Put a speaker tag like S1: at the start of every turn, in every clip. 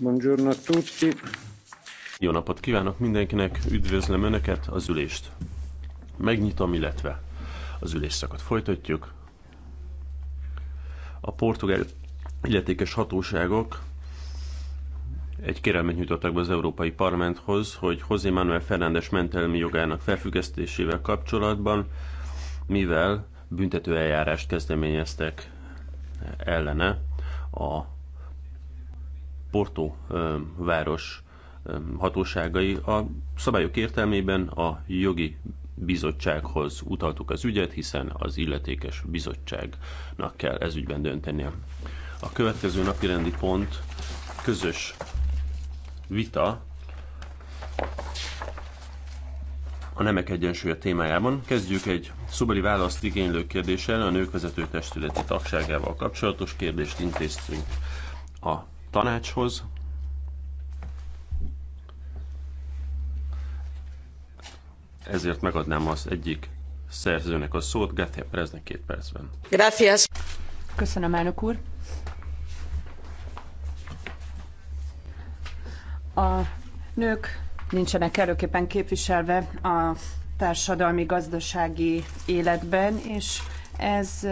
S1: Buongiorno a tutti.
S2: Jó napot kívánok mindenkinek, üdvözlöm Önöket, az ülést. Megnyitom, illetve az ülésszakot folytatjuk. A portugál illetékes hatóságok egy kérelmet nyújtottak be az Európai Parlamenthoz, hogy José Manuel Fernández mentelmi jogának felfüggesztésével kapcsolatban, mivel büntető eljárást kezdeményeztek ellene a Porto város hatóságai a szabályok értelmében a jogi bizottsághoz utaltuk az ügyet, hiszen az illetékes bizottságnak kell ez ügyben döntenie. A következő napi rendi pont közös vita a nemek egyensúlya témájában. Kezdjük egy szubeli választ igénylő kérdéssel, a nők vezető testületi tagságával kapcsolatos kérdést intéztünk a tanácshoz. Ezért megadnám az egyik szerzőnek a szót, Gethe Pereznek két percben.
S3: Gracias. Köszönöm, elnök úr. A nők nincsenek előképpen képviselve a társadalmi-gazdasági életben, és ez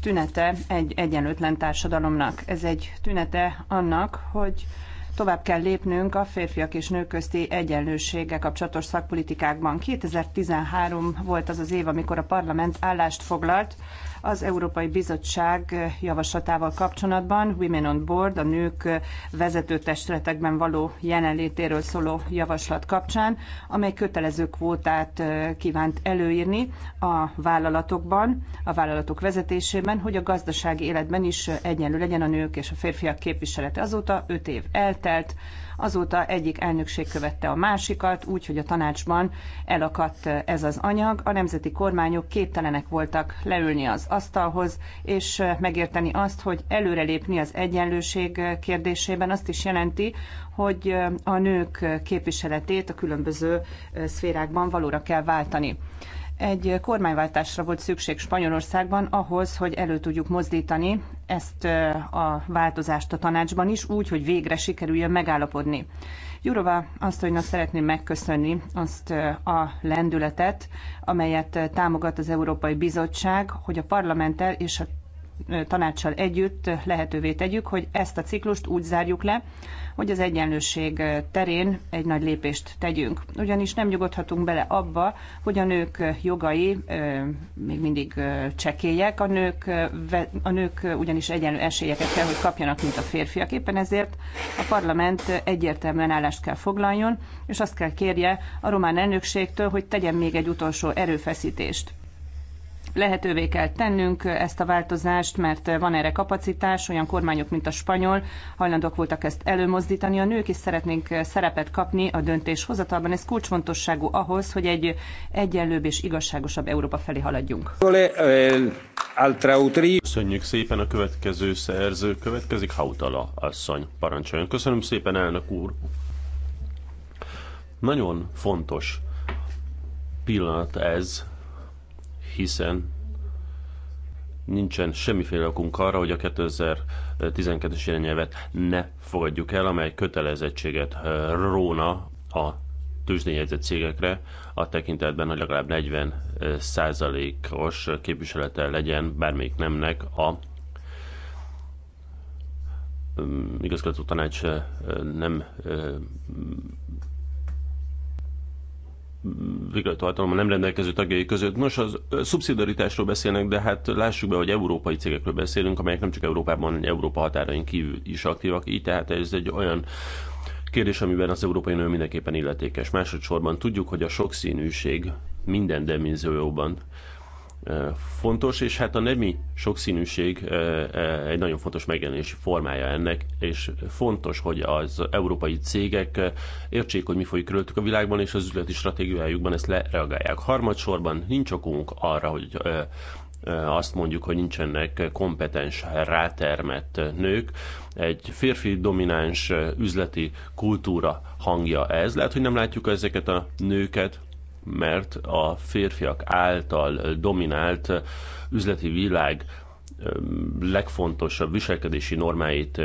S3: tünete egy egyenlőtlen társadalomnak. Ez egy tünete annak, hogy tovább kell lépnünk a férfiak és nők közti egyenlőséggel kapcsolatos szakpolitikákban. 2013 volt az az év, amikor a parlament állást foglalt az Európai Bizottság javaslatával kapcsolatban, Women on Board, a nők vezető testületekben való jelenlétéről szóló javaslat kapcsán, amely kötelező kvótát kívánt előírni a vállalatokban, a vállalatok vezetésében, hogy a gazdasági életben is egyenlő legyen a nők és a férfiak képviselete. Azóta öt év eltelt, Azóta egyik elnökség követte a másikat, úgyhogy a tanácsban elakadt ez az anyag. A nemzeti kormányok képtelenek voltak leülni az asztalhoz, és megérteni azt, hogy előrelépni az egyenlőség kérdésében azt is jelenti, hogy a nők képviseletét a különböző szférákban valóra kell váltani. Egy kormányváltásra volt szükség Spanyolországban ahhoz, hogy elő tudjuk mozdítani ezt a változást a tanácsban is, úgy, hogy végre sikerüljön megállapodni. Jurova azt, hogy szeretném megköszönni azt a lendületet, amelyet támogat az Európai Bizottság, hogy a parlamenttel és a tanácssal együtt lehetővé tegyük, hogy ezt a ciklust úgy zárjuk le, hogy az egyenlőség terén egy nagy lépést tegyünk. Ugyanis nem nyugodhatunk bele abba, hogy a nők jogai még mindig csekélyek, a nők, a nők ugyanis egyenlő esélyeket kell, hogy kapjanak, mint a férfiak. Éppen ezért a parlament egyértelműen állást kell foglaljon, és azt kell kérje a román elnökségtől, hogy tegyen még egy utolsó erőfeszítést lehetővé kell tennünk ezt a változást, mert van erre kapacitás, olyan kormányok, mint a spanyol hajlandók voltak ezt előmozdítani. A nők is szeretnénk szerepet kapni a döntéshozatalban. Ez kulcsfontosságú ahhoz, hogy egy egyenlőbb és igazságosabb Európa felé haladjunk.
S1: Eh,
S2: Köszönjük szépen a következő szerző. Következik Hautala asszony. Parancsoljon. Köszönöm szépen, elnök úr. Nagyon fontos pillanat ez hiszen nincsen semmiféle okunk arra, hogy a 2012-es jelennyelvet ne fogadjuk el, amely kötelezettséget róna a tőzsdényjegyzett cégekre a tekintetben, hogy legalább 40%-os képviselete legyen bármelyik nemnek a igazgató tanács nem végrehajtóhatalommal nem rendelkező tagjai között. Nos, az szubszidaritásról beszélnek, de hát lássuk be, hogy európai cégekről beszélünk, amelyek nem csak Európában, hanem Európa határain kívül is aktívak. Így tehát ez egy olyan kérdés, amiben az Európai Unió mindenképpen illetékes. Másodszorban tudjuk, hogy a sokszínűség minden dimenzióban fontos, és hát a nemi sokszínűség egy nagyon fontos megjelenési formája ennek, és fontos, hogy az európai cégek értsék, hogy mi folyik körülöttük a világban, és az üzleti stratégiájukban ezt lereagálják. Harmadsorban nincs okunk arra, hogy azt mondjuk, hogy nincsenek kompetens, rátermett nők. Egy férfi domináns üzleti kultúra hangja ez. Lehet, hogy nem látjuk ezeket a nőket, mert a férfiak által dominált üzleti világ legfontosabb viselkedési normáit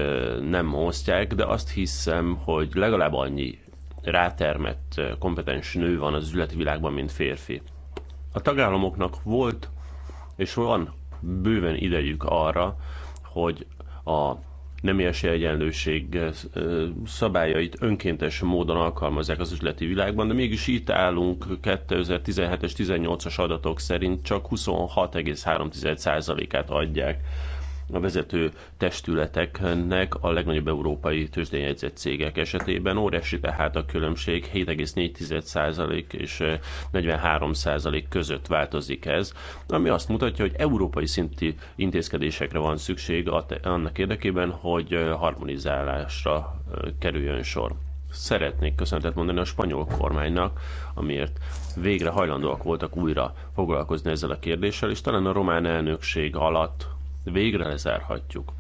S2: nem osztják, de azt hiszem, hogy legalább annyi rátermett, kompetens nő van az üzleti világban, mint férfi. A tagállamoknak volt és van bőven idejük arra, hogy a nemies egyenlőség szabályait önkéntes módon alkalmazzák az üzleti világban, de mégis itt állunk 2017-es, 18-as adatok szerint csak 26,3%-át adják a vezető testületeknek a legnagyobb európai tőzsdényegyzett cégek esetében. Óriási tehát a különbség 7,4% és 43% eh, között változik ez, ami azt mutatja, hogy európai szintű intézkedésekre van szükség annak érdekében, hogy eh, harmonizálásra eh, kerüljön sor szeretnék köszöntet mondani a spanyol kormánynak, amiért végre hajlandóak voltak újra foglalkozni ezzel a kérdéssel, és talán a román elnökség alatt végre lezárhatjuk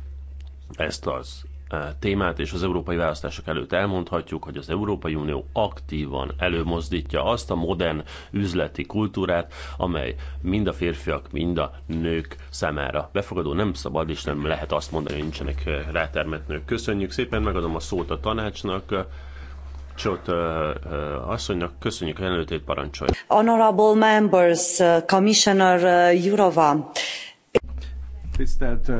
S2: ezt az e, témát, és az európai választások előtt elmondhatjuk, hogy az Európai Unió aktívan előmozdítja azt a modern üzleti kultúrát, amely mind a férfiak, mind a nők számára befogadó. Nem szabad, és nem lehet azt mondani, hogy nincsenek e, rátermett nők. Köszönjük szépen, megadom a szót a tanácsnak. E, Csot asszonynak köszönjük a jelenlőtét, parancsolj.
S3: Honorable members, Commissioner Jurova,
S4: Tisztelt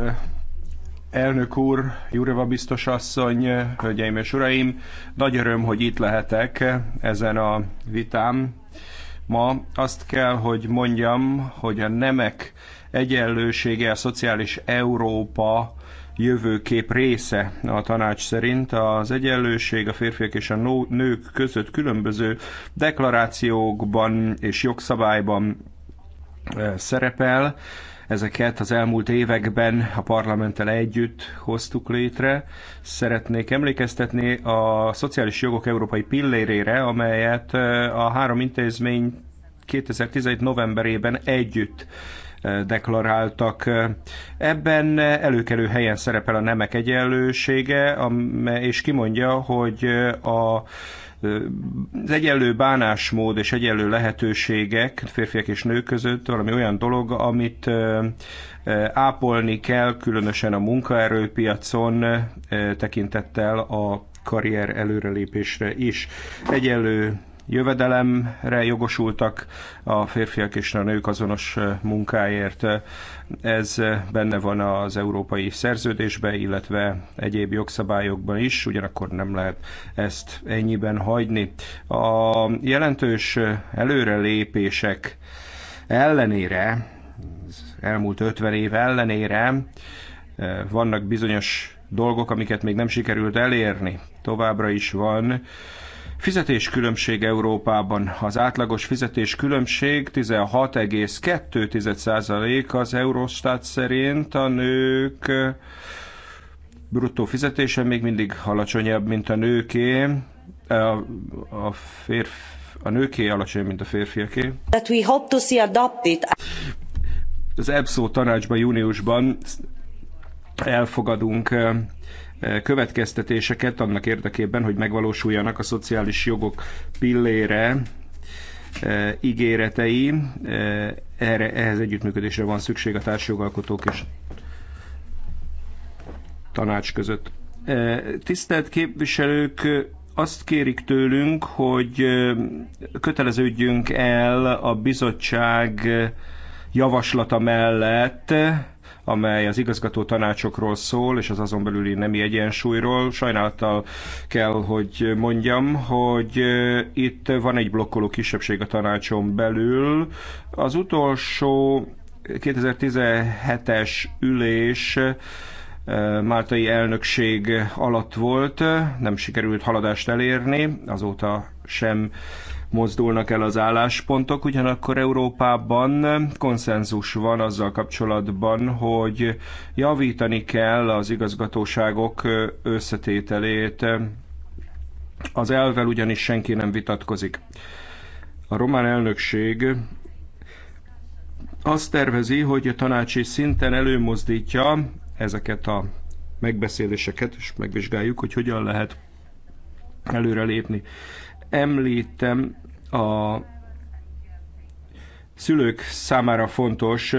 S4: elnök úr, Jureva biztos asszony, hölgyeim és uraim, nagy öröm, hogy itt lehetek ezen a vitám. Ma azt kell, hogy mondjam, hogy a nemek egyenlősége a szociális Európa jövőkép része a tanács szerint. Az egyenlőség a férfiak és a nők között különböző deklarációkban és jogszabályban szerepel. Ezeket az elmúlt években a parlamenttel együtt hoztuk létre. Szeretnék emlékeztetni a szociális jogok európai pillérére, amelyet a három intézmény 2017 novemberében együtt deklaráltak. Ebben előkelő helyen szerepel a nemek egyenlősége, és kimondja, hogy a az egyenlő bánásmód és egyenlő lehetőségek férfiak és nők között valami olyan dolog, amit ápolni kell, különösen a munkaerőpiacon tekintettel a karrier előrelépésre is. Egyenlő jövedelemre jogosultak a férfiak és a nők azonos munkáért. Ez benne van az európai szerződésbe, illetve egyéb jogszabályokban is, ugyanakkor nem lehet ezt ennyiben hagyni. A jelentős előrelépések ellenére, elmúlt 50 év ellenére vannak bizonyos dolgok, amiket még nem sikerült elérni. Továbbra is van fizetéskülönbség Európában. Az átlagos fizetéskülönbség 16,2% az Eurostat szerint a nők bruttó fizetése még mindig alacsonyabb, mint a nőké, a, a férfi a nőké alacsonyabb, mint a férfiaké.
S5: That we hope to see adopted.
S4: Az EBSZO tanácsban júniusban elfogadunk következtetéseket annak érdekében, hogy megvalósuljanak a szociális jogok pillére ígéretei. Erre, ehhez együttműködésre van szükség a társjogalkotók és tanács között. Tisztelt képviselők, azt kérik tőlünk, hogy köteleződjünk el a bizottság javaslata mellett, amely az igazgató tanácsokról szól, és az azon belüli nemi egyensúlyról. Sajnálattal kell, hogy mondjam, hogy itt van egy blokkoló kisebbség a tanácson belül. Az utolsó 2017-es ülés máltai elnökség alatt volt, nem sikerült haladást elérni, azóta sem mozdulnak el az álláspontok, ugyanakkor Európában konszenzus van azzal kapcsolatban, hogy javítani kell az igazgatóságok összetételét. Az elvel ugyanis senki nem vitatkozik. A román elnökség azt tervezi, hogy a tanácsi szinten előmozdítja ezeket a megbeszéléseket, és megvizsgáljuk, hogy hogyan lehet előrelépni. Említem a szülők számára fontos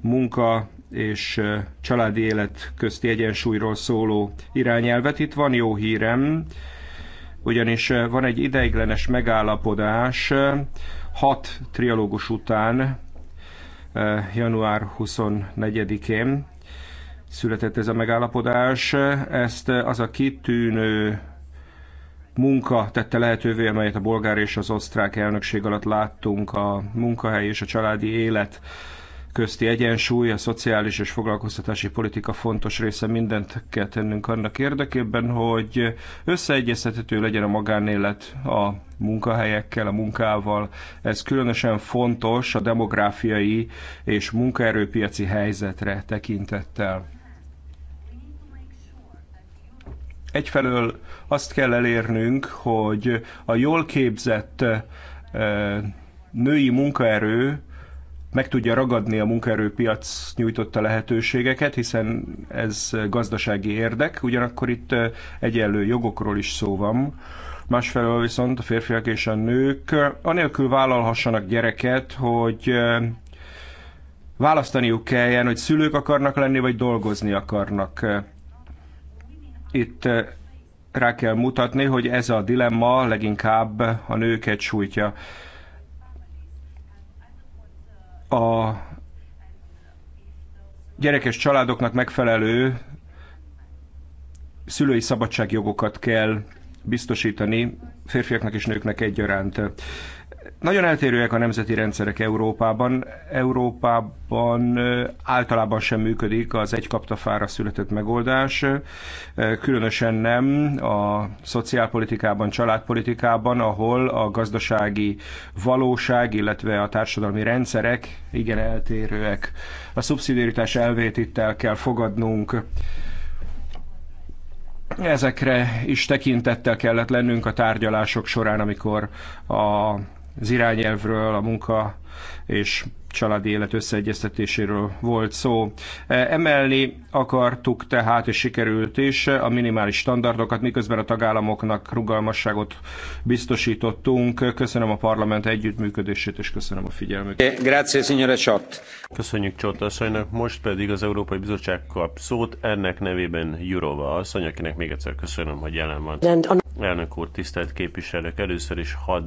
S4: munka és családi élet közti egyensúlyról szóló irányelvet. Itt van jó hírem, ugyanis van egy ideiglenes megállapodás hat trialógus után, január 24-én született ez a megállapodás. Ezt az a kitűnő munka tette lehetővé, amelyet a bolgár és az osztrák elnökség alatt láttunk, a munkahely és a családi élet közti egyensúly, a szociális és foglalkoztatási politika fontos része, mindent kell tennünk annak érdekében, hogy összeegyeztethető legyen a magánélet a munkahelyekkel, a munkával. Ez különösen fontos a demográfiai és munkaerőpiaci helyzetre tekintettel. Egyfelől azt kell elérnünk, hogy a jól képzett női munkaerő meg tudja ragadni a munkaerőpiac nyújtotta lehetőségeket, hiszen ez gazdasági érdek, ugyanakkor itt egyenlő jogokról is szó van. Másfelől viszont a férfiak és a nők anélkül vállalhassanak gyereket, hogy választaniuk kelljen, hogy szülők akarnak lenni, vagy dolgozni akarnak. Itt eh, rá kell mutatni, hogy ez a dilemma leginkább a nőket sújtja. A gyerekes családoknak megfelelő szülői szabadságjogokat kell biztosítani férfiaknak és nőknek egyaránt. Nagyon eltérőek a nemzeti rendszerek Európában. Európában általában sem működik az egy kaptafára született megoldás, különösen nem a szociálpolitikában, családpolitikában, ahol a gazdasági valóság, illetve a társadalmi rendszerek igen eltérőek. A szubszidiaritás elvét itt el kell fogadnunk ezekre is tekintettel kellett lennünk a tárgyalások során, amikor a az irányelvről, a munka és családi élet összeegyeztetéséről volt szó. E, Emelni akartuk tehát, és sikerült is a minimális standardokat, miközben a tagállamoknak rugalmasságot biztosítottunk. Köszönöm a parlament együttműködését, és köszönöm a figyelmüket.
S2: Eh, grazie, signore Csott. Köszönjük Csott asszonynak, most pedig az Európai Bizottság kap szót, ennek nevében Jurova asszony, akinek még egyszer köszönöm, hogy jelen van. Elnök úr, tisztelt képviselők, először is hadd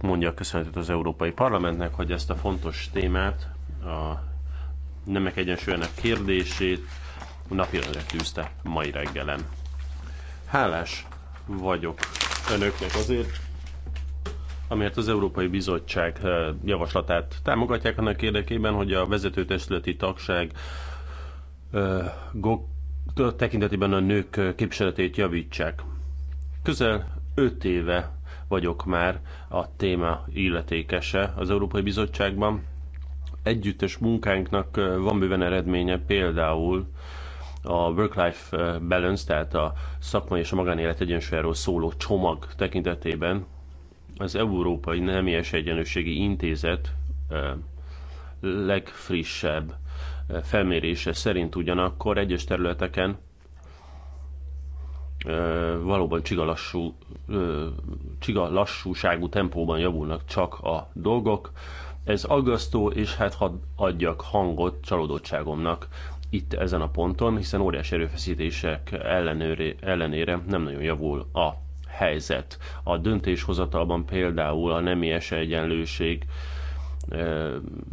S2: mondja köszönetet az Európai Parlamentnek, hogy ezt a fontos témát, a nemek egyensúlyának kérdését napirendre tűzte mai reggelen. Hálás vagyok önöknek azért, amiért az Európai Bizottság eh, javaslatát támogatják annak érdekében, hogy a vezetőtestületi tagság eh, tekintetében a nők képviseletét javítsák. Közel 5 éve vagyok már a téma illetékese az Európai Bizottságban. Együttes munkánknak van bőven eredménye, például a work-life balance, tehát a szakmai és a magánélet egyensúlyáról szóló csomag tekintetében az Európai Nemies Egyenlőségi Intézet legfrissebb felmérése szerint ugyanakkor egyes területeken valóban csigalassú, csigalassúságú tempóban javulnak csak a dolgok. Ez aggasztó, és hát hadd adjak hangot csalódottságomnak itt ezen a ponton, hiszen óriási erőfeszítések ellenőri, ellenére nem nagyon javul a helyzet. A döntéshozatalban például a nemi egyenlőség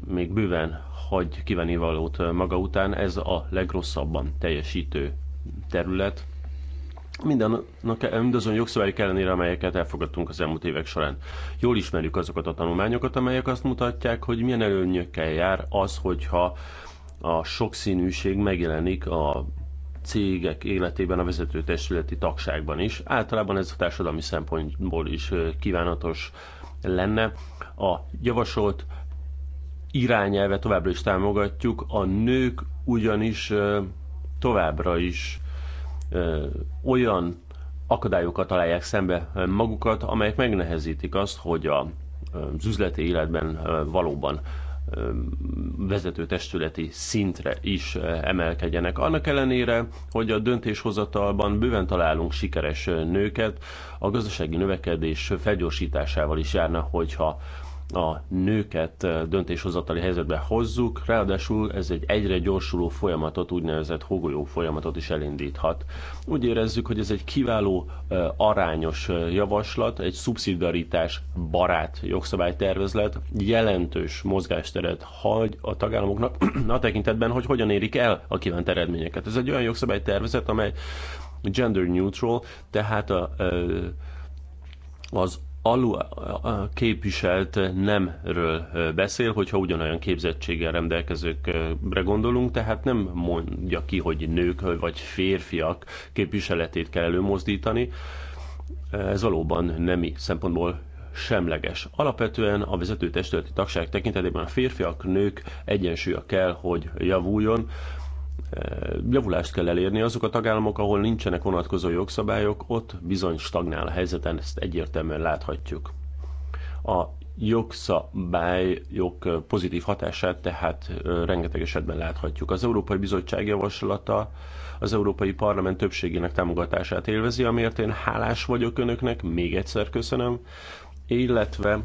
S2: még bőven hagy kivenni valót maga után, ez a legrosszabban teljesítő terület, mindannak, mindazon jogszabályok ellenére, amelyeket elfogadtunk az elmúlt évek során. Jól ismerjük azokat a tanulmányokat, amelyek azt mutatják, hogy milyen előnyökkel jár az, hogyha a sokszínűség megjelenik a cégek életében a vezetőtestületi tagságban is. Általában ez a társadalmi szempontból is kívánatos lenne. A javasolt irányelve továbbra is támogatjuk, a nők ugyanis továbbra is olyan akadályokat találják szembe magukat, amelyek megnehezítik azt, hogy a, az üzleti életben valóban vezető testületi szintre is emelkedjenek. Annak ellenére, hogy a döntéshozatalban bőven találunk sikeres nőket, a gazdasági növekedés felgyorsításával is járna, hogyha a nőket döntéshozatali helyzetbe hozzuk, ráadásul ez egy egyre gyorsuló folyamatot, úgynevezett hogolyó folyamatot is elindíthat. Úgy érezzük, hogy ez egy kiváló arányos javaslat, egy szubszidaritás barát jogszabálytervezlet, jelentős mozgásteret hagy a tagállamoknak a tekintetben, hogy hogyan érik el a kívánt eredményeket. Ez egy olyan jogszabálytervezet, amely gender neutral, tehát a, az alul képviselt nemről beszél, hogyha ugyanolyan képzettséggel rendelkezőkre gondolunk, tehát nem mondja ki, hogy nők vagy férfiak képviseletét kell előmozdítani. Ez valóban nemi szempontból semleges. Alapvetően a vezető testületi tagság tekintetében a férfiak, nők egyensúlya kell, hogy javuljon. Eh, javulást kell elérni. Azok a tagállamok, ahol nincsenek vonatkozó jogszabályok, ott bizony stagnál a helyzeten, ezt egyértelműen láthatjuk. A jogszabályok eh, pozitív hatását tehát eh, rengeteg esetben láthatjuk. Az Európai Bizottság javaslata az Európai Parlament többségének támogatását élvezi, amiért én hálás vagyok önöknek, még egyszer köszönöm, illetve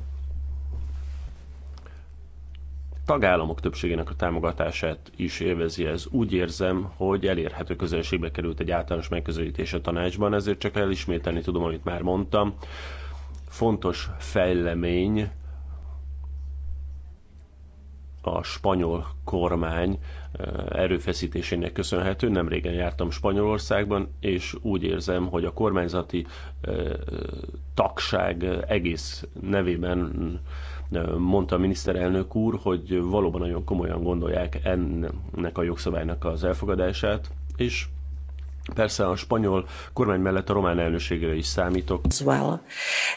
S2: tagállamok többségének a támogatását is élvezi ez. Úgy érzem, hogy elérhető közelségbe került egy általános megközelítés a tanácsban, ezért csak elismételni tudom, amit már mondtam. Fontos fejlemény a spanyol kormány eh, erőfeszítésének köszönhető. Nem régen jártam Spanyolországban, és úgy érzem, hogy a kormányzati eh, tagság egész nevében mondta a miniszterelnök úr, hogy valóban nagyon komolyan gondolják ennek a jogszabálynak az elfogadását, és Persze a spanyol kormány mellett a román elnökségre is számítok. As well.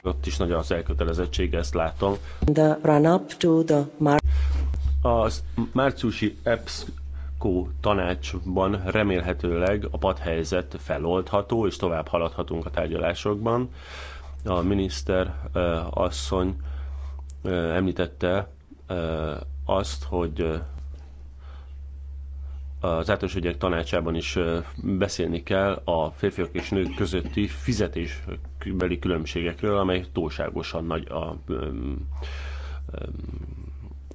S2: Ott is nagy az elkötelezettség, ezt látom.
S6: The run-up to the mar-
S2: a márciusi EPSCO tanácsban remélhetőleg a padhelyzet feloldható, és tovább haladhatunk a tárgyalásokban. A miniszter uh, asszony uh, említette azt, hogy az általános ügyek tanácsában is beszélni kell a férfiak és nők közötti fizetésbeli különbségekről, amely túlságosan nagy a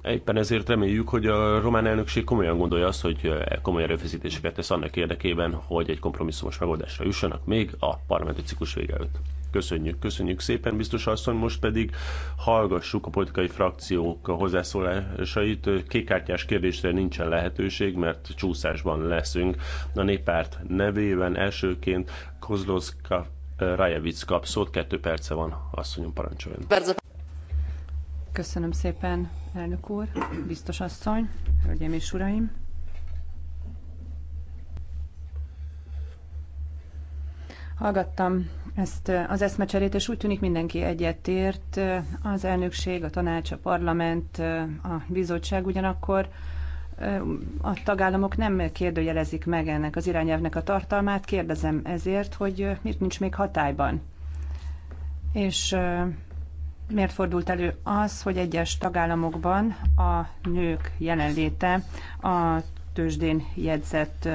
S2: Éppen ezért reméljük, hogy a román elnökség komolyan gondolja azt, hogy komoly erőfeszítéseket tesz annak érdekében, hogy egy kompromisszumos megoldásra jussanak még a parlamenti ciklus vége előtt. Köszönjük, köszönjük szépen, biztos asszony. Most pedig hallgassuk a politikai frakciók hozzászólásait. Kékártyás kérdésre nincsen lehetőség, mert csúszásban leszünk. A néppárt nevében elsőként Kozlovska eh, Rajevic kap szót. Kettő perce van, asszonyom parancsoljon.
S3: Köszönöm szépen, elnök úr, biztos asszony, hölgyeim és uraim. Hallgattam ezt az eszmecserét, és úgy tűnik mindenki egyetért, az elnökség, a tanács, a parlament, a bizottság ugyanakkor a tagállamok nem kérdőjelezik meg ennek az irányelvnek a tartalmát, kérdezem ezért, hogy miért nincs még hatályban. És miért fordult elő az, hogy egyes tagállamokban a nők jelenléte a tőzsdén jegyzett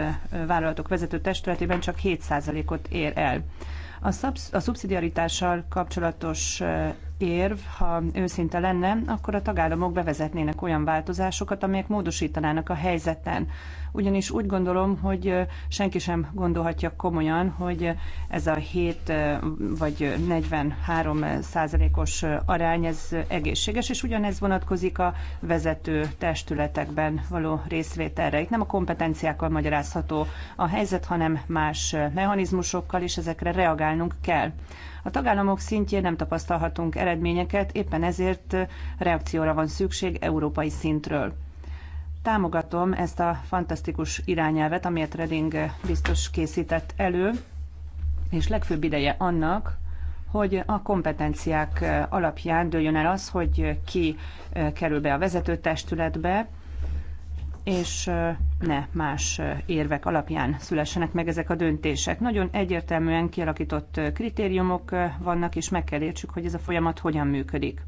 S3: vállalatok vezető testületében csak 7%-ot ér el. A, szubsz- a szubszidiaritással kapcsolatos érv, ha őszinte lenne, akkor a tagállamok bevezetnének olyan változásokat, amelyek módosítanának a helyzeten. Ugyanis úgy gondolom, hogy senki sem gondolhatja komolyan, hogy ez a 7 vagy 43 százalékos arány, ez egészséges, és ugyanez vonatkozik a vezető testületekben való részvételre. Itt nem a kompetenciákkal magyarázható a helyzet, hanem más mechanizmusokkal, és ezekre reagálnunk kell. A tagállamok szintjén nem tapasztalhatunk eredményeket, éppen ezért reakcióra van szükség európai szintről. Támogatom ezt a fantasztikus irányelvet, amelyet Reding biztos készített elő, és legfőbb ideje annak, hogy a kompetenciák alapján dőljön el az, hogy ki kerül be a vezetőtestületbe, és ne más érvek alapján szülessenek meg ezek a döntések. Nagyon egyértelműen kialakított kritériumok vannak, és meg kell értsük, hogy ez a folyamat hogyan működik.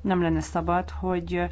S3: Nem lenne szabad, hogy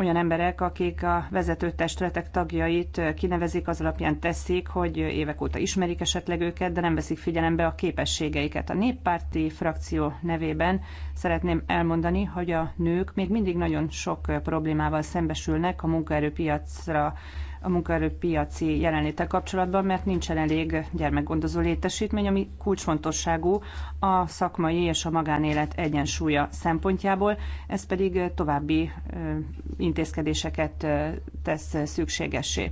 S3: olyan emberek, akik a vezető testületek tagjait kinevezik, az alapján teszik, hogy évek óta ismerik esetleg őket, de nem veszik figyelembe a képességeiket. A néppárti frakció nevében szeretném elmondani, hogy a nők még mindig nagyon sok problémával szembesülnek a munkaerőpiacra a munkaerőpiaci jelenléte kapcsolatban, mert nincsen elég gyermekgondozó létesítmény, ami kulcsfontosságú a szakmai és a magánélet egyensúlya szempontjából, ez pedig további intézkedéseket tesz szükségessé.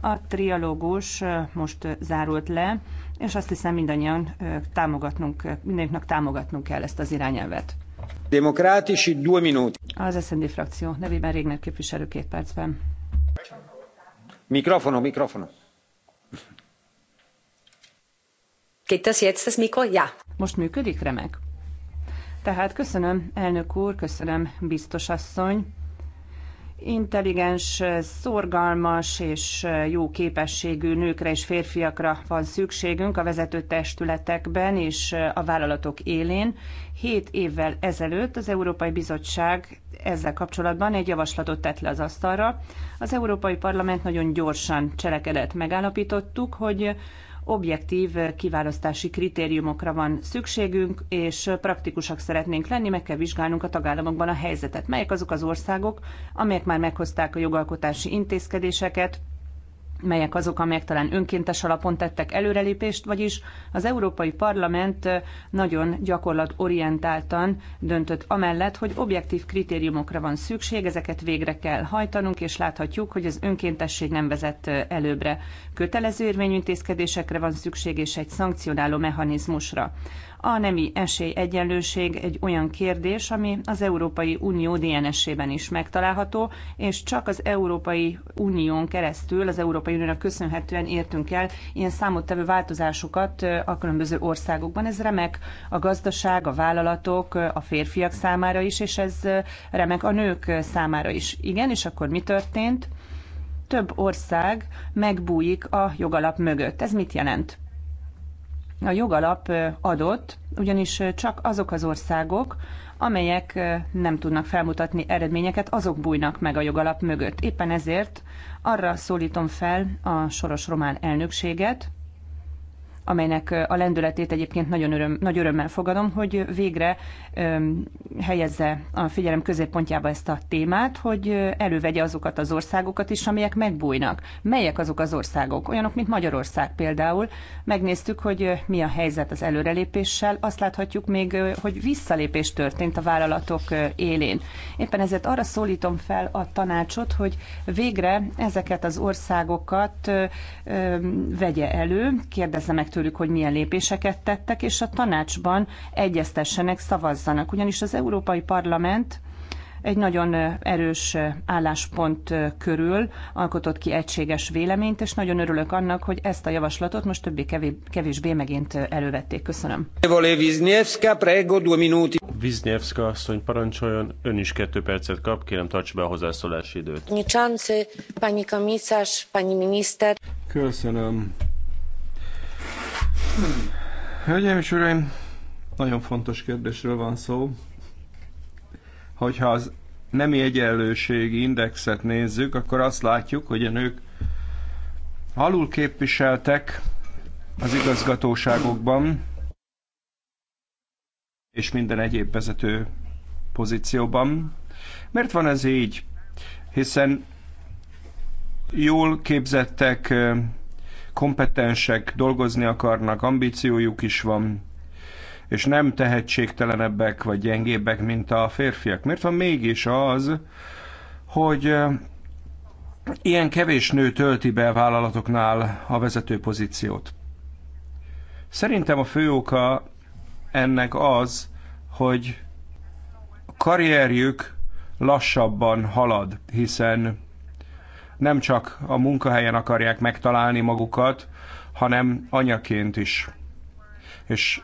S3: A trialógus most zárult le, és azt hiszem mindannyian támogatnunk, mindenkinek támogatnunk kell ezt az irányelvet.
S1: Demokratici 2 minút.
S3: Az SZND frakció nevében régnek képviselő két percben.
S1: Mikrofono, mikrofono.
S5: Geht das jetzt das Mikro? Ja.
S3: Most működik remek. Tehát köszönöm, elnök úr, köszönöm, biztos asszony. Intelligens, szorgalmas és jó képességű nőkre és férfiakra van szükségünk a vezető testületekben és a vállalatok élén. Hét évvel ezelőtt az Európai Bizottság ezzel kapcsolatban egy javaslatot tett le az asztalra, az Európai Parlament nagyon gyorsan cselekedett. Megállapítottuk, hogy objektív kiválasztási kritériumokra van szükségünk, és praktikusak szeretnénk lenni, meg kell vizsgálnunk a tagállamokban a helyzetet. Melyek azok az országok, amelyek már meghozták a jogalkotási intézkedéseket, melyek azok, amelyek talán önkéntes alapon tettek előrelépést, vagyis az Európai Parlament nagyon gyakorlatorientáltan döntött amellett, hogy objektív kritériumokra van szükség, ezeket végre kell hajtanunk, és láthatjuk, hogy az önkéntesség nem vezet előbbre. Kötelező érvényű intézkedésekre van szükség, és egy szankcionáló mechanizmusra. A nemi esélyegyenlőség egy olyan kérdés, ami az Európai Unió DNS-ében is megtalálható, és csak az Európai Unión keresztül, az Európai Uniónak köszönhetően értünk el ilyen számottevő változásokat a különböző országokban. Ez remek a gazdaság, a vállalatok, a férfiak számára is, és ez remek a nők számára is. Igen, és akkor mi történt? Több ország megbújik a jogalap mögött. Ez mit jelent? A jogalap adott, ugyanis csak azok az országok, amelyek nem tudnak felmutatni eredményeket, azok bújnak meg a jogalap mögött. Éppen ezért arra szólítom fel a soros román elnökséget, amelynek a lendületét egyébként nagyon öröm, nagy örömmel fogadom, hogy végre öm, helyezze a figyelem középpontjába ezt a témát, hogy elővegye azokat az országokat is, amelyek megbújnak. Melyek azok az országok? Olyanok, mint Magyarország például. Megnéztük, hogy mi a helyzet az előrelépéssel. Azt láthatjuk még, hogy visszalépés történt a vállalatok élén. Éppen ezért arra szólítom fel a tanácsot, hogy végre ezeket az országokat öm, vegye elő, kérdezze meg tőlük, hogy milyen lépéseket tettek, és a tanácsban egyeztessenek, szavazzanak. Ugyanis az Európai Parlament egy nagyon erős álláspont körül alkotott ki egységes véleményt, és nagyon örülök annak, hogy ezt a javaslatot most többi kevésbé megint elővették. Köszönöm.
S1: Vizniewska, prego, due minuti.
S2: asszony parancsoljon, ön is kettő percet kap, kérem tarts be a hozzászólási időt.
S4: Köszönöm, Hölgyeim és Uraim, nagyon fontos kérdésről van szó. Hogyha az nemi egyenlőségi indexet nézzük, akkor azt látjuk, hogy a nők alul képviseltek az igazgatóságokban és minden egyéb vezető pozícióban. Miért van ez így? Hiszen jól képzettek kompetensek, dolgozni akarnak, ambíciójuk is van, és nem tehetségtelenebbek vagy gyengébbek, mint a férfiak. Miért van mégis az, hogy ilyen kevés nő tölti be a vállalatoknál a vezető pozíciót? Szerintem a fő oka ennek az, hogy karrierjük lassabban halad, hiszen nem csak a munkahelyen akarják megtalálni magukat, hanem anyaként is. És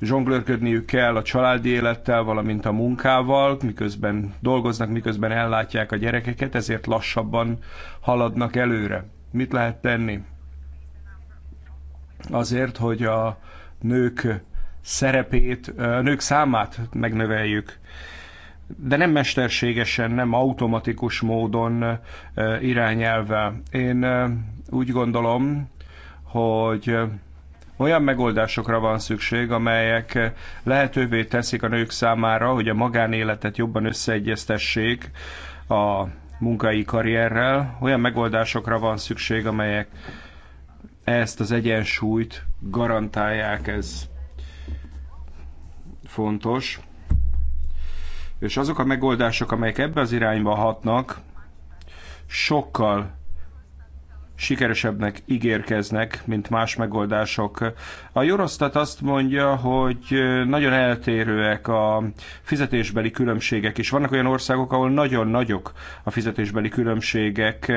S4: zsonglőrködniük kell a családi élettel, valamint a munkával, miközben dolgoznak, miközben ellátják a gyerekeket, ezért lassabban haladnak előre. Mit lehet tenni? Azért, hogy a nők szerepét, a nők számát megnöveljük de nem mesterségesen, nem automatikus módon irányelve. Én úgy gondolom, hogy olyan megoldásokra van szükség, amelyek lehetővé teszik a nők számára, hogy a magánéletet jobban összeegyeztessék a munkai karrierrel. Olyan megoldásokra van szükség, amelyek ezt az egyensúlyt garantálják, ez fontos. És azok a megoldások, amelyek ebbe az irányba hatnak, sokkal sikeresebbnek ígérkeznek, mint más megoldások. A Eurostat azt mondja, hogy nagyon eltérőek a fizetésbeli különbségek is. Vannak olyan országok, ahol nagyon nagyok a fizetésbeli különbségek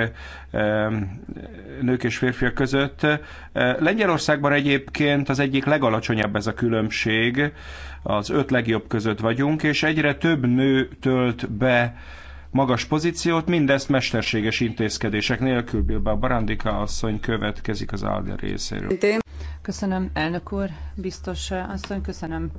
S4: nők és férfiak között. Lengyelországban egyébként az egyik legalacsonyabb ez a különbség, az öt legjobb között vagyunk, és egyre több nő tölt be magas pozíciót, mindezt mesterséges intézkedések nélkül. Bilba Barandika asszony következik az áldja részéről.
S3: Köszönöm, elnök úr, biztos eh, asszony, köszönöm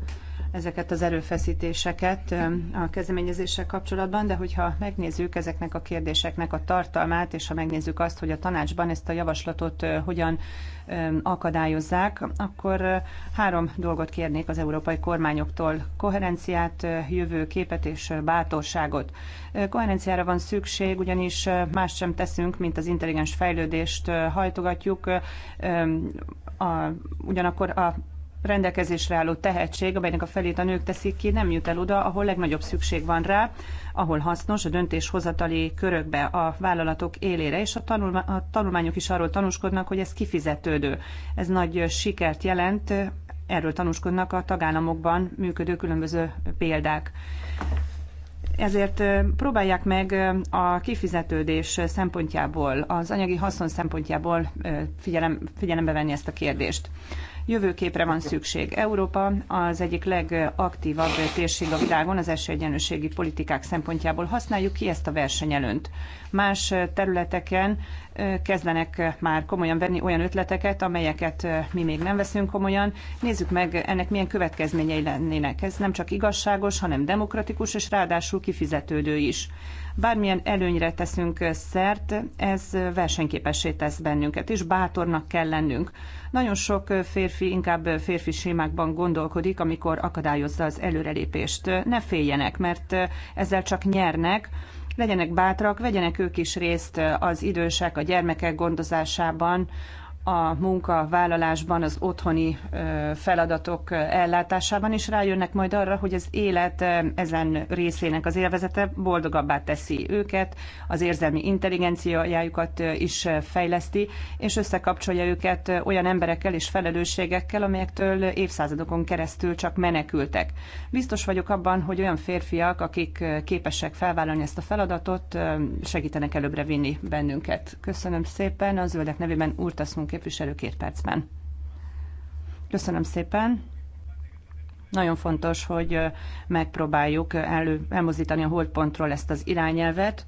S3: ezeket az erőfeszítéseket a kezdeményezéssel kapcsolatban, de hogyha megnézzük ezeknek a kérdéseknek a tartalmát, és ha megnézzük azt, hogy a tanácsban ezt a javaslatot hogyan akadályozzák, akkor három dolgot kérnék az európai kormányoktól. Koherenciát, jövőképet és bátorságot. Koherenciára van szükség, ugyanis más sem teszünk, mint az intelligens fejlődést hajtogatjuk, a, ugyanakkor a rendelkezésre álló tehetség, amelynek a felét a nők teszik ki, nem jut el oda, ahol legnagyobb szükség van rá, ahol hasznos a döntéshozatali körökbe a vállalatok élére, és a, tanulma, a tanulmányok is arról tanúskodnak, hogy ez kifizetődő. Ez nagy sikert jelent, erről tanúskodnak a tagállamokban működő különböző példák. Ezért próbálják meg a kifizetődés szempontjából, az anyagi haszon szempontjából figyelem, figyelembe venni ezt a kérdést. Jövőképre van szükség. Európa az egyik legaktívabb térség a világon az esélyegyenlőségi politikák szempontjából. Használjuk ki ezt a versenyelőnt. Más területeken kezdenek már komolyan venni olyan ötleteket, amelyeket mi még nem veszünk komolyan. Nézzük meg, ennek milyen következményei lennének. Ez nem csak igazságos, hanem demokratikus, és ráadásul kifizetődő is. Bármilyen előnyre teszünk szert, ez versenyképessé tesz bennünket, és bátornak kell lennünk. Nagyon sok férfi inkább férfi sémákban gondolkodik, amikor akadályozza az előrelépést. Ne féljenek, mert ezzel csak nyernek, legyenek bátrak, vegyenek ők is részt az idősek, a gyermekek gondozásában, a munkavállalásban, az otthoni feladatok ellátásában, és rájönnek majd arra, hogy az élet ezen részének az élvezete boldogabbá teszi őket, az érzelmi intelligenciájukat is fejleszti, és összekapcsolja őket olyan emberekkel és felelősségekkel, amelyektől évszázadokon keresztül csak menekültek. Biztos vagyok abban, hogy olyan férfiak, akik képesek felvállalni ezt a feladatot, segítenek előbbre vinni bennünket. Köszönöm szépen, a zöldek nevében úrtaszunk képviselő két percben. Köszönöm szépen. Nagyon fontos, hogy megpróbáljuk elő, elmozdítani a holdpontról ezt az irányelvet.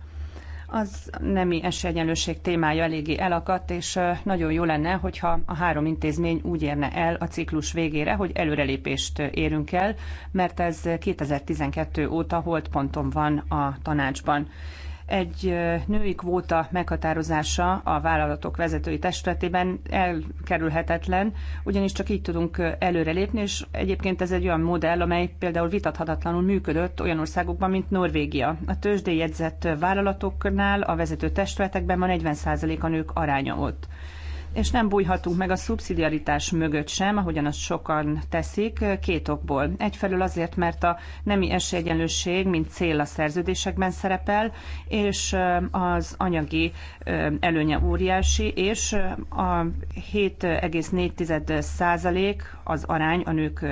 S3: Az nemi esélyegyenlőség témája eléggé elakadt, és nagyon jó lenne, hogyha a három intézmény úgy érne el a ciklus végére, hogy előrelépést érünk el, mert ez 2012 óta holdponton van a tanácsban egy női kvóta meghatározása a vállalatok vezetői testületében elkerülhetetlen, ugyanis csak így tudunk előrelépni, és egyébként ez egy olyan modell, amely például vitathatatlanul működött olyan országokban, mint Norvégia. A tőzsdéjegyzett vállalatoknál a vezető testületekben ma 40% a nők aránya ott és nem bújhatunk meg a szubszidiaritás mögött sem, ahogyan azt sokan teszik, két okból. Egyfelől azért, mert a nemi esélyegyenlőség, mint cél a szerződésekben szerepel, és az anyagi előnye óriási, és a 7,4 százalék az arány a nők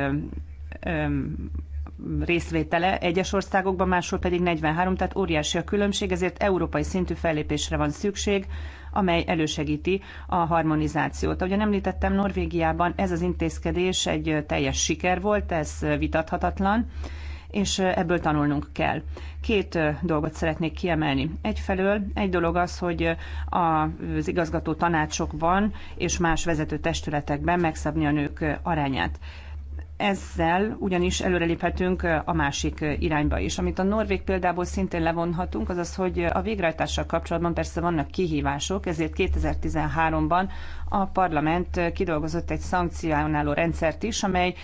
S3: részvétele egyes országokban, máshol pedig 43, tehát óriási a különbség, ezért európai szintű fellépésre van szükség amely elősegíti a harmonizációt. Ahogyan említettem, Norvégiában ez az intézkedés egy teljes siker volt, ez vitathatatlan és ebből tanulnunk kell. Két dolgot szeretnék kiemelni. Egyfelől egy dolog az, hogy az igazgató tanácsokban és más vezető testületekben megszabni a nők arányát ezzel ugyanis előreléphetünk a másik irányba is. Amit a Norvég példából szintén levonhatunk, az az, hogy a végrehajtással kapcsolatban persze vannak kihívások, ezért 2013-ban a parlament kidolgozott egy szankcionáló rendszert is, amely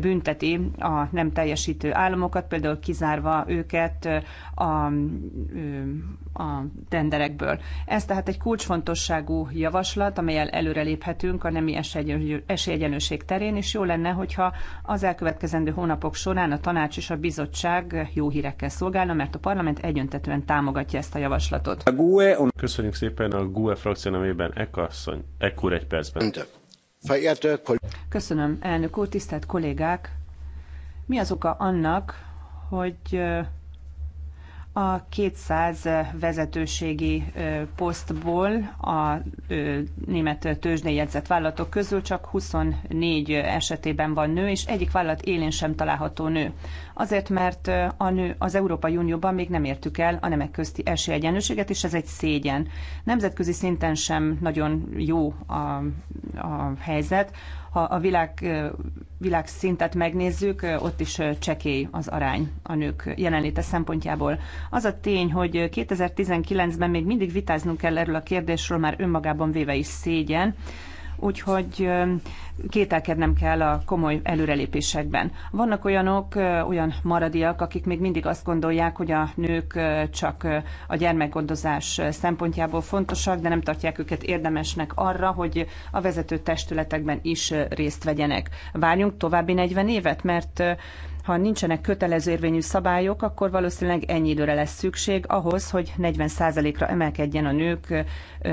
S3: bünteti a nem teljesítő államokat, például kizárva őket a, a tenderekből. Ez tehát egy kulcsfontosságú javaslat, amelyel előreléphetünk a nemi esélyegyenlőség terén, és jó lenne, hogyha az elkövetkezendő hónapok során a tanács és a bizottság jó hírekkel szolgálna, mert a parlament egyöntetően támogatja ezt a
S2: javaslatot. A GUE... Köszönjük szépen a GUE frakció nevében Ekasszony. Ekkor egy percben.
S3: Köszönöm, elnök úr, tisztelt kollégák! Mi az oka annak, hogy a 200 vezetőségi posztból a német tőzsdéjegyzett vállalatok közül csak 24 esetében van nő, és egyik vállalat élén sem található nő. Azért, mert a nő az Európai Unióban még nem értük el a nemek közti esélyegyenlőséget, és ez egy szégyen. Nemzetközi szinten sem nagyon jó a, a helyzet. Ha a világ, szintet megnézzük, ott is csekély az arány a nők jelenléte szempontjából. Az a tény, hogy 2019-ben még mindig vitáznunk kell erről a kérdésről, már önmagában véve is szégyen, úgyhogy kételkednem kell a komoly előrelépésekben. Vannak olyanok, olyan maradiak, akik még mindig azt gondolják, hogy a nők csak a gyermekgondozás szempontjából fontosak, de nem tartják őket érdemesnek arra, hogy a vezető testületekben is részt vegyenek. Várjunk további 40 évet, mert ha nincsenek kötelező érvényű szabályok, akkor valószínűleg ennyi időre lesz szükség ahhoz, hogy 40%-ra emelkedjen a nők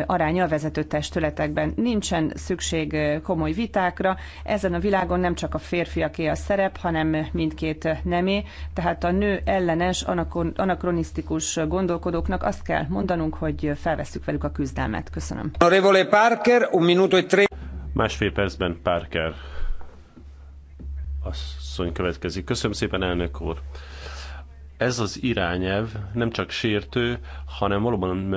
S3: aránya a vezető testületekben. Nincsen szükség komoly vitákra. Ezen a világon nem csak a férfiaké a szerep, hanem mindkét nemé. Tehát a nő ellenes, anakronisztikus gondolkodóknak azt kell mondanunk, hogy felvesszük velük a küzdelmet. Köszönöm.
S1: Revolé Parker, un minuto e tre.
S2: Másfél percben Parker. Azt asszony következik. Köszönöm szépen, elnök úr! Ez az irányelv nem csak sértő, hanem valóban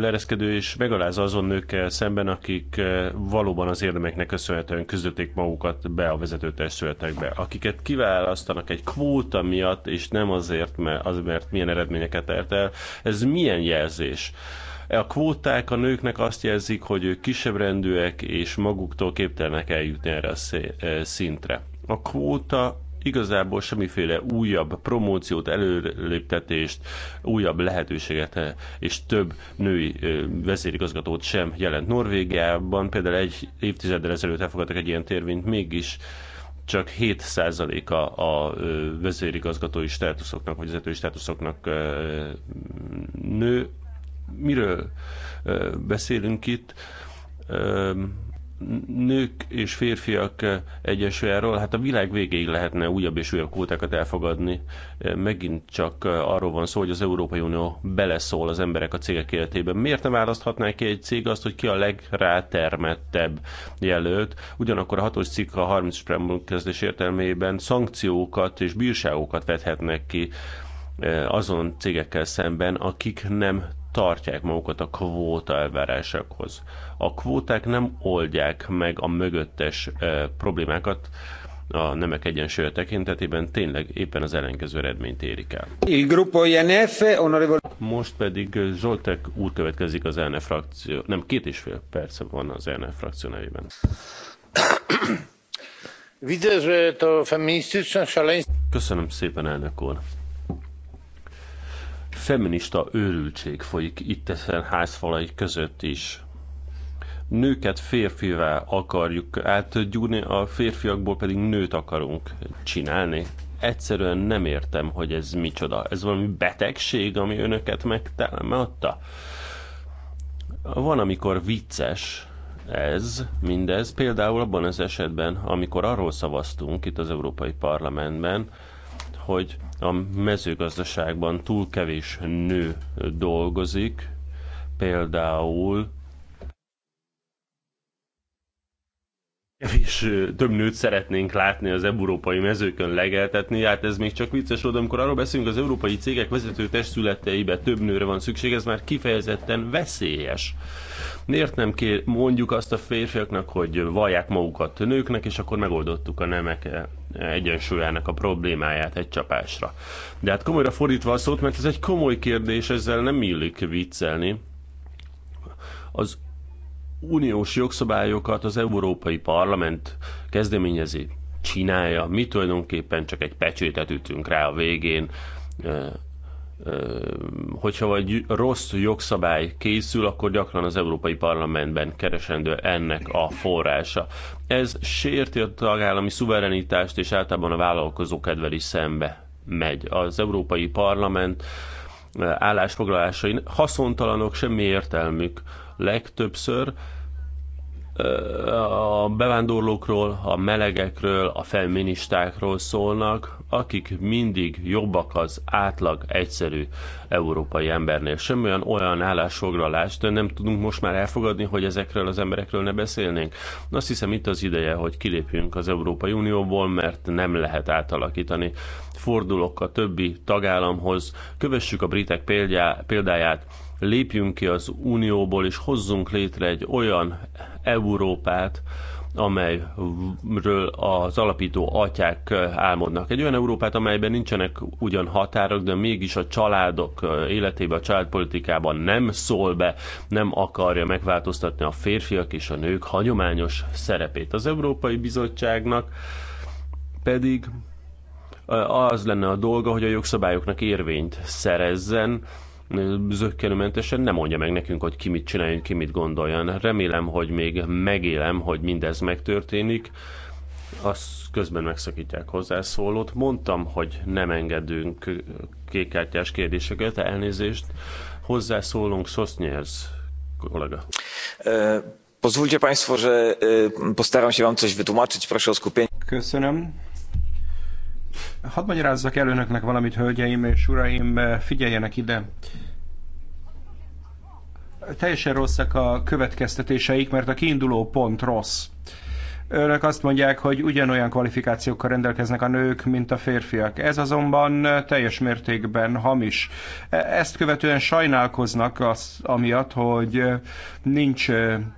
S2: lereszkedő és megalázza azon nőkkel szemben, akik valóban az érdemeknek köszönhetően küzdötték magukat be a vezetőtestületekbe, akiket kiválasztanak egy kvóta miatt, és nem azért, mert, az, mert milyen eredményeket ért el. Ez milyen jelzés? A kvóták a nőknek azt jelzik, hogy ők kisebb rendűek, és maguktól képtelenek eljutni erre a szintre. A kvóta igazából semmiféle újabb promóciót, előléptetést, újabb lehetőséget eh, és több női eh, vezérigazgatót sem jelent. Norvégiában például egy évtizeddel ezelőtt elfogadtak egy ilyen térvényt, mégis csak 7%-a a eh, vezérigazgatói státuszoknak, vagy vezetői státuszoknak nő. Miről beszélünk itt? Ehm, nők és férfiak egyesüljáról, hát a világ végéig lehetne újabb és újabb kótákat elfogadni. Megint csak arról van szó, hogy az Európai Unió beleszól az emberek a cégek életében. Miért nem választhatná ki egy cég azt, hogy ki a legrátermettebb jelölt? Ugyanakkor a hatos cikk a 30 preambul kezdés értelmében szankciókat és bírságokat vethetnek ki eh, azon cégekkel szemben, akik nem tartják magukat a kvóta elvárásokhoz. A kvóták nem oldják meg a mögöttes eh, problémákat, a nemek egyensúlya tekintetében tényleg éppen az ellenkező eredményt érik el.
S1: Il gruppo INF, onorevole... Most pedig eh,
S2: Zsoltek úr következik az ELNE frakció, nem két és fél perce van az ELNE frakció nevében. Köszönöm szépen, elnök úr feminista őrültség folyik itt ezen házfalai között is. Nőket férfivel akarjuk átgyúrni, a férfiakból pedig nőt akarunk csinálni. Egyszerűen nem értem, hogy ez micsoda. Ez valami betegség, ami önöket megtámadta? Van, amikor vicces, ez, mindez például abban az esetben, amikor arról szavaztunk itt az Európai Parlamentben, hogy a mezőgazdaságban túl kevés nő dolgozik, például kevés több nőt szeretnénk látni az európai mezőkön legeltetni, hát ez még csak vicces volt, amikor arról beszélünk, az európai cégek vezető testületeibe több nőre van szükség, ez már kifejezetten veszélyes Miért nem kér, mondjuk azt a férfiaknak, hogy vallják magukat nőknek, és akkor megoldottuk a nemek e, egyensúlyának a problémáját egy csapásra. De hát komolyra fordítva a szót, mert ez egy komoly kérdés, ezzel nem illik viccelni. Az uniós jogszabályokat az Európai Parlament kezdeményezi, csinálja, mi tulajdonképpen csak egy pecsétet ütünk rá a végén, e, hogyha vagy rossz jogszabály készül, akkor gyakran az Európai Parlamentben keresendő ennek a forrása. Ez sérti a tagállami szuverenitást, és általában a vállalkozó kedvel is szembe megy. Az Európai Parlament állásfoglalásain haszontalanok, semmi értelmük legtöbbször a bevándorlókról, a melegekről, a feministákról szólnak, akik mindig jobbak az átlag egyszerű európai embernél. Semmilyen olyan állásfoglalást nem tudunk most már elfogadni, hogy ezekről az emberekről ne beszélnénk. Azt hiszem itt az ideje, hogy kilépjünk az Európai Unióból, mert nem lehet átalakítani. Fordulok a többi tagállamhoz, kövessük a britek példáját, lépjünk ki az unióból, és hozzunk létre egy olyan Európát, amelyről az alapító atyák álmodnak. Egy olyan Európát, amelyben nincsenek ugyan határok, de mégis a családok életébe, a családpolitikában nem szól be, nem akarja megváltoztatni a férfiak és a nők hagyományos szerepét. Az Európai Bizottságnak pedig az lenne a dolga, hogy a jogszabályoknak érvényt szerezzen, zöggenőmentesen nem mondja meg nekünk, hogy ki mit csináljon, ki mit gondoljon. Remélem, hogy még megélem, hogy mindez megtörténik. Azt közben megszakítják hozzászólót. Mondtam, hogy nem engedünk kékkártyás kérdéseket, elnézést. Hozzászólunk Szosznyerz kollega. Pozwólcie Państwo, że
S4: postaram się Wam coś wytłumaczyć. Proszę o skupienie. Köszönöm. Hadd magyarázzak el önöknek valamit, hölgyeim és uraim, figyeljenek ide. Teljesen rosszak a következtetéseik, mert a kiinduló pont rossz. Önök azt mondják, hogy ugyanolyan kvalifikációkkal rendelkeznek a nők, mint a férfiak. Ez azonban teljes mértékben hamis. Ezt követően sajnálkoznak az, amiatt, hogy nincs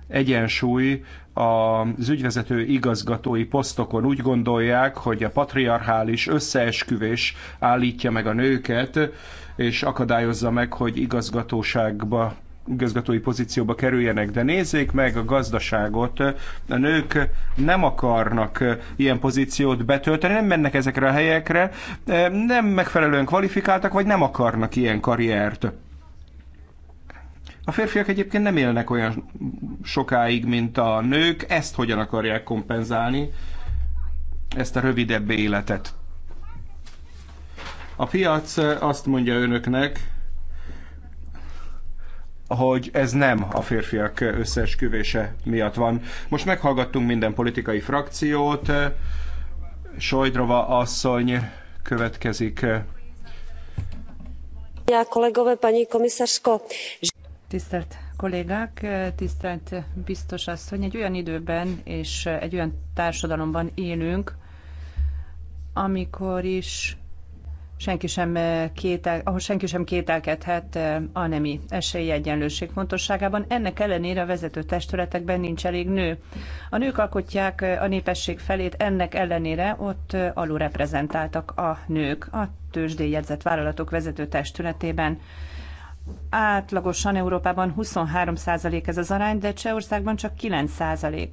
S4: egyensúly az ügyvezető igazgatói posztokon úgy gondolják, hogy a patriarchális összeesküvés állítja meg a nőket, és akadályozza meg, hogy igazgatóságba igazgatói pozícióba kerüljenek, de nézzék meg a gazdaságot, a nők nem akarnak eh, ilyen pozíciót betölteni, nem mennek ezekre a helyekre, eh, nem megfelelően kvalifikáltak, vagy nem akarnak ilyen karriert a férfiak egyébként nem élnek olyan sokáig, mint a nők. Ezt hogyan akarják kompenzálni? Ezt a rövidebb életet. A piac azt mondja önöknek, hogy ez nem a férfiak összeesküvése miatt van. Most meghallgattunk minden politikai frakciót. Sojdrova asszony következik.
S3: Kolegové, pani komisařko. Tisztelt kollégák, tisztelt biztos asszony, egy olyan időben és egy olyan társadalomban élünk, amikor is senki sem, kétel, ahol senki sem kételkedhet a nemi egyenlőség fontosságában. Ennek ellenére a vezető testületekben nincs elég nő. A nők alkotják a népesség felét, ennek ellenére ott alulreprezentáltak a nők a tőzsdéjegyzett vállalatok vezető testületében. Átlagosan Európában 23% ez az arány, de Csehországban csak 9%.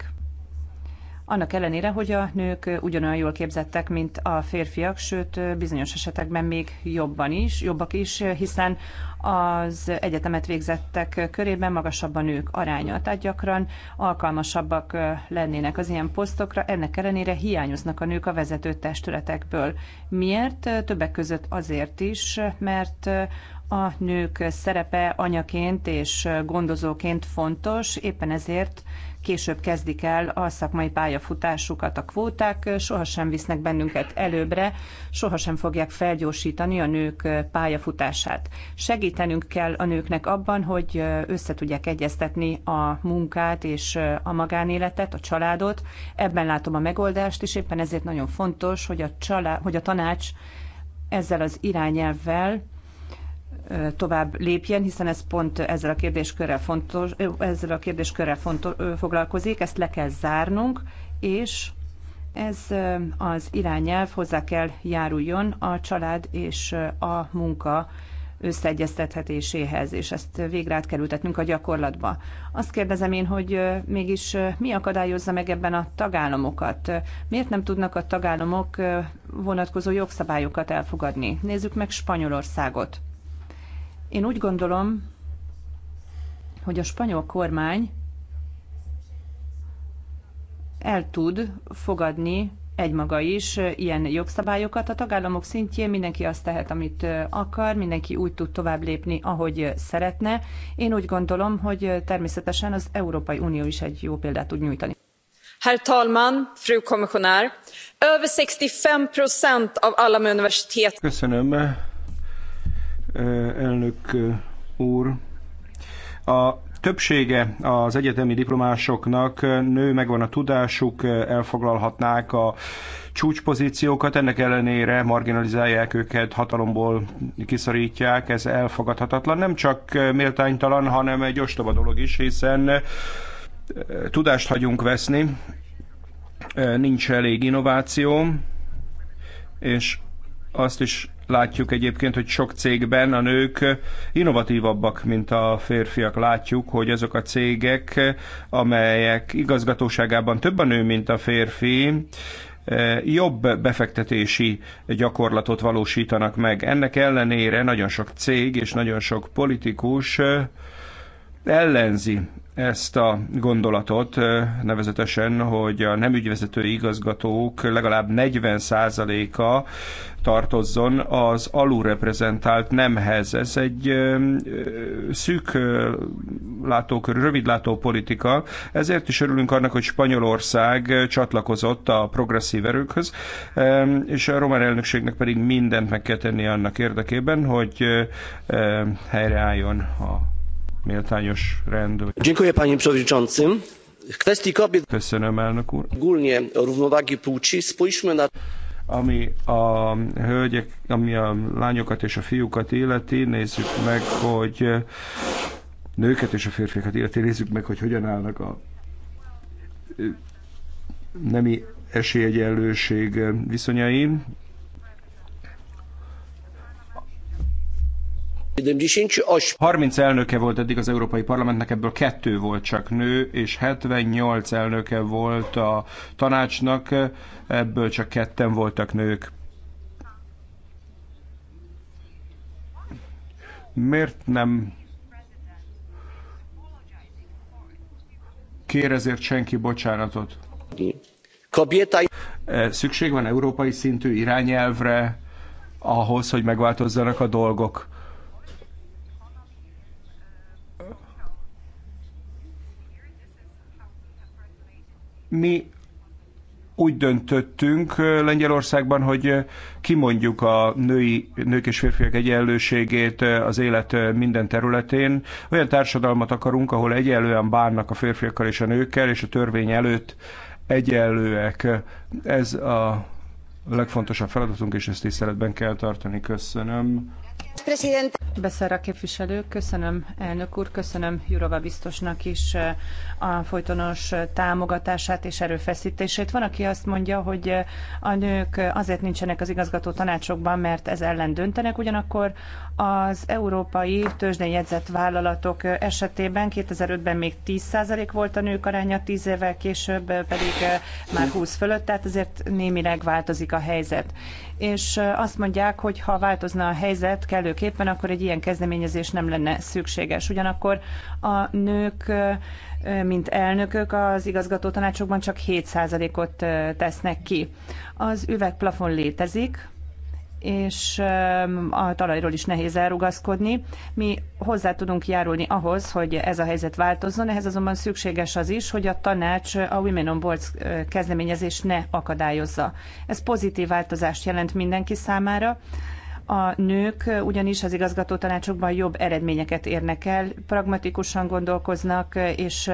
S3: Annak ellenére, hogy a nők ugyanolyan jól képzettek, mint a férfiak, sőt bizonyos esetekben még jobban is, jobbak is, hiszen az egyetemet végzettek körében magasabb a nők aránya, tehát gyakran alkalmasabbak lennének az ilyen posztokra, ennek ellenére hiányoznak a nők a vezető testületekből. Miért? Többek között azért is, mert a nők szerepe anyaként és gondozóként fontos, éppen ezért később kezdik el a szakmai pályafutásukat. A kvóták sohasem visznek bennünket előbbre, sohasem fogják felgyorsítani a nők pályafutását. Segítenünk kell a nőknek abban, hogy összetudják egyeztetni a munkát és a magánéletet, a családot. Ebben látom a megoldást, és éppen ezért nagyon fontos, hogy a, család, hogy a tanács ezzel az irányelvvel tovább lépjen, hiszen ez pont ezzel a kérdéskörrel, fontos, ezzel a kérdéskörrel fontos, foglalkozik, ezt le kell zárnunk, és ez az irányelv hozzá kell járuljon a család és a munka összeegyeztethetéséhez, és ezt végre átkerültetnünk a gyakorlatba. Azt kérdezem én, hogy mégis mi akadályozza meg ebben a tagállamokat? Miért nem tudnak a tagállamok vonatkozó jogszabályokat elfogadni? Nézzük meg Spanyolországot. Én úgy gondolom, hogy a spanyol kormány el tud fogadni egymaga is ilyen jogszabályokat. A tagállamok szintjén mindenki azt tehet, amit akar, mindenki úgy tud tovább lépni, ahogy szeretne. Én úgy gondolom, hogy természetesen az Európai Unió is egy jó példát tud nyújtani. Herr talman, fru kommissionär, över 65 of av alla universitet...
S4: Köszönöm elnök úr. A többsége az egyetemi diplomásoknak nő, megvan a tudásuk, elfoglalhatnák a csúcspozíciókat, ennek ellenére marginalizálják őket, hatalomból kiszorítják, ez elfogadhatatlan. Nem csak méltánytalan, hanem egy ostoba dolog is, hiszen tudást hagyunk veszni, nincs elég innováció, és azt is Látjuk egyébként, hogy sok cégben a nők innovatívabbak, mint a férfiak. Látjuk, hogy azok a cégek, amelyek igazgatóságában több a nő, mint a férfi, eh, jobb befektetési gyakorlatot valósítanak meg. Ennek ellenére nagyon sok cég és nagyon sok politikus eh, ellenzi ezt a gondolatot, nevezetesen, hogy a nem ügyvezető igazgatók legalább 40%-a tartozzon az alulreprezentált nemhez. Ez egy szűk látókör, rövidlátó politika, ezért is örülünk annak, hogy Spanyolország csatlakozott a progresszív erőkhöz, és a román elnökségnek pedig mindent meg kell tenni annak érdekében, hogy helyreálljon a méltányos rend. Dziękuję panie przewodniczący. W kwestii kobiet Köszönöm, elnök úr.
S2: Ogólnie równowagi płci spójrzmy na
S4: ami a hölgyek, ami a lányokat és a fiúkat illeti, nézzük meg, hogy eh, nőket és a férfiakat illeti, nézzük meg, hogy hogyan állnak a eh, nemi esélyegyenlőség eh, viszonyai. 30 elnöke volt eddig az Európai Parlamentnek, ebből kettő volt csak nő, és 78 elnöke volt a tanácsnak, ebből csak ketten voltak nők. Miért nem kér ezért senki bocsánatot? E, szükség van európai szintű irányelvre ahhoz, hogy megváltozzanak a dolgok Mi úgy döntöttünk Lengyelországban, hogy kimondjuk a női, nők és férfiak egyenlőségét az élet minden területén. Olyan társadalmat akarunk, ahol egyenlően bánnak a férfiakkal és a nőkkel, és a törvény előtt egyenlőek. Ez a legfontosabb feladatunk, és ezt tiszteletben kell tartani. Köszönöm.
S3: Beszerra képviselő, köszönöm elnök úr, köszönöm Jurova biztosnak is eh, a folytonos támogatását és erőfeszítését. Van, aki azt mondja, hogy eh, a nők azért nincsenek az igazgató tanácsokban, mert ez ellen döntenek, ugyanakkor az európai tőzsdén jegyzett vállalatok esetében 2005-ben még 10% volt a nők aránya, 10 évvel később pedig eh, már 20 fölött, tehát azért némileg változik a helyzet. És eh, azt mondják, hogy ha változna a helyzet kellőképpen, akkor egy ilyen kezdeményezés nem lenne szükséges. Ugyanakkor a nők eh, mint elnökök az igazgató tanácsokban csak 7%-ot tesznek ki. Az üvegplafon létezik, és a talajról is nehéz elrugaszkodni. Mi hozzá tudunk járulni ahhoz, hogy ez a helyzet változzon, ehhez azonban szükséges az is, hogy a tanács a Women on Boards kezdeményezés ne akadályozza. Ez pozitív változást jelent mindenki számára. A nők ugyanis az igazgató tanácsokban jobb eredményeket érnek el, pragmatikusan gondolkoznak, és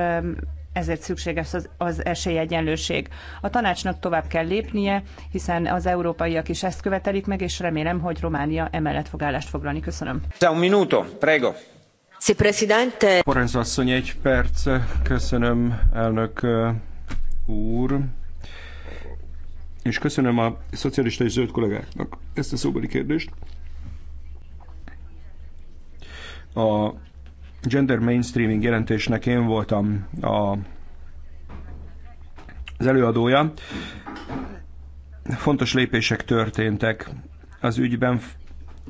S3: ezért szükséges az, az esélyegyenlőség. A tanácsnak tovább kell lépnie, hiszen az európaiak is ezt követelik meg, és remélem, hogy Románia emellett fog állást foglalni. Köszönöm.
S1: Un minuto, prego.
S4: Si, presidente. Forenz asszony, egy perc. Köszönöm, elnök uh, úr. És köszönöm a szocialista és zöld kollégáknak ezt a szóbeli kérdést. A gender mainstreaming jelentésnek én voltam a, az előadója. Fontos lépések történtek az ügyben.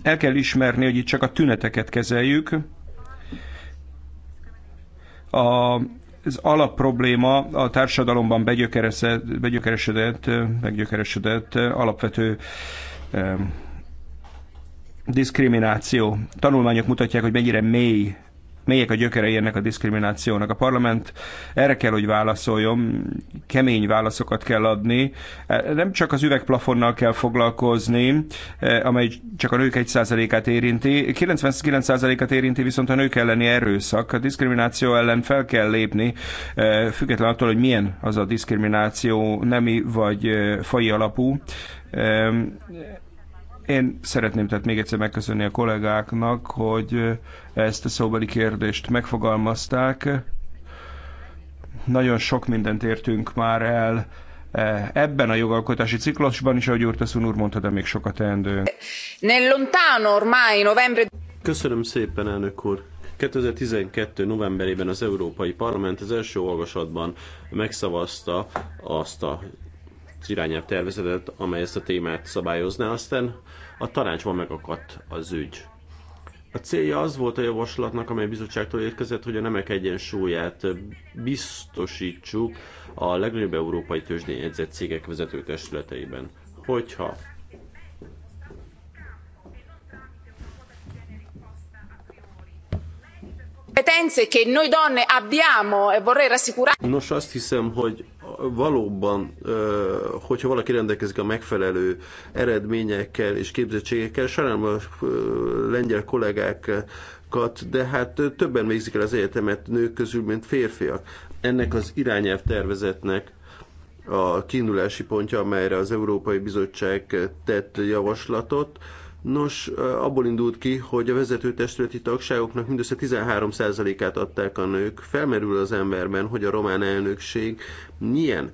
S4: El kell ismerni, hogy itt csak a tüneteket kezeljük. A, az alapprobléma a társadalomban begyökeresedett, begyökeresedett, alapvető diszkrimináció. Tanulmányok mutatják, hogy mennyire mély melyek a gyökerei ennek a diszkriminációnak. A parlament erre kell, hogy válaszoljon, kemény válaszokat kell adni. E, nem csak az üvegplafonnal kell foglalkozni, e, amely csak a nők 1%-át érinti, 99%-át érinti viszont a nők elleni erőszak. A diszkrimináció ellen fel kell lépni, e, független attól, hogy milyen az a diszkrimináció, nemi vagy fai alapú én szeretném tehát még egyszer megköszönni a kollégáknak, hogy ezt a szóbeli kérdést megfogalmazták. Nagyon sok mindent értünk már el e, ebben a jogalkotási ciklusban is, ahogy Urtaszun úr mondta, de még sokat teendő.
S5: Nellontano, ormai novembre...
S4: Köszönöm szépen, elnök úr. 2012.
S2: novemberében az Európai Parlament az első olvasatban megszavazta azt a az irányelv tervezetet, amely ezt a témát szabályozná, aztán a tanácsban megakadt az ügy. A célja az volt a javaslatnak, amely a bizottságtól érkezett, hogy a nemek egyensúlyát biztosítsuk a legnagyobb európai tőzsdén jegyzett cégek testületeiben. Hogyha
S5: che noi donne abbiamo e vorrei rassicurare.
S2: Nos, azt hiszem, hogy valóban, hogyha valaki rendelkezik a megfelelő eredményekkel és képzettségekkel, sajnálom a lengyel kollégákat, de hát többen végzik el az egyetemet nők közül, mint férfiak. Ennek az irányelv tervezetnek a kiindulási pontja, amelyre az Európai Bizottság tett javaslatot, Nos, abból indult ki, hogy a vezető testületi tagságoknak mindössze 13%-át adták a nők. Felmerül az emberben, hogy a román elnökség milyen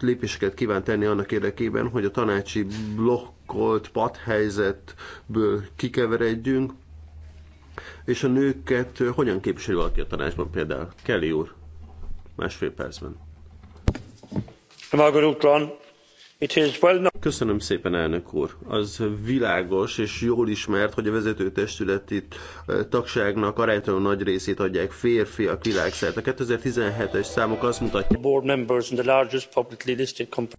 S2: lépéseket kíván tenni annak érdekében, hogy a tanácsi blokkolt padhelyzetből kikeveredjünk, és a nőket hogyan képviseli valaki a tanácsban például? Kelly úr, másfél percben. Magyarul Köszönöm szépen, elnök úr. Az világos és jól ismert, hogy a vezető vezetőtestületi tagságnak aránytalanul nagy részét adják férfiak világszerte. A 2017-es számok azt mutatja,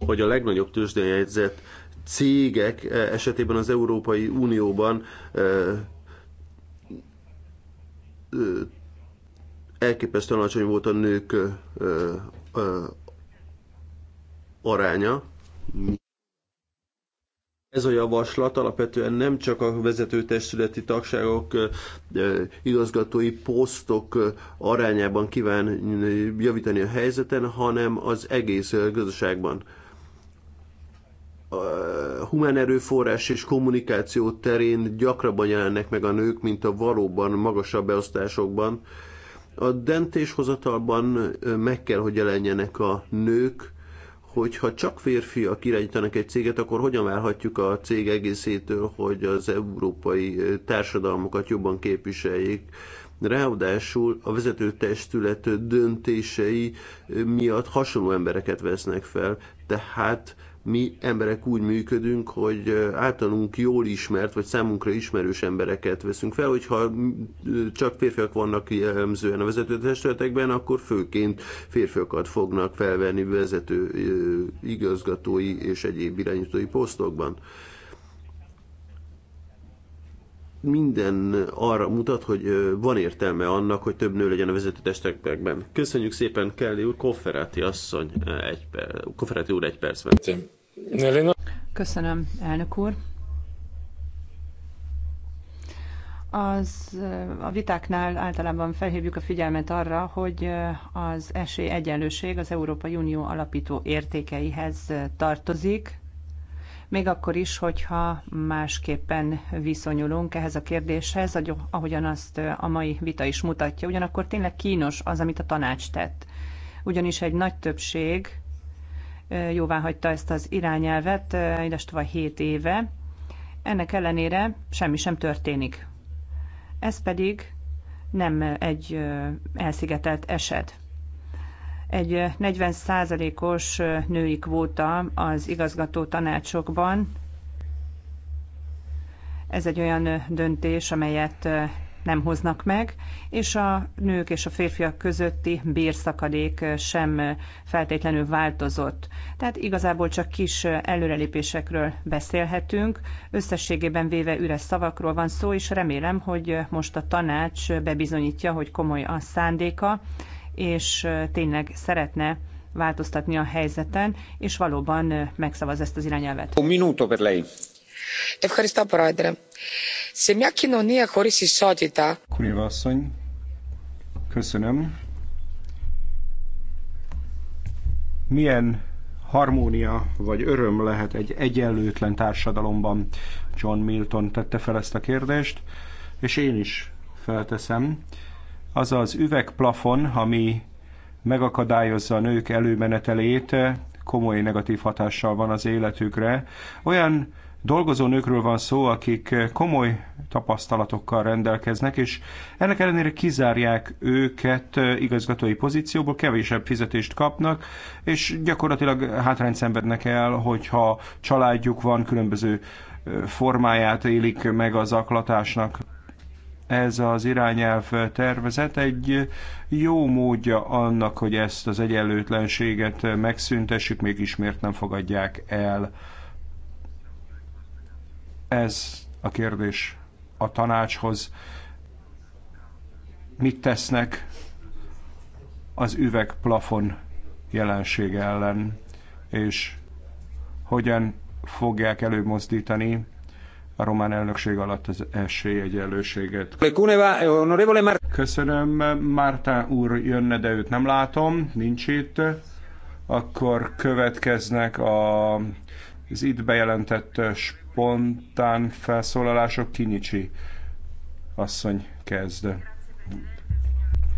S2: hogy a legnagyobb tőzsdén cégek esetében az Európai Unióban elképesztően alacsony volt a nők aránya. Ez a javaslat alapvetően nem csak a vezetőtestületi tagságok, igazgatói posztok arányában kíván javítani a helyzeten, hanem az egész gazdaságban. A humán erőforrás és kommunikáció terén gyakrabban jelennek meg a nők, mint a valóban magasabb beosztásokban. A döntéshozatalban meg kell, hogy jelenjenek a nők, hogyha csak férfiak irányítanak egy céget, akkor hogyan várhatjuk a cég egészétől, hogy az európai társadalmakat jobban képviseljék? Ráadásul a vezetőtestület döntései miatt hasonló embereket vesznek fel, tehát mi emberek úgy működünk, hogy általunk jól ismert, vagy számunkra ismerős embereket veszünk fel, hogyha csak férfiak vannak jellemzően a vezető testületekben, akkor főként férfiakat fognak felvenni vezető igazgatói és egyéb irányítói posztokban minden arra mutat, hogy van értelme annak, hogy több nő legyen a vezető testekben. Köszönjük szépen, Kelly úr, Kofferáti asszony, egy perc, Kofferáti úr egy percben.
S3: Köszönöm, elnök úr. Az a vitáknál általában felhívjuk a figyelmet arra, hogy az esélyegyenlőség az Európai Unió alapító értékeihez tartozik, még akkor is, hogyha másképpen viszonyulunk ehhez a kérdéshez, ahogyan azt a mai vita is mutatja. Ugyanakkor tényleg kínos az, amit a tanács tett. Ugyanis egy nagy többség jóvá hagyta ezt az irányelvet, édes tovább 7 éve. Ennek ellenére semmi sem történik. Ez pedig nem egy elszigetelt eset egy 40%-os női kvóta az igazgató tanácsokban. Ez egy olyan döntés, amelyet nem hoznak meg, és a nők és a férfiak közötti bérszakadék sem feltétlenül változott. Tehát igazából csak kis előrelépésekről beszélhetünk. Összességében véve üres szavakról van szó, és remélem, hogy most a tanács bebizonyítja, hogy komoly a szándéka, és tényleg szeretne változtatni a helyzeten, és valóban megszavaz ezt az irányelvet.
S4: Un minuto per lei.
S5: Ευχαριστώ, Πρόεδρε. Σε μια κοινωνία χωρίς ισότητα...
S4: Κουρίβα, köszönöm. Milyen harmónia vagy öröm lehet egy egyenlőtlen társadalomban? John Milton tette fel ezt a kérdést, és én is felteszem az az üvegplafon, ami megakadályozza a nők előmenetelét, komoly negatív hatással van az életükre. Olyan dolgozó nőkről van szó, akik komoly tapasztalatokkal rendelkeznek, és ennek ellenére kizárják őket igazgatói pozícióból, kevésebb fizetést kapnak, és gyakorlatilag hátrányt szenvednek el, hogyha családjuk van, különböző formáját élik meg az aklatásnak ez az irányelv tervezet egy jó módja annak, hogy ezt az egyenlőtlenséget megszüntessük, mégis miért nem fogadják el. Ez a kérdés a tanácshoz. Mit tesznek az üvegplafon jelensége ellen, és hogyan fogják előmozdítani a román elnökség alatt az esélyegyenlőséget. Köszönöm, Márta úr jönne, de őt nem látom, nincs itt. Akkor következnek a, az itt bejelentett spontán felszólalások. Kinyicsi asszony kezd.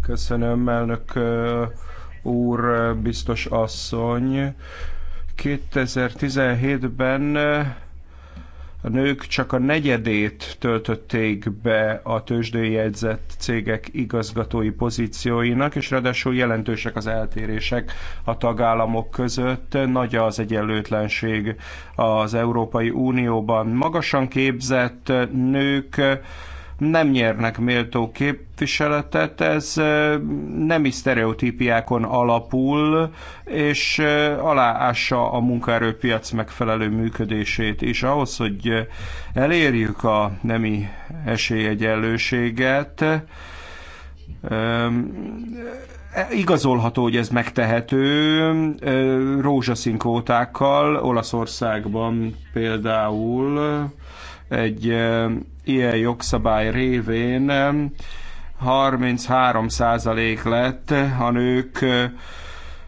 S4: Köszönöm, elnök úr, biztos asszony. 2017-ben a nők csak a negyedét töltötték be a tőzsdőjegyzett cégek igazgatói pozícióinak, és ráadásul jelentősek az eltérések a tagállamok között. Nagy az egyenlőtlenség az Európai Unióban. Magasan képzett nők nem nyernek méltó képviseletet, ez nemi sztereotípiákon alapul, és aláássa a munkaerőpiac megfelelő működését is. Ahhoz, hogy elérjük a nemi esélyegyenlőséget, igazolható, hogy ez megtehető rózsaszín Olaszországban például egy ilyen jogszabály révén 33% lett a nők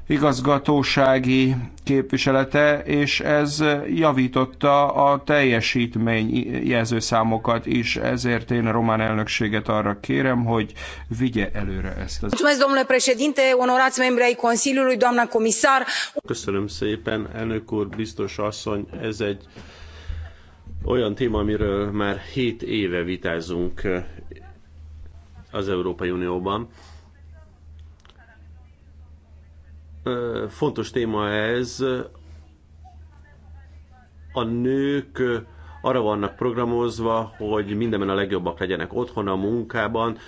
S4: igazgatósági képviselete, és ez javította a teljesítmény jelzőszámokat is, ezért én a román elnökséget arra kérem, hogy vigye előre ezt. Az...
S5: Mulțumesc, domnule președinte, onorați membri Consiliului, doamna comisar.
S2: Köszönöm szépen, elnök úr, biztos asszony, ez egy olyan téma, amiről már 7 éve vitázunk az Európai Unióban. Fontos téma ez. A nők arra vannak programozva, hogy mindenben a legjobbak legyenek otthon, a munkában,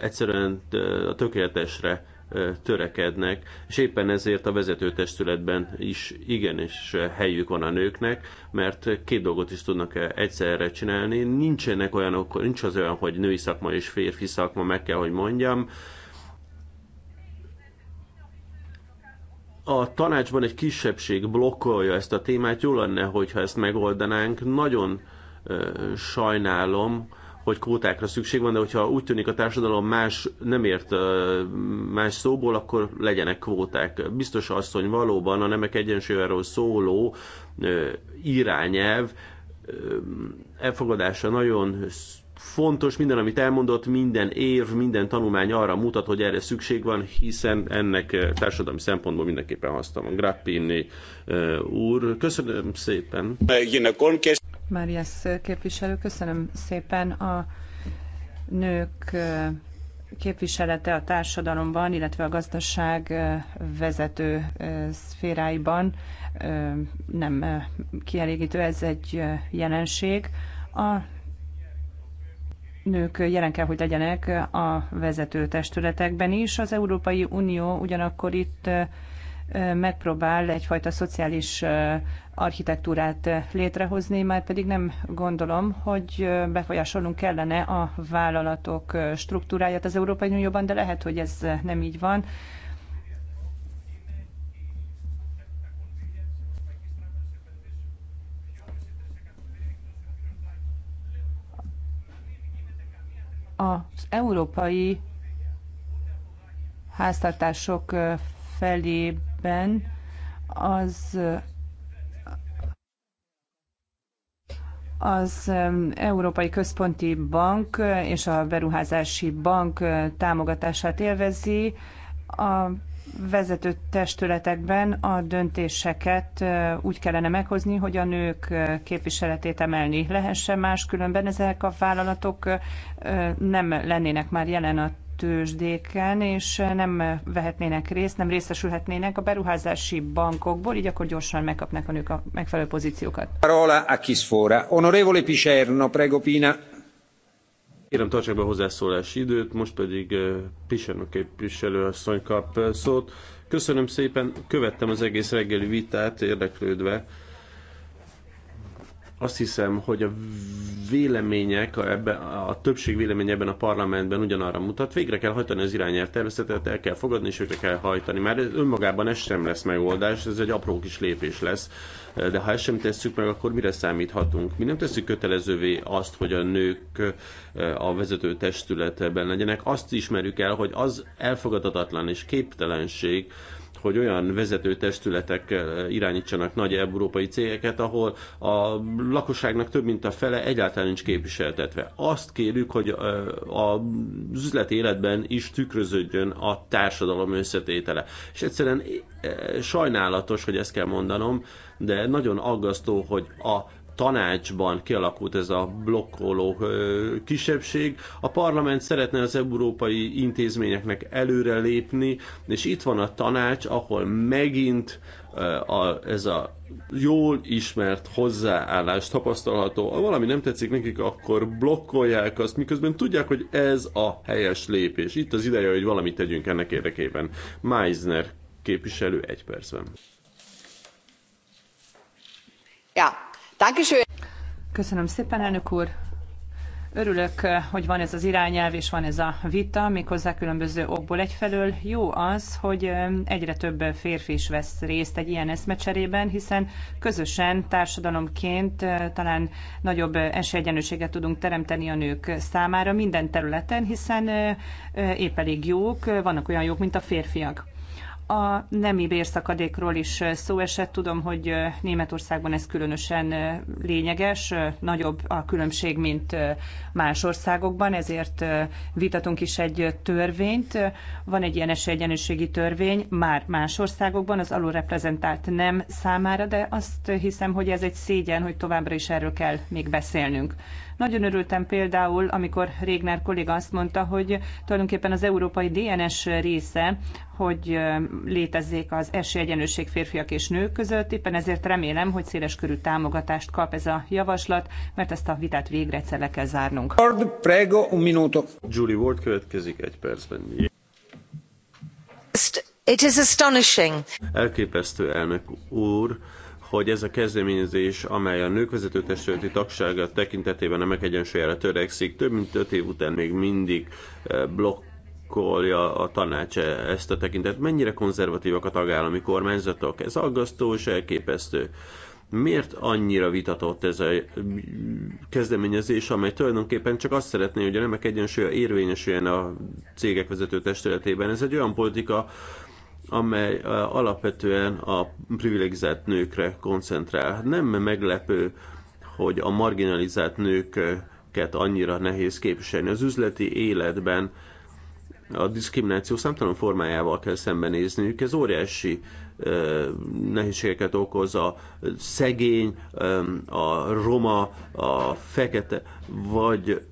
S2: egyszerűen a tökéletesre törekednek, és éppen ezért a vezetőtestületben is igenis helyük van a nőknek, mert két dolgot is tudnak e- egyszerre csinálni. Nincsenek olyanok, nincs az olyan, hogy női szakma és férfi szakma, meg kell, hogy mondjam. a tanácsban egy kisebbség blokkolja ezt a témát, jó lenne, hogyha ezt megoldanánk. Nagyon sajnálom, hogy kótákra szükség van, de hogyha úgy tűnik a társadalom más nem ért más szóból, akkor legyenek kvóták. Biztos az hogy valóban a nemek egyensúlyáról szóló irányelv elfogadása nagyon fontos, minden, amit elmondott, minden év, minden tanulmány arra mutat, hogy erre szükség van, hiszen ennek társadalmi szempontból mindenképpen használom. Grappini úr, köszönöm szépen.
S3: Máriász képviselő, köszönöm szépen a nők képviselete a társadalomban, illetve a gazdaság vezető szféráiban nem kielégítő, ez egy jelenség. A nők jelen kell, hogy legyenek a vezető testületekben is. Az Európai Unió ugyanakkor itt megpróbál egyfajta szociális architektúrát létrehozni, már pedig nem gondolom, hogy befolyásolnunk kellene a vállalatok struktúráját az Európai Unióban, de lehet, hogy ez nem így van. Az európai háztartások felében az az Európai Központi Bank és a Beruházási Bank támogatását élvezi. A vezető testületekben a döntéseket úgy kellene meghozni, hogy a nők képviseletét emelni lehessen, máskülönben ezek a vállalatok nem lennének már jelen a tőzsdéken, és nem vehetnének részt, nem részesülhetnének a beruházási bankokból, így akkor gyorsan megkapnák a nők a megfelelő pozíciókat.
S1: Parola a Kisfora. Onorevole Picerno, prego Pina. Kérem, tartsák be hozzászólási időt, most pedig eh,
S2: Piserno képviselőasszony kap eh, szót. Köszönöm szépen, követtem az egész reggeli vitát érdeklődve azt hiszem, hogy a vélemények, ebbe, a többség vélemény ebben a parlamentben ugyanarra mutat, végre kell hajtani az irányelv tervezetet, el kell fogadni, és őket kell hajtani. Már önmagában ez sem lesz megoldás, ez egy apró kis lépés lesz, de ha ezt sem tesszük meg, akkor mire számíthatunk? Mi nem tesszük kötelezővé azt, hogy a nők eh, a vezető testületben legyenek, azt ismerjük el, hogy az elfogadhatatlan és képtelenség, hogy olyan vezető testületek irányítsanak nagy európai cégeket, ahol a lakosságnak több mint a fele egyáltalán nincs képviseltetve. Azt kérjük, hogy az üzleti életben is tükröződjön a társadalom összetétele. És egyszerűen sajnálatos, hogy ezt kell mondanom, de nagyon aggasztó, hogy a tanácsban kialakult ez a blokkoló kisebbség. A parlament szeretne az európai intézményeknek előrelépni, és itt van a tanács, ahol megint a, ez a jól ismert hozzáállás tapasztalható. Ha valami nem tetszik nekik, akkor blokkolják azt, miközben tudják, hogy ez a helyes lépés. Itt az ideje, hogy valamit tegyünk ennek érdekében. Meisner képviselő egy percben.
S3: Ja, Köszönöm szépen, elnök úr. Örülök, hogy van ez az irányelv és van ez a vita, méghozzá különböző okból. Egyfelől jó az, hogy egyre több férfi is vesz részt egy ilyen eszmecserében, hiszen közösen társadalomként talán nagyobb esélyegyenlőséget tudunk teremteni a nők számára minden területen, hiszen épp elég jók, vannak olyan jók, mint a férfiak. A nemi bérszakadékról is szó esett. Tudom, hogy Németországban ez különösen lényeges, nagyobb a különbség, mint más országokban, ezért vitatunk is egy törvényt. Van egy ilyen esélyegyenlőségi törvény már más országokban, az alulreprezentált nem számára, de azt hiszem, hogy ez egy szégyen, hogy továbbra is erről kell még beszélnünk. Nagyon örültem például, amikor Régner kolléga azt mondta, hogy tulajdonképpen az európai DNS része, hogy létezzék az esélyegyenlőség férfiak és nők között. Éppen ezért remélem, hogy széles körű támogatást kap ez a javaslat, mert ezt a vitát végre egyszer le kell zárnunk.
S1: prego, un minuto. Julie Ward következik egy percben.
S6: It is astonishing.
S2: Elképesztő elnök úr, hogy ez a kezdeményezés, amely a nők vezetőtestületi tagsága tekintetében nemek egyensúlyára törekszik, több mint öt év után még mindig eh, blokkolja a tanács e- ezt a tekintet. Mennyire konzervatívak a tagállami kormányzatok? Ez aggasztó és elképesztő miért annyira vitatott ez a mm, kezdeményezés, amely tulajdonképpen csak azt szeretné, hogy a nemek egyensúlya érvényesüljen a cégek vezető testületében. Ez egy olyan politika, amely alapvetően a privilegizált nőkre koncentrál. Nem meglepő, hogy a marginalizált nőket annyira nehéz képviselni. Az üzleti életben a diszkrimináció számtalan formájával kell szembenézniük. Ez óriási nehézségeket okoz, a szegény, a roma, a fekete, vagy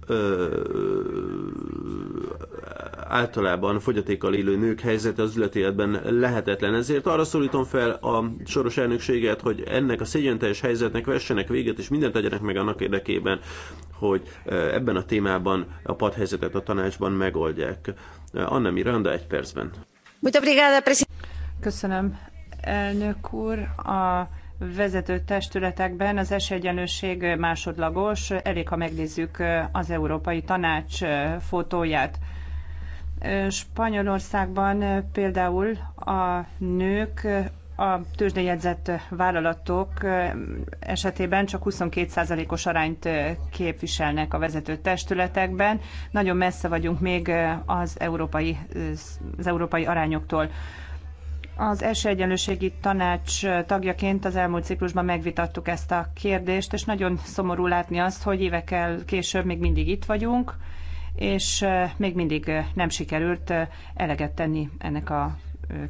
S2: általában fogyatékkal élő nők helyzete az üzletéletben lehetetlen. Ezért arra szólítom fel a soros elnökséget, hogy ennek a szégyenteljes helyzetnek vessenek véget, és mindent tegyenek meg annak érdekében, hogy ebben a témában a padhelyzetet a tanácsban megoldják. Anna Miranda egy percben.
S3: Köszönöm, elnök úr. A vezető testületekben az esélyegyenlőség másodlagos, elég ha megnézzük az Európai Tanács fotóját. Spanyolországban például a nők a tőzsdejegyzett vállalatok esetében csak 22%-os arányt képviselnek a vezető testületekben. Nagyon messze vagyunk még az európai, az európai arányoktól. Az esélyegyenlőségi tanács tagjaként az elmúlt ciklusban megvitattuk ezt a kérdést, és nagyon szomorú látni azt, hogy évekkel később még mindig itt vagyunk, és még mindig nem sikerült eleget tenni ennek a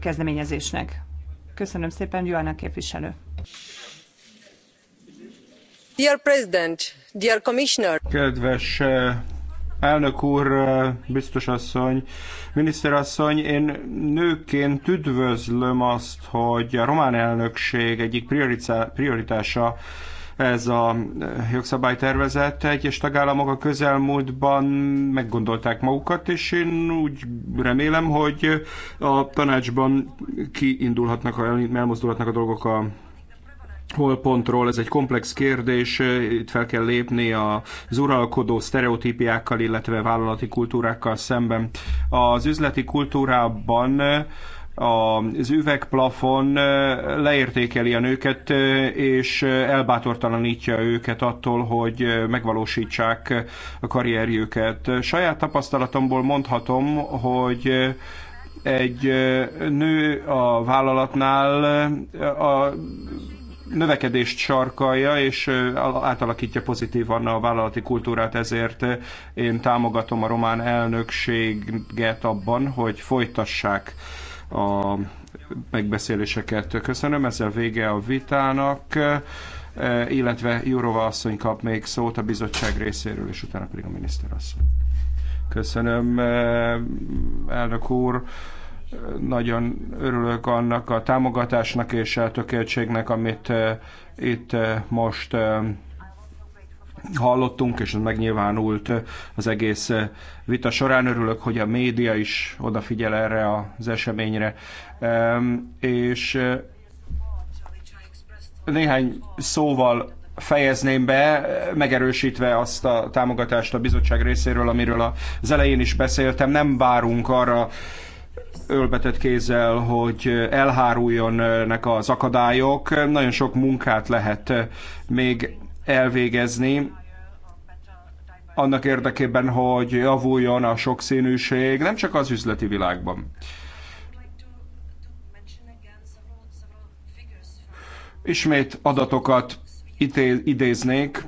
S3: kezdeményezésnek. Köszönöm szépen, Joanna képviselő.
S4: Dear President, dear Commissioner. Kedves Elnök úr, biztos asszony, miniszter asszony, én nőként üdvözlöm azt, hogy a román elnökség egyik prioritása ez a jogszabálytervezet. Egyes tagállamok a közelmúltban meggondolták magukat, és én úgy remélem, hogy a tanácsban kiindulhatnak, elmozdulhatnak a dolgok a Hol pontról, Ez egy komplex kérdés, itt fel kell lépni az uralkodó sztereotípiákkal, illetve vállalati kultúrákkal szemben. Az üzleti kultúrában az üvegplafon leértékeli a nőket, és elbátortalanítja őket attól, hogy megvalósítsák a karrierjüket. Saját tapasztalatomból mondhatom, hogy egy nő a vállalatnál a növekedést sarkalja, és átalakítja pozitívan a vállalati kultúrát, ezért én támogatom a román elnökséget abban, hogy folytassák a megbeszéléseket. Köszönöm, ezzel vége a vitának, illetve Jurova asszony kap még szót a bizottság részéről, és utána pedig a miniszter asszony. Köszönöm, elnök úr. Nagyon örülök annak a támogatásnak és a tökéletségnek, amit eh, itt eh, most eh, hallottunk, és ez megnyilvánult az egész vita során. Örülök, hogy a média is odafigyel erre az eseményre. És néhány szóval fejezném be, megerősítve azt a támogatást a bizottság részéről, amiről az elején is beszéltem. Nem várunk arra, ölbetett kézzel, hogy elháruljonnak az akadályok. Nagyon sok munkát lehet még elvégezni annak érdekében, hogy javuljon a sokszínűség, nem csak az üzleti világban. Ismét adatokat idéznék,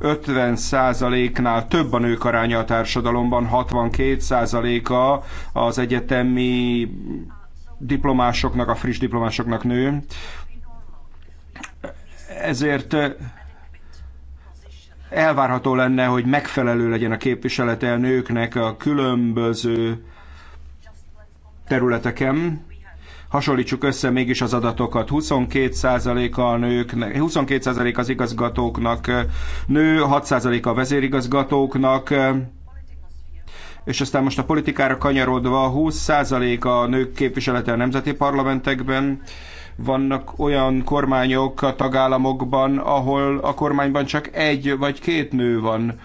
S4: 50%-nál több a nők aránya a társadalomban, 62%-a az egyetemi diplomásoknak, a friss diplomásoknak nő. Ezért elvárható lenne, hogy megfelelő legyen a képviselete a nőknek a különböző területeken. Hasonlítsuk össze mégis az adatokat. 22% a nőknek, 22% az igazgatóknak nő, 6% a vezérigazgatóknak, és aztán most a politikára kanyarodva 20% a nők képviselete a nemzeti parlamentekben, vannak olyan kormányok a tagállamokban, ahol a kormányban csak egy vagy két nő van.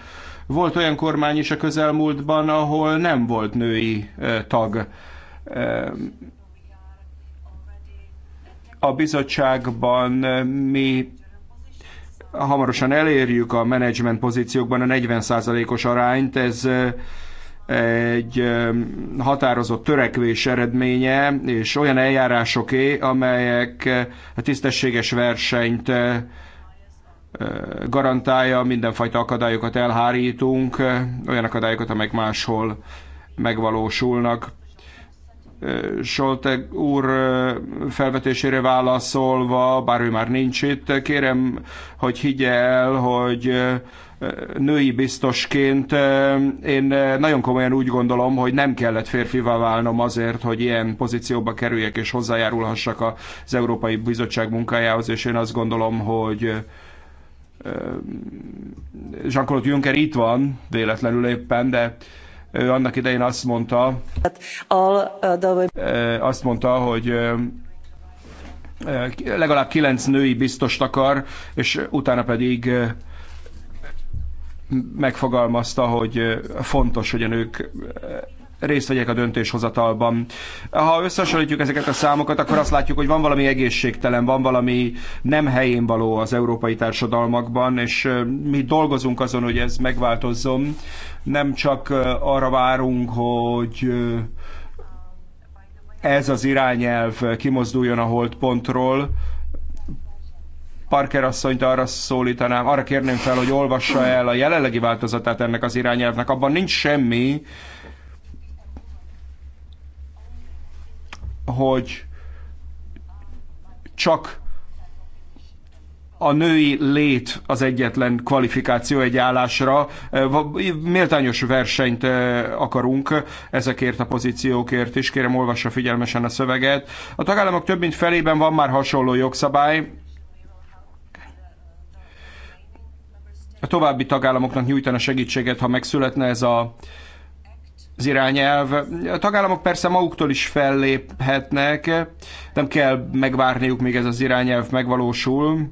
S4: Volt olyan kormány is a közelmúltban, ahol nem volt női tag. A bizottságban mi hamarosan elérjük a menedzsment pozíciókban a 40%-os arányt, ez egy határozott törekvés eredménye, és olyan eljárásoké, amelyek a tisztességes versenyt garantálja, mindenfajta akadályokat elhárítunk, olyan akadályokat, amelyek máshol megvalósulnak. Solteg úr felvetésére válaszolva, bár ő már nincs itt, kérem, hogy higgye el, hogy női biztosként én nagyon komolyan úgy gondolom, hogy nem kellett férfivá válnom azért, hogy ilyen pozícióba kerüljek és hozzájárulhassak az Európai Bizottság munkájához, és én azt gondolom, hogy Jean-Claude Juncker itt van, véletlenül éppen, de ő annak idején azt mondta, azt mondta, hogy legalább kilenc női biztost akar, és utána pedig megfogalmazta, hogy fontos, hogy a nők részt vegyek a döntéshozatalban. Ha összehasonlítjuk ezeket a számokat, akkor azt látjuk, hogy van valami egészségtelen, van valami nem helyén való az európai társadalmakban, és mi dolgozunk azon, hogy ez megváltozzon. Nem csak arra várunk, hogy ez az irányelv kimozduljon a holdpontról, Parker asszonyt arra szólítanám, arra kérném fel, hogy olvassa el a jelenlegi változatát ennek az irányelvnek. Abban nincs semmi, hogy csak a női lét az egyetlen kvalifikáció egy állásra. Méltányos versenyt akarunk ezekért a pozíciókért is. Kérem, olvassa figyelmesen a szöveget. A tagállamok több mint felében van már hasonló jogszabály. A további tagállamoknak nyújtana segítséget, ha megszületne ez a az irányelv. A tagállamok persze maguktól is felléphetnek, nem kell megvárniuk, míg ez az irányelv megvalósul.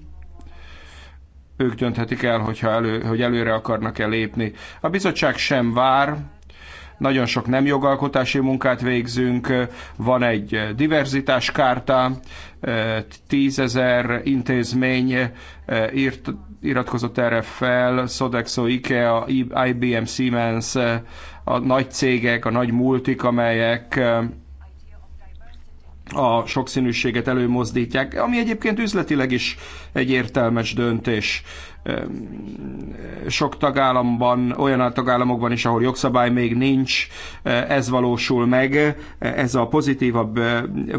S4: Ők dönthetik el, hogyha elő, hogy előre akarnak-e lépni. A bizottság sem vár, nagyon sok nem jogalkotási munkát végzünk, van egy kárta, tízezer intézmény eh, írt, iratkozott erre fel, Sodexo, IKEA, IBM, Siemens, eh, a nagy cégek, a nagy multik, amelyek a sokszínűséget előmozdítják, ami egyébként üzletileg is egy értelmes döntés. Sok tagállamban, olyan tagállamokban is, ahol jogszabály még nincs, ez valósul meg, ez a pozitívabb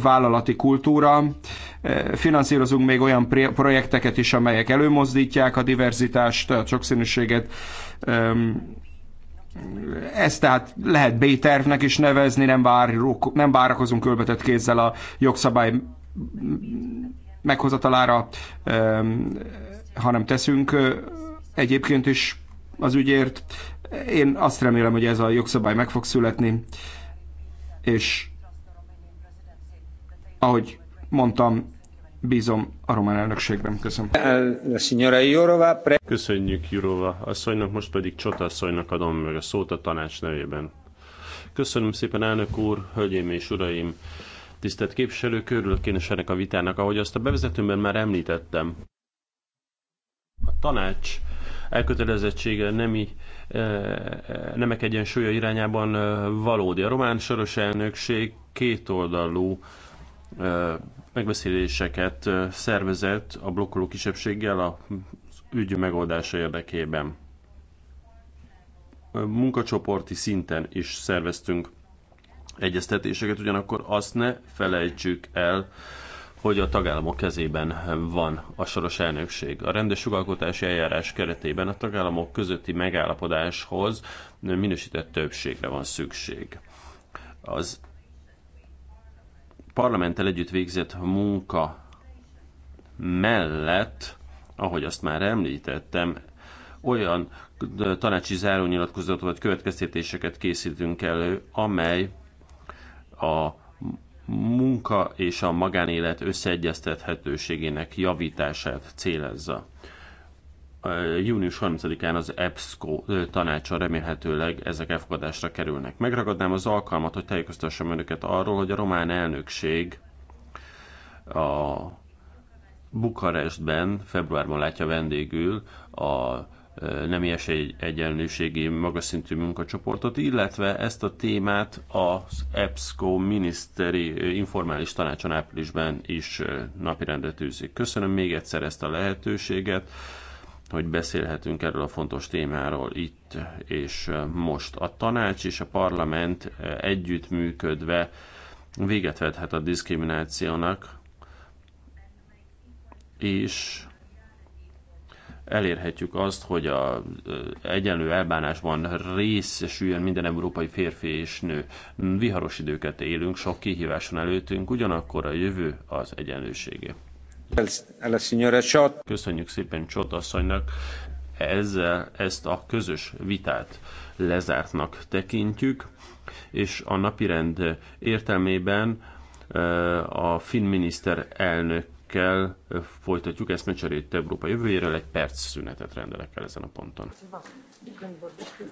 S4: vállalati kultúra. Finanszírozunk még olyan projekteket is, amelyek előmozdítják a diverzitást, a sokszínűséget, ezt tehát lehet B-tervnek is nevezni, nem, vár, nem várakozunk kölbetett kézzel a jogszabály meghozatalára, hanem teszünk egyébként is az ügyért. Én azt remélem, hogy ez a jogszabály meg fog születni, és ahogy mondtam, Bízom a román elnökségben. Köszönöm.
S1: Köszönjük
S2: Jurova asszonynak, most pedig Csota asszonynak adom meg a szót a tanács nevében. Köszönöm szépen, elnök úr, hölgyeim és uraim, tisztelt képviselők, örülök én is ennek a vitának, ahogy azt a bevezetőmben már említettem. A tanács elkötelezettsége nemi eh, nemek egyensúlya irányában eh, valódi. A román soros elnökség kétoldalú eh, megbeszéléseket szervezett a blokkoló kisebbséggel a ügy megoldása érdekében. Munkacsoporti szinten is szerveztünk egyeztetéseket, ugyanakkor azt ne felejtsük el, hogy a tagállamok kezében van a soros elnökség. A rendes jogalkotási eljárás keretében a tagállamok közötti megállapodáshoz minősített többségre van szükség. Az parlamenttel együtt végzett munka mellett, ahogy azt már említettem, olyan tanácsi zárónyilatkozatot vagy következtetéseket készítünk elő, amely a munka és a magánélet összeegyeztethetőségének javítását célezza június 30-án az EBSCO tanácsa remélhetőleg ezek elfogadásra kerülnek. Megragadnám az alkalmat, hogy tájékoztassam önöket arról, hogy a román elnökség a Bukarestben februárban látja vendégül a nemi esély egyenlőségi magas szintű munkacsoportot, illetve ezt a témát az EBSCO miniszteri informális tanácson áprilisban is napirendre tűzik. Köszönöm még egyszer ezt a lehetőséget hogy beszélhetünk erről a fontos témáról itt és most. A tanács és a parlament együttműködve véget vethet a diszkriminációnak, és elérhetjük azt, hogy a egyenlő elbánásban részesüljön minden európai férfi és nő. Viharos időket élünk, sok kihíváson előttünk, ugyanakkor a jövő az egyenlőségé. Köszönjük szépen Csot asszonynak. Ezzel ezt a közös vitát lezártnak tekintjük, és a napirend értelmében eh, a finn miniszter elnökkel eh, folytatjuk ezt mecserét Európa jövőjéről, egy perc szünetet rendelek el ezen a
S6: ponton. Köszönöm.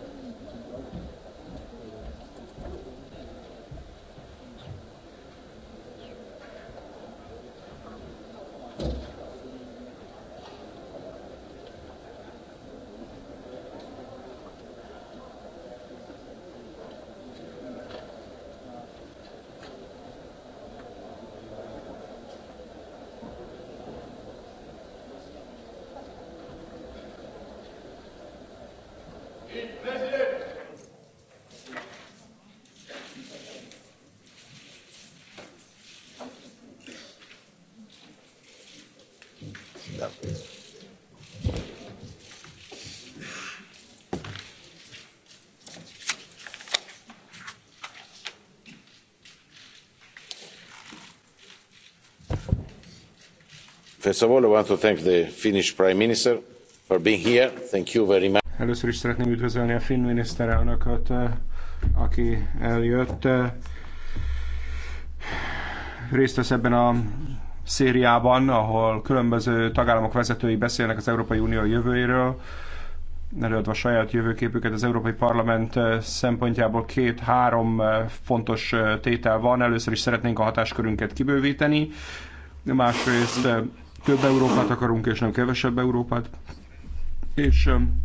S1: First of all, I want to thank the Finnish Prime Minister for being here. Thank you very much.
S4: Először is szeretném üdvözölni a finn miniszterelnököt, eh, aki eljött. Eh. Részt vesz ebben a szériában, ahol különböző tagállamok vezetői beszélnek az Európai Unió jövőjéről, előadva saját jövőképüket az Európai Parlament eh, szempontjából két-három fontos tétel van. Először is szeretnénk a hatáskörünket kibővíteni, másrészt több Európát akarunk, és nem kevesebb Európát. És um,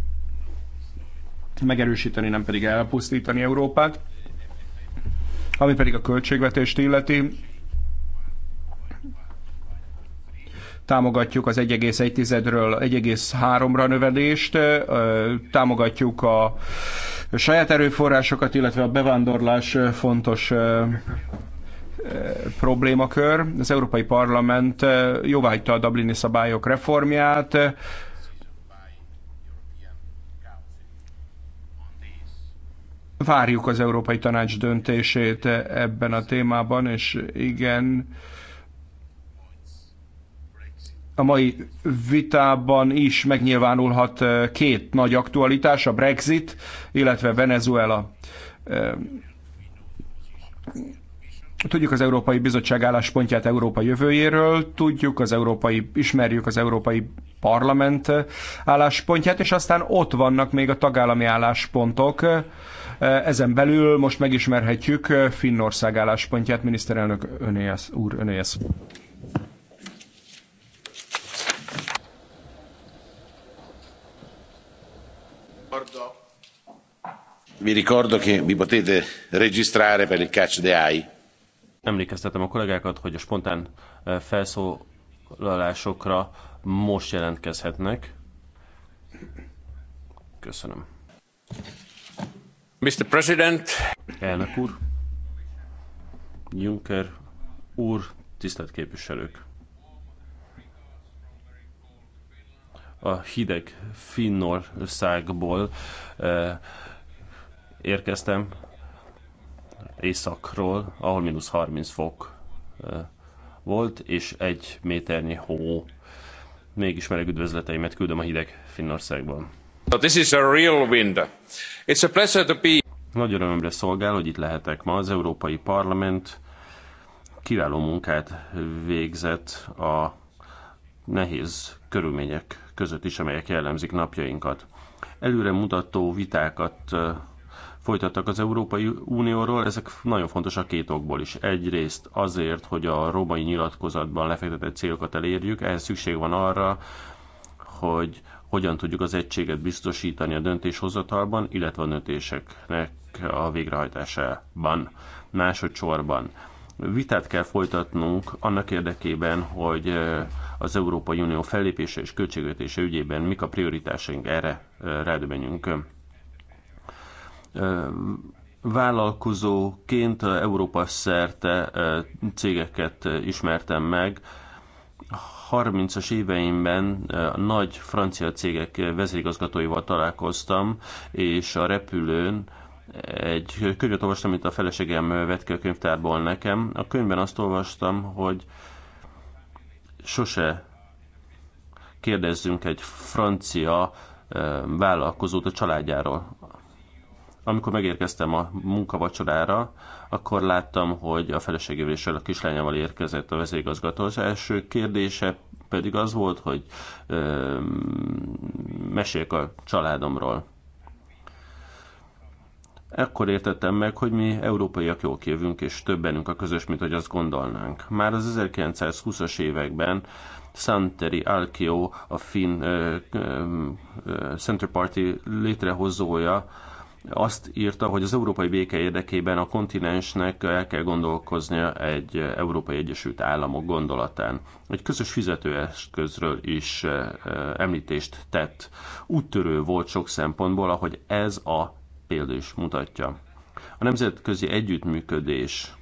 S4: megerősíteni, nem pedig elpusztítani Európát. Ami pedig a költségvetést illeti, támogatjuk az 1,1-ről 1,3-ra növelést, támogatjuk a saját erőforrásokat, illetve a bevándorlás fontos problémakör. Az Európai Parlament jóváhagyta a Dublini szabályok reformját, Várjuk az Európai Tanács döntését ebben a témában, és igen, a mai vitában is megnyilvánulhat két nagy aktualitás, a Brexit, illetve Venezuela. Tudjuk az Európai Bizottság álláspontját Európa jövőjéről, tudjuk az Európai, ismerjük az Európai Parlament álláspontját, és aztán ott vannak még a tagállami álláspontok. Ezen belül most megismerhetjük Finnország álláspontját. Miniszterelnök önéhez, úr, önéhez.
S1: Vi ricordo che vi potete registrare per il catch the eye.
S2: Emlékeztetem a kollégákat, hogy a spontán felszólalásokra most jelentkezhetnek. Köszönöm.
S1: Mr. President.
S2: Elnök úr. Juncker úr, tisztelt képviselők. A hideg Finnországból eh, érkeztem, északról, ahol mínusz 30 fok volt, és egy méternyi hó. Mégis meleg üdvözleteimet küldöm a hideg Finnországban.
S1: But this is a real wind. It's a pleasure to be...
S2: Nagy örömömre szolgál, hogy itt lehetek ma. Az Európai Parlament kiváló munkát végzett a nehéz körülmények között is, amelyek jellemzik napjainkat. Előre mutató vitákat folytattak az Európai Unióról, ezek nagyon fontosak két okból is. Egyrészt azért, hogy a római nyilatkozatban lefektetett célokat elérjük, ehhez szükség van arra, hogy hogyan tudjuk az egységet biztosítani a döntéshozatalban, illetve a döntéseknek a végrehajtásában. Másodszorban vitát kell folytatnunk annak érdekében, hogy az Európai Unió fellépése és költségvetése ügyében mik a prioritásaink, erre rádöbenjünk vállalkozóként Európa szerte cégeket ismertem meg. 30-as éveimben nagy francia cégek vezérigazgatóival találkoztam, és a repülőn egy könyvet olvastam, amit a feleségem vett ki a könyvtárból nekem. A könyvben azt olvastam, hogy sose kérdezzünk egy francia vállalkozót a családjáról. Amikor megérkeztem a munkavacsorára, akkor láttam, hogy a feleségével és a kislányával érkezett a vezérigazgató. Az első kérdése pedig az volt, hogy ö, mesék a családomról. Ekkor értettem meg, hogy mi európaiak jók jövünk, és többenünk a közös, mint hogy azt gondolnánk. Már az 1920-as években Santeri Alkio, a finn Center Party létrehozója, azt írta, hogy az európai béke érdekében a kontinensnek el kell gondolkoznia egy Európai Egyesült Államok gondolatán. Egy közös fizetőeszközről is eh, eh, említést tett. Úttörő volt sok szempontból, ahogy ez a példa is mutatja. A nemzetközi együttműködés,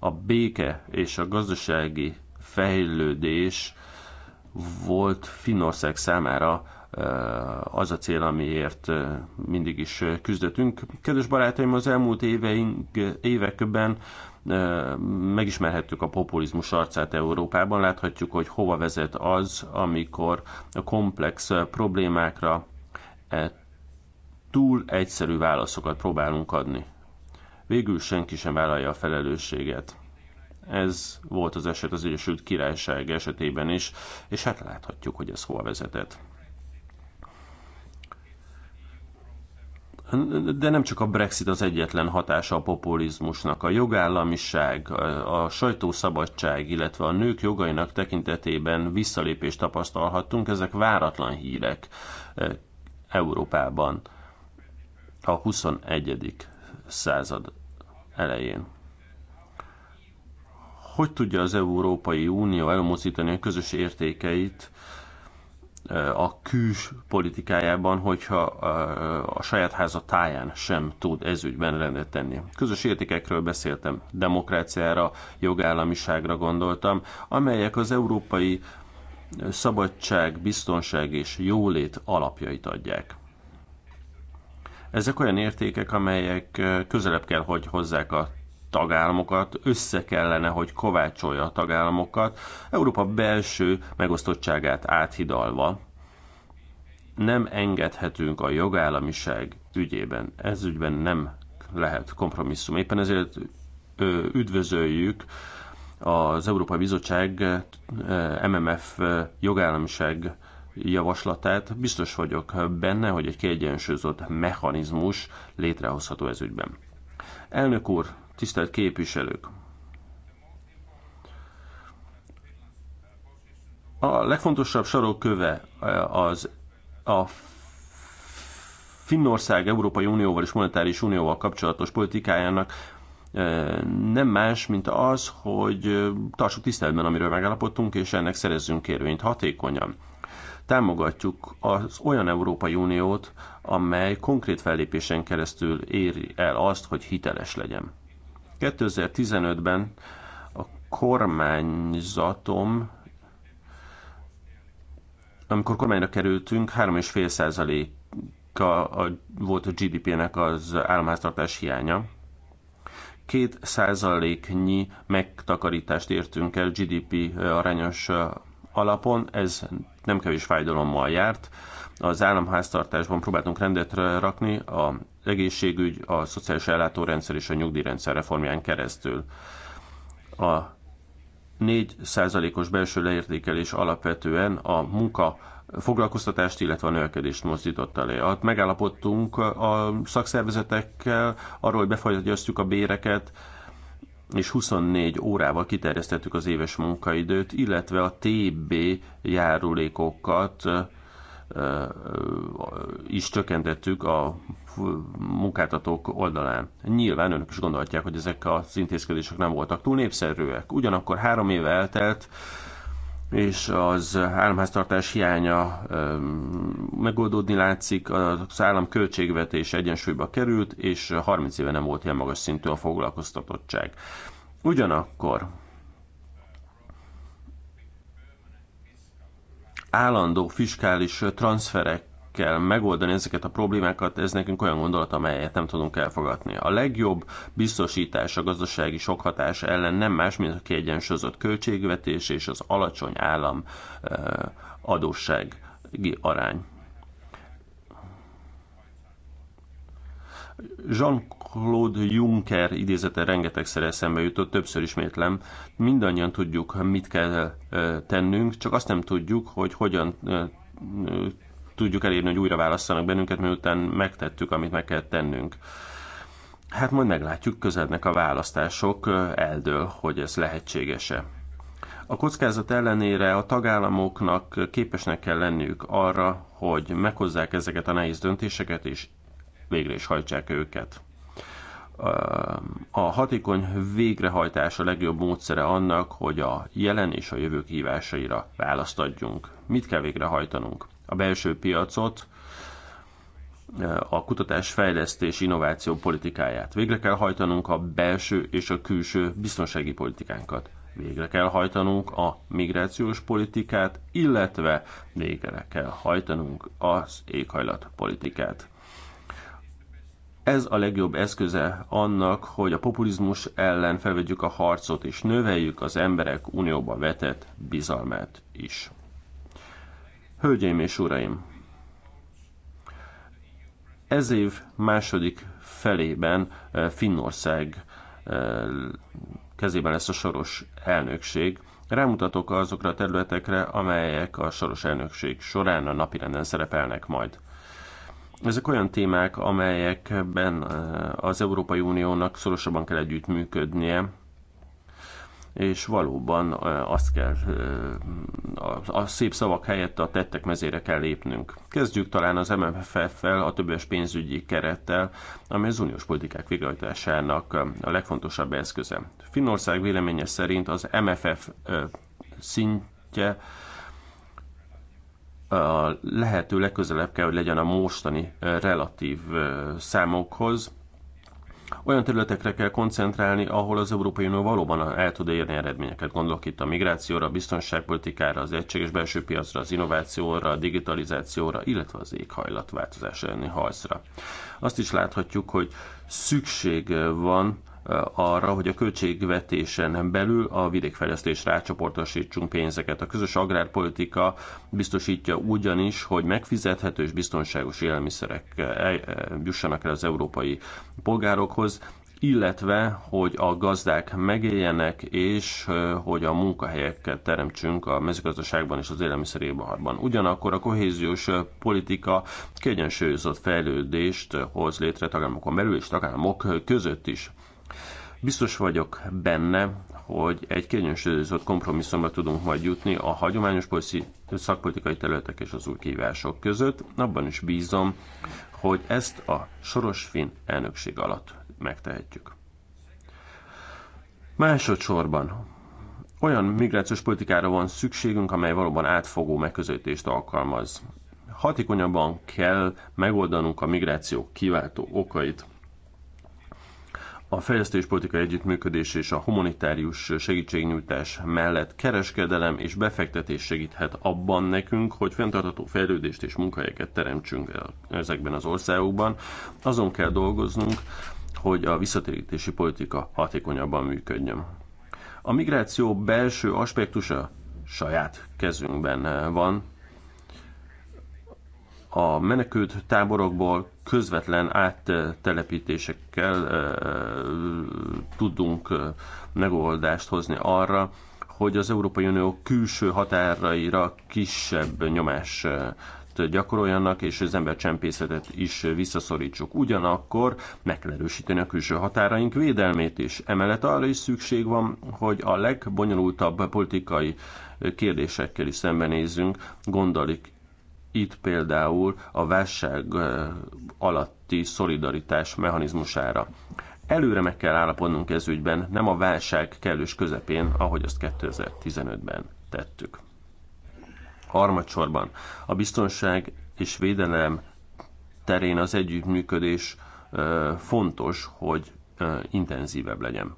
S2: a béke és a gazdasági fejlődés volt Finország számára az a cél, amiért mindig is küzdöttünk. Kedves barátaim, az elmúlt éveink, években megismerhettük a populizmus arcát Európában, láthatjuk, hogy hova vezet az, amikor a komplex problémákra e, túl egyszerű válaszokat próbálunk adni. Végül senki sem vállalja a felelősséget. Ez volt az eset az Egyesült Királyság esetében is, és hát láthatjuk, hogy ez hova vezetett. De nem csak a Brexit az egyetlen hatása a populizmusnak. A jogállamiság, a sajtószabadság, illetve a nők jogainak tekintetében visszalépést tapasztalhattunk. Ezek váratlan hírek eh, Európában a 21. század elején hogy tudja az Európai Unió elmozdítani a közös értékeit a küls politikájában, hogyha a saját háza táján sem tud ezügyben rendet tenni. Közös értékekről beszéltem, demokráciára, jogállamiságra gondoltam, amelyek az európai szabadság, biztonság és jólét alapjait adják. Ezek olyan értékek, amelyek közelebb kell, hogy hozzák a tagállamokat, össze kellene, hogy kovácsolja a tagállamokat, Európa belső megosztottságát áthidalva. Nem engedhetünk a jogállamiság ügyében. Ez ügyben nem lehet kompromisszum. Éppen ezért üdvözöljük az Európai Bizottság MMF jogállamiság javaslatát. Biztos vagyok benne, hogy egy kiegyensúlyozott mechanizmus létrehozható ez ügyben. Elnök úr, Tisztelt képviselők! A legfontosabb sarokköve eh, az a Finnország Európai Unióval és Monetáris Unióval kapcsolatos politikájának eh, nem más, mint az, hogy eh, tartsuk tiszteletben, amiről megállapodtunk, és ennek szerezzünk érvényt hatékonyan. Támogatjuk az olyan Európai Uniót, amely konkrét fellépésen keresztül éri el azt, hogy hiteles legyen. 2015-ben a kormányzatom amikor kormányra kerültünk, 3,5%-a volt a GDP-nek az államháztartás hiánya. 2%-nyi megtakarítást értünk el GDP arányos alapon, ez nem kevés fájdalommal járt. Az államháztartásban próbáltunk rendet rakni, a egészségügy, a szociális ellátórendszer és a nyugdíjrendszer reformján keresztül. A 4%-os belső leértékelés alapvetően a munka foglalkoztatást, illetve a növekedést mozdította le. Ott megállapodtunk a szakszervezetekkel arról, hogy befagyasztjuk a béreket, és 24 órával kiterjesztettük az éves munkaidőt, illetve a TB járulékokat is csökkentettük a munkáltatók oldalán. Nyilván önök is gondolhatják, hogy ezek az intézkedések nem voltak túl népszerűek. Ugyanakkor három éve eltelt, és az államháztartás hiánya megoldódni látszik, az állam költségvetés egyensúlyba került, és 30 éve nem volt ilyen magas szintű a foglalkoztatottság. Ugyanakkor állandó fiskális transferek kell megoldani ezeket a problémákat, ez nekünk olyan gondolat, amelyet nem tudunk elfogadni. A legjobb biztosítás a gazdasági hatás ellen nem más, mint a kiegyensúlyozott költségvetés és az alacsony állam eh, adóssági arány. Jean-Claude Juncker idézete rengetegszer eszembe jutott, többször ismétlem. Mindannyian tudjuk, mit kell eh, tennünk, csak azt nem tudjuk, hogy hogyan eh, tudjuk elérni, hogy újra válasszanak bennünket, miután megtettük, amit meg kell tennünk. Hát majd meglátjuk, közelnek a választások, eldől, hogy ez lehetséges-e. A kockázat ellenére a tagállamoknak képesnek kell lenniük arra, hogy meghozzák ezeket a nehéz döntéseket, és végre is hajtsák őket. A hatékony végrehajtás a legjobb módszere annak, hogy a jelen és a jövő kihívásaira választ adjunk. Mit kell végrehajtanunk? a belső piacot, eh, a kutatás, fejlesztés, innováció politikáját. Végre kell hajtanunk a belső és a külső biztonsági politikánkat. Végre kell hajtanunk a migrációs politikát, illetve végre kell hajtanunk az éghajlat politikát. Ez a legjobb eszköze annak, hogy a populizmus ellen felvegyük a harcot és növeljük az emberek unióba vetett bizalmát is. Hölgyeim és uraim! Ez év második felében eh, Finnország eh, kezében lesz a soros elnökség. Rámutatok azokra a területekre, amelyek a soros elnökség során a napirenden szerepelnek majd. Ezek olyan témák, amelyekben eh, az Európai Uniónak szorosabban kell együttműködnie, és valóban azt kell, a szép szavak helyett a tettek mezére kell lépnünk. Kezdjük talán az MFF-fel, a többes pénzügyi kerettel, ami az uniós politikák végrehajtásának a legfontosabb eszköze. Finnország véleménye szerint az MFF szintje a lehető legközelebb kell, hogy legyen a mostani relatív számokhoz, olyan területekre kell koncentrálni, ahol az Európai Unió valóban el tud érni eredményeket. Gondolok itt a migrációra, a biztonságpolitikára, az egységes belső piacra, az innovációra, a digitalizációra, illetve az éghajlatváltozás elleni harcra. Azt is láthatjuk, hogy szükség van arra, hogy a költségvetésen belül a vidékfejlesztésre rácsoportosítsunk pénzeket. A közös agrárpolitika biztosítja ugyanis, hogy megfizethető és biztonságos élelmiszerek jussanak el az európai polgárokhoz, illetve, hogy a gazdák megéljenek, és hogy a munkahelyeket teremtsünk a mezőgazdaságban és az élelmiszeriparban. Ugyanakkor a kohéziós politika kiegyensúlyozott fejlődést hoz létre tagállamokon belül és tagállamok között is. Biztos vagyok benne, hogy egy kiegyensúlyozott kompromisszumra tudunk majd jutni a hagyományos szakpolitikai területek és az új kívások között. Abban is bízom, hogy ezt a soros finn elnökség alatt megtehetjük. Másodszorban olyan migrációs politikára van szükségünk, amely valóban átfogó megközelítést alkalmaz. Hatékonyabban kell megoldanunk a migráció kiváltó okait a fejlesztéspolitika együttműködés és a humanitárius segítségnyújtás mellett kereskedelem és befektetés segíthet abban nekünk, hogy fenntartható fejlődést és munkahelyeket teremtsünk el ezekben az országokban. Azon kell dolgoznunk, hogy a visszatérítési politika hatékonyabban működjön. A migráció belső aspektusa saját kezünkben van. A menekült táborokból közvetlen áttelepítésekkel tudunk megoldást hozni arra, hogy az Európai Unió külső határaira kisebb nyomás gyakoroljanak, és az embercsempészetet is visszaszorítsuk. Ugyanakkor meg kell erősíteni a külső határaink védelmét is. Emellett arra is szükség van, hogy a legbonyolultabb politikai kérdésekkel is szembenézzünk, gondolik itt például a válság alatti szolidaritás mechanizmusára. Előre meg kell állapodnunk ez ügyben, nem a válság kellős közepén, ahogy azt 2015-ben tettük. Harmadsorban a biztonság és védelem terén az együttműködés fontos, hogy intenzívebb legyen.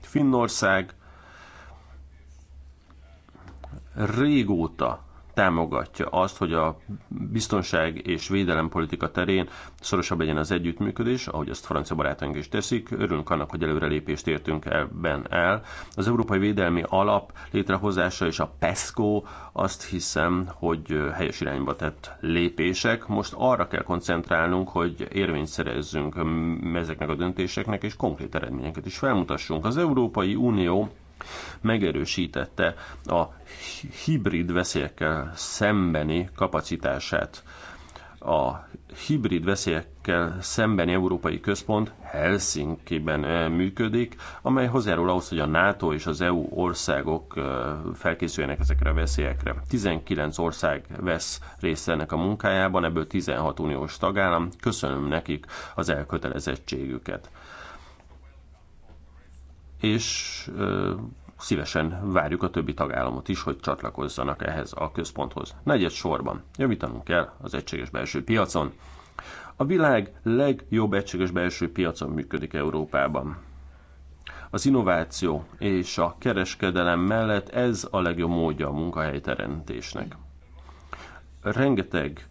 S2: Finnország régóta támogatja azt, hogy a biztonság és védelempolitika terén szorosabb legyen az együttműködés, ahogy azt francia barátaink is teszik. Örülünk annak, hogy előrelépést értünk ebben el. Az Európai Védelmi Alap létrehozása és a PESCO azt hiszem, hogy helyes irányba tett lépések. Most arra kell koncentrálnunk, hogy érvényt szerezzünk ezeknek a döntéseknek, és konkrét eredményeket is felmutassunk. Az Európai Unió megerősítette a hibrid veszélyekkel szembeni kapacitását. A hibrid veszélyekkel szembeni Európai Központ Helsinki-ben eh, működik, amely hozzájárul ahhoz, hogy a NATO és az EU országok eh, felkészüljenek ezekre a veszélyekre. 19 ország vesz részt ennek a munkájában, ebből 16 uniós tagállam. Köszönöm nekik az elkötelezettségüket és szívesen várjuk a többi tagállamot is, hogy csatlakozzanak ehhez a központhoz. Negyed sorban javítanunk kell az egységes belső piacon. A világ legjobb egységes belső piacon működik Európában. Az innováció és a kereskedelem mellett ez a legjobb módja a munkahelyteremtésnek. Rengeteg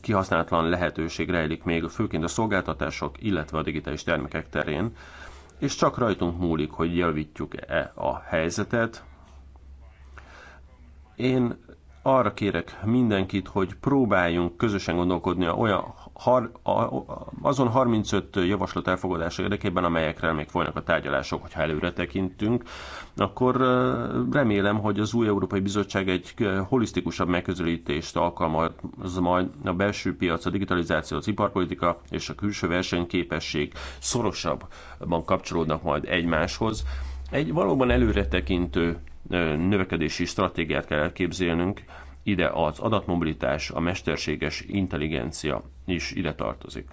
S2: kihasználatlan lehetőség rejlik még, főként a szolgáltatások, illetve a digitális termékek terén és csak rajtunk múlik, hogy javítjuk-e a helyzetet. Én arra kérek mindenkit, hogy próbáljunk közösen gondolkodni olyan har, a, azon 35 javaslat elfogadása érdekében, amelyekre még folynak a tárgyalások, hogyha előre tekintünk, akkor remélem, hogy az új Európai Bizottság egy holisztikusabb megközelítést alkalmaz majd a belső piac, a digitalizáció, az iparpolitika és a külső versenyképesség szorosabban kapcsolódnak majd egymáshoz. Egy valóban előretekintő növekedési stratégiát kell elképzelnünk, ide az adatmobilitás, a mesterséges intelligencia is ide tartozik.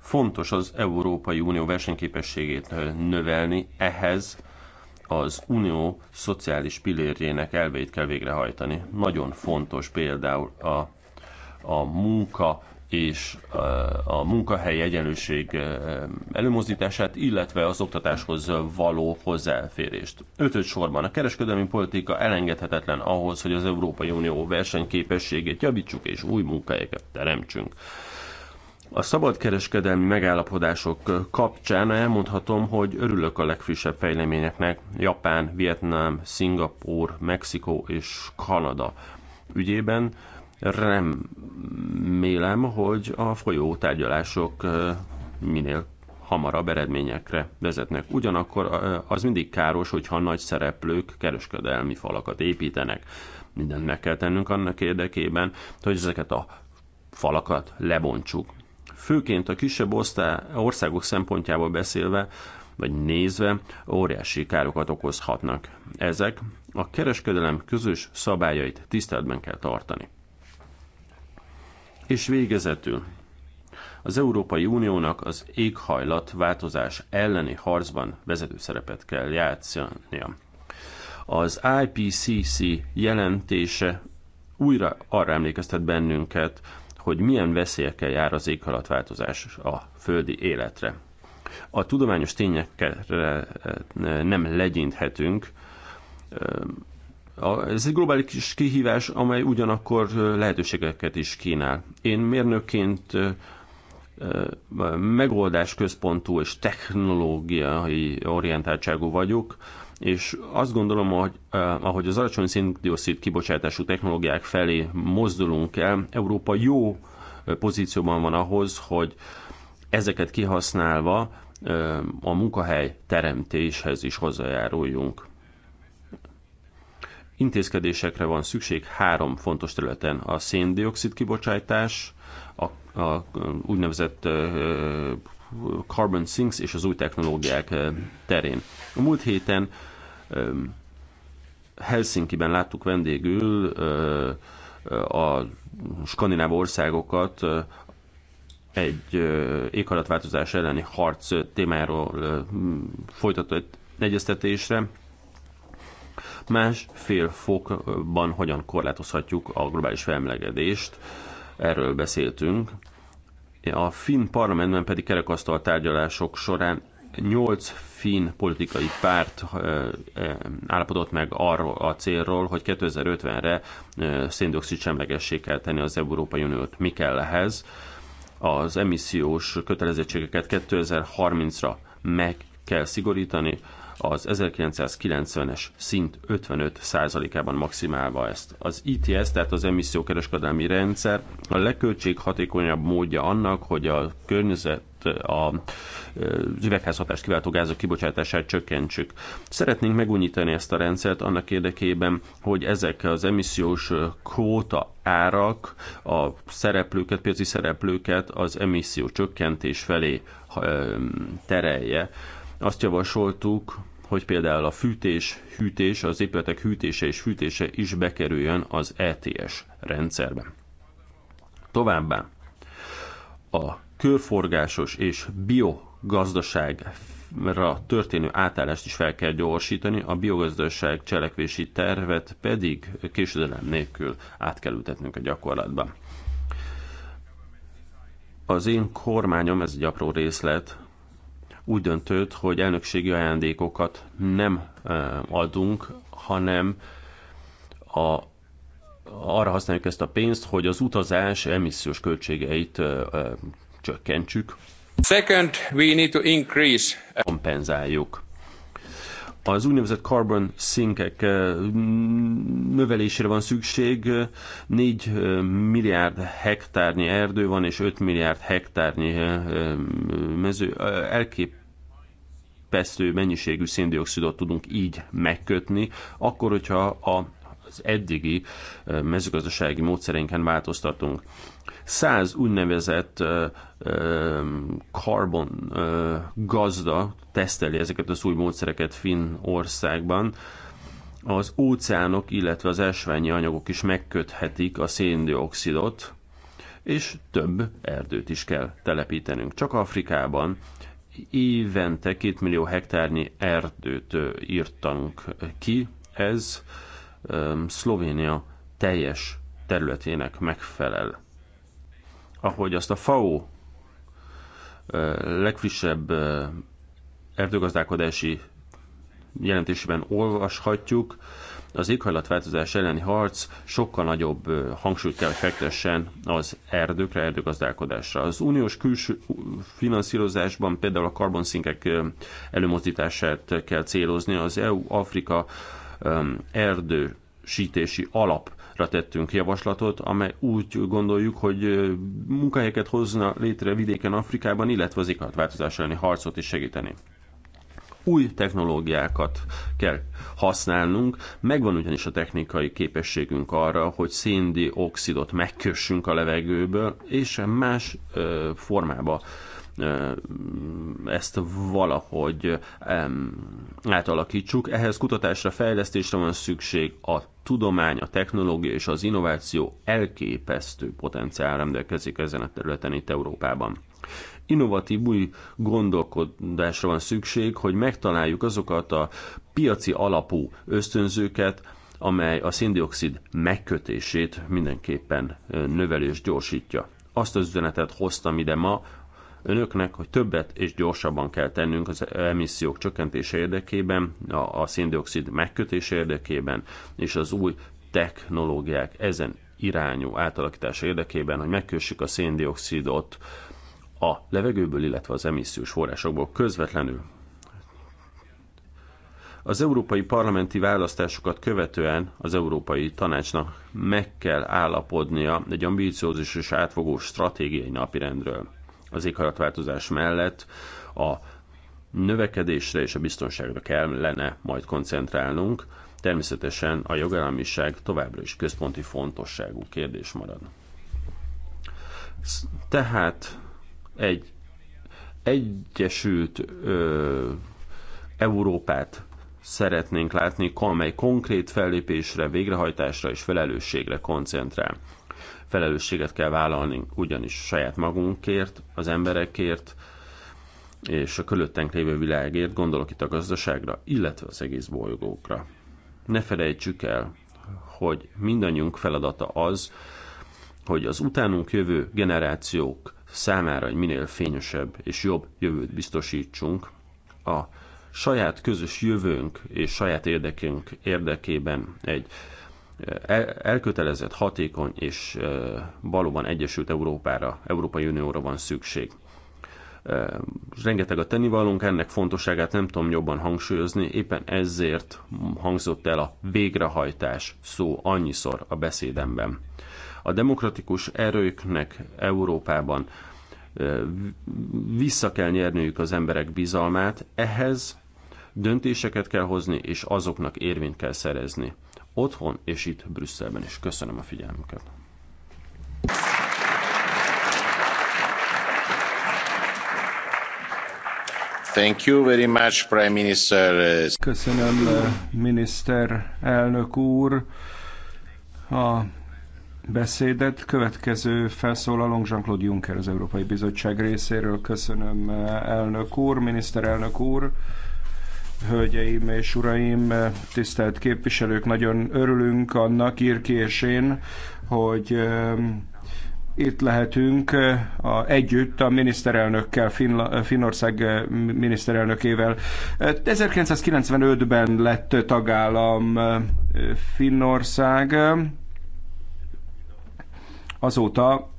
S2: Fontos az Európai Unió versenyképességét növelni, ehhez az unió szociális pillérjének elveit kell végrehajtani. Nagyon fontos például a, a munka és eh, a munkahelyi egyenlőség eh, előmozdítását, illetve az oktatáshoz való hozzáférést. Ötöd sorban a kereskedelmi politika elengedhetetlen ahhoz, hogy az Európai Unió versenyképességét javítsuk és új munkahelyeket teremtsünk. A szabadkereskedelmi megállapodások kapcsán elmondhatom, hogy örülök a legfrissebb fejleményeknek Japán, Vietnám, Szingapúr, Mexikó és Kanada ügyében Remélem, hogy a folyó tárgyalások minél hamarabb eredményekre vezetnek. Ugyanakkor az mindig káros, hogyha nagy szereplők kereskedelmi falakat építenek. Mindent meg kell tennünk annak érdekében, hogy ezeket a falakat lebontsuk. Főként a kisebb osztály, országok szempontjából beszélve, vagy nézve óriási károkat okozhatnak. Ezek a kereskedelem közös szabályait tiszteletben kell tartani. És végezetül, az Európai Uniónak az éghajlat változás elleni harcban vezető szerepet kell játszania. Az IPCC jelentése újra arra emlékeztet bennünket, hogy milyen veszélyekkel jár az éghajlatváltozás a földi életre. A tudományos tényekkel nem legyinthetünk, ez egy globális kihívás, amely ugyanakkor lehetőségeket is kínál. Én mérnökként megoldás központú és technológiai orientáltságú vagyok, és azt gondolom, hogy ahogy az alacsony széndiokszid kibocsátású technológiák felé mozdulunk el, Európa jó pozícióban van ahhoz, hogy ezeket kihasználva a munkahely teremtéshez is hozzájáruljunk. Intézkedésekre van szükség három fontos területen. A széndiokszid kibocsátás, a, a úgynevezett carbon sinks és az új technológiák terén. A múlt héten Helsinki-ben láttuk vendégül a skandináv országokat egy éghajlatváltozás elleni harc témáról folytatott egyeztetésre másfél fokban hogyan korlátozhatjuk a globális felmelegedést, erről beszéltünk. A finn parlamentben pedig kerekasztal tárgyalások során nyolc finn politikai párt állapodott meg arról a célról, hogy 2050-re széndiokszid semlegessé kell tenni az Európai Uniót. Mi kell ehhez? Az emissziós kötelezettségeket 2030-ra meg kell szigorítani, az 1990-es szint 55%-ában maximálva ezt. Az ETS, tehát az emissziókereskedelmi rendszer a hatékonyabb módja annak, hogy a környezet a e, üvegházhatást kiváltó gázok kibocsátását csökkentsük. Szeretnénk megújítani ezt a rendszert annak érdekében, hogy ezek az emissziós kvóta árak a szereplőket, piaci szereplőket az emisszió csökkentés felé e, terelje. Azt javasoltuk, hogy például a fűtés, hűtés, az épületek hűtése és fűtése is bekerüljön az ETS rendszerbe. Továbbá a körforgásos és biogazdaságra történő átállást is fel kell gyorsítani, a biogazdaság cselekvési tervet pedig késődelem nélkül át kell ültetnünk a gyakorlatba. Az én kormányom, ez egy apró részlet, úgy döntött, hogy elnökségi ajándékokat nem e, adunk, hanem a, arra használjuk ezt a pénzt, hogy az utazás emissziós költségeit e, e, csökkentsük. Second, we need to
S4: increase.
S2: Kompenzáljuk az úgynevezett carbon sinkek növelésére van szükség. 4 milliárd hektárnyi erdő van, és 5 milliárd hektárnyi mező. Elkép elképesztő mennyiségű széndiokszidot tudunk így megkötni, akkor, hogyha a az eddigi mezőgazdasági módszerénken változtatunk. 100 úgynevezett carbon gazda teszteli ezeket az új módszereket Finnországban. Az óceánok, illetve az esványi anyagok is megköthetik a széndiokszidot, és több erdőt is kell telepítenünk. Csak Afrikában évente két millió hektárnyi erdőt írtunk ki, ez Szlovénia teljes területének megfelel. Ahogy azt a FAO legfrissebb erdőgazdálkodási jelentésében olvashatjuk, az éghajlatváltozás elleni harc sokkal nagyobb hangsúlyt kell, fektessen az erdőkre, erdőgazdálkodásra. Az uniós külső finanszírozásban például a karbonszinkek előmozdítását kell célozni. Az EU-Afrika erdő sítési alapra tettünk javaslatot, amely úgy gondoljuk, hogy munkahelyeket hozna létre vidéken Afrikában, illetve az éghajlatváltozás elleni harcot is segíteni új technológiákat kell használnunk, megvan ugyanis a technikai képességünk arra, hogy széndi oxidot megkössünk a levegőből, és más ö, formába ezt valahogy átalakítsuk. Ehhez kutatásra, fejlesztésre van szükség, a tudomány, a technológia és az innováció elképesztő potenciál rendelkezik ezen a területen itt Európában innovatív új gondolkodásra van szükség, hogy megtaláljuk azokat a piaci alapú ösztönzőket, amely a széndiokszid megkötését mindenképpen és gyorsítja. Azt az üzenetet hoztam ide ma önöknek, hogy többet és gyorsabban kell tennünk az emissziók csökkentése érdekében, a, a széndiokszid megkötése érdekében, és az új technológiák ezen irányú átalakítása érdekében, hogy megkössük a széndiokszidot a levegőből, illetve az emissziós forrásokból közvetlenül. Az európai parlamenti választásokat követően az Európai Tanácsnak meg kell állapodnia egy ambíciózus és átfogó stratégiai napirendről. Az éghajlatváltozás mellett a növekedésre és a biztonságra kellene majd koncentrálnunk, természetesen a jogállamiság továbbra is központi fontosságú kérdés marad. Tehát egy egyesült ö, Európát szeretnénk látni, amely konkrét fellépésre, végrehajtásra és felelősségre koncentrál. Felelősséget kell vállalni ugyanis saját magunkért, az emberekért, és a körülöttünk lévő világért, gondolok itt a gazdaságra, illetve az egész bolygókra. Ne felejtsük el, hogy mindannyiunk feladata az, hogy az utánunk jövő generációk számára egy minél fényesebb és jobb jövőt biztosítsunk a saját közös jövőnk és saját érdekünk érdekében egy eh, elkötelezett, hatékony és eh, valóban Egyesült Európára, Európai Unióra van szükség. Eh, rengeteg a tennivalónk, ennek fontosságát nem tudom jobban hangsúlyozni, éppen ezért hangzott el a végrehajtás szó annyiszor a beszédemben. A demokratikus erőknek Európában vissza kell nyerniük az emberek bizalmát, ehhez döntéseket kell hozni, és azoknak érvényt kell szerezni. Otthon és itt Brüsszelben is. Köszönöm a figyelmüket.
S1: Thank you very much, Prime Minister.
S4: Köszönöm, elnök úr. A beszédet. Következő felszólalónk Jean-Claude Juncker az Európai Bizottság részéről. Köszönöm, elnök úr, miniszterelnök úr, hölgyeim és uraim, tisztelt képviselők, nagyon örülünk annak, írkésén, hogy um, itt lehetünk uh, a, együtt a miniszterelnökkel, Finla, uh, Finnország uh, miniszterelnökével. 1995-ben lett tagállam Finnország, Azóta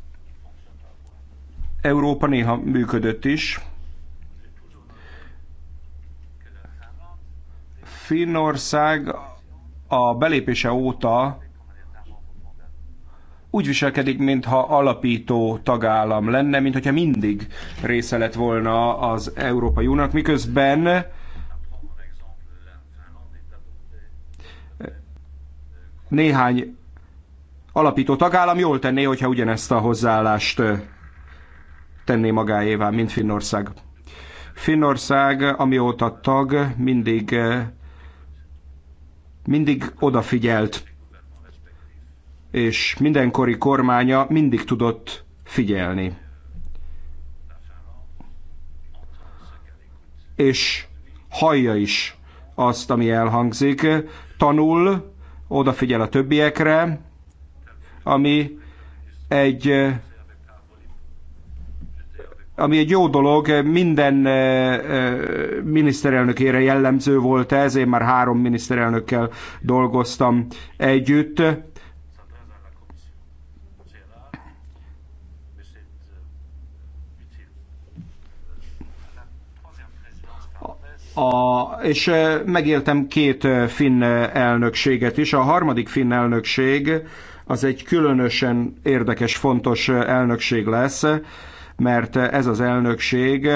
S4: Európa néha működött is. Finnország a belépése óta úgy viselkedik, mintha alapító tagállam lenne, mintha mindig része lett volna az Európai Uniónak, miközben néhány alapító tagállam jól tenné, hogyha ugyanezt a hozzáállást tenné magáévá, mint Finnország. Finnország, amióta tag, mindig, mindig odafigyelt, és mindenkori kormánya mindig tudott figyelni. És hallja is azt, ami elhangzik, tanul, odafigyel a többiekre, ami egy eh, ami egy jó dolog, minden eh, eh, miniszterelnökére jellemző volt ez, én már három miniszterelnökkel dolgoztam együtt. A, és megéltem két finn elnökséget is. A harmadik finn elnökség az egy különösen érdekes, fontos elnökség lesz, mert ez az elnökség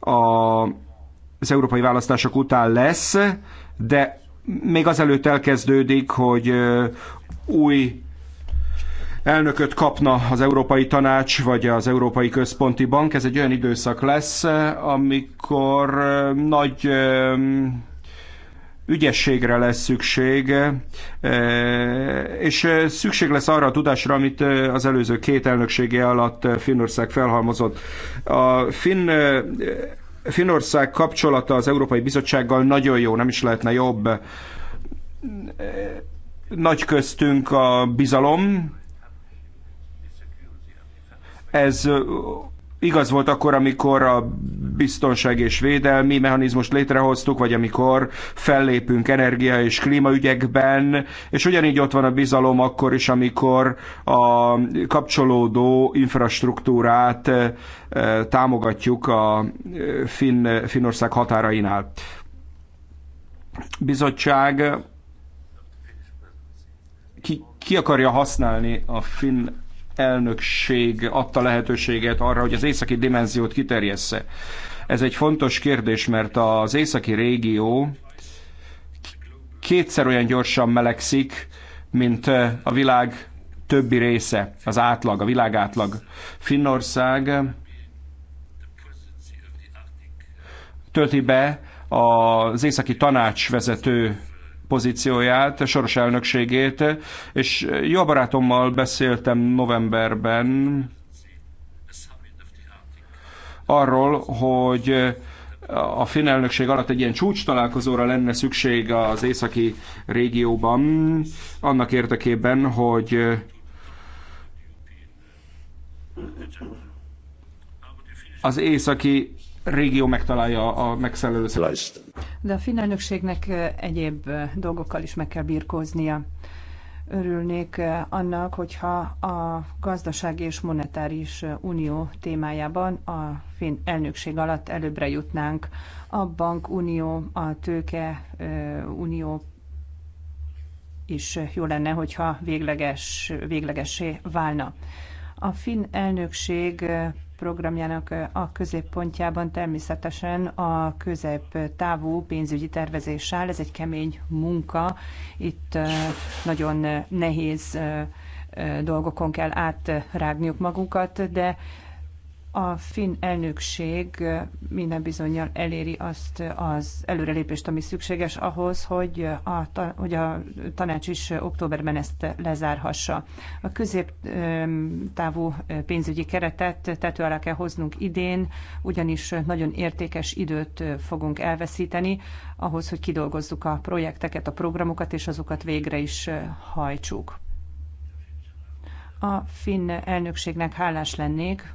S4: a, az európai választások után lesz, de még azelőtt elkezdődik, hogy új elnököt kapna az Európai Tanács vagy az Európai Központi Bank. Ez egy olyan időszak lesz, amikor nagy ügyességre lesz szükség, e, és e, szükség lesz arra a tudásra, amit e, az előző két elnöksége alatt Finnország felhalmozott. A finn Finnország kapcsolata az Európai Bizottsággal nagyon jó, nem is lehetne jobb. Nagy köztünk a bizalom. Ez igaz volt akkor, amikor a biztonság és védelmi mechanizmust létrehoztuk, vagy amikor fellépünk energia és klímaügyekben, és ugyanígy ott van a bizalom akkor is, amikor a kapcsolódó infrastruktúrát eh, támogatjuk a eh, Finn, eh, Finnország határainál. Bizottság ki, ki akarja használni a Finn elnökség adta lehetőséget arra, hogy az északi dimenziót kiterjessze. Ez egy fontos kérdés, mert az északi régió kétszer olyan gyorsan melegszik, mint a világ többi része, az átlag, a világ átlag. Finnország tölti be az északi tanács vezető pozícióját, soros elnökségét, és jó barátommal beszéltem novemberben arról, hogy a finn elnökség alatt egy ilyen csúcs találkozóra lenne szükség az északi régióban, annak érdekében, hogy az északi régió megtalálja a megfelelő
S3: De a finn elnökségnek egyéb dolgokkal is meg kell birkóznia. Örülnék annak, hogyha a gazdasági és monetáris unió témájában a finn elnökség alatt előbbre jutnánk. A bankunió, a tőke unió is jó lenne, hogyha végleges, véglegessé válna. A finn elnökség programjának a középpontjában természetesen a közép-távú pénzügyi tervezés áll. Ez egy kemény munka. Itt nagyon nehéz dolgokon kell átrágniuk magukat, de a finn elnökség minden bizonyal eléri azt az előrelépést, ami szükséges ahhoz, hogy a, hogy a tanács is októberben ezt lezárhassa. A középtávú pénzügyi keretet tető alá kell hoznunk idén, ugyanis nagyon értékes időt fogunk elveszíteni ahhoz, hogy kidolgozzuk a projekteket, a programokat, és azokat végre is hajtsuk. A finn elnökségnek hálás lennék,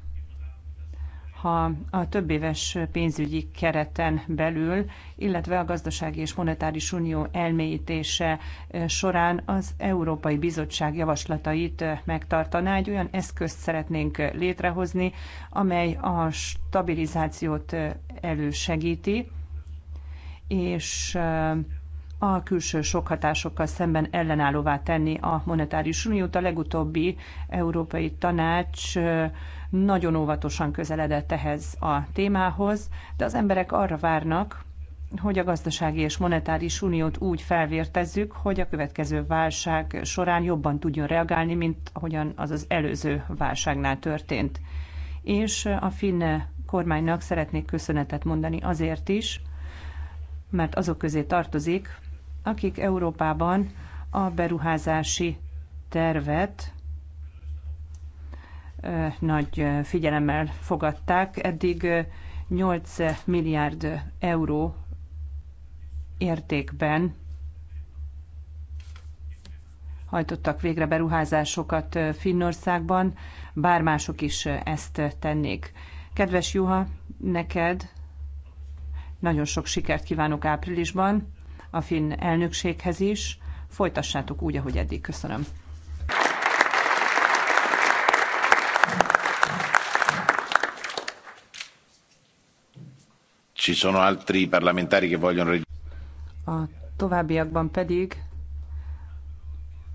S3: ha a több éves pénzügyi kereten belül, illetve a gazdasági és monetáris unió elmélyítése eh, során az Európai Bizottság javaslatait eh, megtartaná. Egy olyan eszközt szeretnénk eh, létrehozni, amely a stabilizációt elősegíti, és a külső sok hatásokkal szemben ellenállóvá tenni a monetáris uniót. A legutóbbi Európai Tanács nagyon óvatosan közeledett ehhez a témához, de az emberek arra várnak, hogy a gazdasági és monetáris uniót úgy felvértezzük, hogy a következő válság során jobban tudjon reagálni, mint ahogyan az az előző válságnál történt. És a finn kormánynak szeretnék köszönetet mondani azért is, mert azok közé tartozik, akik Európában a beruházási tervet nagy figyelemmel fogadták. Eddig 8 milliárd euró értékben hajtottak végre beruházásokat Finnországban, bár mások is ezt tennék. Kedves Juha, neked nagyon sok sikert kívánok áprilisban, a finn elnökséghez is. Folytassátok úgy, ahogy eddig. Köszönöm.
S1: Ci sono altri parlamentari che vogliono...
S3: A továbbiakban pedig,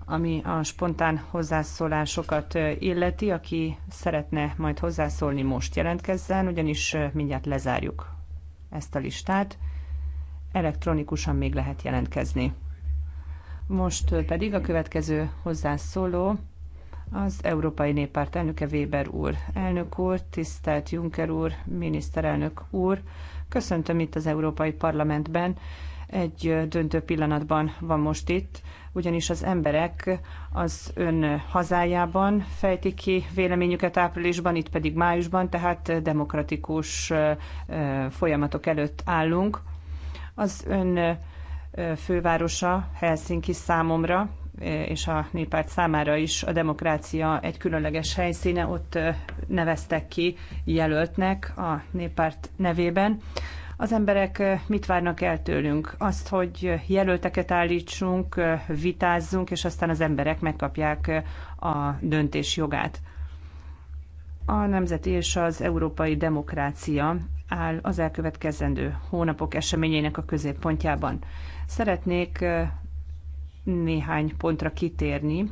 S3: ami a spontán hozzászólásokat illeti, aki szeretne majd hozzászólni, most jelentkezzen, ugyanis mindjárt lezárjuk ezt a listát. Elektronikusan még lehet jelentkezni. Most pedig a következő hozzászóló az Európai Néppárt elnöke Weber úr. Elnök úr, tisztelt Juncker úr, miniszterelnök úr, Köszöntöm itt az Európai Parlamentben. Egy döntő pillanatban van most itt, ugyanis az emberek az ön hazájában fejtik ki véleményüket áprilisban, itt pedig májusban, tehát demokratikus folyamatok előtt állunk. Az ön fővárosa Helsinki számomra és a néppárt számára is a demokrácia egy különleges helyszíne, ott neveztek ki jelöltnek a néppárt nevében. Az emberek mit várnak el tőlünk? Azt, hogy jelölteket állítsunk, vitázzunk, és aztán az emberek megkapják a döntés jogát. A nemzeti és az európai demokrácia áll az elkövetkezendő hónapok eseményeinek a középpontjában. Szeretnék néhány pontra kitérni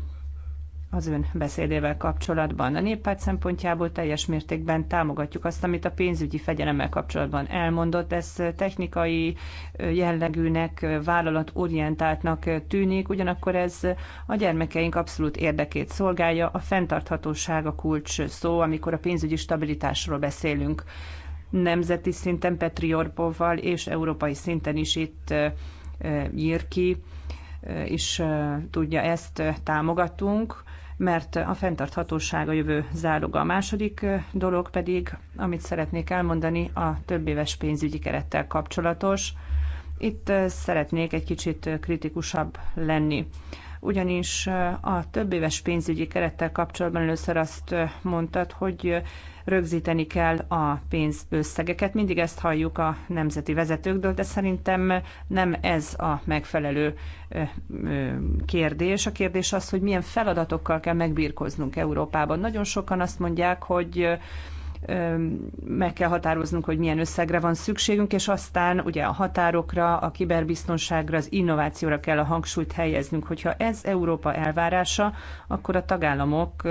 S3: az ön beszédével kapcsolatban. A néppárt szempontjából teljes mértékben támogatjuk azt, amit a pénzügyi fegyelemmel kapcsolatban elmondott. Ez technikai jellegűnek, vállalatorientáltnak tűnik, ugyanakkor ez a gyermekeink abszolút érdekét szolgálja. A fenntarthatóság a kulcs szó, amikor a pénzügyi stabilitásról beszélünk. Nemzeti szinten Petri Orpovval és európai szinten is itt ír ki is tudja ezt támogatunk, mert a fenntarthatóság a jövő záloga. A második dolog pedig, amit szeretnék elmondani, a több éves pénzügyi kerettel kapcsolatos. Itt szeretnék egy kicsit kritikusabb lenni ugyanis a több éves pénzügyi kerettel kapcsolatban először azt mondtad, hogy rögzíteni kell a pénz összegeket. Mindig ezt halljuk a nemzeti vezetőkből, de szerintem nem ez a megfelelő kérdés. A kérdés az, hogy milyen feladatokkal kell megbírkoznunk Európában. Nagyon sokan azt mondják, hogy meg kell határoznunk, hogy milyen összegre van szükségünk, és aztán ugye a határokra, a kiberbiztonságra, az innovációra kell a hangsúlyt helyeznünk. Hogyha ez Európa elvárása, akkor a tagállamok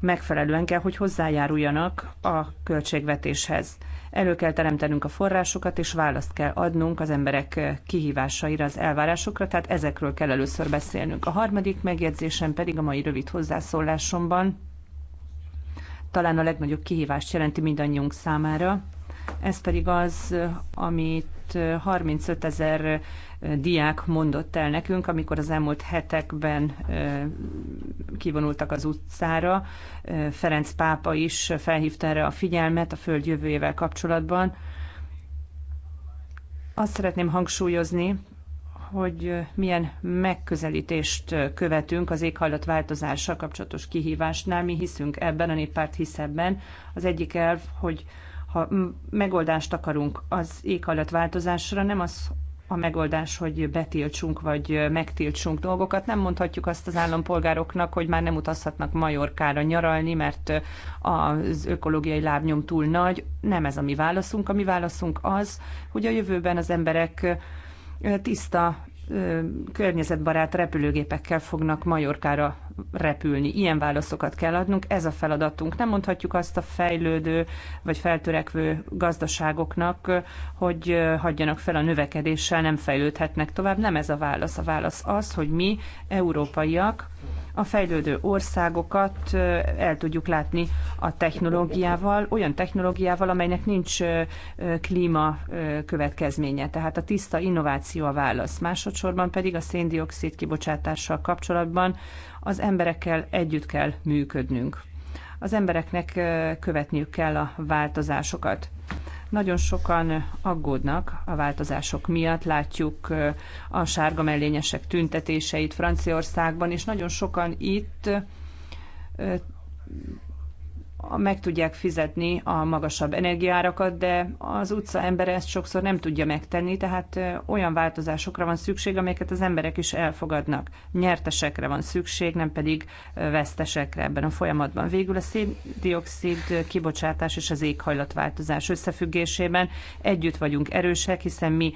S3: megfelelően kell, hogy hozzájáruljanak a költségvetéshez. Elő kell teremtenünk a forrásokat, és választ kell adnunk az emberek kihívásaira, az elvárásokra, tehát ezekről kell először beszélnünk. A harmadik megjegyzésem pedig a mai rövid hozzászólásomban talán a legnagyobb kihívást jelenti mindannyiunk számára. Ez pedig az, amit 35 ezer diák mondott el nekünk, amikor az elmúlt hetekben kivonultak az utcára. Ferenc pápa is felhívta erre a figyelmet a föld jövőjével kapcsolatban. Azt szeretném hangsúlyozni, hogy milyen megközelítést követünk az éghajlatváltozással kapcsolatos kihívásnál. Mi hiszünk ebben, a néppárt hisz ebben. Az egyik elv, hogy ha megoldást akarunk az éghajlatváltozásra, nem az a megoldás, hogy betiltsunk vagy megtiltsunk dolgokat. Nem mondhatjuk azt az állampolgároknak, hogy már nem utazhatnak Majorkára nyaralni, mert az ökológiai lábnyom túl nagy. Nem ez a mi válaszunk. A mi válaszunk az, hogy a jövőben az emberek tiszta környezetbarát repülőgépekkel fognak Majorkára repülni. Ilyen válaszokat kell adnunk, ez a feladatunk. Nem mondhatjuk azt a fejlődő vagy feltörekvő gazdaságoknak, hogy hagyjanak fel a növekedéssel, nem fejlődhetnek tovább. Nem ez a válasz. A válasz az, hogy mi, európaiak, a fejlődő országokat el tudjuk látni a technológiával, olyan technológiával, amelynek nincs klíma következménye. Tehát a tiszta innováció a válasz. Másodszorban pedig a széndiokszid kibocsátással kapcsolatban az emberekkel együtt kell működnünk. Az embereknek követniük kell a változásokat. Nagyon sokan aggódnak a változások miatt, látjuk a sárga mellényesek tüntetéseit Franciaországban, és nagyon sokan itt meg tudják fizetni a magasabb energiárakat, de az utca embere ezt sokszor nem tudja megtenni, tehát olyan változásokra van szükség, amelyeket az emberek is elfogadnak. Nyertesekre van szükség, nem pedig vesztesekre ebben a folyamatban. Végül a széndiokszid kibocsátás és az éghajlatváltozás összefüggésében együtt vagyunk erősek, hiszen mi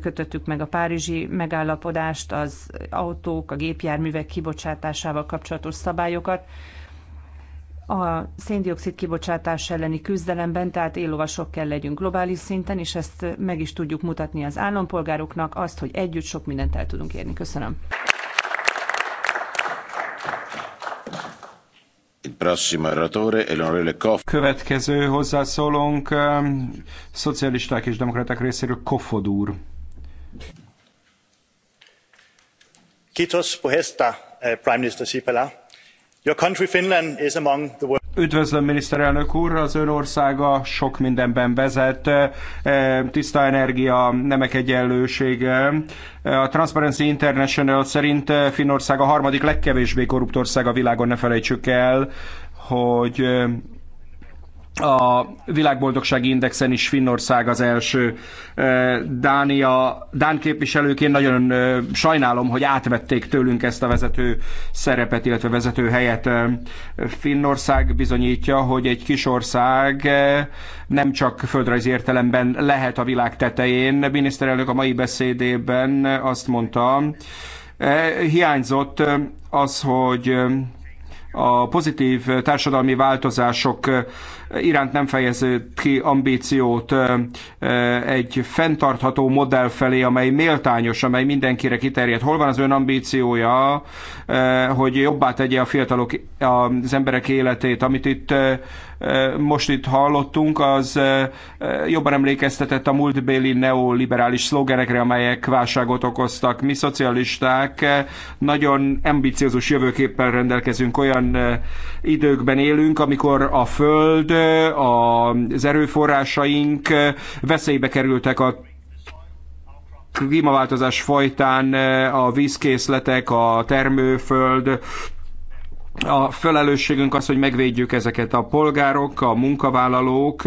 S3: kötöttük meg a párizsi megállapodást, az autók, a gépjárművek kibocsátásával kapcsolatos szabályokat, a széndiokszid kibocsátás elleni küzdelemben, tehát éllovasok kell legyünk globális szinten, és ezt meg is tudjuk mutatni az állampolgároknak, azt, hogy együtt sok mindent el tudunk érni. Köszönöm.
S4: Következő hozzászólónk, um, szocialisták és demokraták részéről Kofod úr.
S6: Kitos pohesta, eh,
S2: Prime Minister Sipela
S4: Üdvözlöm, miniszterelnök úr! Az ön országa sok mindenben vezet, e, tiszta energia, nemek egyenlősége. E, a Transparency International szerint e, Finnország a harmadik legkevésbé korrupt ország a világon, ne felejtsük el, hogy a világboldogsági indexen is Finnország az első. E, Dánia, Dán képviselőként nagyon e, sajnálom, hogy átvették tőlünk ezt a vezető szerepet, illetve vezető helyet. E, Finnország bizonyítja, hogy egy kis ország nem csak földrajzi értelemben lehet a világ tetején. A miniszterelnök a mai beszédében azt mondta, hiányzott az, hogy a pozitív társadalmi változások iránt nem fejező ki ambíciót egy fenntartható modell felé, amely méltányos, amely mindenkire kiterjed. Hol van az ön ambíciója, hogy jobbá tegye a fiatalok az emberek életét, amit itt most itt hallottunk, az jobban emlékeztetett a múltbéli neoliberális szlogenekre, amelyek válságot okoztak. Mi szocialisták nagyon ambiciózus jövőképpen rendelkezünk, olyan időkben élünk, amikor a föld, az erőforrásaink veszélybe kerültek a klímaváltozás folytán a vízkészletek, a termőföld, a felelősségünk az, hogy megvédjük ezeket a polgárok, a munkavállalók,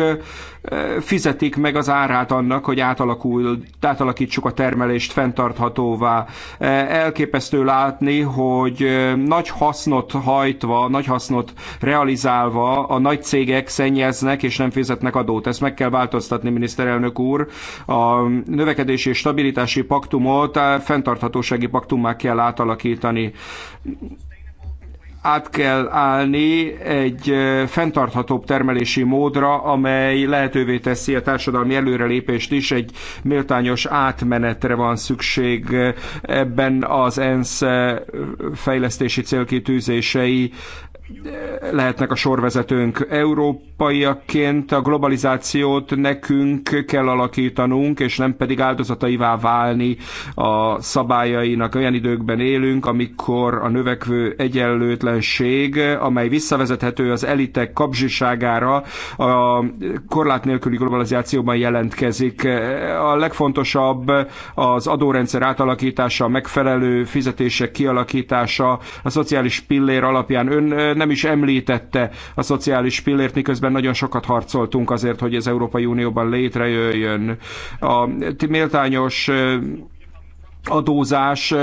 S4: fizetik meg az árát annak, hogy átalakul, átalakítsuk a termelést fenntarthatóvá. Elképesztő látni, hogy nagy hasznot hajtva, nagy hasznot realizálva a nagy cégek szennyeznek és nem fizetnek adót. Ezt meg kell változtatni, miniszterelnök úr. A növekedési és stabilitási paktumot fenntarthatósági paktummá kell átalakítani át kell állni egy fenntarthatóbb termelési módra, amely lehetővé teszi a társadalmi előrelépést is, egy méltányos átmenetre van szükség ebben az ENSZ fejlesztési célkitűzései lehetnek a sorvezetőnk. Európaiakként a globalizációt nekünk kell alakítanunk, és nem pedig áldozataivá válni a szabályainak. Olyan időkben élünk, amikor a növekvő egyenlőtlenség, amely visszavezethető az elitek kapzsiságára, a korlát nélküli globalizációban jelentkezik. A legfontosabb az adórendszer átalakítása, a megfelelő fizetések kialakítása, a szociális pillér alapján ön nem is említette a szociális pillért, miközben nagyon sokat harcoltunk azért, hogy az Európai Unióban létrejöjjön. A méltányos adózás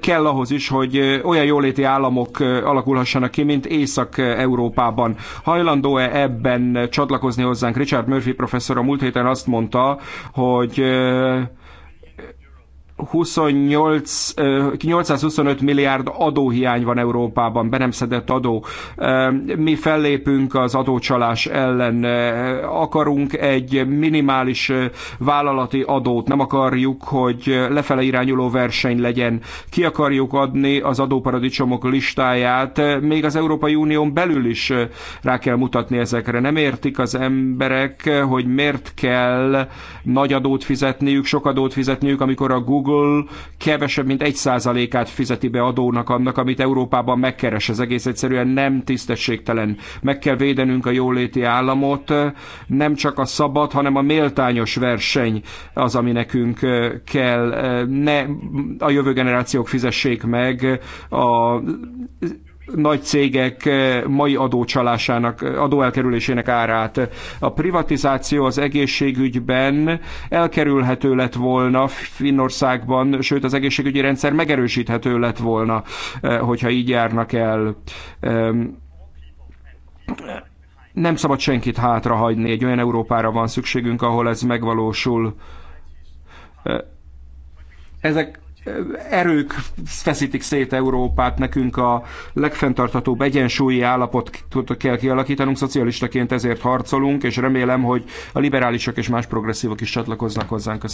S4: kell ahhoz is, hogy olyan jóléti államok alakulhassanak ki, mint Észak-Európában. Hajlandó-e ebben csatlakozni hozzánk? Richard Murphy professzor a múlt héten azt mondta, hogy 28, 825 milliárd adóhiány van Európában, be nem szedett adó. Mi fellépünk az adócsalás ellen, akarunk egy minimális vállalati adót, nem akarjuk, hogy lefele irányuló verseny legyen. Ki akarjuk adni az adóparadicsomok listáját, még az Európai Unión belül is rá kell mutatni ezekre. Nem értik az emberek, hogy miért kell nagy adót fizetniük, sok adót fizetniük, amikor a Google Google kevesebb, mint egy át fizeti be adónak annak, amit Európában megkeres. Ez egész egyszerűen nem tisztességtelen. Meg kell védenünk a jóléti államot. Nem csak a szabad, hanem a méltányos verseny az, ami nekünk kell. Ne a jövő generációk fizessék meg a nagy cégek eh, mai adócsalásának, eh, adóelkerülésének árát. A privatizáció az egészségügyben elkerülhető lett volna Finnországban, sőt az egészségügyi rendszer megerősíthető lett volna, eh, hogyha így járnak el nem szabad senkit hátrahagyni, egy olyan Európára van szükségünk, ahol ez megvalósul. Ezek erők feszítik szét Európát, nekünk a legfenntartatóbb egyensúlyi állapotot kell kialakítanunk, szocialistaként ezért harcolunk, és remélem, hogy a liberálisok és más progresszívok is csatlakoznak hozzánk.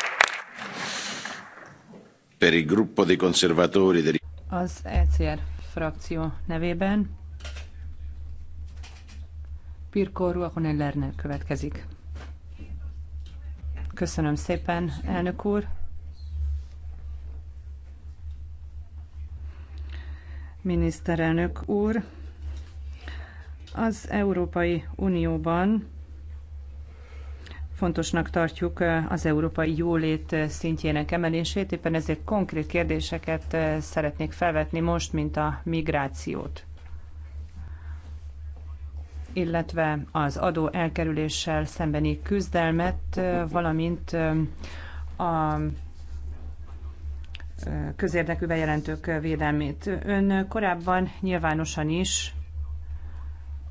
S3: Az ECR frakció nevében Pirko Ruahonen Lerner következik. Köszönöm szépen, elnök úr! miniszterelnök úr! Az Európai Unióban fontosnak tartjuk az európai jólét szintjének emelését, éppen ezért konkrét kérdéseket szeretnék felvetni most, mint a migrációt illetve az adó elkerüléssel szembeni küzdelmet, valamint a közérdekű bejelentők védelmét. Ön korábban nyilvánosan is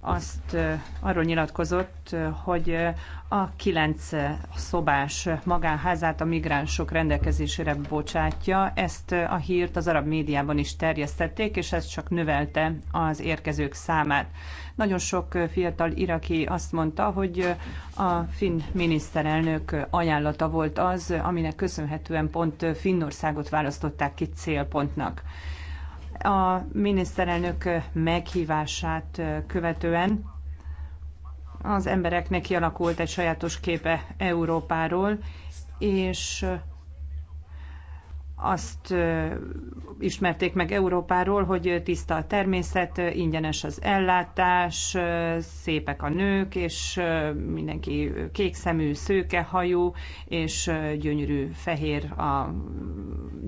S3: azt arról nyilatkozott, hogy a kilenc szobás magánházát a migránsok rendelkezésére bocsátja. Ezt a hírt az arab médiában is terjesztették, és ez csak növelte az érkezők számát. Nagyon sok fiatal iraki azt mondta, hogy a finn miniszterelnök ajánlata volt az, aminek köszönhetően pont Finnországot választották ki célpontnak. A miniszterelnök meghívását követően az embereknek kialakult egy sajátos képe Európáról, és azt ismerték meg Európáról, hogy tiszta a természet, ingyenes az ellátás, szépek a nők, és mindenki kékszemű, szőkehajú, és gyönyörű, fehér a,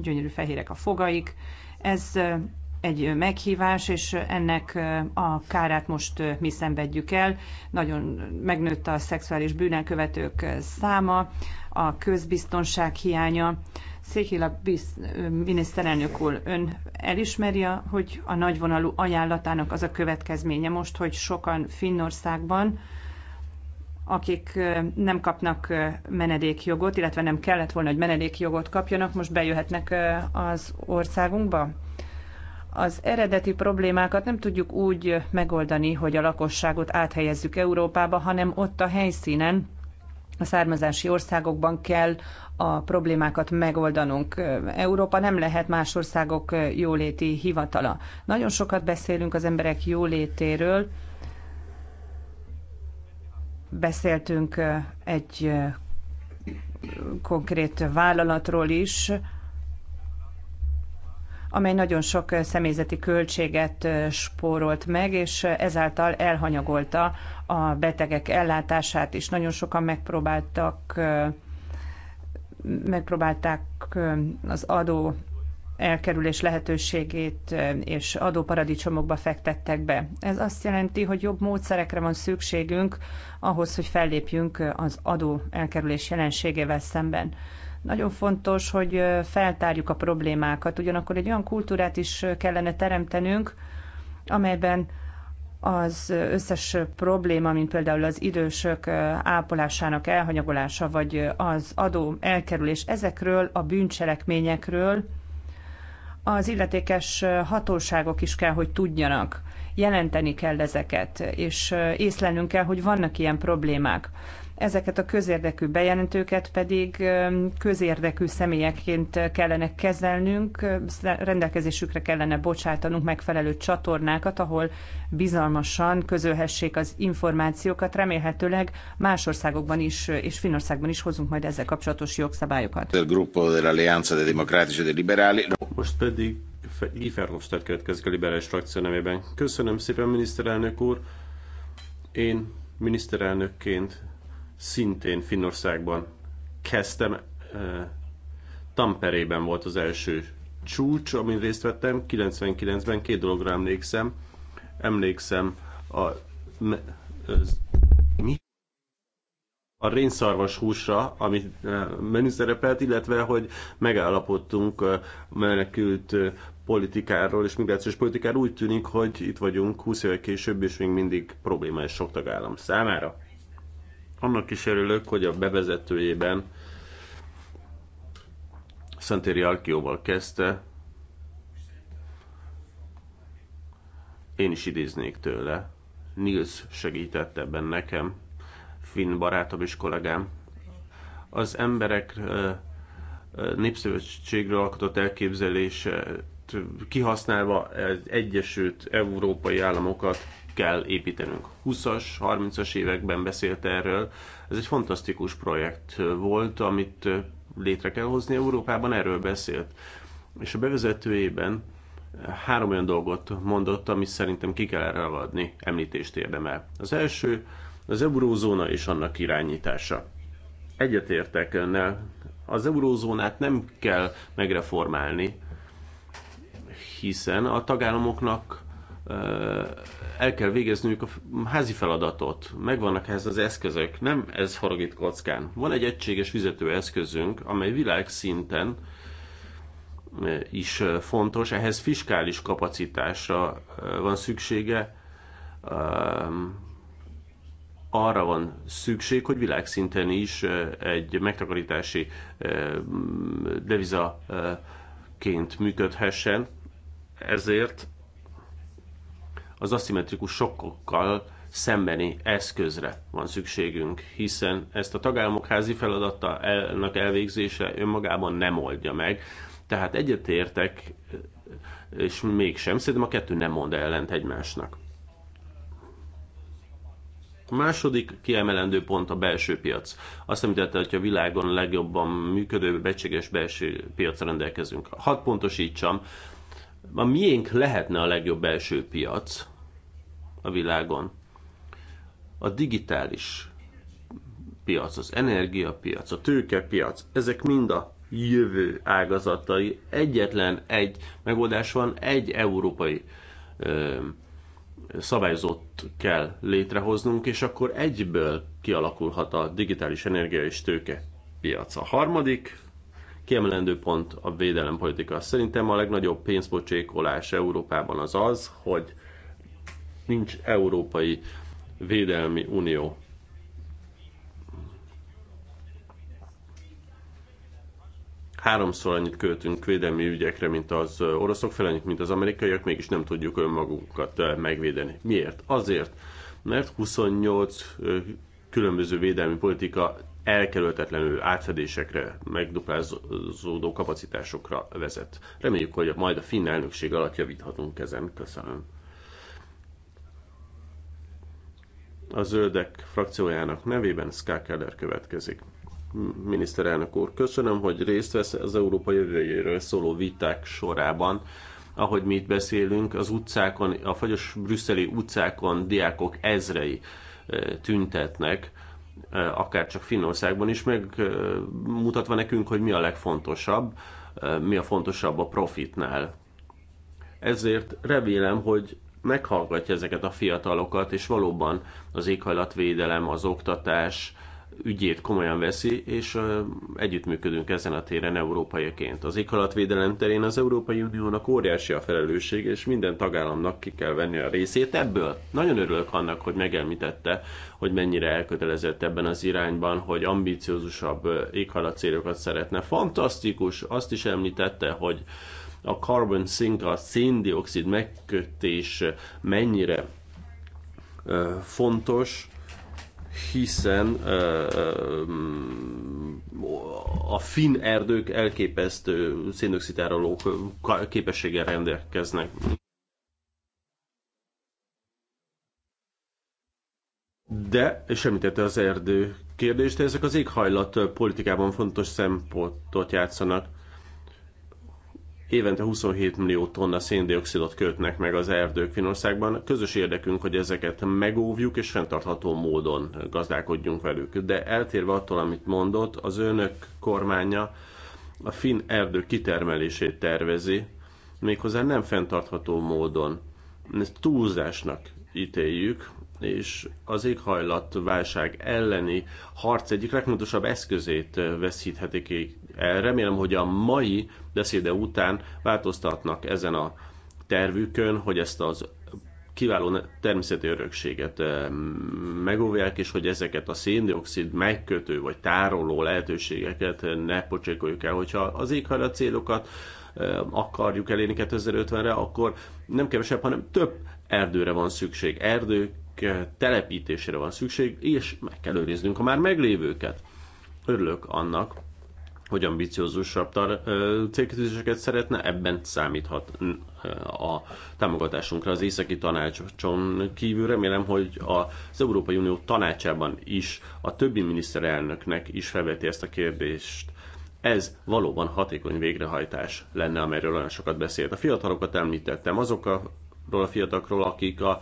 S3: gyönyörű fehérek a fogaik. Ez egy meghívás, és ennek a kárát most mi szenvedjük el. Nagyon megnőtt a szexuális bűnelkövetők száma, a közbiztonság hiánya Székhila bizt, miniszterelnök úr, ön elismeri, hogy a nagyvonalú ajánlatának az a következménye most, hogy sokan Finnországban, akik nem kapnak menedékjogot, illetve nem kellett volna, hogy menedékjogot kapjanak, most bejöhetnek az országunkba? Az eredeti problémákat nem tudjuk úgy megoldani, hogy a lakosságot áthelyezzük Európába, hanem ott a helyszínen a származási országokban kell a problémákat megoldanunk. Európa nem lehet más országok jóléti hivatala. Nagyon sokat beszélünk az emberek jólétéről. Beszéltünk egy konkrét vállalatról is, amely nagyon sok személyzeti költséget spórolt meg, és ezáltal elhanyagolta a betegek ellátását is. Nagyon sokan megpróbáltak, megpróbálták az adó elkerülés lehetőségét és adóparadicsomokba fektettek be. Ez azt jelenti, hogy jobb módszerekre van szükségünk ahhoz, hogy fellépjünk az adó elkerülés jelenségével szemben. Nagyon fontos, hogy feltárjuk a problémákat, ugyanakkor egy olyan kultúrát is kellene teremtenünk, amelyben az összes probléma, mint például az idősök ápolásának elhanyagolása, vagy az adó elkerülés, ezekről a bűncselekményekről az illetékes hatóságok is kell, hogy tudjanak. Jelenteni kell ezeket, és észlelnünk kell, hogy vannak ilyen problémák ezeket a közérdekű bejelentőket pedig közérdekű személyekként kellene kezelnünk, rendelkezésükre kellene bocsátanunk megfelelő csatornákat, ahol bizalmasan közölhessék az információkat. Remélhetőleg más országokban is és Finországban is hozunk majd ezzel kapcsolatos jogszabályokat.
S1: E Most pedig Guy Verhofstadt következik a liberális frakció nevében.
S2: Köszönöm szépen, miniszterelnök úr! Én miniszterelnökként szintén Finnországban kezdtem. Eh, Tamperében volt az első csúcs, amin részt vettem. 99-ben két dologra emlékszem. Emlékszem a mi? A rénszarvas húsra, amit eh, menü szerepelt, illetve hogy megállapodtunk eh, menekült politikáról és migrációs politikáról. Úgy tűnik, hogy itt vagyunk 20 évek később, és még mindig problémás sok tagállam számára. Annak is örülök, hogy a bevezetőjében Szentéri Alkióval kezdte. Én is idéznék tőle. Nils segített ebben nekem, finn barátom és kollégám. Az emberek népszövetségről alkotott elképzelése kihasználva egyesült európai államokat kell építenünk. 20-as, 30-as években beszélt erről. Ez egy fantasztikus projekt volt, amit létre kell hozni Európában, erről beszélt. És a bevezetőjében három olyan dolgot mondott, amit szerintem ki kell erre adni, említést érdemel. Az első, az eurózóna és annak irányítása. Egyetértek önnel, az eurózónát nem kell megreformálni, hiszen a tagállamoknak el kell végezniük a házi feladatot, megvannak ehhez az eszközök, nem ez forog itt kockán. Van egy egységes fizetőeszközünk, amely világszinten eh, is eh, fontos, ehhez fiskális kapacitásra eh, van szüksége, ehm, arra van szükség, hogy világszinten is egy megtakarítási devizaként működhessen, ezért az aszimmetrikus sokkokkal szembeni eszközre van szükségünk, hiszen ezt a tagállamok házi feladatának elvégzése önmagában nem oldja meg. Tehát egyetértek, és mégsem, szerintem a kettő nem mond ellent egymásnak. A második kiemelendő pont a belső piac. Azt említette, hogy a világon legjobban működő, becséges belső piacra rendelkezünk. Hadd pontosítsam, a miénk lehetne a legjobb belső piac a világon. A digitális piac, az energiapiac, a tőkepiac, ezek mind a jövő ágazatai. Egyetlen egy megoldás van, egy európai ö, szabályzott kell létrehoznunk, és akkor egyből kialakulhat a digitális energia és tőke piac. A harmadik Kiemelendő pont a védelempolitika. Szerintem a legnagyobb pénzbocsékolás Európában az az, hogy nincs Európai Védelmi Unió. Háromszor annyit költünk védelmi ügyekre, mint az oroszok fel, annyit, mint az amerikaiak, mégis nem tudjuk önmagunkat megvédeni. Miért? Azért, mert 28 különböző védelmi politika elkerülhetetlenül átfedésekre, megduplázódó kapacitásokra vezet. Reméljük, hogy majd a finn elnökség alatt javíthatunk ezen. Köszönöm. A zöldek frakciójának nevében Ská Keller következik. Miniszterelnök úr, köszönöm, hogy részt vesz az Európai jövőjéről szóló viták sorában ahogy mi itt beszélünk, az utcákon, a fagyos brüsszeli utcákon diákok ezrei eh, tüntetnek akár csak Finnországban is megmutatva nekünk, hogy mi a legfontosabb, mi a fontosabb a profitnál. Ezért remélem, hogy meghallgatja ezeket a fiatalokat, és valóban az éghajlatvédelem, az oktatás, ügyét komolyan veszi, és együttműködünk ezen a téren európaiaként. Az éghajlatvédelem terén az Európai Uniónak óriási a felelősség, és minden tagállamnak ki kell venni a részét ebből. Nagyon örülök annak, hogy megelmítette, hogy mennyire elkötelezett ebben az irányban, hogy ambiciózusabb célokat szeretne. Fantasztikus, azt is említette, hogy a carbon sink, a széndiokszid megkötés mennyire fontos, hiszen mm, a finn erdők elképesztő széndiokszidároló képességgel rendelkeznek. De, és említette az erdő kérdést, ezek az éghajlat politikában fontos szempontot játszanak évente 27 millió tonna széndiokszidot kötnek meg az erdők Finországban. Közös érdekünk, hogy ezeket megóvjuk és fenntartható módon gazdálkodjunk velük. De eltérve attól, amit mondott, az önök kormánya a finn erdő kitermelését tervezi, méghozzá nem fenntartható módon. Ezt túlzásnak ítéljük, és az éghajlatválság elleni harc egyik legfontosabb eszközét veszíthetik Eh, remélem, hogy a mai beszéde után változtatnak ezen a tervükön, hogy ezt az kiváló természeti örökséget eh, megóvják, és hogy ezeket a széndiokszid megkötő vagy tároló lehetőségeket ne pocsékoljuk el. Hogyha az éghajlat célokat eh, akarjuk elérni 2050-re, akkor nem kevesebb, hanem több erdőre van szükség. Erdők telepítésére van szükség, és meg kell őriznünk a már meglévőket. Örülök annak, hogy ambiciózusabb célkitűzéseket szeretne, ebben számíthat a támogatásunkra az északi tanácson kívül. Remélem, hogy az Európai Unió tanácsában is a többi miniszterelnöknek is felveti ezt a kérdést. Ez valóban hatékony végrehajtás lenne, amelyről olyan sokat beszélt. A fiatalokat említettem, azokról a fiatalokról, akik a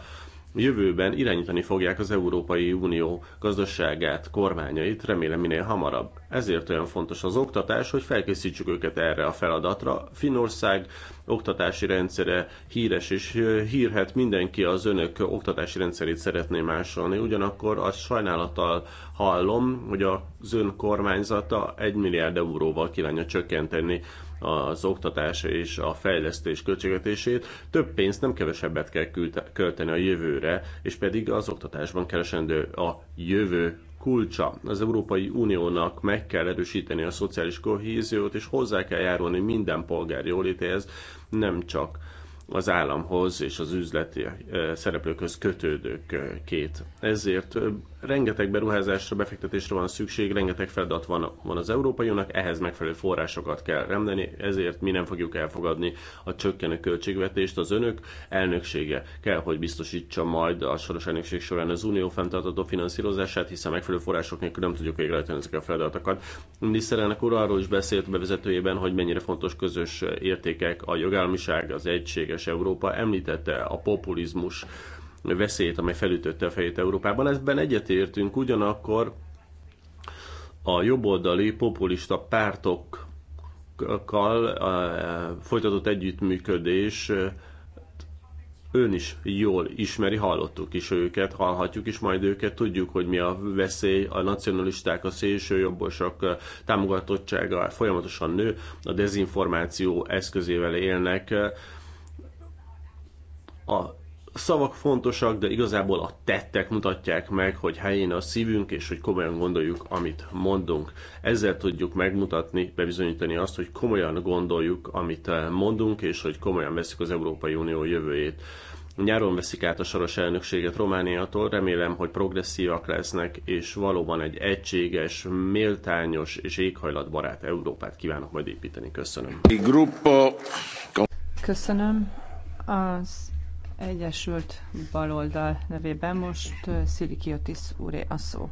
S2: jövőben irányítani fogják az Európai Unió gazdaságát, kormányait, remélem minél hamarabb. Ezért olyan fontos az oktatás, hogy felkészítsük őket erre a feladatra. Finország oktatási rendszere híres, és hírhet mindenki az önök oktatási rendszerét szeretné másolni. Ugyanakkor azt sajnálattal hallom, hogy az ön kormányzata 1 milliárd euróval kívánja csökkenteni az oktatás és a fejlesztés költségvetését, több pénzt nem kevesebbet kell költeni a jövőre, és pedig az oktatásban keresendő a jövő kulcsa. Az Európai Uniónak meg kell erősíteni a szociális kohéziót, és hozzá kell járulni minden polgár jólétéhez, nem csak az államhoz és az üzleti szereplőkhöz kötődők két. Ezért rengeteg beruházásra, befektetésre van szükség, rengeteg feladat van, van az Európai Uniónak, ehhez megfelelő forrásokat kell remdeni, ezért mi nem fogjuk elfogadni a csökkenő költségvetést. Az önök elnöksége kell, hogy biztosítsa majd a soros elnökség során az unió fenntartató finanszírozását, hiszen megfelelő források nélkül nem tudjuk végrehajtani ezeket a feladatokat. Miniszterelnök úr arról is beszélt bevezetőjében, hogy mennyire fontos közös értékek, a jogállamiság, az egységes Európa, említette a populizmus veszélyt, amely felütötte a fejét Európában. Ezben egyetértünk, ugyanakkor a jobboldali populista pártokkal eh, folytatott együttműködés eh, ön is jól ismeri, hallottuk is őket, hallhatjuk is majd őket, tudjuk, hogy mi a veszély, a nacionalisták, a szélsőjobbosok eh, támogatottsága folyamatosan nő, a dezinformáció eszközével élnek. A szavak fontosak, de igazából a tettek mutatják meg, hogy helyén a szívünk, és hogy komolyan gondoljuk, amit mondunk. Ezzel tudjuk megmutatni, bebizonyítani azt, hogy komolyan gondoljuk, amit eh, mondunk, és hogy komolyan veszük az Európai Unió jövőjét. Nyáron veszik át a soros elnökséget Romániától, remélem, hogy progresszívak lesznek, és valóban egy egységes, méltányos és éghajlatbarát Európát kívánok majd építeni. Köszönöm.
S3: Köszönöm. Az Egyesült Baloldal nevében most Szilikiotis úré a szó.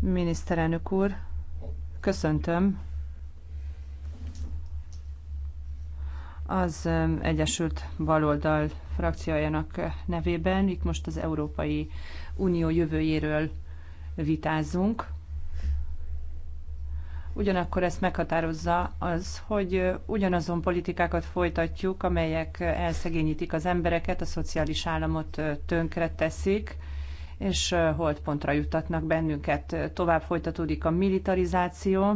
S3: Miniszterelnök úr, köszöntöm az Egyesült Baloldal frakciójának nevében. Itt most az Európai Unió jövőjéről vitázunk. Ugyanakkor ezt meghatározza az, hogy ugyanazon politikákat folytatjuk, amelyek elszegényítik az embereket, a szociális államot tönkre teszik, és holdpontra juttatnak bennünket. Tovább folytatódik a militarizáció,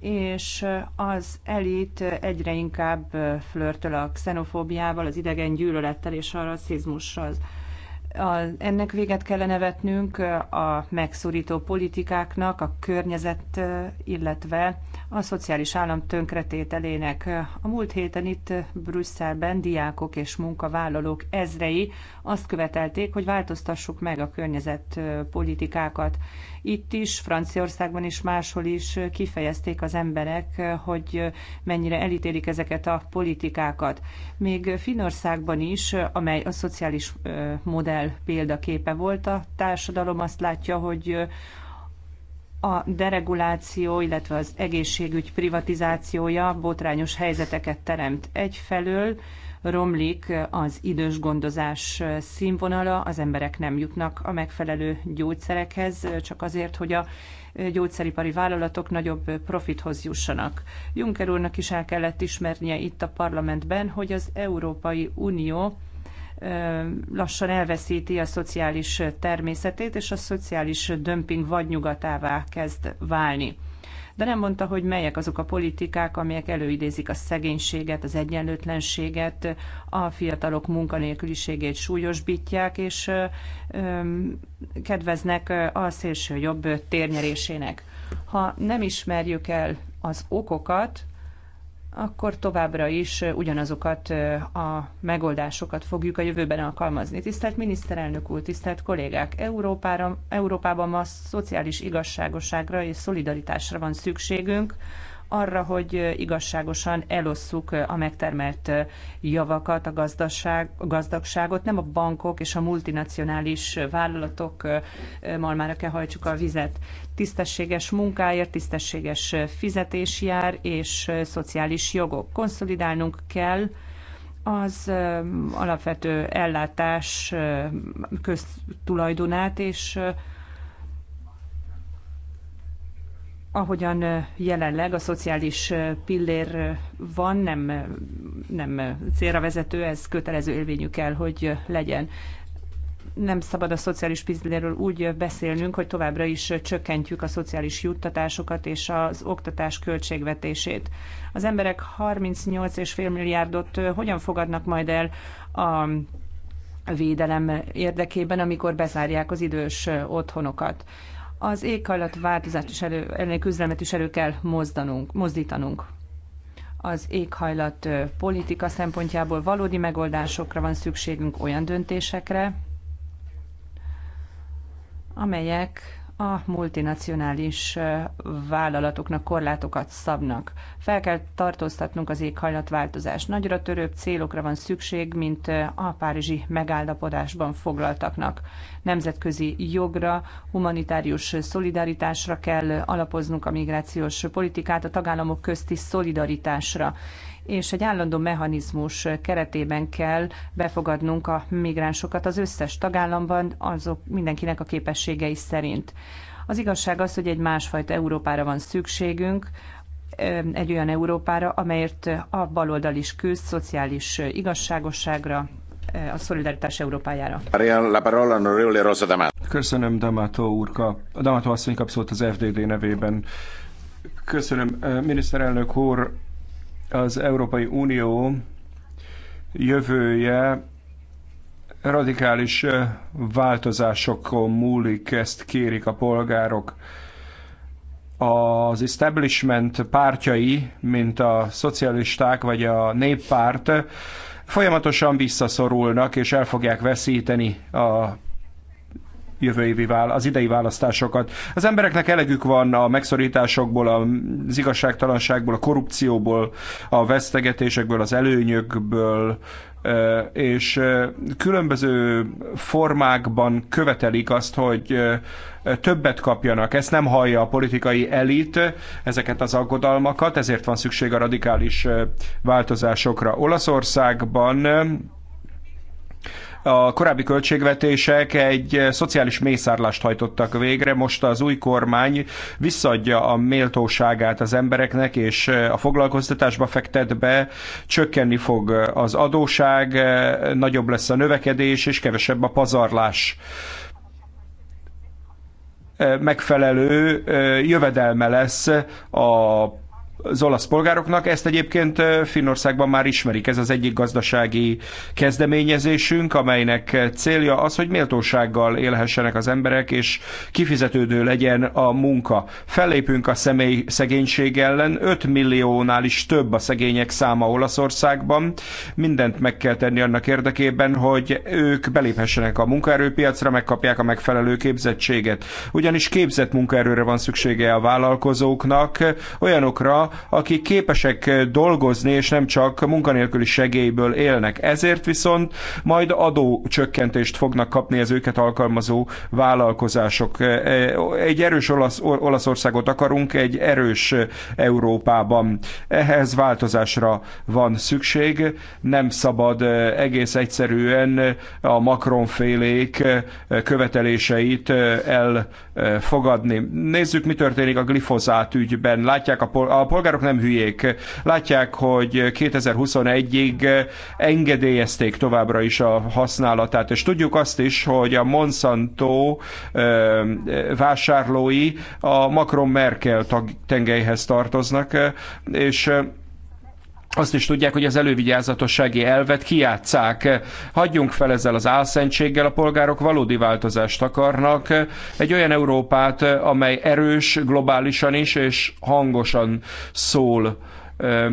S3: és az elit egyre inkább flörtöl a xenofóbiával, az idegen gyűlölettel és a rasszizmussal. A, ennek véget kellene vetnünk a megszorító politikáknak, a környezet, illetve a szociális állam tönkretételének. A múlt héten itt Brüsszelben diákok és munkavállalók ezrei azt követelték, hogy változtassuk meg a környezetpolitikákat. Itt is, Franciaországban is, máshol is kifejezték az emberek, hogy mennyire elítélik ezeket a politikákat. Még Finnországban is, amely a szociális modell példaképe volt, a társadalom azt látja, hogy a dereguláció, illetve az egészségügy privatizációja botrányos helyzeteket teremt. Egyfelől romlik az idős gondozás színvonala, az emberek nem jutnak a megfelelő gyógyszerekhez, csak azért, hogy a gyógyszeripari vállalatok nagyobb profithoz jussanak. Juncker úrnak is el kellett ismernie itt a parlamentben, hogy az Európai Unió lassan elveszíti a szociális természetét, és a szociális dömping vadnyugatává kezd válni. De nem mondta, hogy melyek azok a politikák, amelyek előidézik a szegénységet, az egyenlőtlenséget, a fiatalok munkanélküliségét súlyosbítják, és kedveznek a szélső jobb térnyerésének. Ha nem ismerjük el az okokat, akkor továbbra is ugyanazokat a megoldásokat fogjuk a jövőben alkalmazni. Tisztelt miniszterelnök úr, tisztelt kollégák, Európában ma szociális igazságosságra és szolidaritásra van szükségünk, arra, hogy igazságosan elosszuk a megtermelt javakat, a, gazdaság, a gazdagságot. Nem a bankok és a multinacionális vállalatok malmára kell hajtsuk a vizet. Tisztességes munkáért, tisztességes fizetés jár, és szociális jogok. Konszolidálnunk kell az alapvető ellátás köztulajdonát, és ahogyan jelenleg a szociális pillér van, nem, nem célra vezető, ez kötelező élvényű kell, hogy legyen. Nem szabad a szociális pilléről úgy beszélnünk, hogy továbbra is csökkentjük a szociális juttatásokat és az oktatás költségvetését. Az emberek 38,5 milliárdot hogyan fogadnak majd el a védelem érdekében, amikor bezárják az idős otthonokat. Az éghajlatváltozást is elő, ennél küzdelmet is elő kell mozdanunk, mozdítanunk. Az éghajlat politika szempontjából valódi megoldásokra van szükségünk olyan döntésekre, amelyek a multinacionális vállalatoknak korlátokat szabnak. Fel kell tartóztatnunk az éghajlatváltozás Nagyra törőbb célokra van szükség, mint a párizsi megállapodásban foglaltaknak. Nemzetközi jogra, humanitárius szolidaritásra kell alapoznunk a migrációs politikát, a tagállamok közti szolidaritásra és egy állandó mechanizmus keretében kell befogadnunk a migránsokat az összes tagállamban, azok mindenkinek a képességei szerint. Az igazság az, hogy egy másfajta Európára van szükségünk, egy olyan Európára, amelyért a baloldal is küzd, szociális igazságosságra, a szolidaritás Európájára.
S4: Köszönöm, Damato úrka. Damato asszony kap szót az FDD nevében. Köszönöm, miniszterelnök úr az Európai Unió jövője radikális változásokon múlik, ezt kérik a polgárok. Az establishment pártjai, mint a szocialisták vagy a néppárt, folyamatosan visszaszorulnak, és el fogják veszíteni a jövő évi vál, az idei választásokat. Az embereknek elegük van a megszorításokból, az igazságtalanságból, a korrupcióból, a vesztegetésekből, az előnyökből, és különböző formákban követelik azt, hogy többet kapjanak. Ezt nem hallja a politikai elit, ezeket az aggodalmakat, ezért van szükség a radikális változásokra. Olaszországban a korábbi költségvetések egy szociális mészárlást hajtottak végre, most az új kormány visszadja a méltóságát az embereknek, és a foglalkoztatásba fektet be, csökkenni fog az adóság, nagyobb lesz a növekedés, és kevesebb a pazarlás megfelelő jövedelme lesz a az olasz polgároknak. Ezt egyébként Finnországban már ismerik. Ez az egyik gazdasági kezdeményezésünk, amelynek célja az, hogy méltósággal élhessenek az emberek, és kifizetődő legyen a munka. Fellépünk a személy szegénység ellen. 5 milliónál is több a szegények száma Olaszországban. Mindent meg kell tenni annak érdekében, hogy ők beléphessenek a munkaerőpiacra, megkapják a megfelelő képzettséget. Ugyanis képzett munkaerőre van szüksége a vállalkozóknak, olyanokra, akik képesek dolgozni, és nem csak munkanélküli segélyből élnek. Ezért viszont majd adócsökkentést fognak kapni az őket alkalmazó vállalkozások. Egy erős Olasz, Olaszországot akarunk, egy erős Európában. Ehhez változásra van szükség. Nem szabad eh, egész egyszerűen a Macron félék eh, követeléseit eh, el fogadni. Nézzük, mi történik a glifozát ügyben. Látják, a, pol- a polgárok nem hülyék. Látják, hogy 2021-ig engedélyezték továbbra is a használatát, és tudjuk azt is, hogy a Monsanto vásárlói a Macron-Merkel tengelyhez tartoznak, és azt is tudják, hogy az elővigyázatossági elvet kiátszák. Hagyjunk fel ezzel az álszentséggel, a polgárok valódi változást akarnak, egy olyan Európát, amely erős globálisan is és hangosan szól Eh,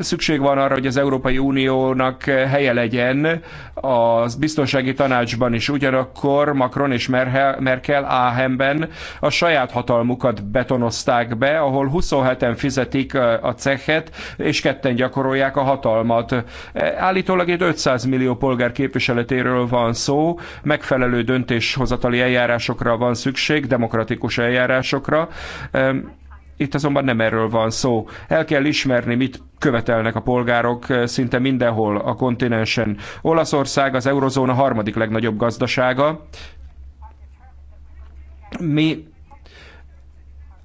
S4: szükség van arra, hogy az Európai Uniónak helye legyen a biztonsági tanácsban is. Ugyanakkor Macron és Merkel Áhenben a saját hatalmukat betonozták be, ahol 27-en fizetik a cehet, és ketten gyakorolják a hatalmat. Eh, állítólag itt 500 millió polgár képviseletéről van szó, megfelelő döntéshozatali eljárásokra van szükség, demokratikus eljárásokra. Itt azonban nem erről van szó. El kell ismerni, mit követelnek a polgárok szinte mindenhol a kontinensen. Olaszország az eurozóna harmadik legnagyobb gazdasága. Mi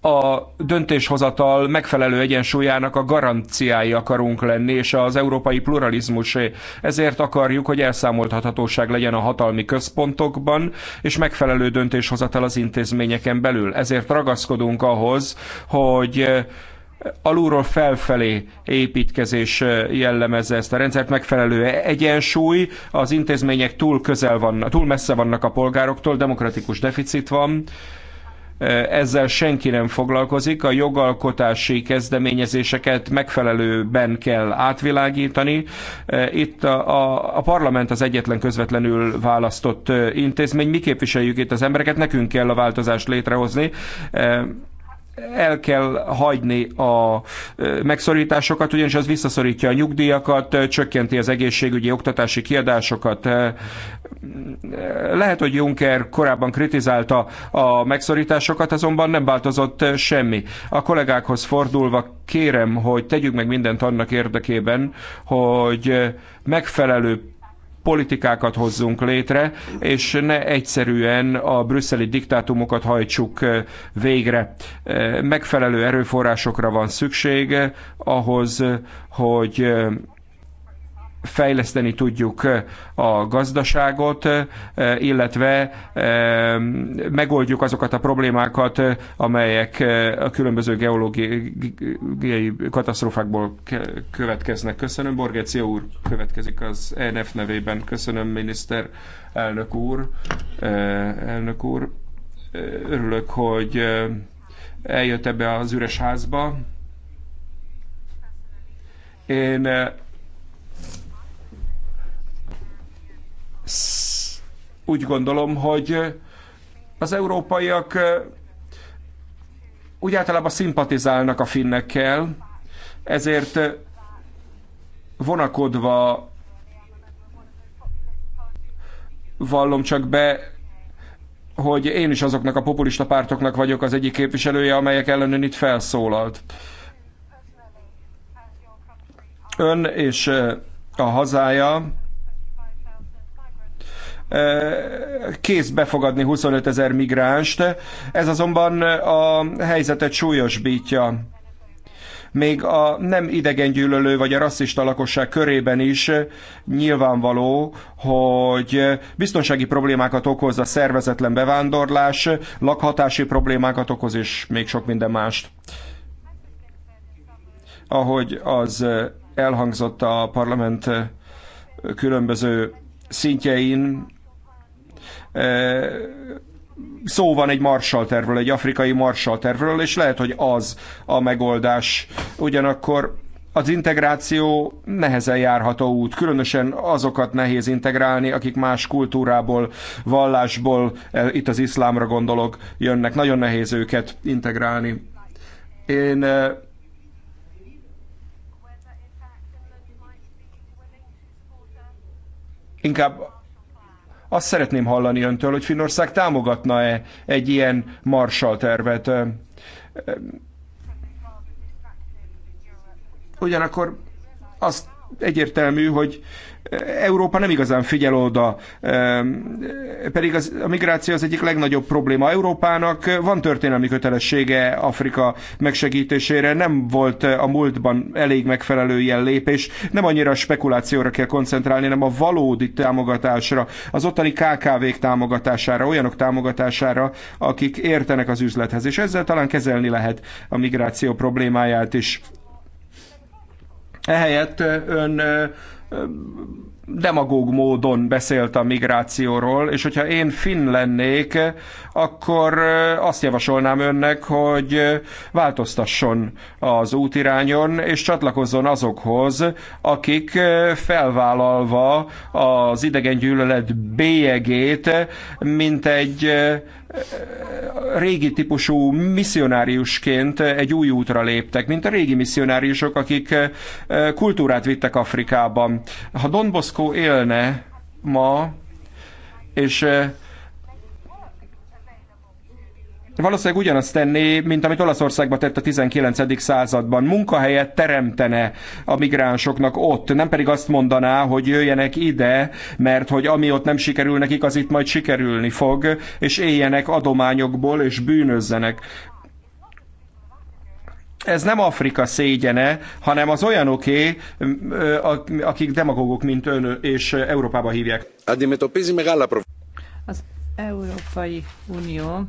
S4: a döntéshozatal megfelelő egyensúlyának a garanciái akarunk lenni, és az európai pluralizmusé. Ezért akarjuk, hogy elszámoltathatóság legyen a hatalmi központokban, és megfelelő döntéshozatal az intézményeken belül. Ezért ragaszkodunk ahhoz, hogy alulról felfelé építkezés jellemezze ezt a rendszert, megfelelő egyensúly, az intézmények túl közel vannak, túl messze vannak a polgároktól, demokratikus deficit van, ezzel senki nem foglalkozik, a jogalkotási kezdeményezéseket megfelelőben kell átvilágítani. Itt a, a, a parlament az egyetlen közvetlenül választott intézmény, mi képviseljük itt az embereket, nekünk kell a változást létrehozni el kell hagyni a megszorításokat, ugyanis az visszaszorítja a nyugdíjakat, csökkenti az egészségügyi, oktatási kiadásokat. Lehet, hogy Juncker korábban kritizálta a megszorításokat, azonban nem változott semmi. A kollégákhoz fordulva kérem, hogy tegyük meg mindent annak érdekében, hogy megfelelő politikákat hozzunk létre, és ne egyszerűen a brüsszeli diktátumokat hajtsuk végre. Megfelelő erőforrásokra van szükség eh, ahhoz, hogy fejleszteni tudjuk a gazdaságot, illetve megoldjuk azokat a problémákat, amelyek a különböző geológiai katasztrófákból következnek. Köszönöm, Borgéció úr következik az ENF nevében. Köszönöm, miniszter elnök úr. Elnök úr, örülök, hogy eljött ebbe az üres házba. Én úgy gondolom, hogy az európaiak eh, úgy általában szimpatizálnak a finnekkel, ezért eh, vonakodva vallom csak be, hogy én is azoknak a populista pártoknak vagyok az egyik képviselője, amelyek ellen ön itt felszólalt. Ön és eh, a hazája kész befogadni 25 ezer migránst. Ez azonban a helyzetet súlyosbítja még a nem idegengyűlölő vagy a rasszista lakosság körében is nyilvánvaló, hogy biztonsági problémákat okoz a szervezetlen bevándorlás, lakhatási problémákat okoz, és még sok minden mást. Ahogy az elhangzott a parlament különböző szintjein, szó van egy tervről, egy afrikai tervről, és lehet, hogy az a megoldás. Ugyanakkor az integráció nehezen járható út, különösen azokat nehéz integrálni, akik más kultúrából, vallásból, eh, itt az iszlámra gondolok, jönnek. Nagyon nehéz őket integrálni. Én eh, inkább azt szeretném hallani öntől, hogy Finnország támogatna-e egy ilyen Marshall tervet. Ugyanakkor az egyértelmű, hogy Európa nem igazán figyel oda, pedig az, a migráció az egyik legnagyobb probléma Európának. Van történelmi kötelessége Afrika megsegítésére, nem volt a múltban elég megfelelő ilyen lépés. Nem annyira a spekulációra kell koncentrálni, hanem a valódi támogatásra, az ottani KKV-k támogatására, olyanok támogatására, akik értenek az üzlethez. És ezzel talán kezelni lehet a migráció problémáját is. Ehelyett ön demagóg módon beszélt a migrációról, és hogyha én finn lennék, akkor azt javasolnám önnek, hogy változtasson az útirányon, és csatlakozzon azokhoz, akik felvállalva az idegengyűlölet bélyegét, mint egy régi típusú misszionáriusként egy új útra léptek, mint a régi misszionáriusok, akik eh, kultúrát vittek Afrikában. Ha Don Bosco élne ma, és eh, valószínűleg ugyanazt tenné, mint amit Olaszországban tett a 19. században. Munkahelyet teremtene a migránsoknak ott, nem pedig azt mondaná, hogy jöjjenek ide, mert hogy ami ott nem sikerül nekik, az itt majd sikerülni fog, és éljenek adományokból, és bűnözzenek ez nem Afrika szégyene, hanem az olyanoké, akik demagógok, mint ön, és Európába hívják.
S3: Az Európai Unió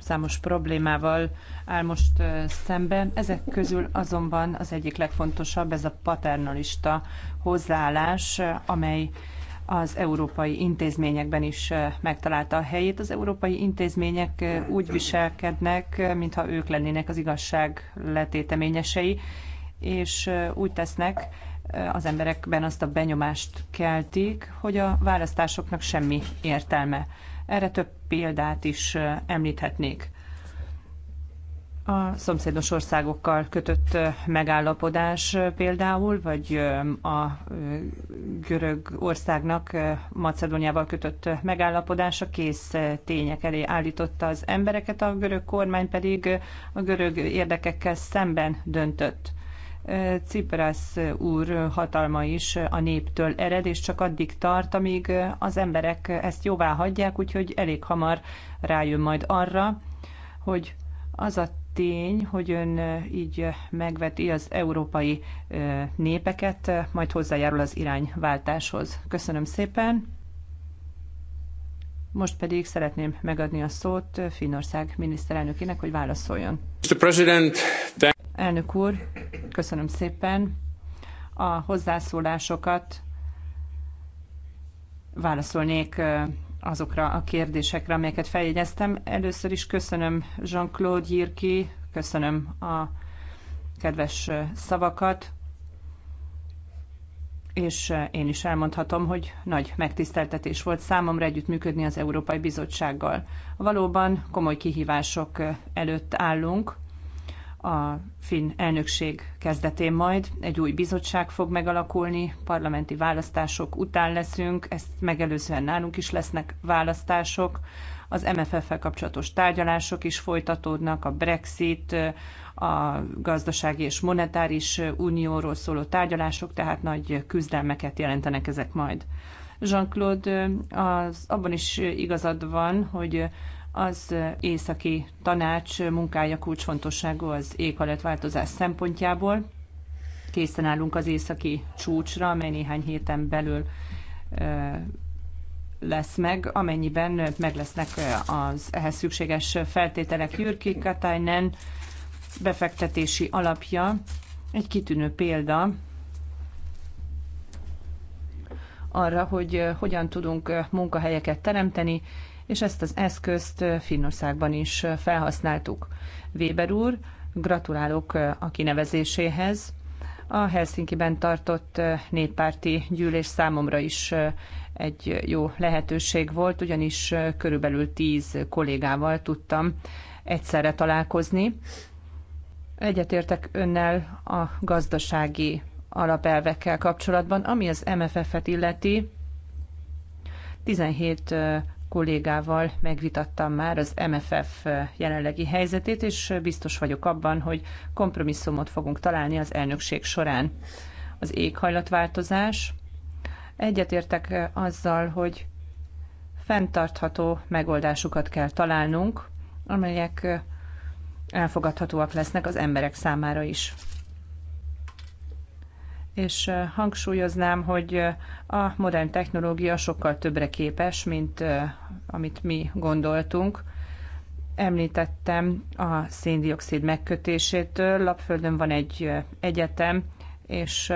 S3: számos problémával áll most szembe. Ezek közül azonban az egyik legfontosabb ez a paternalista hozzáállás, amely az európai intézményekben is megtalálta a helyét. Az európai intézmények úgy viselkednek, mintha ők lennének az igazság letéteményesei, és úgy tesznek, az emberekben azt a benyomást keltik, hogy a választásoknak semmi értelme. Erre több példát is említhetnék. A szomszédos országokkal kötött megállapodás például, vagy a görög országnak Macedóniával kötött megállapodása kész tények elé állította az embereket, a görög kormány pedig a görög érdekekkel szemben döntött. Ciprász úr hatalma is a néptől ered, és csak addig tart, amíg az emberek ezt jóvá hagyják, úgyhogy elég hamar rájön majd arra, hogy az a tény, hogy ön így megveti az európai népeket, majd hozzájárul az irányváltáshoz. Köszönöm szépen! Most pedig szeretném megadni a szót Finnország miniszterelnökének, hogy válaszoljon.
S1: Mr. President,
S3: Elnök úr, köszönöm szépen a hozzászólásokat. Válaszolnék azokra a kérdésekre, amelyeket feljegyeztem. Először is köszönöm Jean-Claude Jirki, köszönöm a kedves szavakat, és én is elmondhatom, hogy nagy megtiszteltetés volt számomra együttműködni az Európai Bizottsággal. Valóban komoly kihívások előtt állunk, a finn elnökség kezdetén majd. Egy új bizottság fog megalakulni, parlamenti választások után leszünk, ezt megelőzően nálunk is lesznek választások, az MFF-fel kapcsolatos tárgyalások is folytatódnak, a Brexit, a gazdasági és monetáris unióról szóló tárgyalások, tehát nagy küzdelmeket jelentenek ezek majd. Jean-Claude, az, abban is igazad van, hogy az északi tanács munkája kulcsfontosságú az éghajlatváltozás szempontjából. Készen állunk az északi csúcsra, amely néhány héten belül lesz meg, amennyiben meg lesznek az ehhez szükséges feltételek. Jürki Katainen befektetési alapja egy kitűnő példa arra, hogy hogyan tudunk munkahelyeket teremteni, és ezt az eszközt Finnországban is felhasználtuk. Weber úr, gratulálok a kinevezéséhez. A Helsinki-ben tartott néppárti gyűlés számomra is egy jó lehetőség volt, ugyanis körülbelül tíz kollégával tudtam egyszerre találkozni. Egyetértek önnel a gazdasági alapelvekkel kapcsolatban, ami az MFF-et illeti. 17 kollégával megvitattam már az MFF jelenlegi helyzetét, és biztos vagyok abban, hogy kompromisszumot fogunk találni az elnökség során. Az éghajlatváltozás. Egyetértek azzal, hogy fenntartható megoldásokat kell találnunk, amelyek elfogadhatóak lesznek az emberek számára is és hangsúlyoznám, hogy a modern technológia sokkal többre képes, mint amit mi gondoltunk. Említettem a széndiokszid megkötésétől, Lapföldön van egy egyetem, és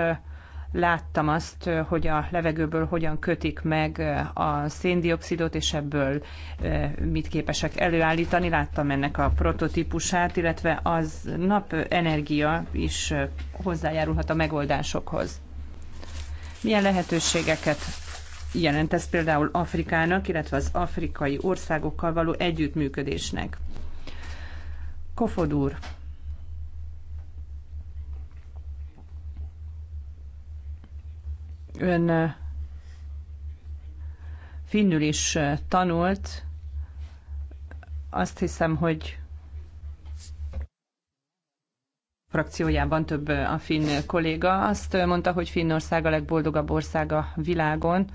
S3: láttam azt, hogy a levegőből hogyan kötik meg a széndiokszidot, és ebből e, mit képesek előállítani. Láttam ennek a prototípusát, illetve az napenergia is e, hozzájárulhat a megoldásokhoz. Milyen lehetőségeket jelent ez például Afrikának, illetve az afrikai országokkal való együttműködésnek? Kofod úr, Ön eh, finnül is eh, tanult. Azt hiszem, hogy frakciójában több eh, a finn kolléga. Azt mondta, hogy Finnország a legboldogabb ország a világon,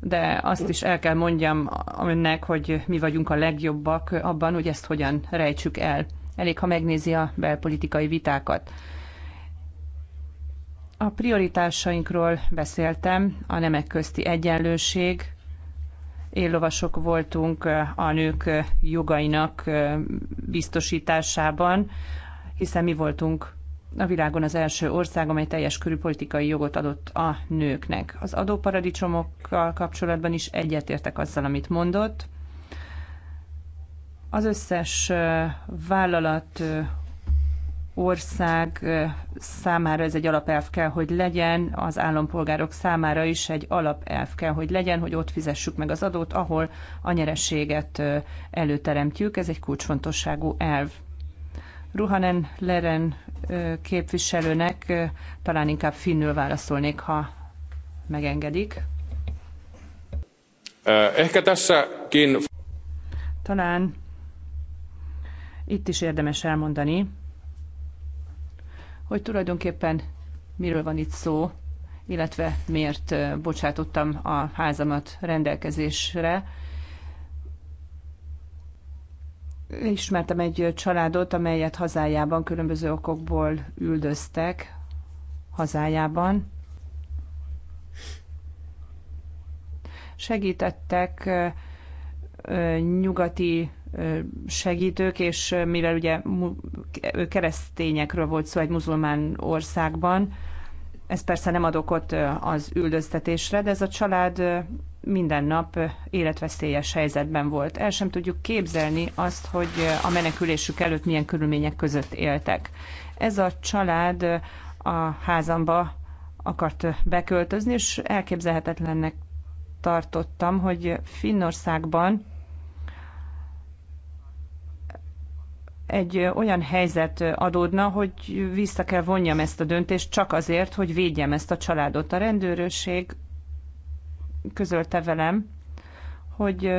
S3: de azt is el kell mondjam önnek, hogy mi vagyunk a legjobbak abban, hogy ezt hogyan rejtsük el. Elég, ha megnézi a belpolitikai vitákat. A prioritásainkról beszéltem, a nemek közti egyenlőség, éllovasok voltunk a nők jogainak biztosításában, hiszen mi voltunk a világon az első ország, amely teljes körű politikai jogot adott a nőknek. Az adóparadicsomokkal kapcsolatban is egyetértek azzal, amit mondott. Az összes vállalat ország számára ez egy alapelv kell, hogy legyen, az állampolgárok számára is egy alapelv kell, hogy legyen, hogy ott fizessük meg az adót, ahol a nyerességet előteremtjük. Ez egy kulcsfontosságú elv. Ruhanen Leren képviselőnek talán inkább finnül válaszolnék, ha megengedik.
S1: Ehkä tässäkin...
S3: Talán itt is érdemes elmondani, hogy tulajdonképpen miről van itt szó, illetve miért bocsátottam a házamat rendelkezésre. Ismertem egy családot, amelyet hazájában különböző okokból üldöztek, hazájában. Segítettek nyugati segítők, és mivel ugye keresztényekről volt szó egy muzulmán országban, ez persze nem ad okot az üldöztetésre, de ez a család minden nap életveszélyes helyzetben volt. El sem tudjuk képzelni azt, hogy a menekülésük előtt milyen körülmények között éltek. Ez a család a házamba akart beköltözni, és elképzelhetetlennek tartottam, hogy Finnországban egy olyan helyzet adódna, hogy vissza kell vonjam ezt a döntést csak azért, hogy védjem ezt a családot. A rendőrösség közölte velem, hogy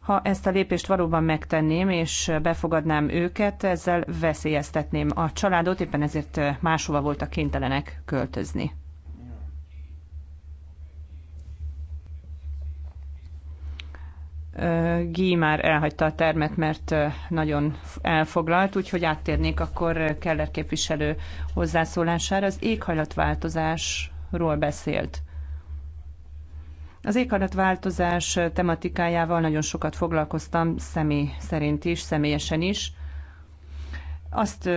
S3: ha ezt a lépést valóban megtenném, és befogadnám őket, ezzel veszélyeztetném a családot, éppen ezért máshova voltak kénytelenek költözni. Guy már elhagyta a termet, mert nagyon elfoglalt, úgyhogy áttérnék akkor Keller képviselő hozzászólására. Az éghajlatváltozásról beszélt. Az éghajlatváltozás tematikájával nagyon sokat foglalkoztam, személy szerint is, személyesen is. Azt,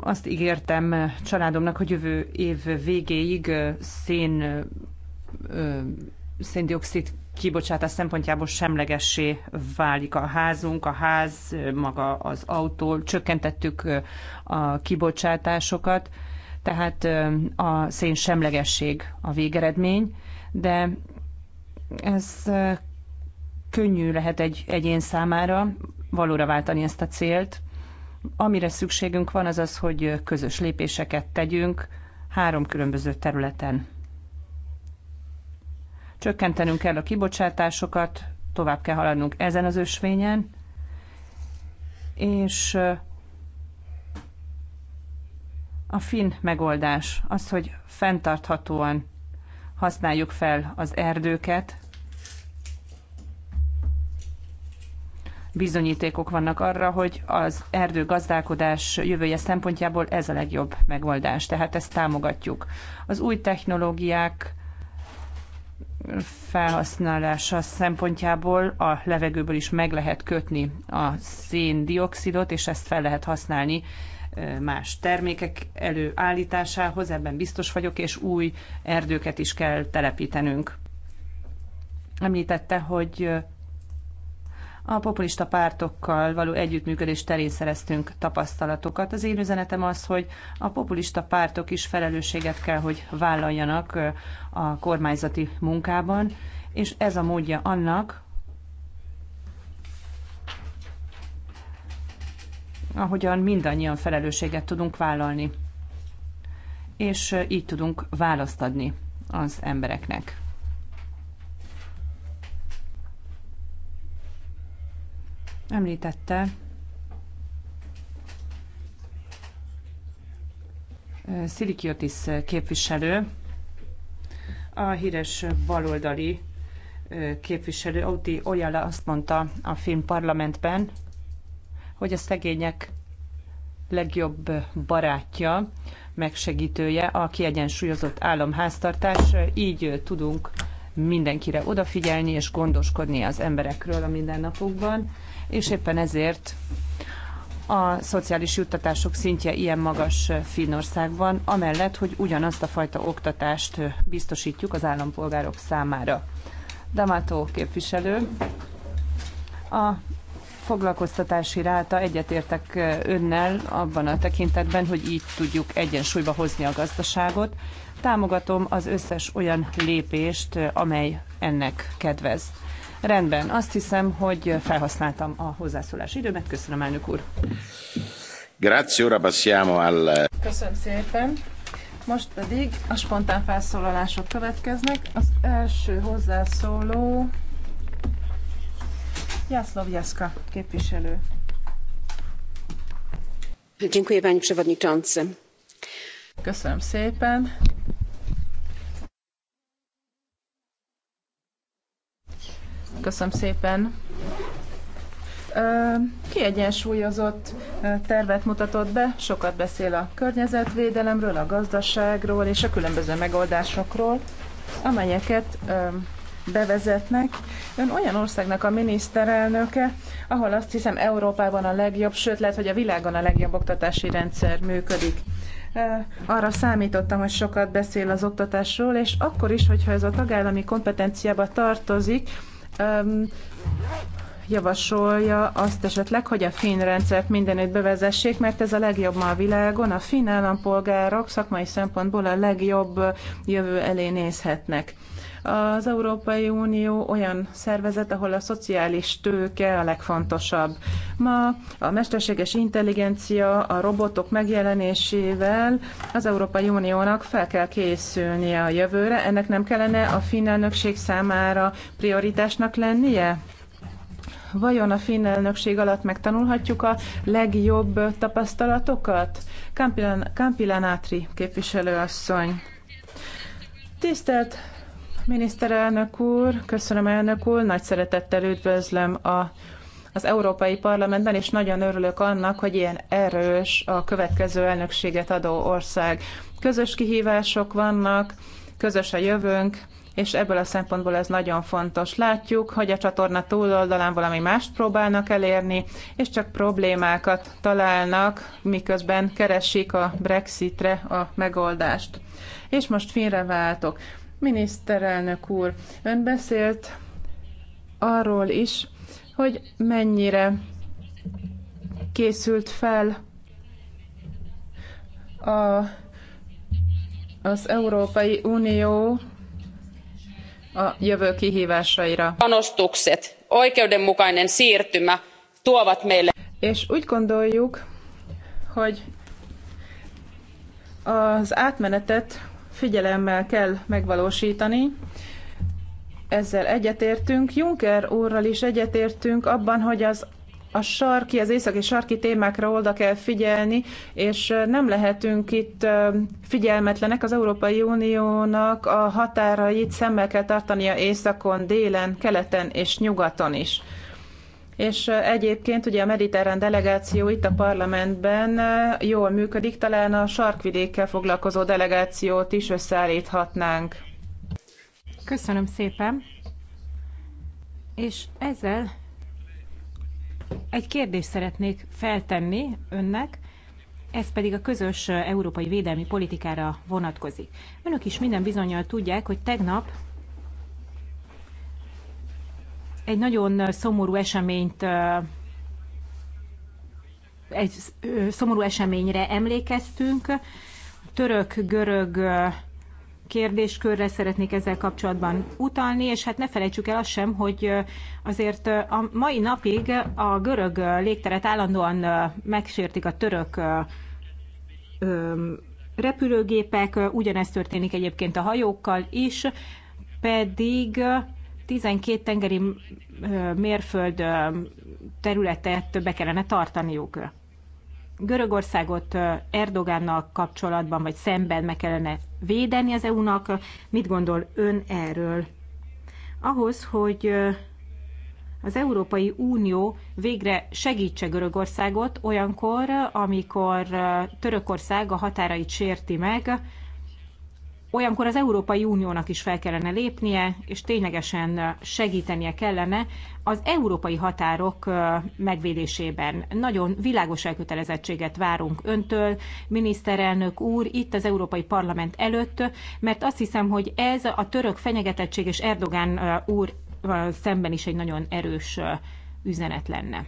S3: azt ígértem családomnak, hogy jövő év végéig szén széndiokszid kibocsátás szempontjából semlegessé válik a házunk, a ház, maga az autó, csökkentettük a kibocsátásokat, tehát a szén semlegesség a végeredmény, de ez könnyű lehet egy egyén számára valóra váltani ezt a célt. Amire szükségünk van, az az, hogy közös lépéseket tegyünk három különböző területen Csökkentenünk kell a kibocsátásokat, tovább kell haladnunk ezen az ösvényen, és a fin megoldás az, hogy fenntarthatóan használjuk fel az erdőket. Bizonyítékok vannak arra, hogy az erdőgazdálkodás jövője szempontjából ez a legjobb megoldás, tehát ezt támogatjuk. Az új technológiák felhasználása szempontjából a levegőből is meg lehet kötni a széndiokszidot, és ezt fel lehet használni más termékek előállításához, ebben biztos vagyok, és új erdőket is kell telepítenünk. Említette, hogy a populista pártokkal való együttműködés terén szereztünk tapasztalatokat. Az én üzenetem az, hogy a populista pártok is felelősséget kell, hogy vállaljanak a kormányzati munkában, és ez a módja annak, ahogyan mindannyian felelősséget tudunk vállalni, és így tudunk választ adni az embereknek. Említette Szilikiotis képviselő, a híres baloldali képviselő Auti Oyala azt mondta a film parlamentben, hogy a szegények legjobb barátja, megsegítője a kiegyensúlyozott államháztartás. Így tudunk mindenkire odafigyelni és gondoskodni az emberekről a mindennapokban és éppen ezért a szociális juttatások szintje ilyen magas Finnországban, amellett, hogy ugyanazt a fajta oktatást biztosítjuk az állampolgárok számára. Damato képviselő, a foglalkoztatási ráta egyetértek önnel abban a tekintetben, hogy így tudjuk egyensúlyba hozni a gazdaságot. Támogatom az összes olyan lépést, amely ennek kedvez. Rendben, azt hiszem, hogy felhasználtam a hozzászólás időmet. Köszönöm, elnök úr.
S1: Grazie, ora passiamo al...
S3: Köszönöm
S7: szépen. Most pedig
S3: a spontán felszólalások
S7: következnek. Az első hozzászóló Jászlov Jeszka képviselő.
S5: Dziękuję, panie przewodniczący. Köszönöm szépen.
S7: Köszönöm szépen. Kiegyensúlyozott tervet mutatott be, sokat beszél a környezetvédelemről, a gazdaságról és a különböző megoldásokról, amelyeket bevezetnek. Ön olyan országnak a miniszterelnöke, ahol azt hiszem Európában a legjobb, sőt lehet, hogy a világon a legjobb oktatási rendszer működik. Arra számítottam, hogy sokat beszél az oktatásról, és akkor is, hogyha ez a tagállami kompetenciába tartozik, javasolja azt esetleg, hogy a finn rendszert mindenütt bevezessék, mert ez a legjobb ma a világon. A finn állampolgárok szakmai szempontból a legjobb jövő elé nézhetnek. Az Európai Unió olyan szervezet, ahol a szociális tőke a legfontosabb. Ma a mesterséges intelligencia a robotok megjelenésével az Európai Uniónak fel kell készülnie a jövőre. Ennek nem kellene a finn elnökség számára prioritásnak lennie? vajon a finn elnökség alatt megtanulhatjuk a legjobb tapasztalatokat? Kampilán, Kampilan Átri képviselőasszony. Tisztelt miniszterelnök úr, köszönöm elnök úr, nagy szeretettel üdvözlöm a, az Európai Parlamentben, és nagyon örülök annak, hogy ilyen erős a következő elnökséget adó ország. Közös kihívások vannak, közös a jövőnk, és ebből a szempontból ez nagyon fontos. Látjuk, hogy a csatorna túloldalán valami mást próbálnak elérni, és csak problémákat találnak, miközben keresik a Brexitre a megoldást. És most félre váltok. Miniszterelnök úr, ön beszélt arról is, hogy mennyire készült fel a, az Európai Unió a jövő kihívásaira.
S8: Panostukset, oikeudenmukainen siirtymä tuovat meille.
S7: És úgy gondoljuk, hogy az átmenetet figyelemmel kell megvalósítani. Ezzel egyetértünk. Juncker úrral is egyetértünk abban, hogy az a sarki, az északi sarki témákra oda kell figyelni, és nem lehetünk itt figyelmetlenek. Az Európai Uniónak a határait szemmel kell tartania északon, délen, keleten és nyugaton is és egyébként ugye a mediterrán delegáció itt a parlamentben jól működik, talán a sarkvidékkel foglalkozó delegációt is összeállíthatnánk.
S5: Köszönöm szépen. És ezzel egy kérdést szeretnék feltenni önnek, ez pedig a közös európai védelmi politikára vonatkozik. Önök is minden bizonyal tudják, hogy tegnap egy nagyon szomorú eseményt egy szomorú eseményre emlékeztünk. Török-görög kérdéskörre szeretnék ezzel kapcsolatban utalni, és hát ne felejtsük el azt sem, hogy azért a mai napig a görög légteret állandóan megsértik a török repülőgépek, ugyanezt történik egyébként a hajókkal is, pedig 12 tengeri mérföld területet be kellene tartaniuk. Görögországot Erdogánnal kapcsolatban vagy szemben meg kellene védeni az EU-nak. Mit gondol ön erről? Ahhoz, hogy az Európai Unió végre segítse Görögországot olyankor, amikor Törökország a határait sérti meg, olyankor az Európai Uniónak is fel kellene lépnie, és ténylegesen segítenie kellene az európai határok megvédésében. Nagyon világos elkötelezettséget várunk öntől, miniszterelnök úr, itt az Európai Parlament előtt, mert azt hiszem, hogy ez a török fenyegetettség és Erdogán úr szemben is egy nagyon erős üzenet lenne.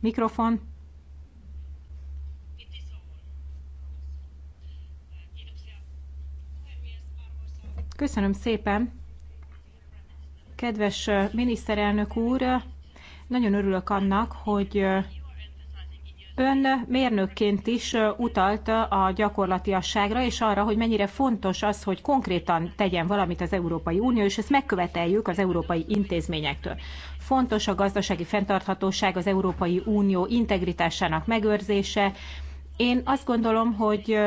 S5: Mikrofon. Köszönöm szépen. Kedves miniszterelnök úr, nagyon örülök annak, hogy Ön mérnökként is utalt a gyakorlatiasságra, és arra, hogy mennyire fontos az, hogy konkrétan tegyen valamit az Európai Unió, és ezt megköveteljük az európai intézményektől. Fontos a gazdasági fenntarthatóság, az Európai Unió integritásának megőrzése. Én azt gondolom, hogy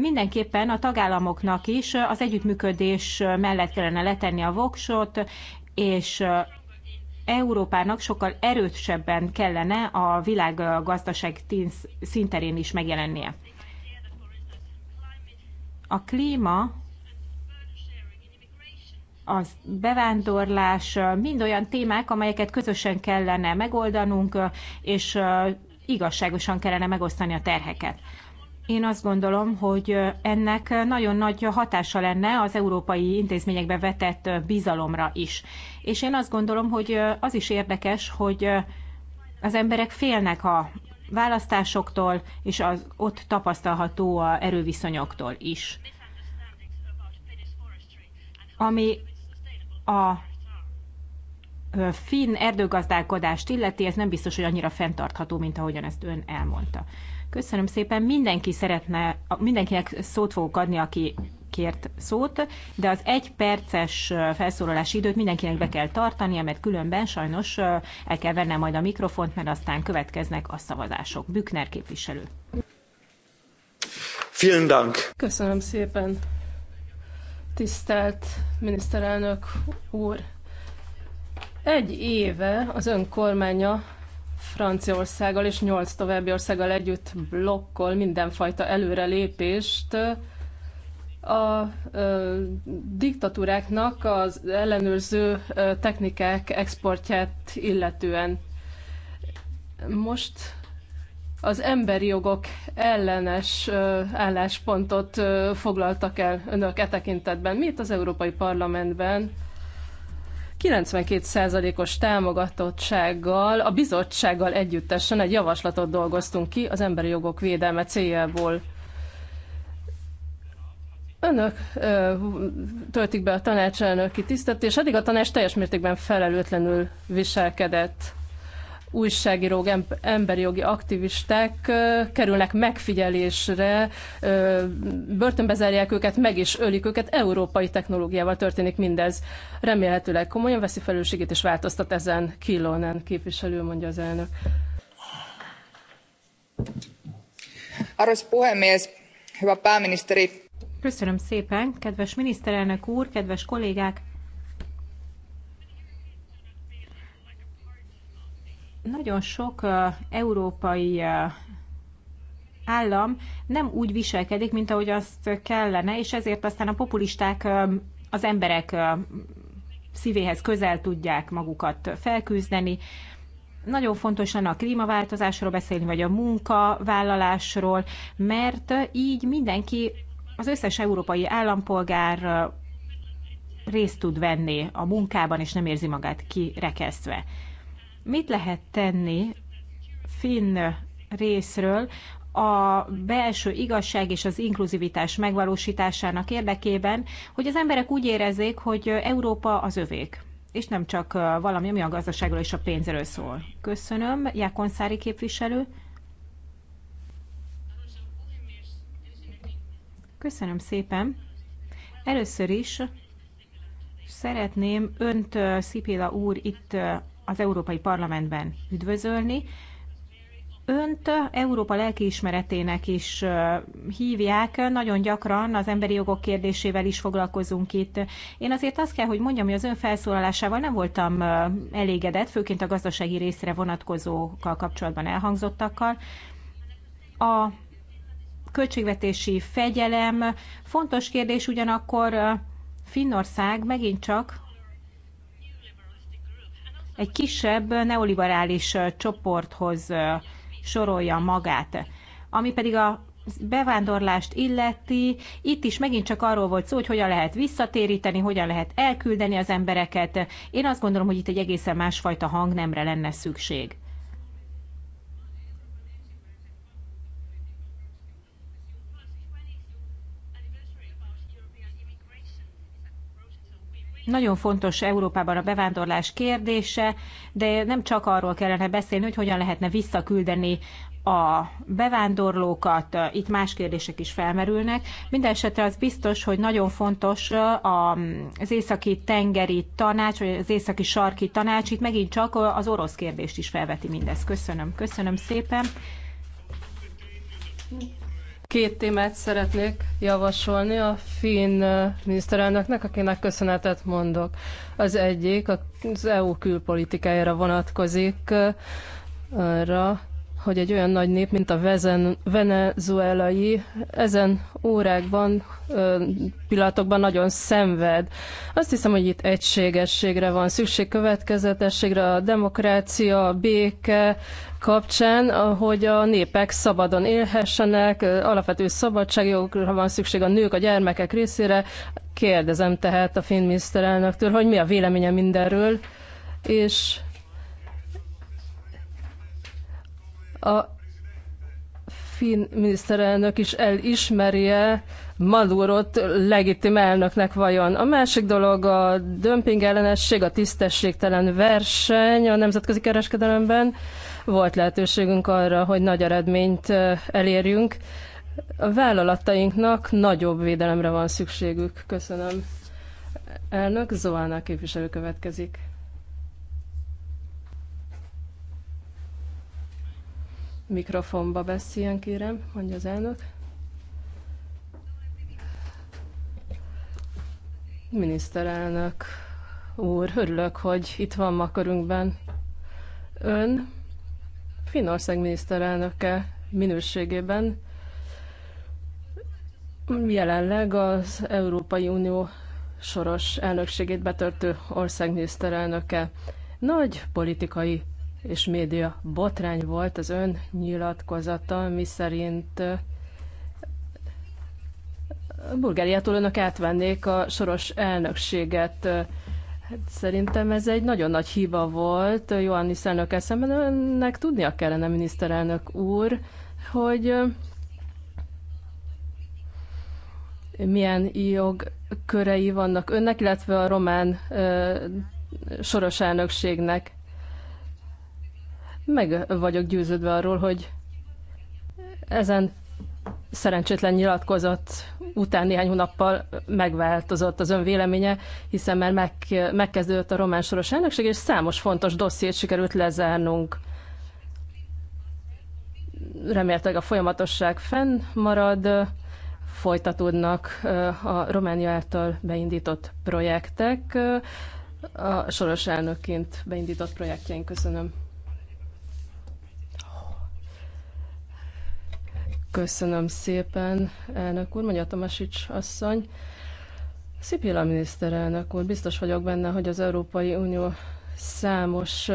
S5: mindenképpen a tagállamoknak is az együttműködés mellett kellene letenni a voksot, és Európának sokkal erősebben kellene a világgazdaság szinterén is megjelennie. A klíma, az bevándorlás, mind olyan témák, amelyeket közösen kellene megoldanunk, és igazságosan kellene megosztani a terheket. Én azt gondolom, hogy ennek nagyon nagy hatása lenne az európai intézményekbe vetett bizalomra is. És én azt gondolom, hogy az is érdekes, hogy az emberek félnek a választásoktól és az ott tapasztalható erőviszonyoktól is. Ami a finn erdőgazdálkodást illeti, ez nem biztos, hogy annyira fenntartható, mint ahogyan ezt ön elmondta. Köszönöm szépen, mindenki szeretne, mindenkinek szót fogok adni, aki kért szót, de az egy perces felszólalási időt mindenkinek be kell tartania, mert különben sajnos el kell vennem majd a mikrofont, mert aztán következnek a szavazások. Bükner
S8: képviselő. Vielen Dank. Köszönöm szépen. Tisztelt miniszterelnök úr, egy éve az önkormánya Franciaországgal és nyolc további országgal együtt blokkol mindenfajta előrelépést a ö, diktatúráknak az ellenőrző ö, technikák exportját illetően. Most az emberi jogok ellenes ö, álláspontot ö, foglaltak el önök e tekintetben. Mi itt az Európai Parlamentben 92%-os támogatottsággal, a bizottsággal együttesen egy javaslatot dolgoztunk ki az emberi jogok védelme céljából. Önök ö, töltik be a tanácselnöki tisztet, és eddig a tanács teljes mértékben felelőtlenül viselkedett újságírók, emberi jogi aktivisták kerülnek megfigyelésre, börtönbe zárják őket, meg is ölik őket, európai technológiával történik mindez. Remélhetőleg komolyan veszi felelősségét és változtat ezen Kilonen képviselő, mondja az elnök.
S2: Arvoisa puhemies, hyvä pääministeri.
S5: Köszönöm szépen, kedves miniszterelnök úr, kedves kollégák! nagyon sok európai állam nem úgy viselkedik, mint ahogy azt kellene, és ezért aztán a populisták az emberek szívéhez közel tudják magukat felküzdeni. Nagyon fontos lenne a klímaváltozásról beszélni, vagy a munkavállalásról, mert így mindenki, az összes európai állampolgár részt tud venni a munkában, és nem érzi magát kirekesztve. Mit lehet tenni finn részről a belső igazság és az inkluzivitás megvalósításának érdekében, hogy az emberek úgy érezzék, hogy Európa az övék, és nem csak valami, ami a gazdaságról és a pénzről szól. Köszönöm, Jákonszári képviselő. Köszönöm szépen. Először is szeretném önt, Szipila úr itt az Európai Parlamentben üdvözölni. Önt Európa lelkiismeretének is hívják, nagyon gyakran az emberi jogok kérdésével is foglalkozunk itt. Én azért azt kell, hogy mondjam, hogy az ön felszólalásával nem voltam elégedett, főként a gazdasági részre vonatkozókkal kapcsolatban elhangzottakkal. A költségvetési fegyelem fontos kérdés, ugyanakkor Finnország megint csak egy kisebb neoliberális csoporthoz sorolja magát. Ami pedig a bevándorlást illeti, itt is megint csak arról volt szó, hogy hogyan lehet visszatéríteni, hogyan lehet elküldeni az embereket. Én azt gondolom, hogy itt egy egészen másfajta hangnemre lenne szükség. Nagyon fontos Európában a bevándorlás kérdése, de nem csak arról kellene beszélni, hogy hogyan lehetne visszaküldeni a bevándorlókat, itt más kérdések is felmerülnek. Mindenesetre az biztos, hogy nagyon fontos az északi tengeri tanács, vagy az északi sarki tanács, itt megint csak az orosz kérdést is felveti mindez. Köszönöm, köszönöm szépen.
S8: Két témát szeretnék javasolni a finn miniszterelnöknek, akinek köszönetet mondok. Az egyik az EU külpolitikájára vonatkozik, arra, hogy egy olyan nagy nép, mint a vezen, venezuelai, ezen órákban, pillanatokban nagyon szenved. Azt hiszem, hogy itt egységességre van szükség, következetességre a demokrácia, a béke kapcsán, hogy a népek szabadon élhessenek, alapvető szabadságjogokra van szükség a nők, a gyermekek részére. Kérdezem tehát a finn miniszterelnöktől, hogy mi a véleménye mindenről, és A finn miniszterelnök is elismerje Madurot legitim elnöknek vajon. A másik dolog a dömping ellenesség, a tisztességtelen verseny a nemzetközi kereskedelemben. Volt lehetőségünk arra, hogy nagy eredményt elérjünk. A vállalatainknak nagyobb védelemre van szükségük. Köszönöm. Elnök Zoana képviselő következik. Mikrofonba beszéljen, kérem, mondja az elnök. Miniszterelnök úr, örülök, hogy itt van ma körünkben. Ön Finnország miniszterelnöke minőségében jelenleg az Európai Unió soros elnökségét betörtő ország miniszterelnöke. Nagy politikai és média botrány volt az ön nyilatkozata, miszerint Bulgáriától önök átvennék a soros elnökséget. Hát szerintem ez egy nagyon nagy hiba volt Johannis elnök eszemben Önnek tudnia kellene, miniszterelnök úr, hogy milyen jogkörei vannak önnek, illetve a román soros elnökségnek. Meg vagyok győződve arról, hogy ezen szerencsétlen nyilatkozat után néhány hónappal megváltozott az ön véleménye, hiszen már meg, megkezdődött a román soros elnökség, és számos fontos dossziét sikerült lezárnunk. Reméltek a folyamatosság fennmarad, folytatódnak a Románia által beindított projektek, a soros elnökként beindított projektjeink. Köszönöm. Köszönöm szépen, elnök úr, mondja Tomasics asszony. Szipila miniszterelnök úr, biztos vagyok benne, hogy az Európai Unió számos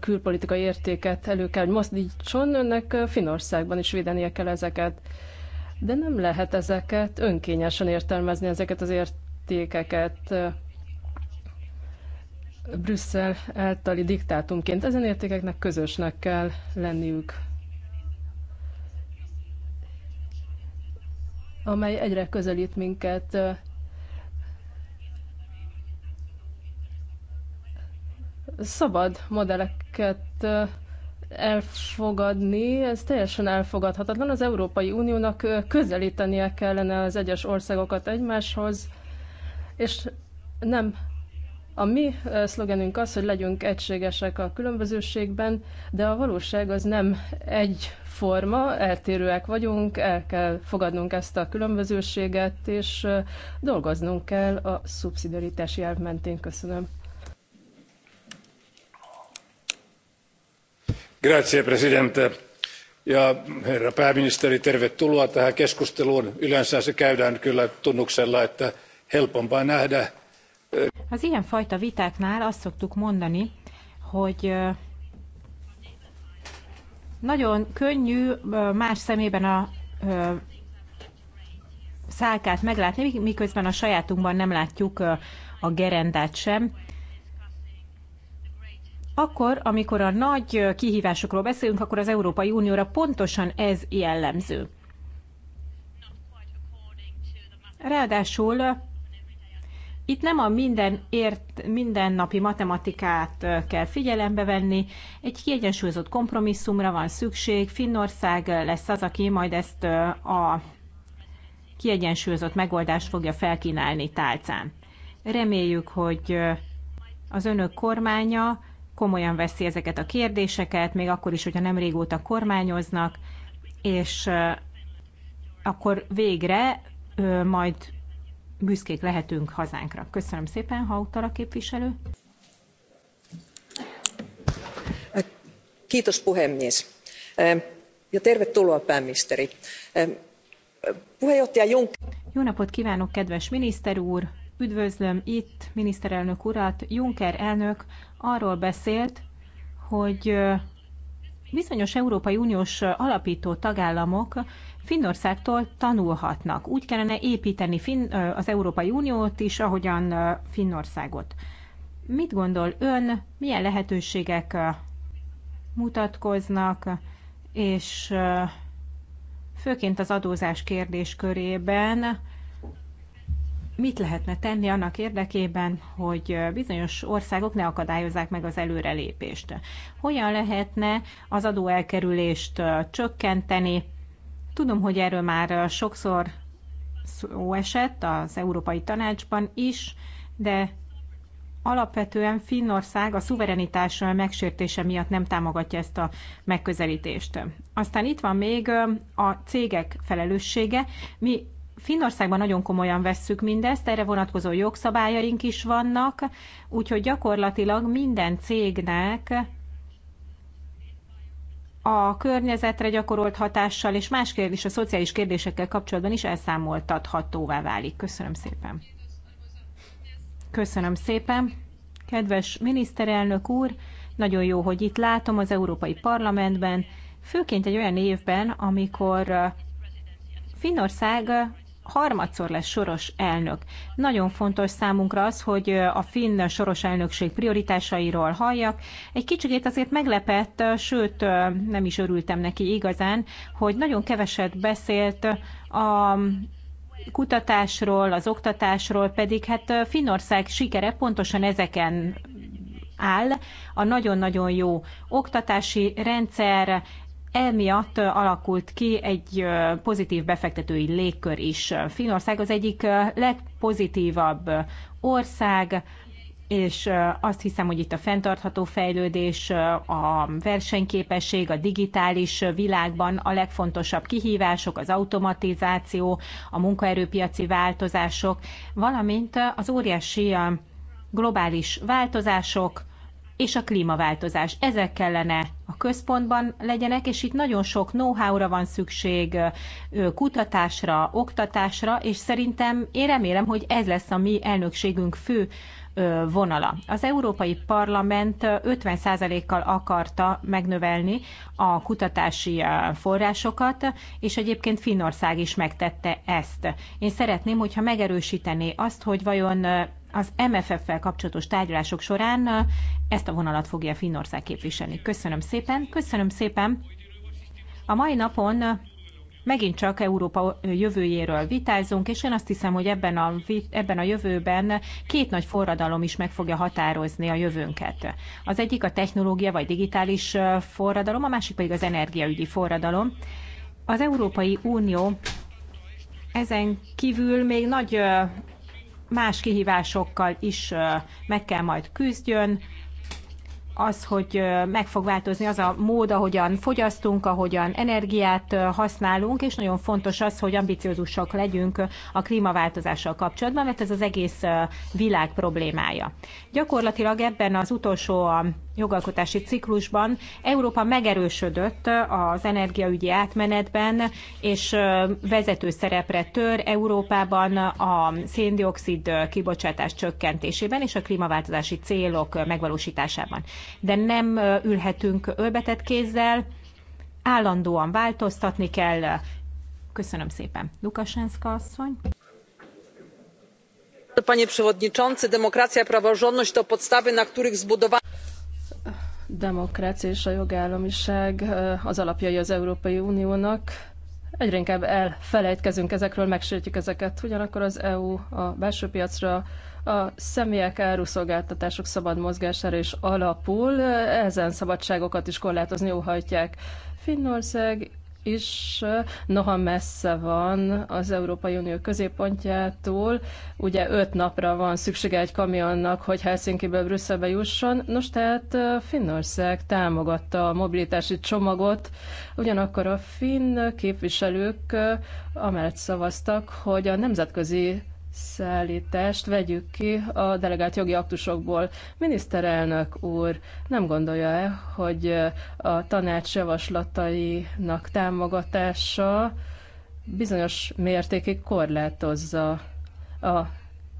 S8: külpolitikai értéket elő kell, hogy mozdítson, önnek Finországban is védenie kell ezeket. De nem lehet ezeket önkényesen értelmezni, ezeket az értékeket Brüsszel általi diktátumként. Ezen értékeknek közösnek kell lenniük. amely egyre közelít minket szabad modelleket elfogadni, ez teljesen elfogadhatatlan. Az Európai Uniónak közelítenie kellene az egyes országokat egymáshoz, és nem a mi szlogenünk az, hogy legyünk egységesek a különbözőségben, de a valóság az nem egyforma, eltérőek vagyunk, el kell fogadnunk ezt a különbözőséget, és dolgoznunk kell a szubszidiaritási elv mentén. Köszönöm.
S1: Grazie, Presidente.
S4: Ja herra pääministeri, tervetuloa tähän keskusteluun. Yleensä se käydään kyllä tunnuksella, että helpompaa nähdä
S5: az ilyen fajta vitáknál azt szoktuk mondani, hogy nagyon könnyű más szemében a szálkát meglátni, miközben a sajátunkban nem látjuk a gerendát sem. Akkor, amikor a nagy kihívásokról beszélünk, akkor az Európai Unióra pontosan ez jellemző. Ráadásul itt nem a minden ért, mindennapi matematikát kell figyelembe venni, egy kiegyensúlyozott kompromisszumra van szükség, Finnország lesz az, aki majd ezt a kiegyensúlyozott megoldást fogja felkínálni tálcán. Reméljük, hogy az önök kormánya komolyan veszi ezeket a kérdéseket, még akkor is, hogyha nem régóta kormányoznak, és akkor végre majd büszkék lehetünk hazánkra. Köszönöm szépen, Hautala képviselő.
S2: Kiitos puhemies. Ja tervetuloa pääministeri. Puheenjohtaja Junk...
S5: Jó napot kívánok, kedves miniszter úr! Üdvözlöm itt miniszterelnök urat. Juncker elnök arról beszélt, hogy bizonyos Európai Uniós alapító tagállamok Finnországtól tanulhatnak. Úgy kellene építeni Finn, az Európai Uniót is, ahogyan Finnországot. Mit gondol ön, milyen lehetőségek mutatkoznak, és főként az adózás kérdés körében mit lehetne tenni annak érdekében, hogy bizonyos országok ne akadályozzák meg az előrelépést? Hogyan lehetne az adóelkerülést csökkenteni, Tudom, hogy erről már sokszor szó esett az Európai Tanácsban is, de alapvetően Finnország a szuverenitás megsértése miatt nem támogatja ezt a megközelítést. Aztán itt van még a cégek felelőssége. Mi Finnországban nagyon komolyan vesszük mindezt, erre vonatkozó jogszabályaink is vannak, úgyhogy gyakorlatilag minden cégnek a környezetre gyakorolt hatással és más kérdés a szociális kérdésekkel kapcsolatban is elszámoltathatóvá válik. Köszönöm szépen. Köszönöm szépen. Kedves miniszterelnök úr, nagyon jó, hogy itt látom az Európai Parlamentben, főként egy olyan évben, amikor Finnország harmadszor lesz soros elnök. Nagyon fontos számunkra az, hogy a finn soros elnökség prioritásairól halljak. Egy kicsikét azért meglepett, sőt nem is örültem neki igazán, hogy nagyon keveset beszélt a kutatásról, az oktatásról, pedig hát Finnország sikere pontosan ezeken áll a nagyon-nagyon jó oktatási rendszer, emiatt alakult ki egy pozitív befektetői légkör is. Finország az egyik legpozitívabb ország, és azt hiszem, hogy itt a fenntartható fejlődés, a versenyképesség, a digitális világban a legfontosabb kihívások, az automatizáció, a munkaerőpiaci változások, valamint az óriási globális változások, és a klímaváltozás. Ezek kellene a központban legyenek, és itt nagyon sok know-how-ra van szükség, kutatásra, oktatásra, és szerintem én remélem, hogy ez lesz a mi elnökségünk fő vonala. Az Európai Parlament 50%-kal akarta megnövelni a kutatási forrásokat, és egyébként Finnország is megtette ezt. Én szeretném, hogyha megerősítené azt, hogy vajon az MFF-fel kapcsolatos tárgyalások során ezt a vonalat fogja Finnország képviselni. Köszönöm szépen, köszönöm szépen. A mai napon megint csak Európa jövőjéről vitázunk, és én azt hiszem, hogy ebben a, ebben a jövőben két nagy forradalom is meg fogja határozni a jövőnket. Az egyik a technológia vagy digitális forradalom, a másik pedig az energiaügyi forradalom. Az Európai Unió ezen kívül még nagy más kihívásokkal is meg kell majd küzdjön. Az, hogy meg fog változni az a mód, ahogyan fogyasztunk, ahogyan energiát használunk, és nagyon fontos az, hogy ambiciózusak legyünk a klímaváltozással kapcsolatban, mert ez az egész világ problémája. Gyakorlatilag ebben az utolsó jogalkotási ciklusban Európa megerősödött az energiaügyi átmenetben, és vezető szerepre tör Európában a széndiokszid kibocsátás csökkentésében és a klímaváltozási célok megvalósításában. De nem ülhetünk ölbetett kézzel, állandóan változtatni kell. Köszönöm szépen. Lukasenszka asszony
S8: panie przewodniczący! demokracja praworządność to podstawy na których zbudowano demokrácia és a jogállamiság az alapjai az Európai Uniónak. Egyre inkább elfelejtkezünk ezekről, megsértjük ezeket. Ugyanakkor az EU a belső piacra a személyek áruszolgáltatások szabad mozgására is alapul, ezen szabadságokat is korlátozni óhajtják. Finnország is, noha messze van az Európai Unió középpontjától. Ugye öt napra van szüksége egy kamionnak, hogy Helsinki-ből Brüsszelbe jusson. Nos, tehát Finnország támogatta a mobilitási csomagot, ugyanakkor a finn képviselők amellett szavaztak, hogy a nemzetközi szállítást vegyük ki a delegált jogi aktusokból. Miniszterelnök úr, nem gondolja-e, hogy a tanács javaslatainak támogatása bizonyos mértékig korlátozza a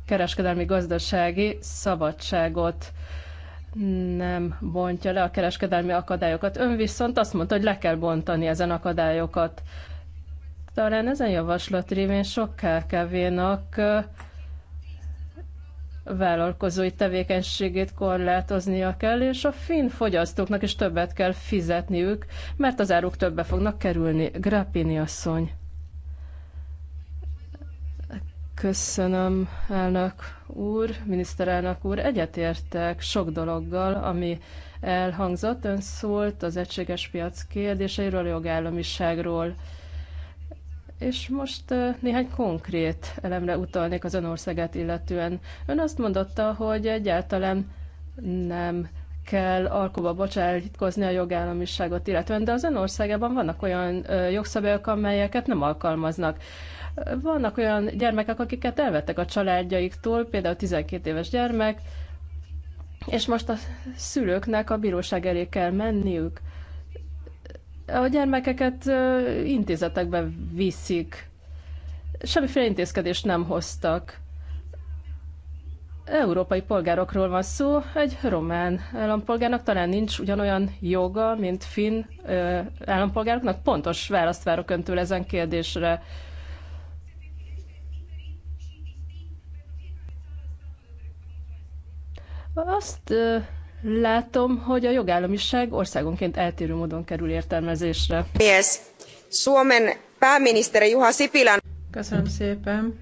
S8: kereskedelmi gazdasági szabadságot, nem bontja le a kereskedelmi akadályokat. Ön viszont azt mondta, hogy le kell bontani ezen akadályokat. Talán ezen javaslat révén sok KKV-nak vállalkozói tevékenységét korlátoznia kell, és a finn fogyasztóknak is többet kell fizetniük, mert az áruk többe fognak kerülni. Grappini asszony. Köszönöm, elnök úr, miniszterelnök úr. Egyetértek sok dologgal, ami elhangzott. Ön szólt az egységes piac kérdéseiről, a jogállamiságról. És most néhány konkrét elemre utalnék az ön országát illetően. Ön azt mondotta, hogy egyáltalán nem kell alkoba bocsájtkozni a jogállamiságot illetően, de az ön országában vannak olyan jogszabályok, amelyeket nem alkalmaznak. Vannak olyan gyermekek, akiket elvettek a családjaiktól, például 12 éves gyermek, és most a szülőknek a bíróság elé kell menniük a gyermekeket intézetekbe viszik. Semmiféle intézkedést nem hoztak. Európai polgárokról van szó, egy román állampolgárnak talán nincs ugyanolyan joga, mint finn állampolgároknak. Pontos választ várok öntől ezen kérdésre. Azt ö, Látom, hogy a jogállamiság országonként eltérő módon kerül értelmezésre. Yes. Suomen pääministeri Juha Sipilän. Köszönöm szépen.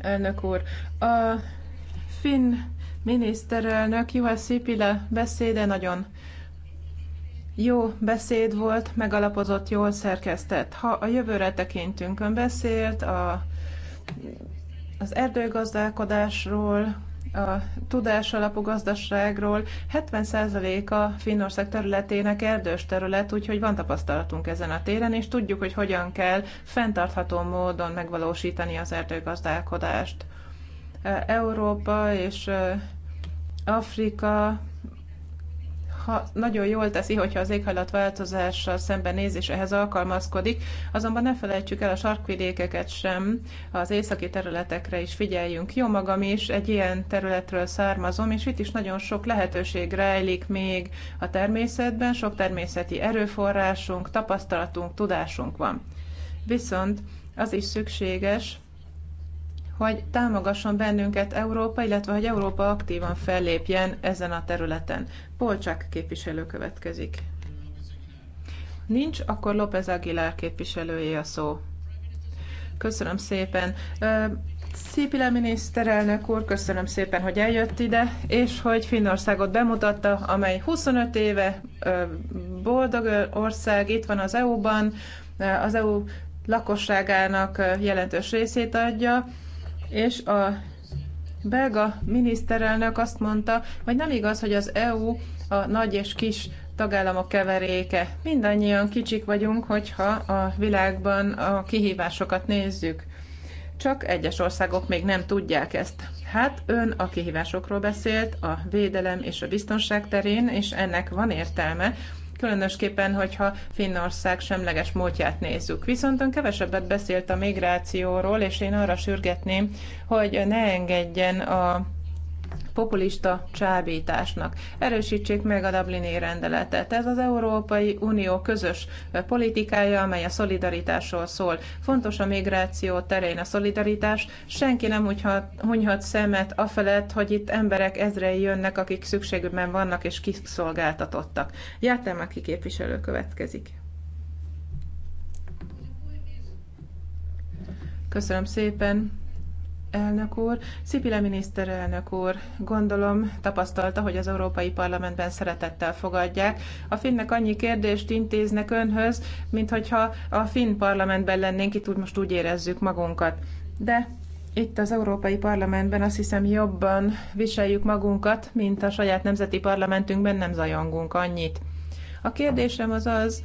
S7: Elnök úr, a finn miniszterelnök Juha Sipila beszéde nagyon jó beszéd volt, megalapozott, jól szerkesztett. Ha a jövőre tekintünk, ön beszélt a, az erdőgazdálkodásról, a tudás alapú gazdaságról 70%-a Finnország területének erdős terület, úgyhogy van tapasztalatunk ezen a téren, és tudjuk, hogy hogyan kell fenntartható módon megvalósítani az erdőgazdálkodást. Európa és Afrika ha nagyon jól teszi, hogyha az éghajlatváltozással néz és ehhez alkalmazkodik, azonban ne felejtsük el a sarkvidékeket sem, az északi területekre is figyeljünk. Jó magam is egy ilyen területről származom, és itt is nagyon sok lehetőség rejlik még a természetben, sok természeti erőforrásunk, tapasztalatunk, tudásunk van. Viszont az is szükséges, hogy támogasson bennünket Európa, illetve hogy Európa aktívan fellépjen ezen a területen. Polcsák képviselő következik. Nincs, akkor López Aguilar képviselője a szó. Köszönöm szépen. Szépile miniszterelnök úr, köszönöm szépen, hogy eljött ide, és hogy Finnországot bemutatta, amely 25 éve boldog ország, itt van az EU-ban, az EU lakosságának jelentős részét adja, és a belga miniszterelnök azt mondta, hogy nem igaz, hogy az EU a nagy és kis tagállamok keveréke. Mindannyian kicsik vagyunk, hogyha a világban a kihívásokat nézzük. Csak egyes országok még nem tudják ezt. Hát ön a kihívásokról beszélt, a védelem és a biztonság terén, és ennek van értelme, különösképpen, hogyha Finnország semleges módját nézzük. Viszont ön kevesebbet beszélt a migrációról, és én arra sürgetném, hogy ne engedjen a populista csábításnak. Erősítsék meg a Dublini rendeletet. Ez az Európai Unió közös politikája, amely a szolidaritásról szól. Fontos a migráció terén a szolidaritás. Senki nem hunyhat, hunyhat szemet afelett, hogy itt emberek ezrei jönnek, akik szükségükben vannak és kiszolgáltatottak. Jártam, aki képviselő következik. Köszönöm szépen elnök úr. Szipile miniszterelnök úr, gondolom tapasztalta, hogy az Európai Parlamentben szeretettel fogadják. A finnek annyi kérdést intéznek önhöz, mint hogyha a finn parlamentben lennénk, itt úgy most úgy érezzük magunkat. De itt az Európai Parlamentben azt hiszem jobban viseljük magunkat, mint a saját nemzeti parlamentünkben nem zajongunk annyit. A kérdésem az az,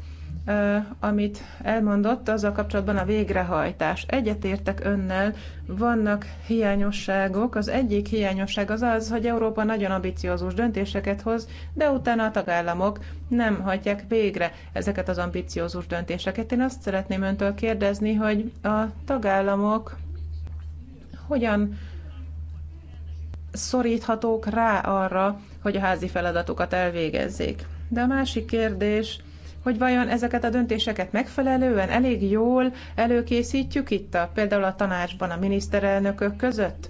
S7: amit elmondott, az a kapcsolatban a végrehajtás. Egyetértek önnel, vannak hiányosságok. Az egyik hiányosság az az, hogy Európa nagyon ambiciózus döntéseket hoz, de utána a tagállamok nem hagyják végre ezeket az ambiciózus döntéseket. Én azt szeretném öntől kérdezni, hogy a tagállamok hogyan szoríthatók rá arra, hogy a házi feladatokat elvégezzék. De a másik kérdés, hogy vajon ezeket a döntéseket megfelelően, elég jól előkészítjük itt a, például a tanácsban a miniszterelnökök között?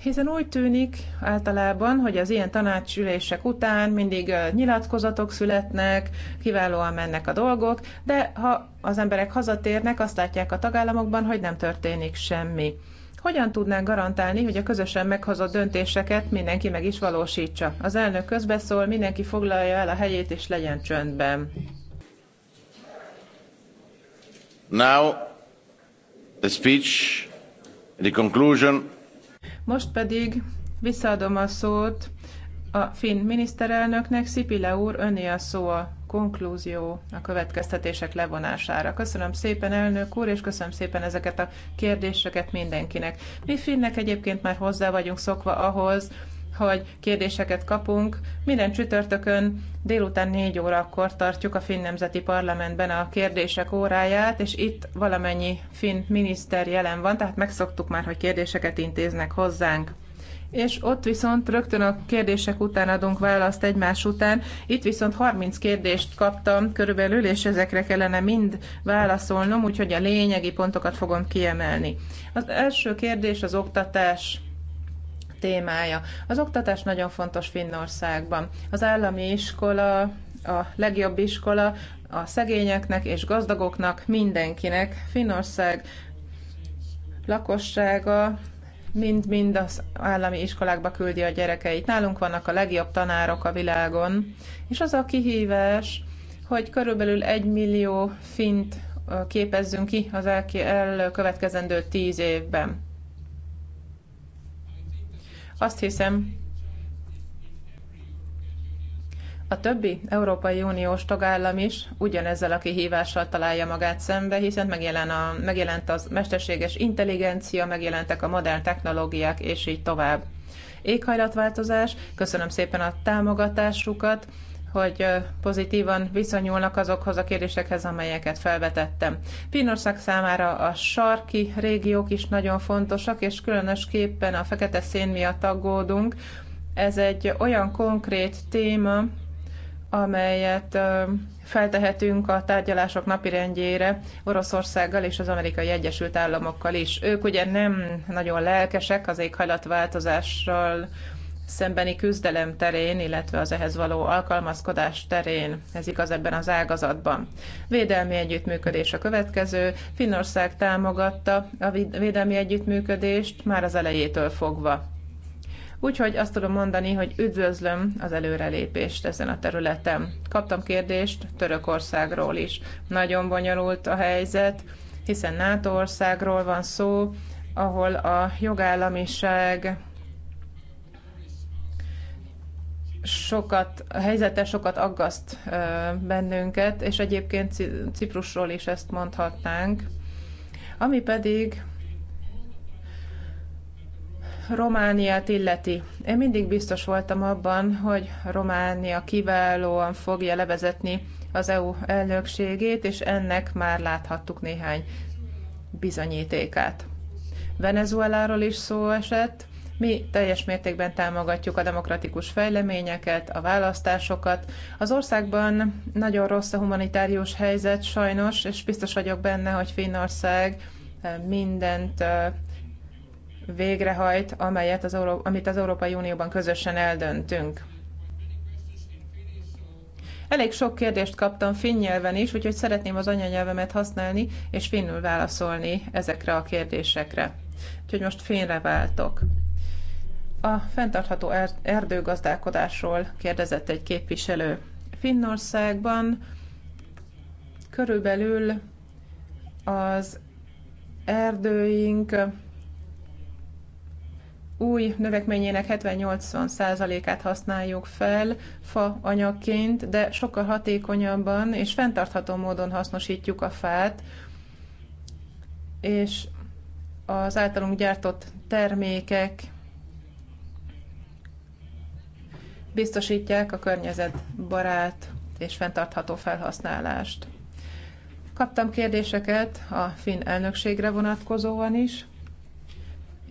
S7: Hiszen úgy tűnik általában, hogy az ilyen tanácsülések után mindig nyilatkozatok születnek, kiválóan mennek a dolgok, de ha az emberek hazatérnek, azt látják a tagállamokban, hogy nem történik semmi hogyan tudnánk garantálni, hogy a közösen meghozott döntéseket mindenki meg is valósítsa? Az elnök közbeszól, mindenki foglalja el a helyét és legyen csöndben.
S1: Now, the speech, the conclusion.
S7: Most pedig visszaadom a szót a finn miniszterelnöknek, Szipile úr, öné a szó a konklúzió, a következtetések levonására. Köszönöm szépen, elnök úr, és köszönöm szépen ezeket a kérdéseket mindenkinek. Mi finnek egyébként már hozzá vagyunk szokva ahhoz, hogy kérdéseket kapunk. Minden csütörtökön délután négy órakor tartjuk a Finn Nemzeti Parlamentben a kérdések óráját, és itt valamennyi finn miniszter jelen van, tehát megszoktuk már, hogy kérdéseket intéznek hozzánk és ott viszont rögtön a kérdések után adunk választ egymás után. Itt viszont 30 kérdést kaptam körülbelül, és ezekre kellene mind válaszolnom, úgyhogy a lényegi pontokat fogom kiemelni. Az első kérdés az oktatás témája. Az oktatás nagyon fontos Finnországban. Az állami iskola, a legjobb iskola a szegényeknek és gazdagoknak, mindenkinek. Finnország lakossága mind-mind az állami iskolákba küldi a gyerekeit. Nálunk vannak a legjobb tanárok a világon, és az a kihívás, hogy körülbelül egy millió fint képezzünk ki az elkövetkezendő tíz évben. Azt hiszem, A többi Európai Uniós tagállam is ugyanezzel a kihívással találja magát szembe, hiszen megjelen a, megjelent az mesterséges intelligencia, megjelentek a modern technológiák, és így tovább. Éghajlatváltozás, köszönöm szépen a támogatásukat, hogy pozitívan viszonyulnak azokhoz a kérdésekhez, amelyeket felvetettem. Finország számára a sarki régiók is nagyon fontosak, és különösképpen a fekete szén miatt aggódunk. Ez egy olyan konkrét téma, amelyet feltehetünk a tárgyalások napirendjére Oroszországgal és az Amerikai Egyesült Államokkal is. Ők ugye nem nagyon lelkesek az éghajlatváltozással szembeni küzdelem terén, illetve az ehhez való alkalmazkodás terén, ez igaz ebben az ágazatban. Védelmi együttműködés a következő. Finnország támogatta a védelmi együttműködést már az elejétől fogva. Úgyhogy azt tudom mondani, hogy üdvözlöm az előrelépést ezen a területen. Kaptam kérdést Törökországról is. Nagyon bonyolult a helyzet, hiszen NATO országról van szó, ahol a jogállamiság sokat, a helyzete sokat aggaszt bennünket, és egyébként Ciprusról is ezt mondhatnánk. Ami pedig Romániát illeti, én mindig biztos voltam abban, hogy Románia kiválóan fogja levezetni az EU elnökségét, és ennek már láthattuk néhány bizonyítékát. Venezueláról is szó esett, mi teljes mértékben támogatjuk a demokratikus fejleményeket, a választásokat. Az országban nagyon rossz a humanitárius helyzet sajnos, és biztos vagyok benne, hogy Finnország eh, mindent eh, végrehajt, amelyet az Euró- amit az Európai Unióban közösen eldöntünk. Elég sok kérdést kaptam finn nyelven is, úgyhogy szeretném az anyanyelvemet használni, és finnül válaszolni ezekre a kérdésekre. Úgyhogy most finnre váltok. A fenntartható er- erdőgazdálkodásról kérdezett egy képviselő. Finnországban körülbelül az erdőink új növekményének 70-80%-át használjuk fel fa anyagként, de sokkal hatékonyabban és fenntartható módon hasznosítjuk a fát, és az általunk gyártott termékek biztosítják a környezetbarát és fenntartható felhasználást. Kaptam kérdéseket a finn elnökségre vonatkozóan is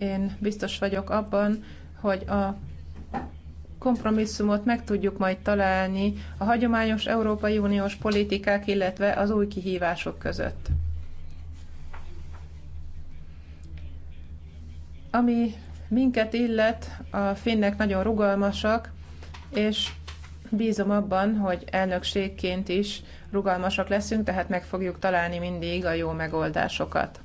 S7: én biztos vagyok abban, hogy a kompromisszumot meg tudjuk majd találni a hagyományos Európai Uniós politikák, illetve az új kihívások között. Ami minket illet, a finnek nagyon rugalmasak, és bízom abban, hogy elnökségként is rugalmasak leszünk, tehát meg fogjuk találni mindig a jó megoldásokat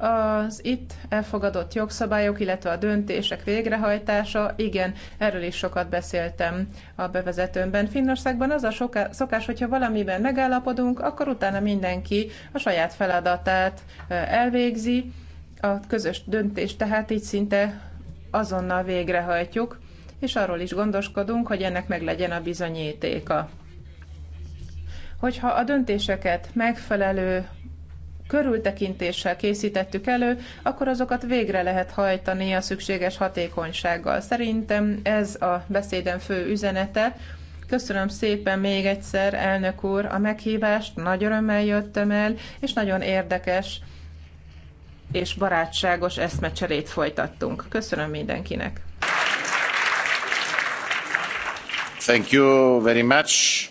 S7: az itt elfogadott jogszabályok, illetve a döntések végrehajtása, igen, erről is sokat beszéltem a bevezetőmben. Finnországban az a szokás, hogyha valamiben megállapodunk, akkor utána mindenki a saját feladatát elvégzi, a közös döntést tehát így szinte azonnal végrehajtjuk, és arról is gondoskodunk, hogy ennek meg legyen a bizonyítéka. Hogyha a döntéseket megfelelő körültekintéssel készítettük elő, akkor azokat végre lehet hajtani a szükséges hatékonysággal. Szerintem ez a beszédem fő üzenete. Köszönöm szépen még egyszer, elnök úr, a meghívást, nagy örömmel jöttem el, és nagyon érdekes és barátságos eszmecserét folytattunk. Köszönöm mindenkinek!
S1: Thank you very much,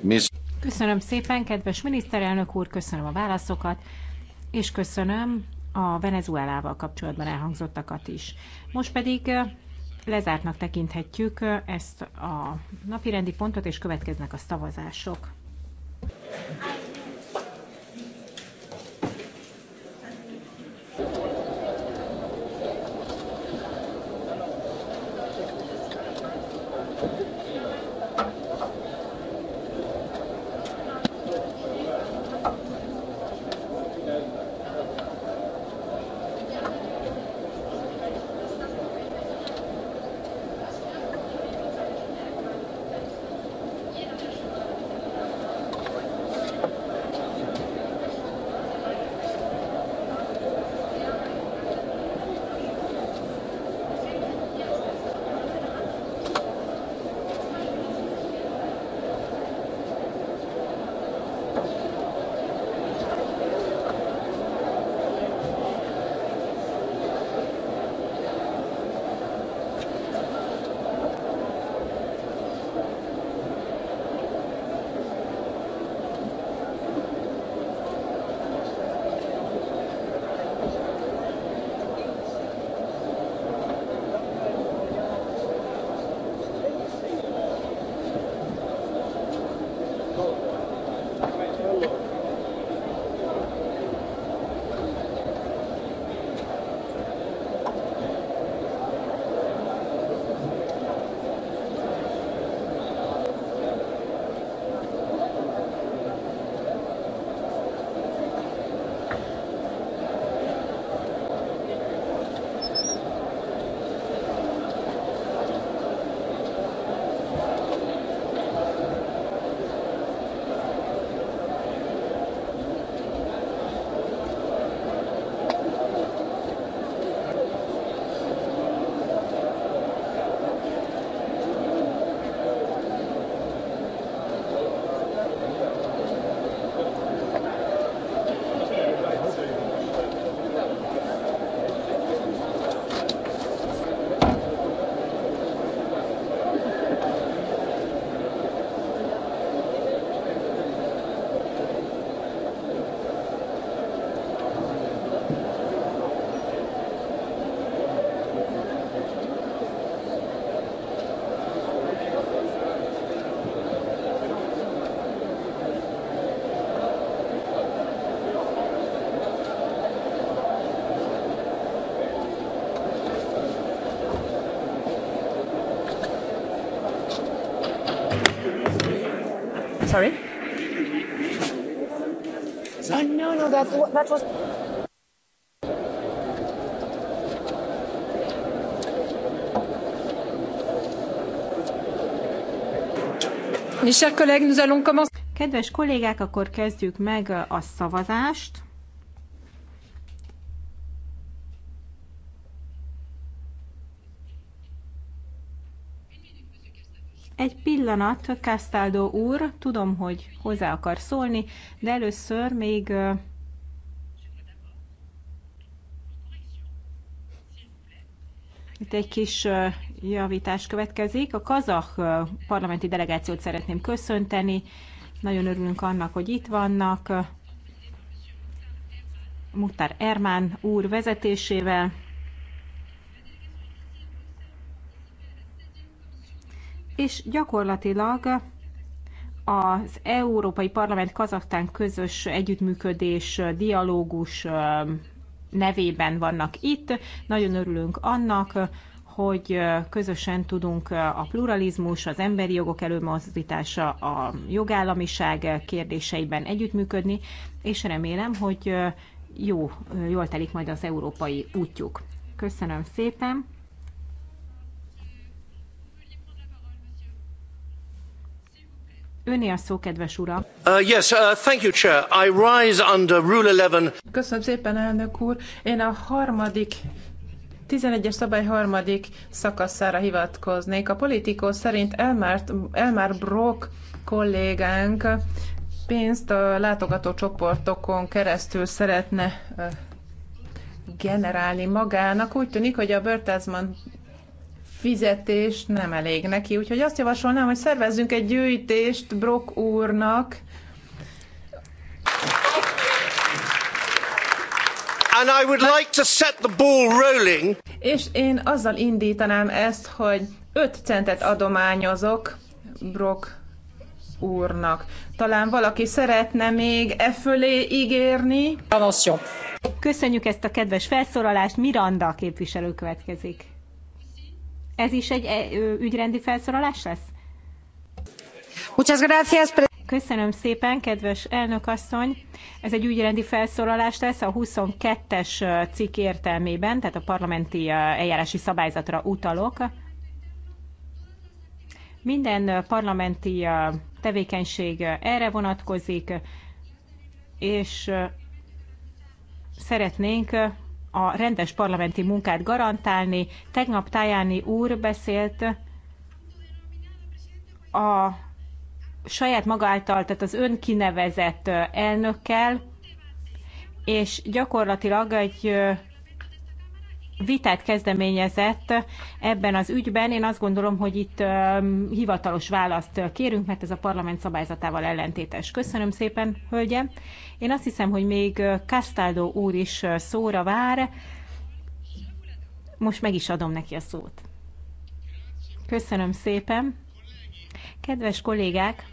S1: Ms.
S5: Köszönöm szépen, kedves miniszterelnök úr, köszönöm a válaszokat, és köszönöm a Venezuelával kapcsolatban elhangzottakat is. Most pedig lezártnak tekinthetjük ezt a napirendi pontot, és következnek a szavazások.
S6: that that was
S5: Mes chers collègues, nous allons commencer. Kedves kollégák, akkor kezdjük meg a szavazást. Egy pillanat, Castaldo úr, tudom, hogy hozzá akar szólni, de először még Itt egy kis javítás következik. A kazah parlamenti delegációt szeretném köszönteni. Nagyon örülünk annak, hogy itt vannak. Mutár Ermán úr vezetésével. És gyakorlatilag az Európai Parlament Kazaktán közös együttműködés, dialógus nevében vannak itt. Nagyon örülünk annak, hogy közösen tudunk a pluralizmus, az emberi jogok előmozdítása, a jogállamiság kérdéseiben együttműködni, és remélem, hogy jó, jól telik majd az európai útjuk. Köszönöm szépen! Öné a szó, kedves ura.
S4: Uh, yes, uh, thank you, Chair.
S2: I rise under Rule 11.
S7: Köszönöm szépen, elnök úr. Én a harmadik 11-es szabály harmadik szakaszára hivatkoznék. A politikó szerint Elmar, Elmar Brock kollégánk pénzt a látogató csoportokon keresztül szeretne uh, generálni magának. Úgy tűnik, hogy a Bertelsmann fizetés nem elég neki. Úgyhogy azt javasolnám, hogy szervezzünk egy gyűjtést Brock úrnak. And I would like to set the ball rolling. És én azzal indítanám ezt, hogy 5 centet adományozok Brock úrnak. Talán valaki szeretne még
S5: e fölé ígérni. Köszönjük ezt a kedves felszólalást. Miranda képviselő következik ez is egy e, ügyrendi felszólalás lesz? Muchas gracias. Köszönöm szépen, kedves elnök asszony. Ez egy ügyrendi felszólalás lesz a 22-es cikk értelmében, tehát a parlamenti eljárási szabályzatra utalok. Minden parlamenti tevékenység erre vonatkozik, és szeretnénk a rendes parlamenti munkát garantálni. Tegnap Tajani úr beszélt a saját maga által, tehát az önkinevezett elnökkel, és gyakorlatilag egy vitát kezdeményezett ebben az ügyben. Én azt gondolom, hogy itt hivatalos választ kérünk, mert ez a parlament szabályzatával ellentétes. Köszönöm szépen, hölgyem! Én azt hiszem, hogy még Castaldo úr is szóra vár. Most meg is adom neki a szót. Köszönöm szépen. Kedves kollégák,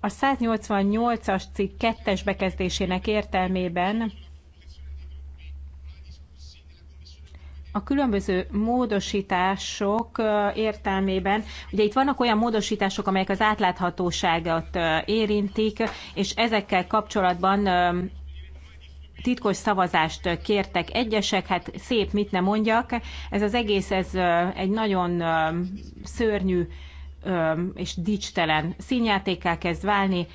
S5: a 188-as cikk kettes bekezdésének értelmében a különböző módosítások értelmében, ugye itt vannak olyan módosítások, amelyek az átláthatóságot érintik, és ezekkel kapcsolatban titkos szavazást kértek egyesek, hát szép, mit ne mondjak. Ez az egész, ez egy nagyon szörnyű és dicstelen színjátékkel kezd válni.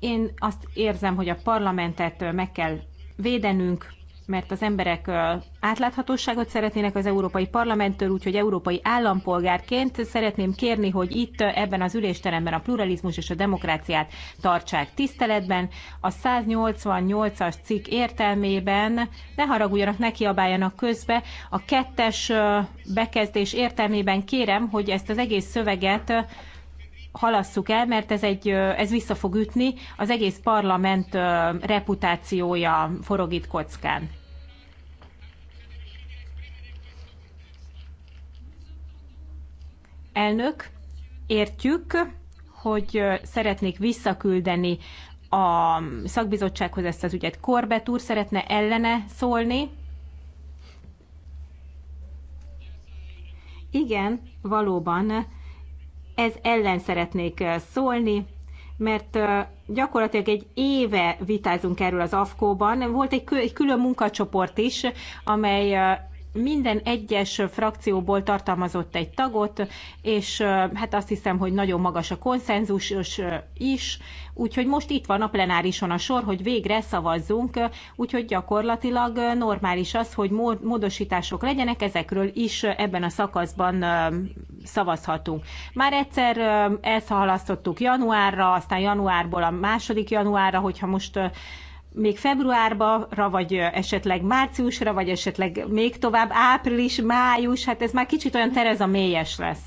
S5: Én azt érzem, hogy a parlamentet meg kell védenünk, mert az emberek átláthatóságot szeretnének az Európai Parlamenttől, úgyhogy európai állampolgárként szeretném kérni, hogy itt ebben az ülésteremben a pluralizmus és a demokráciát tartsák tiszteletben. A 188-as cikk értelmében ne haraguljanak, ne kiabáljanak közbe. A kettes bekezdés értelmében kérem, hogy ezt az egész szöveget halasszuk el, mert ez, egy, ez vissza fog ütni, az egész parlament reputációja forog itt kockán. Elnök, értjük, hogy szeretnék visszaküldeni a szakbizottsághoz ezt az ügyet. Korbet úr szeretne ellene szólni. Igen, valóban ez ellen szeretnék eh, szólni, mert eh, gyakorlatilag egy éve vitázunk erről az AFKO-ban. Volt egy, külön munkacsoport is, amely eh, minden egyes frakcióból tartalmazott egy tagot, és hát azt hiszem, hogy nagyon magas a konszenzus is, úgyhogy most itt van a plenárison a sor, hogy végre szavazzunk, úgyhogy gyakorlatilag normális az, hogy módosítások legyenek, ezekről is ebben a szakaszban szavazhatunk. Már egyszer elhalasztottuk januárra, aztán januárból a második januárra, hogyha most még februárba, vagy esetleg márciusra, vagy esetleg még tovább április, május, hát ez már kicsit olyan Tereza mélyes lesz.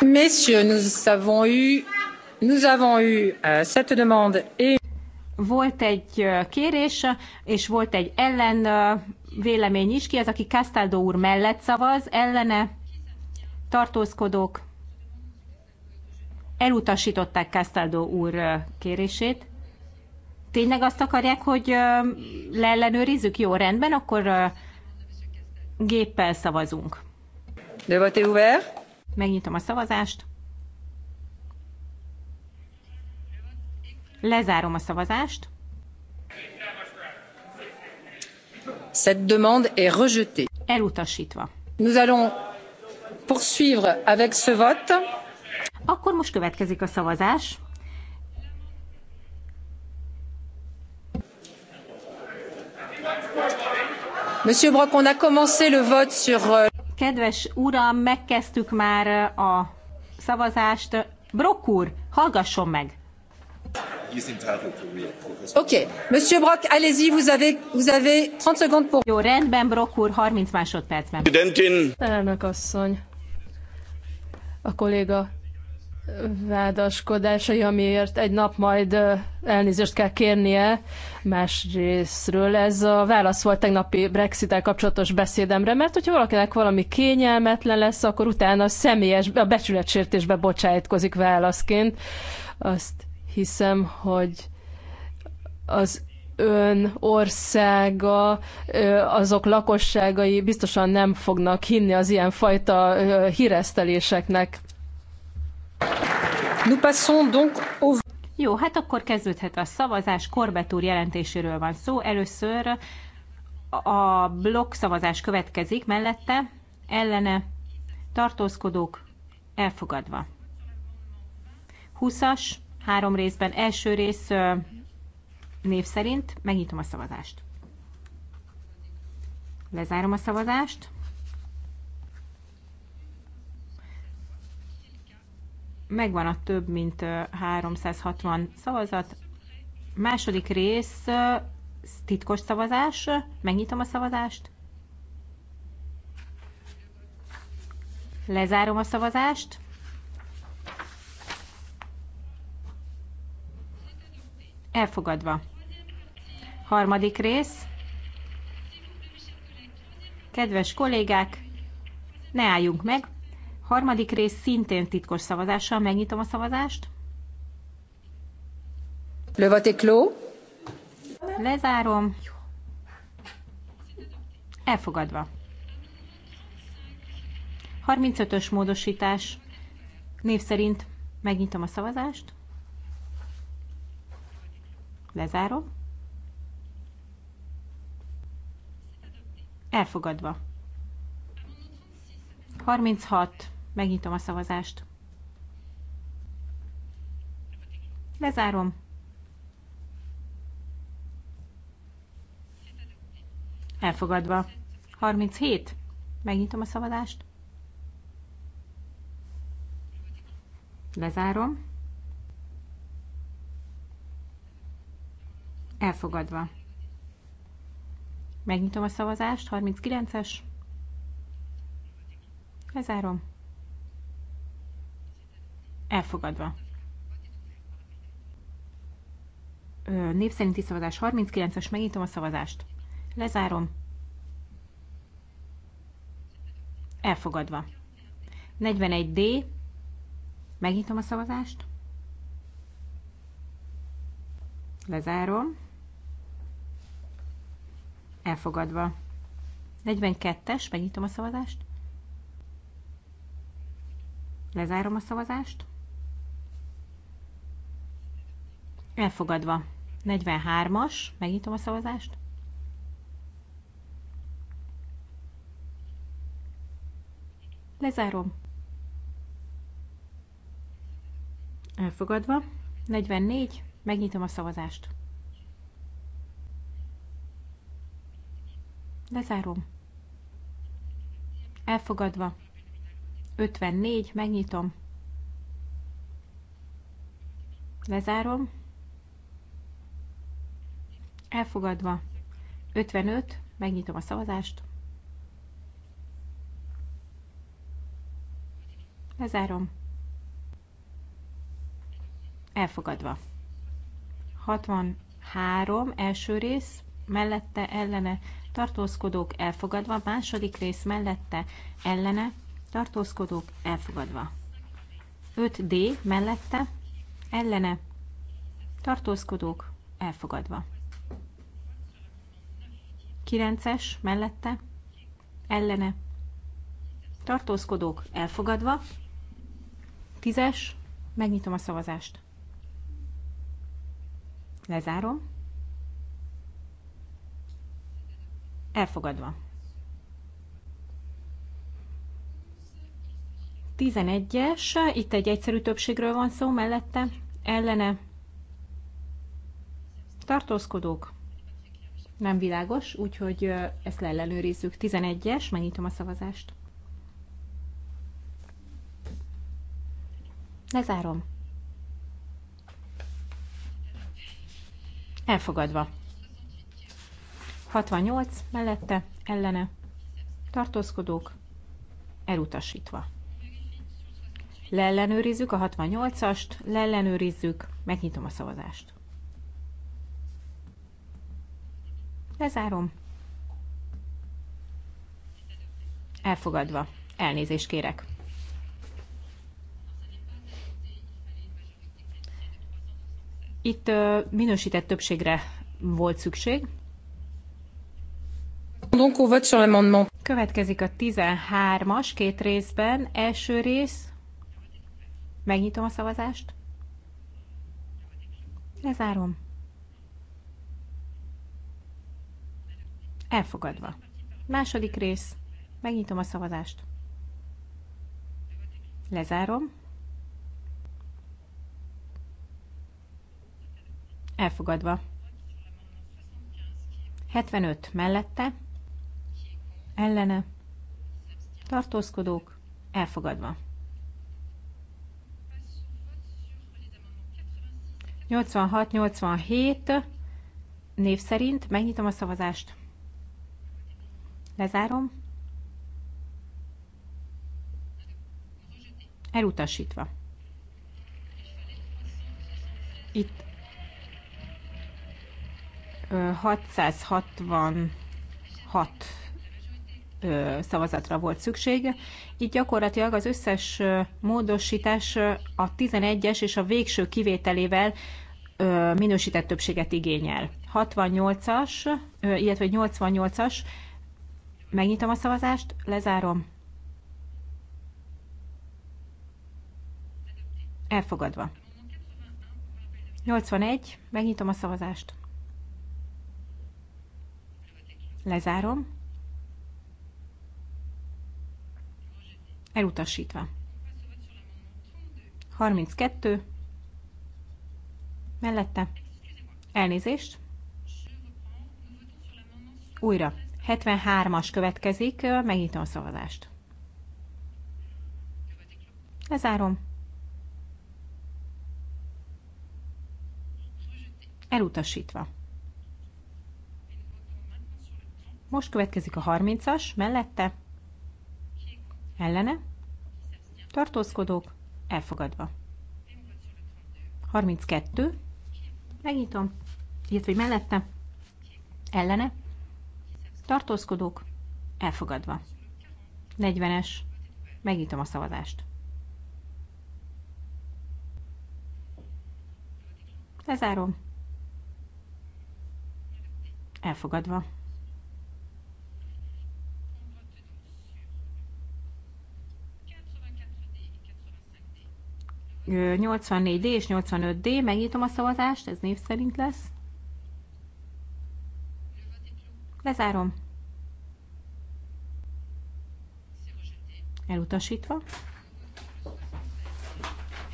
S5: Messieurs, nous avons eu, nous avons eu euh, cette demande et... Volt egy euh, kérés, és volt egy ellen euh, vélemény is. Ki az, aki Castaldo úr mellett szavaz? Ellene tartózkodók elutasították Castaldo úr kérését. Tényleg azt akarják, hogy leellenőrizzük? Jó, rendben, akkor géppel szavazunk. De vote ouvert. Megnyitom a szavazást. Lezárom a szavazást. Cette demande est rejetée. Elutasítva. Nous allons poursuivre avec ce vote. Akkor most következik a szavazás. Monsieur Brock, on a commencé le vote sur... Euh, Kedves uram, megkezdtük már euh, a szavazást. Brock úr, hallgasson meg! Oké, okay. Monsieur Brock, allez-y, vous avez, vous avez 30 secondes pour... Jó,
S8: rendben, Brock úr, 30 másodpercben. Elnök asszony, a kolléga vádaskodásai, amiért egy nap majd elnézést kell kérnie másrésztről. Ez a válasz volt tegnapi brexit kapcsolatos beszédemre, mert hogyha valakinek valami kényelmetlen lesz, akkor utána a személyes, a becsületsértésbe bocsájtkozik válaszként. Azt hiszem, hogy az ön országa, azok lakosságai biztosan nem fognak hinni az ilyenfajta híreszteléseknek. Jó, hát akkor
S5: kezdődhet a szavazás. Korbett jelentéséről van szó. Először a blokk szavazás következik mellette, ellene tartózkodók elfogadva. 20-as, három részben első rész név szerint megnyitom a szavazást. Lezárom a szavazást. megvan a több mint 360 szavazat. Második rész, titkos szavazás. Megnyitom a szavazást. Lezárom a szavazást. Elfogadva. Harmadik rész. Kedves kollégák, ne álljunk meg, harmadik rész szintén titkos szavazással. Megnyitom a szavazást. Le vote clos. Lezárom. Elfogadva. 35-ös módosítás. Név szerint megnyitom a szavazást. Lezárom. Elfogadva. 36. Megnyitom a szavazást. Lezárom. Elfogadva. 37. Megnyitom a szavazást. Lezárom. Elfogadva. Megnyitom a szavazást. 39-es. Lezárom. Elfogadva. Népszerinti szavazás 39-es, megnyitom a szavazást. Lezárom. Elfogadva. 41D. Megnyitom a szavazást. Lezárom. Elfogadva. 42-es, megnyitom a szavazást. Lezárom a szavazást. Elfogadva. 43-as, megnyitom a szavazást. Lezárom. Elfogadva. 44, megnyitom a szavazást. Lezárom. Elfogadva. 54, megnyitom. Lezárom. Elfogadva. 55. Megnyitom a szavazást. Lezárom. Elfogadva. 63. Első rész. Mellette, ellene. Tartózkodók elfogadva. Második rész mellette, ellene. Tartózkodók elfogadva. 5D mellette, ellene, tartózkodók elfogadva. 9-es mellette, ellene, tartózkodók elfogadva, 10-es, megnyitom a szavazást. Lezárom. Elfogadva. 11-es, itt egy egyszerű többségről van szó, mellette, ellene, tartózkodók, nem világos, úgyhogy ezt leellenőrizzük. 11-es, megnyitom a szavazást. Lezárom. Elfogadva. 68 mellette, ellene, tartózkodók, elutasítva. Leellenőrizzük a 68-ast, leellenőrizzük, megnyitom a szavazást. Lezárom. Elfogadva. Elnézést kérek. Itt minősített többségre volt szükség. Következik a 13-as két részben. Első rész. Megnyitom a szavazást. Lezárom. Elfogadva. Második rész. Megnyitom a szavazást. Lezárom. Elfogadva. 75 mellette. Ellene. Tartózkodók. Elfogadva. 86-87 név szerint megnyitom a szavazást. Lezárom. Elutasítva. Itt 666 szavazatra volt szükség. Itt gyakorlatilag az összes módosítás a 11-es és a végső kivételével minősített többséget igényel. 68-as, illetve 88-as Megnyitom a szavazást, lezárom. Elfogadva. 81, megnyitom a szavazást. Lezárom. Elutasítva. 32. Mellette. Elnézést. Újra. 73-as következik, megnyitom a szavazást. Lezárom. Elutasítva. Most következik a 30-as, mellette, ellene, tartózkodók, elfogadva. 32, megnyitom, illetve mellette, ellene, tartózkodók, elfogadva. 40-es, megnyitom a szavazást. Lezárom. Elfogadva. Ö, 84D és 85D, megnyitom a szavazást, ez név szerint lesz. Lezárom. Elutasítva.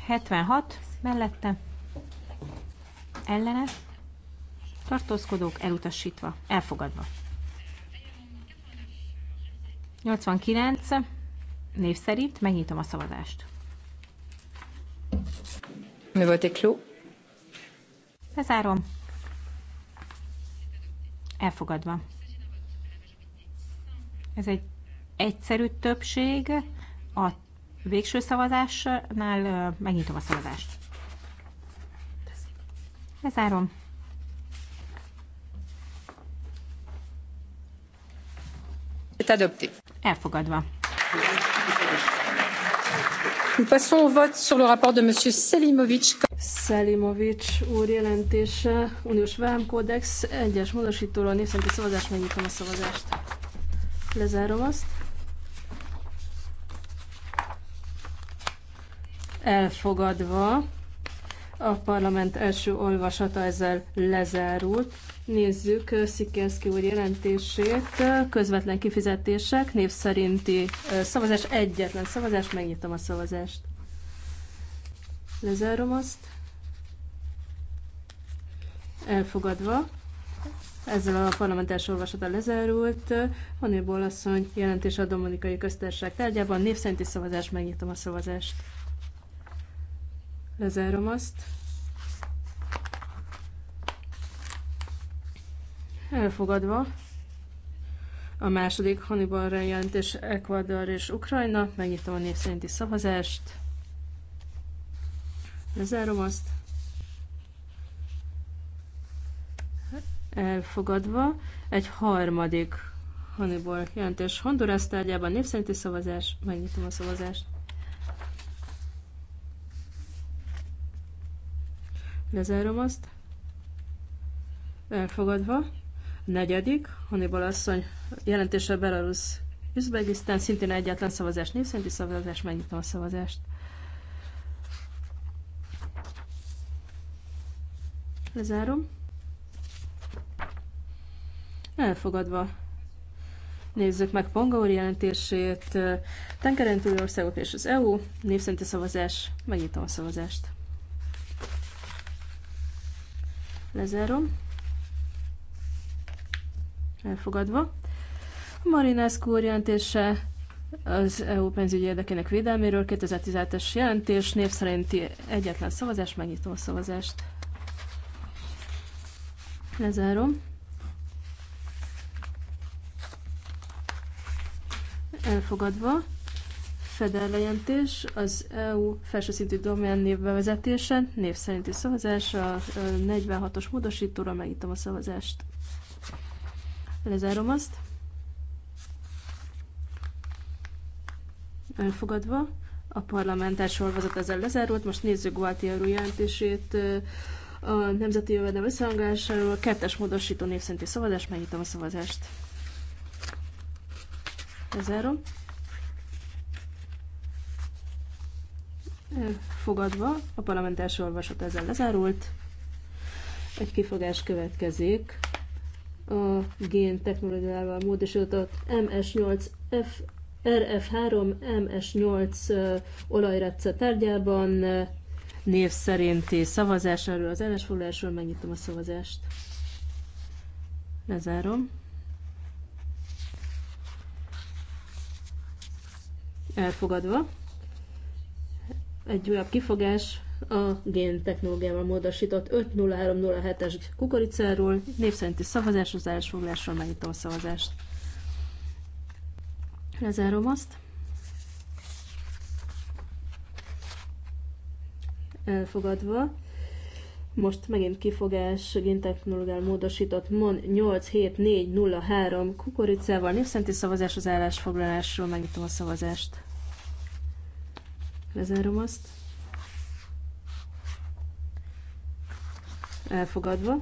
S5: 76 mellette. Ellene. Tartózkodók elutasítva. Elfogadva. 89 név szerint megnyitom a szavazást. Mi volt egy kló? Lezárom. Elfogadva. Ez egy egyszerű többség. A végső szavazásnál megnyitom a szavazást. Lezárom.
S8: Elfogadva. passons au vote sur le rapport de M. Selimovic. Selimovic úr jelentése, uniós vámkódex, egyes módosítóról név szerinti szavazás, megnyitom a szavazást lezárom azt. Elfogadva. A parlament első olvasata ezzel lezárult. Nézzük Szikerszki úr jelentését. Közvetlen kifizetések, név szerinti szavazás, egyetlen szavazás, megnyitom a szavazást. Lezárom azt. Elfogadva. Ezzel a parlamentás olvasata lezárult. Haniból asszony jelentés a Dominikai Köztársaság tárgyában. Név szerinti szavazás, megnyitom a szavazást. Lezárom azt. Elfogadva. A második Hannibal jelentés Ecuador és Ukrajna. Megnyitom a név szerinti szavazást. Lezárom azt. elfogadva. Egy harmadik Hannibal jelentés Honduras tárgyában népszerinti szavazás. Megnyitom a szavazást. Lezárom azt. Elfogadva. A negyedik, Hannibal asszony jelentése Belarus Üzbegisztán, szintén egyetlen szavazás, népszerinti szavazás, megnyitom a szavazást. Lezárom. Elfogadva. Nézzük meg Pongaur jelentését. Tengeren túli országok és az EU. Népszenti szavazás. Megnyitom a szavazást. Lezárom. Elfogadva. Marinescu jelentése az EU pénzügyi érdekének védelméről 2017-es jelentés név szerinti egyetlen szavazás, megnyitom a szavazást. Lezárom. elfogadva. Fedel jelentés az EU felsőszintű domén névbevezetése, név szerinti szavazás, a 46-os módosítóra megítom a szavazást. Lezárom azt. Elfogadva. A parlamentár sorvazat ezzel lezárult. Most nézzük Gualtier jelentését a nemzeti jövedelem összehangolásáról. Kettes módosító név szerinti szavazás, megítom a szavazást. Lezárom. Fogadva, a parlament első olvasat ezzel lezárult. Egy kifogás következik a gén technológiával módosított MS8F RF3 MS8 olajrecce tárgyában név szerinti szavazás erről az ellensfoglalásról, Megnyitom a szavazást. Lezárom. elfogadva. Egy újabb kifogás a géntechnológiával módosított 50307-es kukoricáról, népszerinti szavazás, az állásfoglásról megnyitom a szavazást. Lezárom azt. Elfogadva. Most megint kifogás, géntechnológiával módosított MON 87403 kukoricával, népszerinti szavazás, az állásfoglalásról megnyitom a szavazást. Lezárom azt. Elfogadva.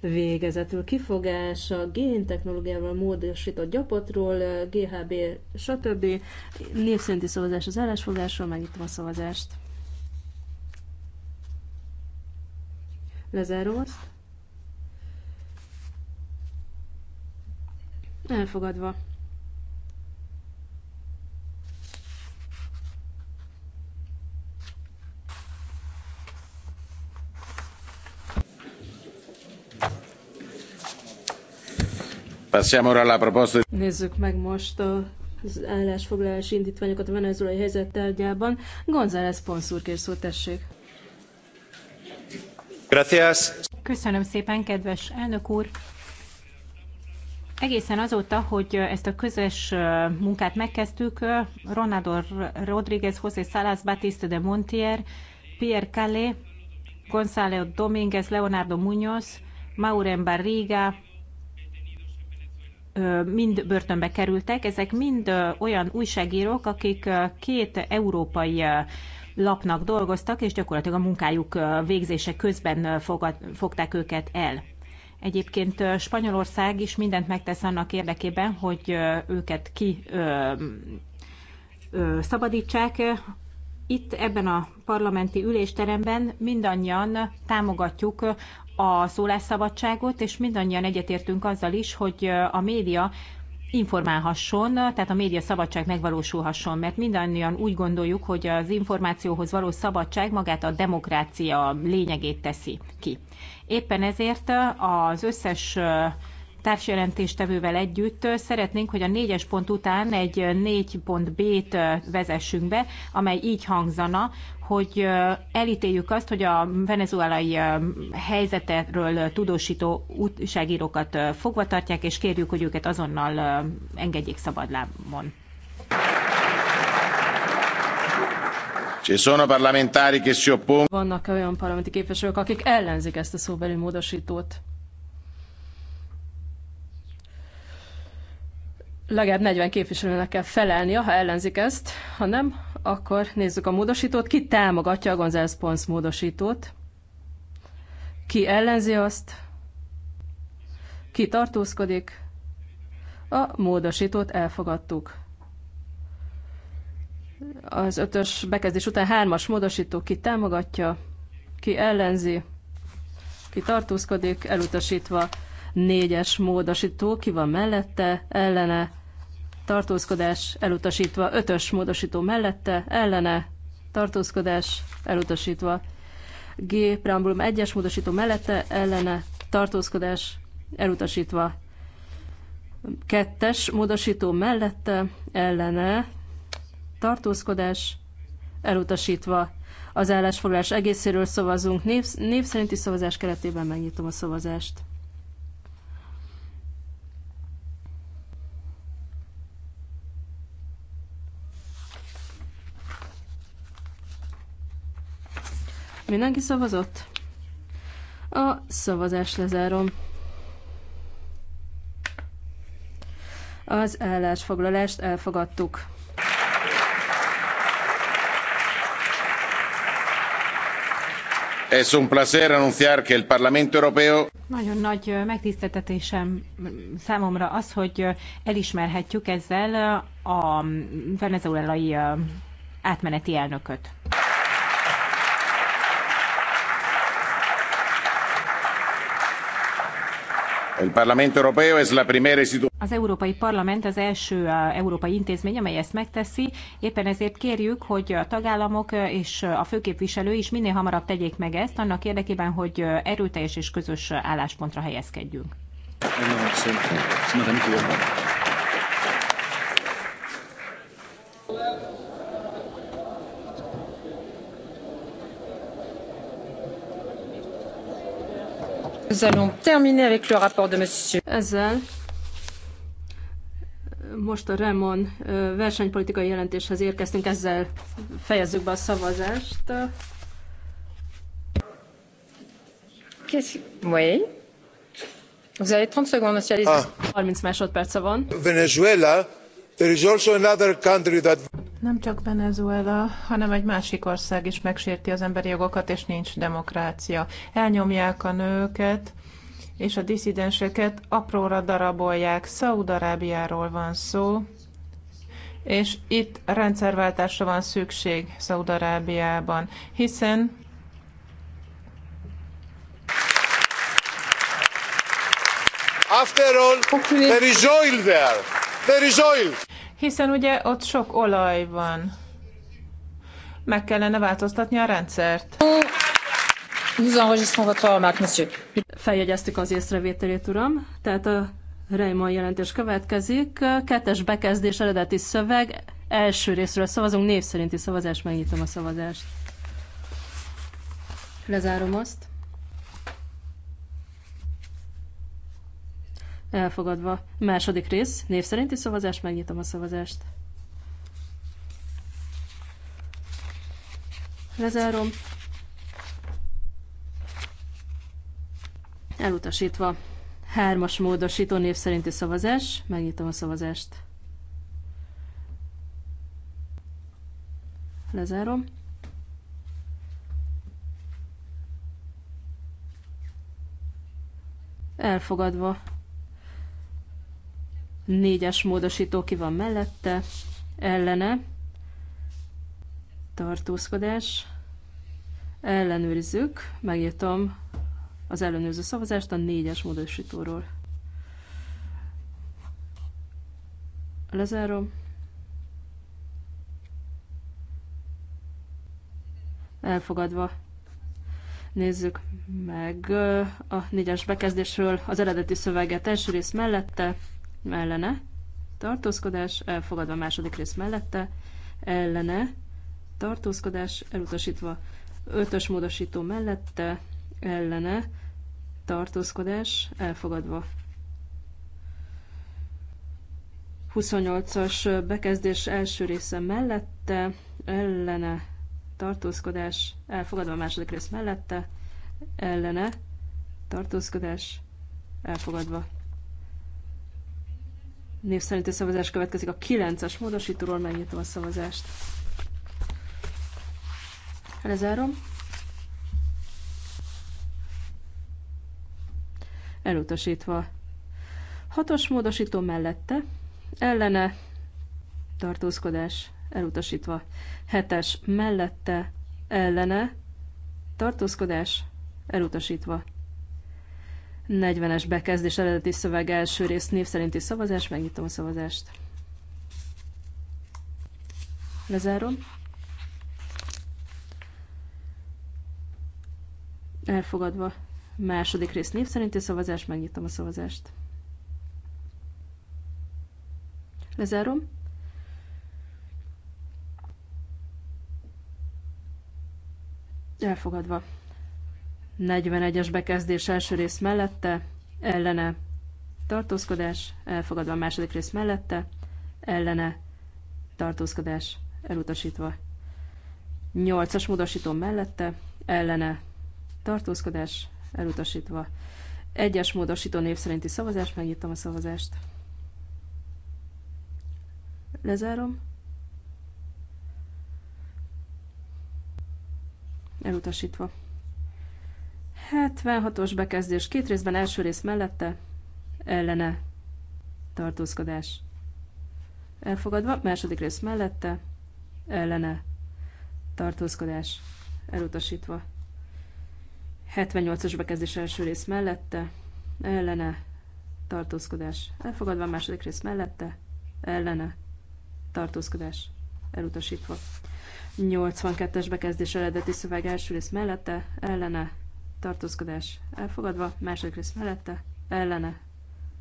S8: Végezetül kifogás a géntechnológiával módosított gyapotról, GHB, stb. Népszinti szavazás az állásfogásról, megnyitom a szavazást. Lezárom azt. Elfogadva. Nézzük meg most a az állásfoglalási indítványokat a venezuelai helyzet tárgyában. González Ponszúr kér szó, tessék.
S4: Gracias.
S5: Köszönöm szépen, kedves elnök úr. Egészen azóta, hogy ezt a közös munkát megkezdtük, Ronaldo Rodriguez, José Salas, Batista de Montier, Pierre Calé, Gonzalo Dominguez, Leonardo Muñoz, Maureen Barriga, mind börtönbe kerültek. Ezek mind olyan újságírók, akik két európai lapnak dolgoztak, és gyakorlatilag a munkájuk végzése közben fogad, fogták őket el. Egyébként Spanyolország is mindent megtesz annak érdekében, hogy őket ki ö, ö, szabadítsák. Itt ebben a parlamenti ülésteremben mindannyian támogatjuk a szólásszabadságot, és mindannyian egyetértünk azzal is, hogy a média informálhasson, tehát a média szabadság megvalósulhasson, mert mindannyian úgy gondoljuk, hogy az információhoz való szabadság magát a demokrácia lényegét teszi ki. Éppen ezért az összes társjelentéstevővel együtt szeretnénk, hogy a négyes pont után egy négy pont B-t vezessünk be, amely így hangzana, hogy elítéljük azt, hogy a venezuelai helyzetetről tudósító újságírókat fogva tartják, és kérjük, hogy őket
S8: azonnal engedjék szabadlábon. Vannak olyan parlamenti képviselők, akik ellenzik ezt a szóbeli módosítót. legalább 40 képviselőnek kell felelnie, ha ellenzik ezt, ha nem, akkor nézzük a módosítót. Ki támogatja a González Pons módosítót? Ki ellenzi azt? Ki tartózkodik? A módosítót elfogadtuk. Az ötös bekezdés után hármas módosító ki támogatja, ki ellenzi, ki tartózkodik, elutasítva. Négyes módosító, ki van mellette, ellene, tartózkodás elutasítva. Ötös módosító mellette, ellene, tartózkodás elutasítva. G. Preambulum egyes módosító mellette, ellene, tartózkodás elutasítva. Kettes módosító mellette, ellene, tartózkodás elutasítva. Az állásfoglalás egészéről szavazunk. Név, név szerinti szavazás keretében megnyitom a szavazást. Mindenki szavazott? A szavazás lezárom. Az állásfoglalást elfogadtuk.
S1: Es un placer anunciar que el Parlamento Europeo
S5: nagyon nagy megtiszteltetésem számomra az, hogy elismerhetjük ezzel a venezuelai átmeneti
S1: elnököt. Az
S5: Európai Parlament az első európai intézmény, amely ezt megteszi. Éppen ezért kérjük, hogy a tagállamok és a főképviselő is minél hamarabb tegyék meg ezt, annak érdekében, hogy erőteljes és közös álláspontra helyezkedjünk.
S8: Ezzel most a Remon versenypolitikai jelentéshez érkeztünk, ezzel fejezzük be a szavazást. Qu'est-ce Oui. Vous avez 30 secondes, monsieur Alizé. Ah. 30 van.
S1: Venezuela, there is also another country that
S8: nem csak Venezuela,
S7: hanem egy másik ország is megsérti az emberi jogokat, és nincs demokrácia. Elnyomják a nőket, és a diszidenseket apróra darabolják. Szaudarábiáról van szó, és itt rendszerváltásra van szükség Szaudarábiában, hiszen
S1: After all, there is oil there. There is oil
S7: hiszen ugye ott sok olaj van.
S8: Meg kellene változtatni a rendszert. Feljegyeztük az észrevételét, uram. Tehát a Reimann jelentés következik. Kettes bekezdés eredeti szöveg. Első részről szavazunk, név szerinti szavazás. Megnyitom a szavazást. Lezárom azt. elfogadva. Második rész, név szerinti szavazás, megnyitom a szavazást. Lezárom. Elutasítva. Hármas módosító név szerinti szavazás, megnyitom a szavazást. Lezárom. Elfogadva. Négyes módosító ki van mellette, ellene, tartózkodás, ellenőrizzük, megírtam az ellenőrző szavazást a négyes módosítóról. Lezárom. Elfogadva. Nézzük meg a négyes bekezdésről az eredeti szöveget első rész mellette, ellene, tartózkodás, elfogadva második rész mellette, ellene, tartózkodás, elutasítva ötös módosító mellette, ellene, tartózkodás, elfogadva 28-as bekezdés első része mellette, ellene, tartózkodás, elfogadva a második rész mellette, ellene, tartózkodás, elfogadva. Név szerinti szavazás következik a 9-es módosítóról, megnyitom a szavazást. Lezárom. Elutasítva. Hatos módosító mellette, ellene, tartózkodás, elutasítva. Hetes mellette, ellene, tartózkodás, elutasítva. 40-es bekezdés eredeti szöveg első rész név szerinti szavazás, megnyitom a szavazást. Lezárom. Elfogadva. Második rész név szerinti szavazás, megnyitom a szavazást. Lezárom. Elfogadva. 41-es bekezdés első rész mellette, ellene tartózkodás, elfogadva a második rész mellette, ellene tartózkodás, elutasítva. 8-as módosító mellette, ellene tartózkodás, elutasítva. Egyes módosító név szerinti szavazás, megnyitom a szavazást. Lezárom. Elutasítva. 76-os bekezdés két részben, első rész mellette, ellene, tartózkodás. Elfogadva, második rész mellette, ellene, tartózkodás. Elutasítva. 78-as bekezdés első rész mellette, ellene, tartózkodás. Elfogadva, második rész mellette, ellene, tartózkodás. Elutasítva. 82-es bekezdés eredeti szöveg első rész mellette, ellene, tartózkodás elfogadva, második rész mellette, ellene,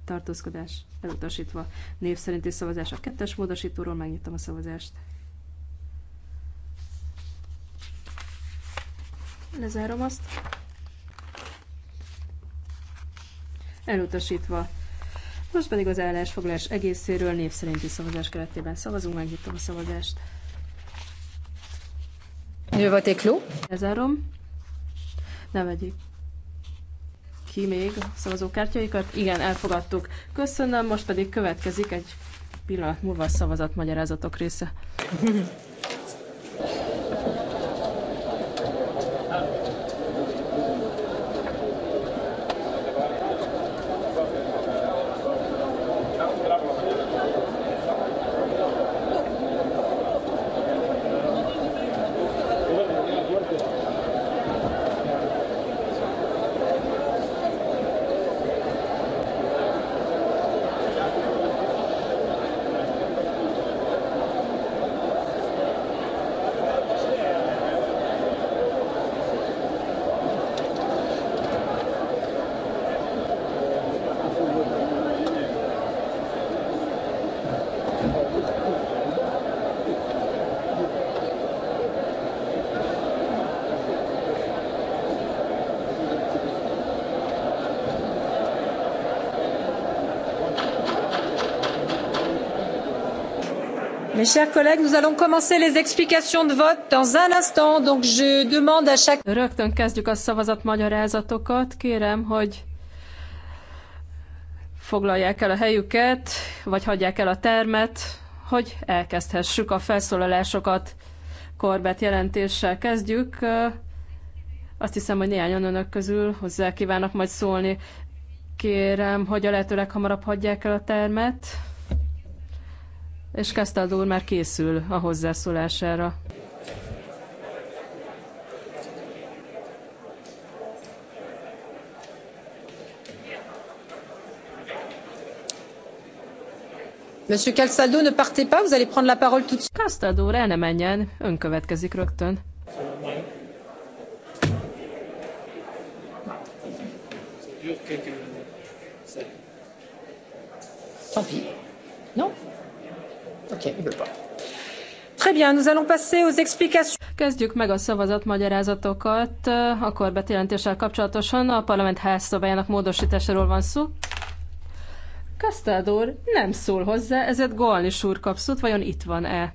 S8: tartózkodás elutasítva. Név szerinti szavazás a kettes módosítóról, megnyitom a szavazást. Lezárom azt. Elutasítva. Most pedig az állásfoglalás egészéről név szerinti szavazás keretében szavazunk, megnyitom a szavazást. Jövetékló. Lezárom nem egyik ki még a szavazókártyaikat. Igen, elfogadtuk. Köszönöm, most pedig következik egy pillanat múlva a szavazatmagyarázatok része. Mes chers collègues, nous allons commencer les explications de vote dans un instant, donc je demande à chaque... Rögtön kezdjük a szavazatmagyarázatokat. Kérem, hogy foglalják el a helyüket, vagy hagyják el a termet, hogy elkezdhessük a felszólalásokat. Korbett jelentéssel kezdjük. Azt hiszem, hogy néhányan önök közül hozzá kívánnak majd szólni. Kérem, hogy a lehető leghamarabb hagyják el a termet és Kastad úr már készül a hozzászólására. Monsieur Calçado, ne partez pas, vous allez prendre la parole tout de suite. Castaldo, el ne menjen, ön következik rögtön.
S6: Tant pis. Non Ok,
S8: Très bien, nous allons passer aux explications. Kezdjük meg a magyarázatokat A korbetélentéssel kapcsolatosan a parlament házszabályának módosításáról van szó. Kastádor nem szól hozzá, ezért Golni úr kapszót, vajon itt van-e?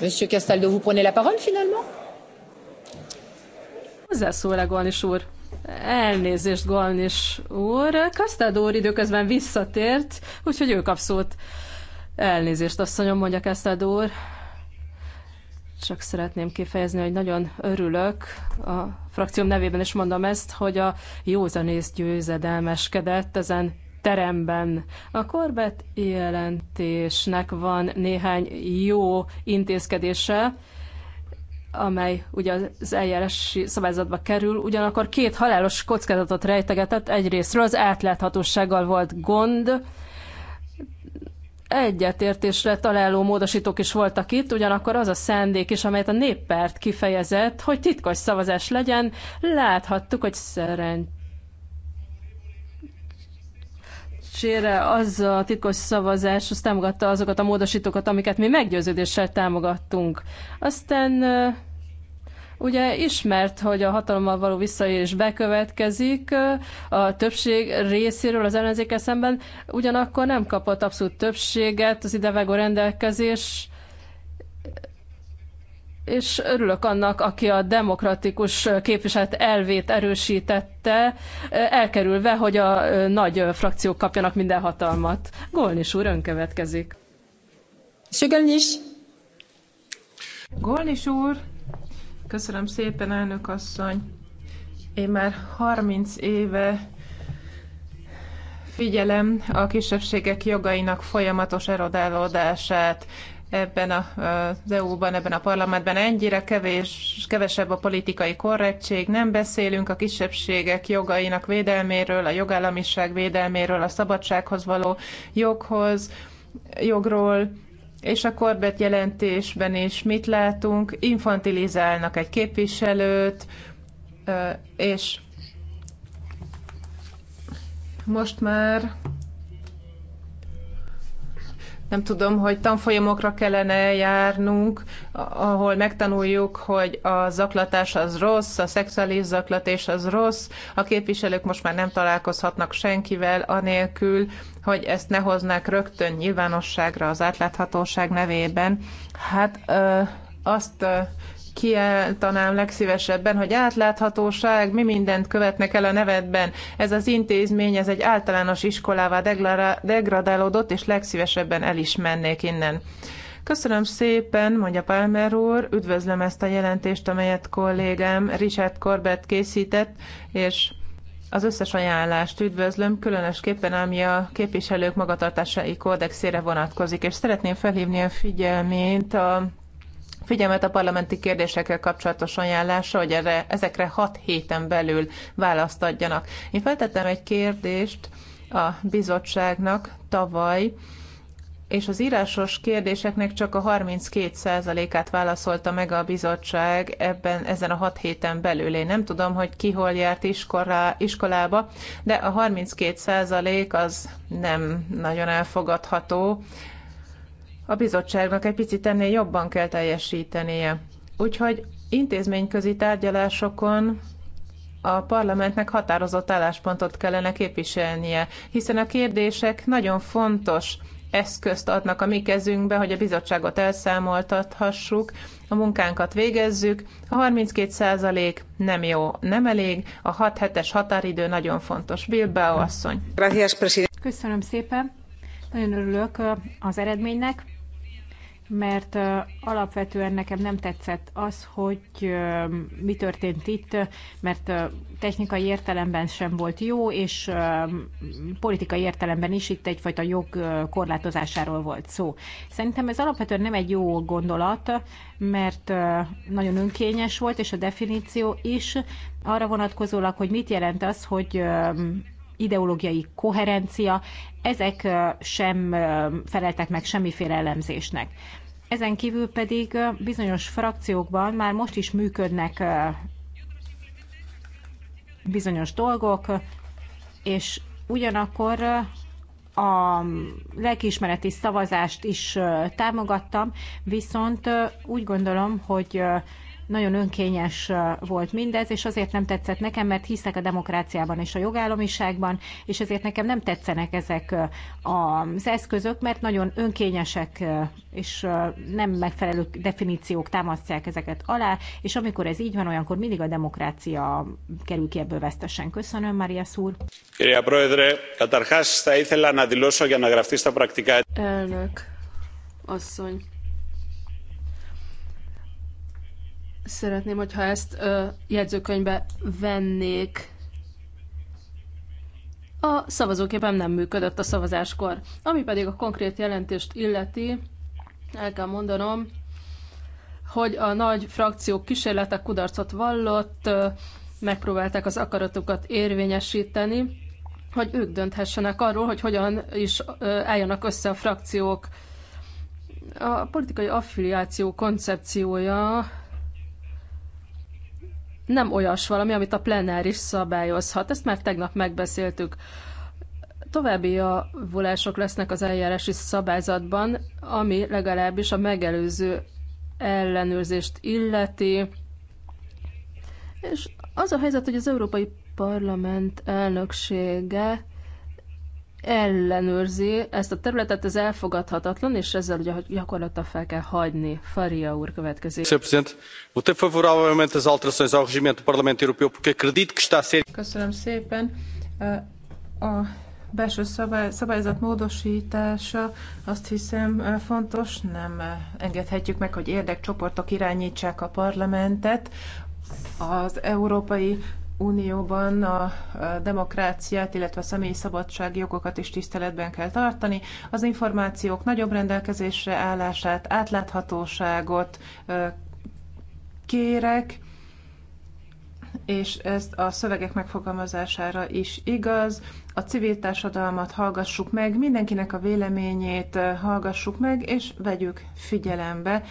S6: Monsieur Castaldo,
S8: vous prenez la parole finalement? Hozzászól-e Golnis úr? Elnézést, Galnis úr. Kasztád úr időközben visszatért, úgyhogy ő kap szót. Elnézést, asszonyom, mondja Kasztád úr. Csak szeretném kifejezni, hogy nagyon örülök. A frakcióm nevében is mondom ezt, hogy a józanész győzedelmeskedett ezen teremben. A korbet jelentésnek van néhány jó intézkedése, amely ugye az eljárási szabályzatba kerül, ugyanakkor két halálos kockázatot rejtegetett. Egyrésztről az átláthatósággal volt gond, egyetértésre találó módosítók is voltak itt, ugyanakkor az a szándék is, amelyet a néppárt kifejezett, hogy titkos szavazás legyen, láthattuk, hogy szerencsés szerencsére az a titkos szavazás az támogatta azokat a módosítókat, amiket mi meggyőződéssel támogattunk. Aztán ugye ismert, hogy a hatalommal való visszaélés bekövetkezik a többség részéről az ellenzéke szemben, ugyanakkor nem kapott abszolút többséget az idevágó rendelkezés, és örülök annak, aki a demokratikus képviselet elvét erősítette, elkerülve, hogy a nagy frakciók kapjanak minden hatalmat. Golnis úr, ön következik. Sögelnis. Golnis úr,
S7: köszönöm szépen, elnök asszony. Én már 30 éve figyelem a kisebbségek jogainak folyamatos erodálódását, ebben a, az EU-ban, ebben a parlamentben ennyire kevés, kevesebb a politikai korrektség, nem beszélünk a kisebbségek jogainak védelméről, a jogállamiság védelméről, a szabadsághoz való joghoz, jogról, és a korbet jelentésben is mit látunk? Infantilizálnak egy képviselőt, és most már nem tudom, hogy tanfolyamokra kellene járnunk, ahol megtanuljuk, hogy a zaklatás az rossz, a szexuális zaklatás az rossz, a képviselők most már nem találkozhatnak senkivel anélkül, hogy ezt ne hoznák rögtön nyilvánosságra az átláthatóság nevében. Hát ö, azt kiáltanám legszívesebben, hogy átláthatóság, mi mindent követnek el a nevedben. Ez az intézmény, ez egy általános iskolává degradálódott, és legszívesebben el is mennék innen. Köszönöm szépen, mondja Palmer úr, üdvözlöm ezt a jelentést, amelyet kollégám Richard Corbett készített, és az összes ajánlást üdvözlöm, különösképpen ami a képviselők magatartásai kódexére vonatkozik, és szeretném felhívni a figyelmét a figyelmet a parlamenti kérdésekkel kapcsolatos ajánlása, hogy erre, ezekre hat héten belül választ adjanak. Én feltettem egy kérdést a bizottságnak tavaly, és az írásos kérdéseknek csak a 32%-át válaszolta meg a bizottság ebben, ezen a hat héten belül. Én nem tudom, hogy ki hol járt iskolá, iskolába, de a 32% az nem nagyon elfogadható a bizottságnak egy picit ennél jobban kell teljesítenie. Úgyhogy intézményközi tárgyalásokon a parlamentnek határozott álláspontot kellene képviselnie, hiszen a kérdések nagyon fontos eszközt adnak a mi kezünkbe, hogy a bizottságot elszámoltathassuk, a munkánkat végezzük. A 32% nem jó, nem elég, a 6 hetes határidő nagyon fontos. Bilbao asszony.
S5: Köszönöm szépen. Nagyon örülök az eredménynek mert alapvetően nekem nem tetszett az, hogy mi történt itt, mert technikai értelemben sem volt jó, és politikai értelemben is itt egyfajta jog korlátozásáról volt szó. Szerintem ez alapvetően nem egy jó gondolat, mert nagyon önkényes volt, és a definíció is arra vonatkozólag, hogy mit jelent az, hogy ideológiai koherencia, ezek sem feleltek meg semmiféle elemzésnek. Ezen kívül pedig bizonyos frakciókban már most is működnek bizonyos dolgok, és ugyanakkor a lelkiismereti szavazást is támogattam, viszont úgy gondolom, hogy nagyon önkényes volt mindez, és azért nem tetszett nekem, mert hiszek a demokráciában és a jogállamiságban, és ezért nekem nem tetszenek ezek az eszközök, mert nagyon önkényesek és nem megfelelő definíciók támasztják ezeket alá, és amikor ez így van, olyankor mindig a demokrácia kerül ki ebből vesztesen. Köszönöm, Maria Szúr.
S8: Elnök asszony, Szeretném, hogyha ezt ö, jegyzőkönyvbe vennék. A szavazóképem nem működött a szavazáskor. Ami pedig a konkrét jelentést illeti, el kell mondanom, hogy a nagy frakciók kísérlete kudarcot vallott, megpróbálták az akaratukat érvényesíteni, hogy ők dönthessenek arról, hogy hogyan is álljanak össze a frakciók. A politikai affiliáció koncepciója nem olyas valami, amit a plenáris szabályozhat. Ezt már tegnap megbeszéltük. További javulások lesznek az eljárási szabályzatban, ami legalábbis a megelőző ellenőrzést illeti. És az a helyzet, hogy az Európai Parlament elnöksége ellenőrzi ezt a területet, ez elfogadhatatlan, és ezzel ugye gyakorlatilag fel kell hagyni. Faria úr következő. Sr.
S6: Presidente, votei
S2: favoravelmente as alterações ao regimento do Parlamento Europeu, porque acredito que está a ser...
S8: Köszönöm szépen.
S7: A belső szabály, szabályzat módosítása azt hiszem fontos, nem engedhetjük meg, hogy érdekcsoportok irányítsák a parlamentet. Az európai Unióban a demokráciát, illetve a személyi szabadság jogokat is tiszteletben kell tartani, az információk nagyobb rendelkezésre állását, átláthatóságot kérek, és ez a szövegek megfogalmazására is igaz. A civil társadalmat hallgassuk meg, mindenkinek a véleményét hallgassuk meg, és vegyük figyelembe.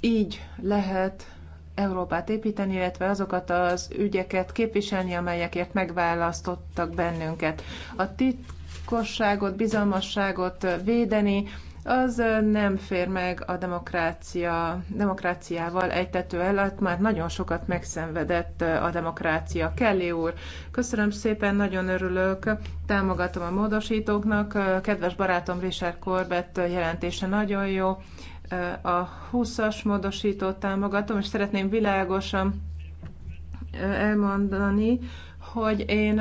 S7: Így lehet Európát építeni, illetve azokat az ügyeket képviselni, amelyekért megválasztottak bennünket. A titkosságot, bizalmasságot védeni, az nem fér meg a demokrácia, demokráciával egytető alatt, már nagyon sokat megszenvedett a demokrácia. Kelly úr, köszönöm szépen, nagyon örülök, támogatom a módosítóknak, kedves barátom Richard Corbett jelentése nagyon jó, a 20-as módosítót támogatom, és szeretném világosan elmondani, hogy én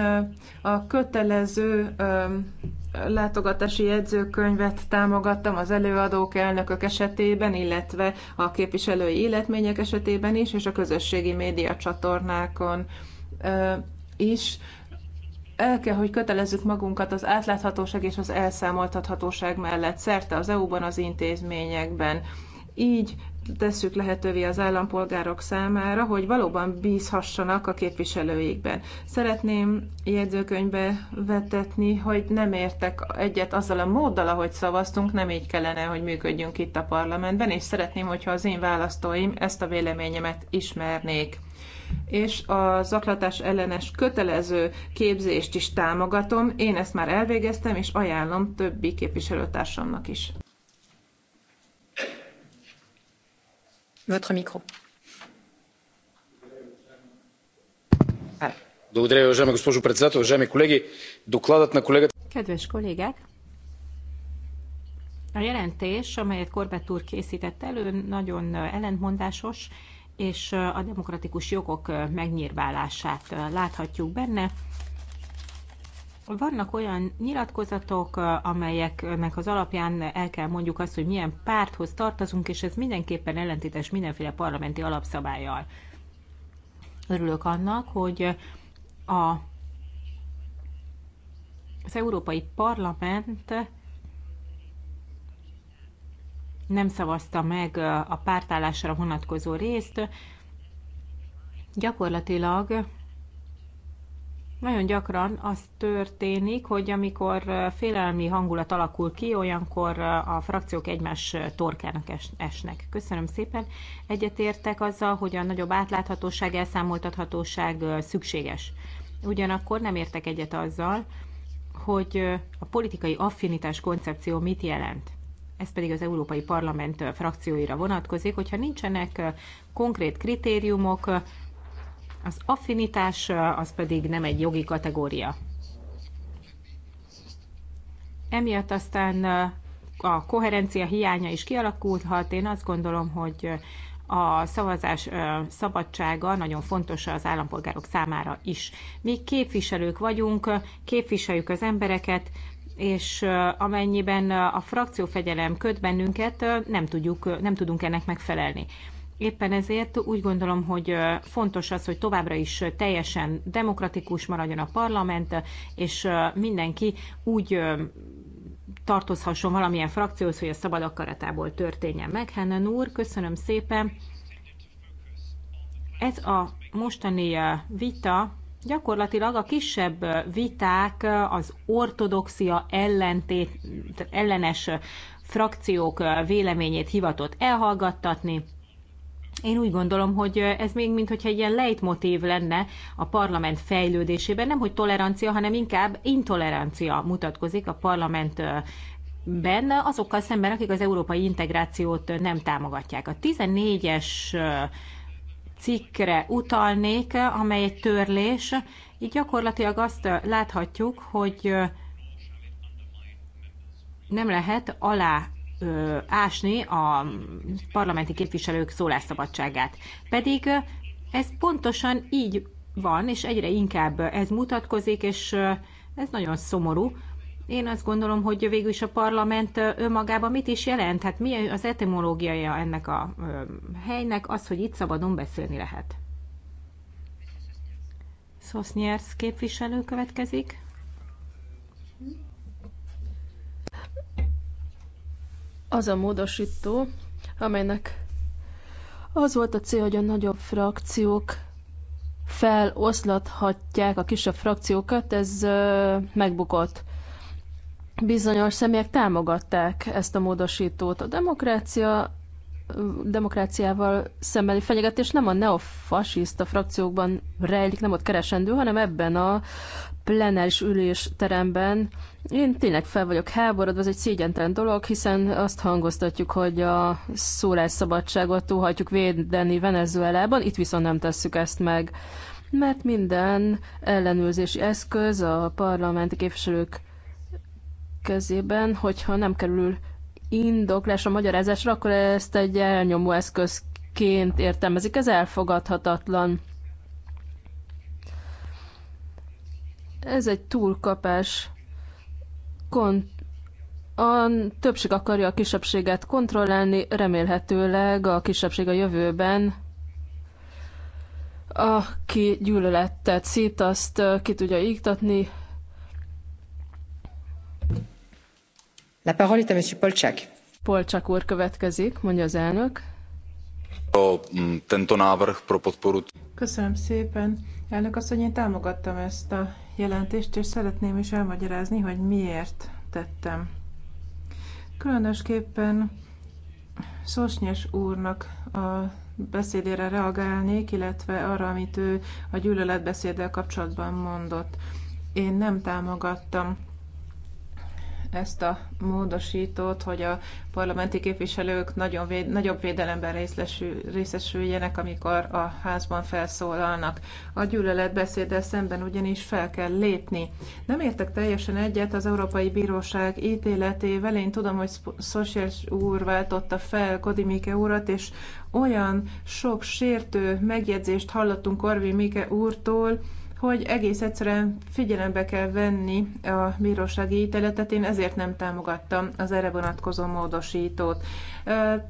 S7: a kötelező látogatási jegyzőkönyvet támogattam az előadók, elnökök esetében, illetve a képviselői életmények esetében is, és a közösségi média csatornákon is el kell, hogy kötelezzük magunkat az átláthatóság és az elszámoltathatóság mellett szerte az EU-ban, az intézményekben. Így tesszük lehetővé az állampolgárok számára, hogy valóban bízhassanak a képviselőikben. Szeretném jegyzőkönyvbe vetetni, hogy nem értek egyet azzal a móddal, ahogy szavaztunk, nem így kellene, hogy működjünk itt a parlamentben, és szeretném, hogyha az én választóim ezt a véleményemet ismernék és a zaklatás ellenes kötelező képzést is támogatom. Én ezt már elvégeztem, és ajánlom többi képviselőtársamnak is.
S5: Votre micro.
S1: Благодаря, уважаема госпожо председател. Уважаеми колеги, докладът на колегата...
S5: Kedves kollégák, a jelentés, amelyet Korbett úr készített elő, nagyon ellentmondásos, és a demokratikus jogok megnyírválását láthatjuk benne. Vannak olyan nyilatkozatok, amelyeknek az alapján el kell mondjuk azt, hogy milyen párthoz tartozunk, és ez mindenképpen ellentétes mindenféle parlamenti alapszabályjal. Örülök annak, hogy a, az Európai Parlament nem szavazta meg a pártállásra vonatkozó részt, gyakorlatilag nagyon gyakran az történik, hogy amikor félelmi hangulat alakul ki, olyankor a frakciók egymás torkának esnek. Köszönöm szépen. Egyetértek azzal, hogy a nagyobb átláthatóság, elszámoltathatóság szükséges. Ugyanakkor nem értek egyet azzal, hogy a politikai affinitás koncepció mit jelent ez pedig az Európai Parlament frakcióira vonatkozik, hogyha nincsenek konkrét kritériumok, az affinitás az pedig nem egy jogi kategória. Emiatt aztán a koherencia hiánya is kialakulhat. Én azt gondolom, hogy a szavazás szabadsága nagyon fontos az állampolgárok számára is. Mi képviselők vagyunk, képviseljük az embereket, és amennyiben a frakciófegyelem köt bennünket, nem, tudjuk, nem tudunk ennek megfelelni. Éppen ezért úgy gondolom, hogy fontos az, hogy továbbra is teljesen demokratikus maradjon a parlament, és mindenki úgy tartozhasson valamilyen frakcióhoz, hogy a szabad akaratából történjen meg. Hennen úr, köszönöm szépen. Ez a mostani vita gyakorlatilag a kisebb viták az ortodoxia ellentét, ellenes frakciók véleményét hivatott elhallgattatni. Én úgy gondolom, hogy ez még mint egy ilyen lejtmotív lenne a parlament fejlődésében, nem hogy tolerancia, hanem inkább intolerancia mutatkozik a parlament benne azokkal szemben, akik az európai integrációt nem támogatják. A 14-es cikkre utalnék, amely egy törlés. Így gyakorlatilag azt láthatjuk, hogy nem lehet alá ásni a parlamenti képviselők szólásszabadságát. Pedig ez pontosan így van, és egyre inkább ez mutatkozik, és ez nagyon szomorú, én azt gondolom, hogy végül is a parlament önmagában mit is jelent? Hát mi az etimológiaja ennek a helynek? Az, hogy itt szabadon beszélni lehet. Szosznyersz képviselő következik.
S8: Az a módosító, amelynek az volt a cél, hogy a nagyobb frakciók feloszlathatják a kisebb frakciókat, ez megbukott bizonyos személyek támogatták ezt a módosítót. A demokrácia demokráciával szembeni fenyegetés nem a neofasiszta frakciókban rejlik, nem ott keresendő, hanem ebben a plenáris ülésteremben. Én tényleg fel vagyok háborodva, ez egy szégyentelen dolog, hiszen azt hangoztatjuk, hogy a szólásszabadságot túlhatjuk védeni Venezuelában, itt viszont nem tesszük ezt meg, mert minden ellenőrzési eszköz a parlamenti képviselők kezében, hogyha nem kerül indoklásra, magyarázásra, akkor ezt egy elnyomó eszközként értelmezik. Ez elfogadhatatlan. Ez egy túlkapás. Kon a többség akarja a kisebbséget kontrollálni, remélhetőleg a kisebbség a jövőben aki gyűlöletet szét, azt ki tudja iktatni, La parole est à monsieur Polcsák. Polcsák úr következik, mondja az elnök.
S6: A, tento návrh pro podporu.
S7: Köszönöm szépen. Elnök asszony, én támogattam ezt a jelentést, és szeretném is elmagyarázni, hogy miért tettem. Különösképpen Szosnyes úrnak a beszédére reagálnék, illetve arra, amit ő a gyűlöletbeszéddel kapcsolatban mondott. Én nem támogattam ezt a módosítót, hogy a parlamenti képviselők nagyon véd, nagyobb védelemben részesüljenek, amikor a házban felszólalnak. A gyűlöletbeszéddel szemben ugyanis fel kell lépni. Nem értek teljesen egyet az Európai Bíróság ítéletével. Én tudom, hogy Szociál úr váltotta fel Kodimike úrat, és olyan sok sértő megjegyzést hallottunk Orvi Mike úrtól, hogy egész egyszerűen figyelembe kell venni a bírósági ítéletet, én ezért nem támogattam az erre vonatkozó módosítót.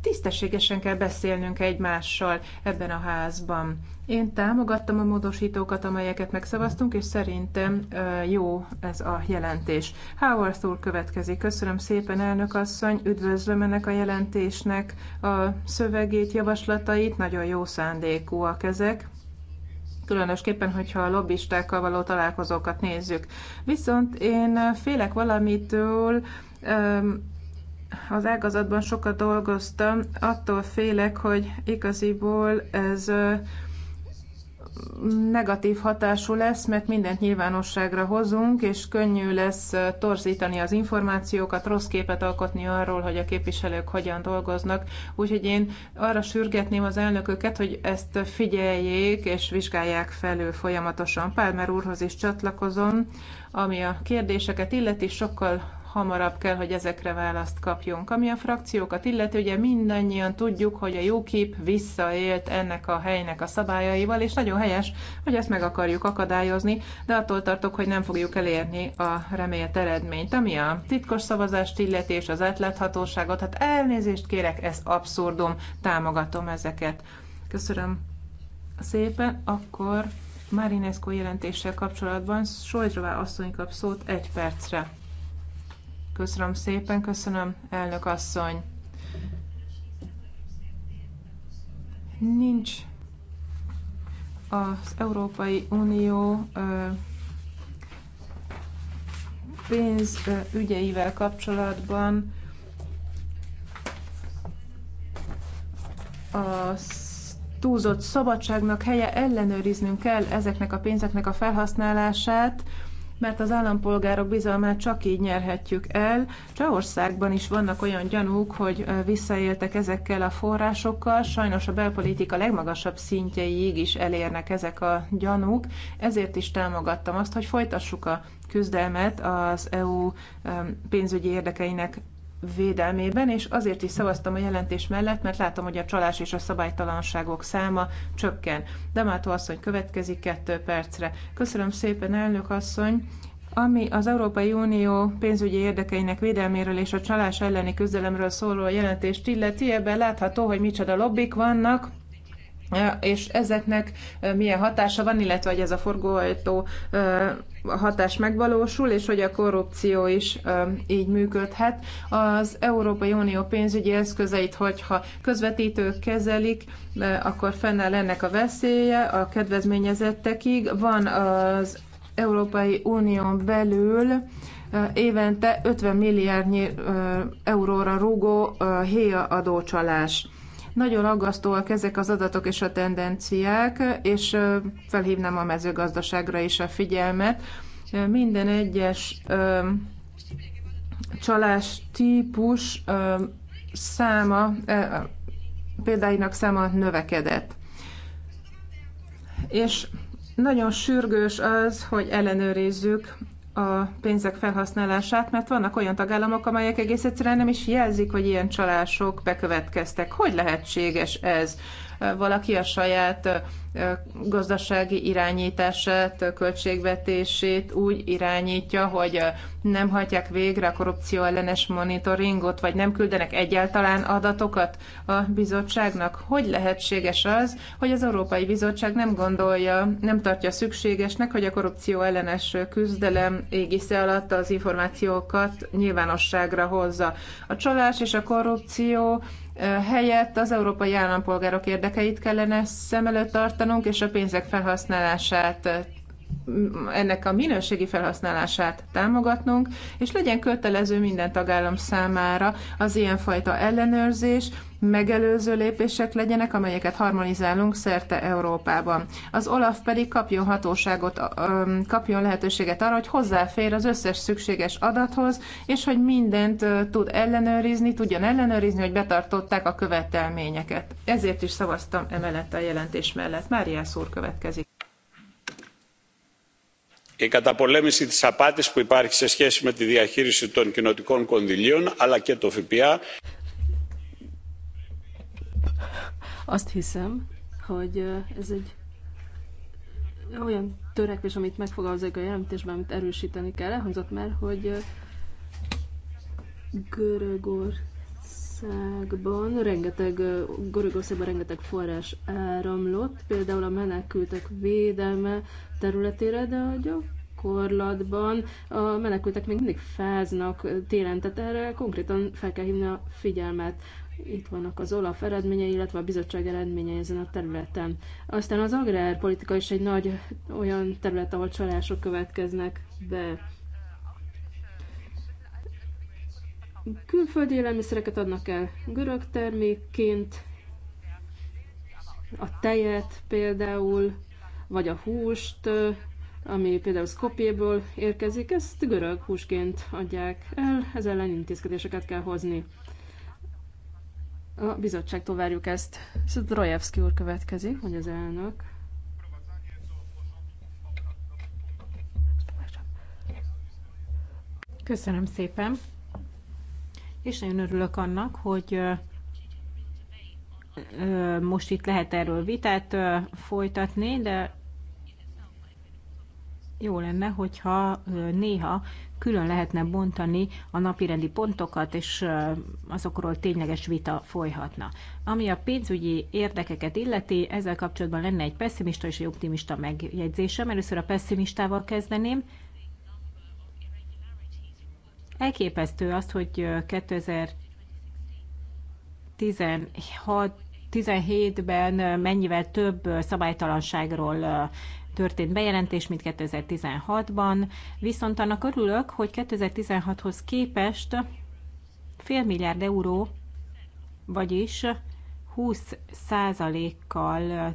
S7: Tisztességesen kell beszélnünk egymással ebben a házban. Én támogattam a módosítókat, amelyeket megszavaztunk, és szerintem jó ez a jelentés. Howard úr következik. Köszönöm szépen, elnök asszony. Üdvözlöm ennek a jelentésnek a szövegét, javaslatait. Nagyon jó szándékúak ezek különösképpen, hogyha a lobbistákkal való találkozókat nézzük. Viszont én félek valamitől, az ágazatban sokat dolgoztam, attól félek, hogy igaziból ez negatív hatású lesz, mert mindent nyilvánosságra hozunk, és könnyű lesz torzítani az információkat, rossz képet alkotni arról, hogy a képviselők hogyan dolgoznak. Úgyhogy én arra sürgetném az elnököket, hogy ezt figyeljék és vizsgálják felül folyamatosan. Pálmer úrhoz is csatlakozom, ami a kérdéseket illeti, sokkal hamarabb kell, hogy ezekre választ kapjunk. Ami a frakciókat illeti, ugye mindannyian tudjuk, hogy a UKIP visszaélt ennek a helynek a szabályaival, és nagyon helyes, hogy ezt meg akarjuk akadályozni, de attól tartok, hogy nem fogjuk elérni a remélt eredményt. Ami a titkos szavazást illeti és az átláthatóságot, hát elnézést kérek, ez abszurdum, támogatom ezeket. Köszönöm szépen, akkor Marinescu jelentéssel kapcsolatban Sojdrová asszony kap szót egy percre. Köszönöm szépen, köszönöm, elnök asszony. Nincs az Európai Unió pénzügyeivel kapcsolatban a túlzott szabadságnak helye ellenőriznünk kell ezeknek a pénzeknek a felhasználását, mert az állampolgárok bizalmát csak így nyerhetjük el. Csehországban is vannak olyan gyanúk, hogy visszaéltek ezekkel a forrásokkal, sajnos a belpolitika legmagasabb szintjeig is elérnek ezek a gyanúk, ezért is támogattam azt, hogy folytassuk a küzdelmet az EU pénzügyi érdekeinek védelmében, és azért is szavaztam a jelentés mellett, mert látom, hogy a csalás és a szabálytalanságok száma csökken. Demátó asszony következik kettő percre. Köszönöm szépen, elnök asszony! Ami az Európai Unió pénzügyi érdekeinek védelméről és a csalás elleni küzdelemről szóló jelentést illeti, ebben látható, hogy micsoda lobbik vannak, és ezeknek milyen hatása van, illetve hogy ez a forgóajtó hatás megvalósul, és hogy a korrupció is így működhet. Az Európai Unió pénzügyi eszközeit, hogyha közvetítők kezelik, akkor fennáll ennek a veszélye a kedvezményezettekig. Van az Európai Unión belül évente 50 milliárdnyi euróra rúgó héja adócsalás nagyon aggasztóak ezek az adatok és a tendenciák, és felhívnám a mezőgazdaságra is a figyelmet. Minden egyes csalás típus száma, példáinak száma növekedett. És nagyon sürgős az, hogy ellenőrizzük a pénzek felhasználását, mert vannak olyan tagállamok, amelyek egész egyszerűen nem is jelzik, hogy ilyen csalások bekövetkeztek. Hogy lehetséges ez? Valaki a saját gazdasági irányítását, költségvetését úgy irányítja, hogy nem hagyják végre a korrupció ellenes monitoringot, vagy nem küldenek egyáltalán adatokat a bizottságnak? Hogy lehetséges az, hogy az Európai Bizottság nem gondolja, nem tartja szükségesnek, hogy a korrupció ellenes küzdelem égisze alatt az információkat nyilvánosságra hozza. A csalás és a korrupció helyett az európai állampolgárok érdekeit kellene szem előtt tartanunk, és a pénzek felhasználását ennek a minőségi felhasználását támogatnunk, és legyen kötelező minden tagállam számára az ilyenfajta ellenőrzés, megelőző lépések legyenek, amelyeket harmonizálunk szerte Európában. Az OLAF pedig kapjon hatóságot, kapjon lehetőséget arra, hogy hozzáfér az összes szükséges adathoz, és hogy mindent tud ellenőrizni, tudjon ellenőrizni, hogy betartották a követelményeket. Ezért is szavaztam emellett a jelentés mellett. Máriás úr következik
S1: και καταπολέμηση της απάτης που υπάρχει σε σχέση με τη διαχείριση των κοινοτικών κονδυλίων αλλά και το ΦΠΑ.
S8: Azt hiszem, hogy ez egy olyan törekvés, amit megfogalmazik a jelentésben, amit erősíteni kell. Elhangzott már, hogy Görögországban rengeteg, Görögországban rengeteg forrás áramlott, például a menekültek védelme, területére, de a gyakorlatban a menekültek még mindig fáznak télen, tehát erre konkrétan fel kell hívni a figyelmet. Itt vannak az OLAF eredményei, illetve a bizottság eredményei ezen a területen. Aztán az agrárpolitika is egy nagy olyan terület, ahol csalások következnek be. külföldi élelmiszereket adnak el görög termékként, a tejet például, vagy a húst, ami például Skopjéből érkezik, ezt görög húsként adják el, ez ellen intézkedéseket kell hozni. A bizottságtól várjuk ezt. Zdrojevski úr következik, hogy az elnök.
S5: Köszönöm szépen, és nagyon örülök annak, hogy most itt lehet erről vitát folytatni, de jó lenne, hogyha néha külön lehetne bontani a napirendi pontokat, és azokról tényleges vita folyhatna. Ami a pénzügyi érdekeket illeti, ezzel kapcsolatban lenne egy pessimista és egy optimista megjegyzésem. Először a pessimistával kezdeném. Elképesztő azt, hogy 2016 17-ben mennyivel több szabálytalanságról történt bejelentés, mint 2016-ban, viszont annak örülök, hogy 2016-hoz képest fél milliárd euró, vagyis 20 százalékkal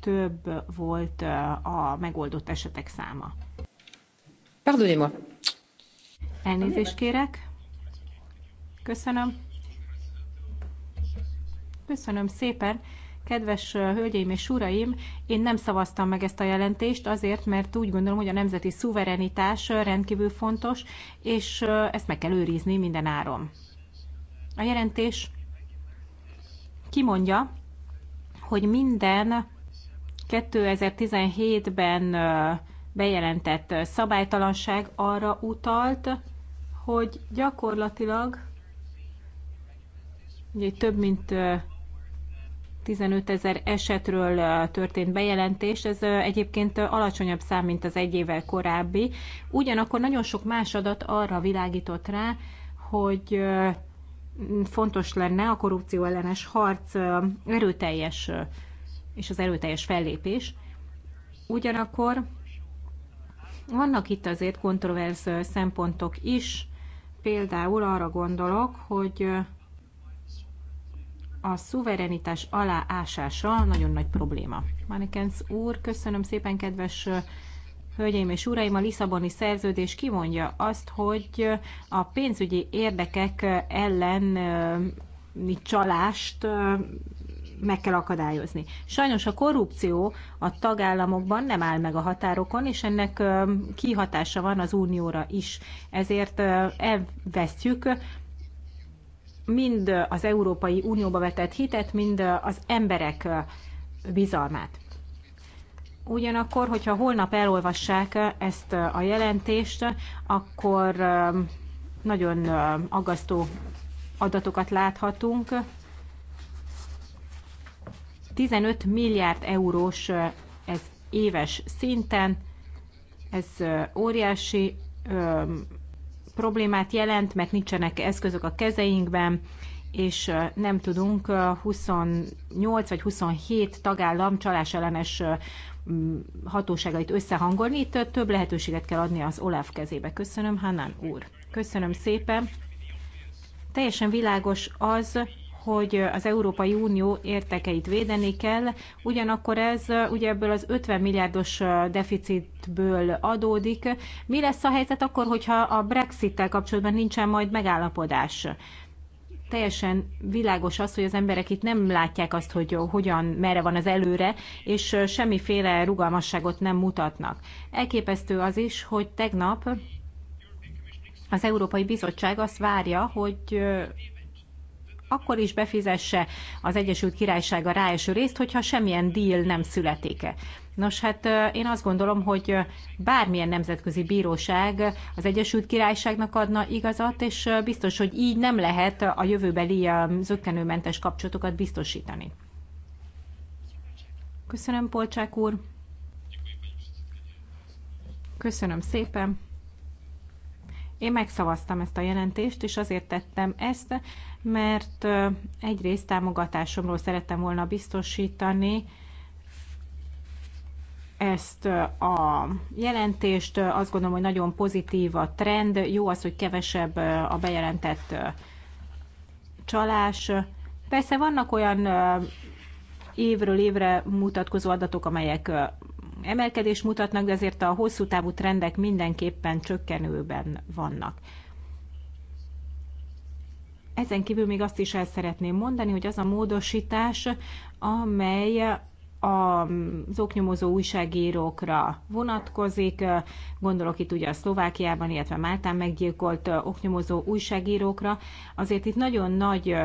S5: több volt a megoldott esetek száma. Pardonnyi Elnézést kérek. Köszönöm. Köszönöm szépen. Kedves hölgyeim és uraim, én nem szavaztam meg ezt a jelentést azért, mert úgy gondolom, hogy a nemzeti szuverenitás rendkívül fontos, és ezt meg kell őrizni minden áron. A jelentés kimondja, hogy minden 2017-ben bejelentett szabálytalanság arra utalt, hogy gyakorlatilag ugye több mint 15 ezer esetről történt bejelentés, ez egyébként alacsonyabb szám, mint az egy évvel korábbi. Ugyanakkor nagyon sok más adat arra világított rá, hogy fontos lenne a korrupció ellenes harc erőteljes és az erőteljes fellépés. Ugyanakkor vannak itt azért kontroversz szempontok is, például arra gondolok, hogy a szuverenitás aláásása nagyon nagy probléma. Manikens úr, köszönöm szépen, kedves Hölgyeim és uraim, a Lisszaboni szerződés kimondja azt, hogy a pénzügyi érdekek ellen csalást meg kell akadályozni. Sajnos a korrupció a tagállamokban nem áll meg a határokon, és ennek kihatása van az unióra is. Ezért elvesztjük mind az Európai Unióba vetett hitet, mind az emberek bizalmát. Ugyanakkor, hogyha holnap elolvassák ezt a jelentést, akkor nagyon aggasztó adatokat láthatunk. 15 milliárd eurós ez éves szinten, ez óriási problémát jelent, mert nincsenek eszközök a kezeinkben, és nem tudunk 28 vagy 27 tagállam csalás ellenes hatóságait összehangolni. Itt több lehetőséget kell adni az OLAF kezébe. Köszönöm, Hanan úr. Köszönöm szépen. Teljesen világos az, hogy az Európai Unió értekeit védeni kell, ugyanakkor ez uh, ugye ebből az 50 milliárdos uh, deficitből adódik. Mi lesz a helyzet akkor, hogyha a Brexit-tel kapcsolatban nincsen majd megállapodás? teljesen világos az, hogy az emberek itt nem látják azt, hogy hogyan, merre van az előre, és uh, semmiféle rugalmasságot nem mutatnak. Elképesztő az is, hogy tegnap az Európai Bizottság azt várja, hogy akkor is befizesse az Egyesült Királyság a ráeső részt, hogyha semmilyen deal nem születik. Nos, hát én azt gondolom, hogy bármilyen nemzetközi bíróság az Egyesült Királyságnak adna igazat, és biztos, hogy így nem lehet a jövőbeli zöggenőmentes kapcsolatokat biztosítani. Köszönöm, Polcsák úr. Köszönöm szépen. Én megszavaztam ezt a jelentést, és azért tettem ezt, mert egyrészt támogatásomról szerettem volna biztosítani ezt a jelentést. Azt gondolom, hogy nagyon pozitív a trend. Jó az, hogy kevesebb a bejelentett csalás. Persze vannak olyan évről évre mutatkozó adatok, amelyek emelkedést mutatnak, de azért a hosszú távú trendek mindenképpen csökkenőben vannak. Ezen kívül még azt is el szeretném mondani, hogy az a módosítás, amely az oknyomozó újságírókra vonatkozik, gondolok itt ugye a Szlovákiában, illetve Máltán meggyilkolt oknyomozó újságírókra. Azért itt nagyon nagy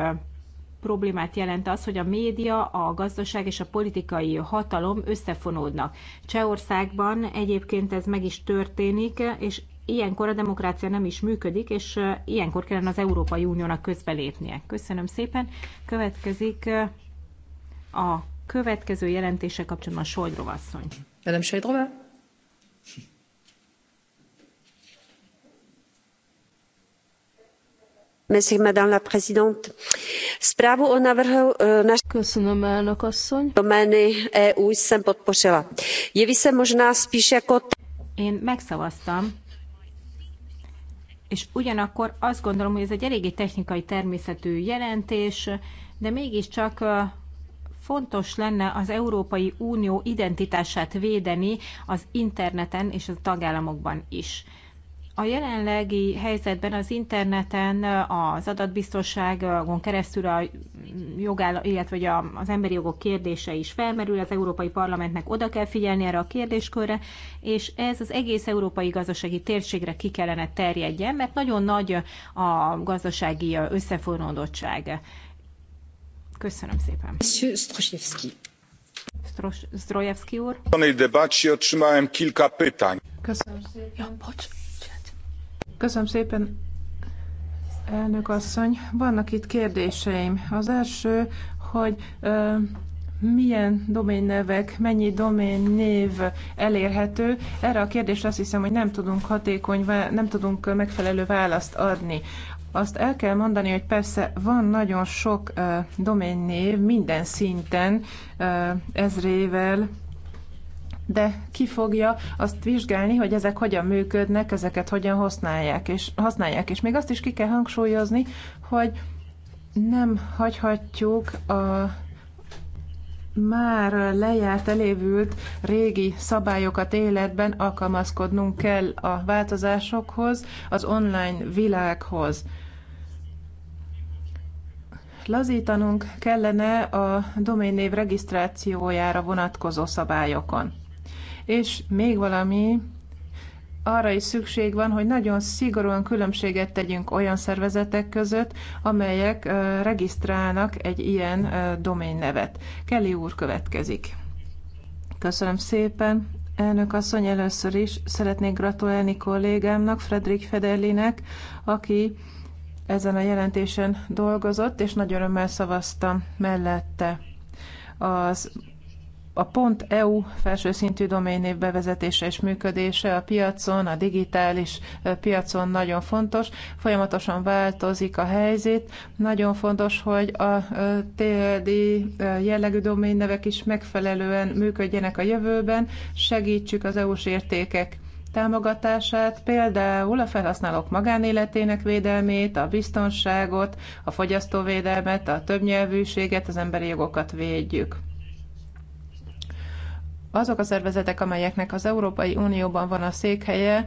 S5: problémát jelent az, hogy a média, a gazdaság és a politikai hatalom összefonódnak. Csehországban egyébként ez meg is történik, és ilyenkor a demokrácia nem is működik, és ilyenkor kellene az Európai Uniónak közbelépnie. Köszönöm szépen. Következik a következő jelentése kapcsolatban Sojdrov asszony. Velem
S8: Merci, Madame la Présidente. Zprávu o návrhu Köszönöm, elnök asszony. domény EU jsem podpořila. Jeví se možná spíš jako... Én megszavaztam
S5: és ugyanakkor azt gondolom, hogy ez egy eléggé technikai természetű jelentés, de mégiscsak fontos lenne az Európai Unió identitását védeni az interneten és a tagállamokban is. A jelenlegi helyzetben az interneten az adatbiztonságon keresztül a jogáll, illetve az emberi jogok kérdése is felmerül, az Európai Parlamentnek oda kell figyelni erre a kérdéskörre, és ez az egész európai gazdasági térségre ki kellene terjedjen, mert nagyon nagy a gazdasági összefonódottság. Köszönöm szépen. Stroszewski. Zdrojewski úr. Köszönöm szépen. Ja, bocs.
S7: Köszönöm szépen, elnök asszony. Vannak itt kérdéseim. Az első, hogy ö, milyen doménnevek, mennyi név elérhető. Erre a kérdésre azt hiszem, hogy nem tudunk hatékony, nem tudunk megfelelő választ adni. Azt el kell mondani, hogy persze van nagyon sok uh, doménnév minden szinten, uh, ezrével, de ki fogja azt vizsgálni, hogy ezek hogyan működnek, ezeket hogyan használják, és használják. És még azt is ki kell hangsúlyozni, hogy nem hagyhatjuk a már lejárt, elévült régi szabályokat életben alkalmazkodnunk kell a változásokhoz, az online világhoz. Lazítanunk kellene a doménnév regisztrációjára vonatkozó szabályokon. És még valami, arra is szükség van, hogy nagyon szigorúan különbséget tegyünk olyan szervezetek között, amelyek regisztrálnak egy ilyen domain nevet. Kelly úr következik. Köszönöm szépen. Elnök asszony, először is szeretnék gratulálni kollégámnak, Fredrik Federlinek, aki ezen a jelentésen dolgozott, és nagy örömmel szavaztam mellette. Az a pont .eu felső szintű doménév bevezetése és működése a piacon, a digitális piacon nagyon fontos. Folyamatosan változik a helyzet. Nagyon fontos, hogy a TLD jellegű doménnevek is megfelelően működjenek a jövőben. Segítsük az EU-s értékek támogatását, például a felhasználók magánéletének védelmét, a biztonságot, a fogyasztóvédelmet, a többnyelvűséget, az emberi jogokat védjük azok a szervezetek, amelyeknek az Európai Unióban van a székhelye,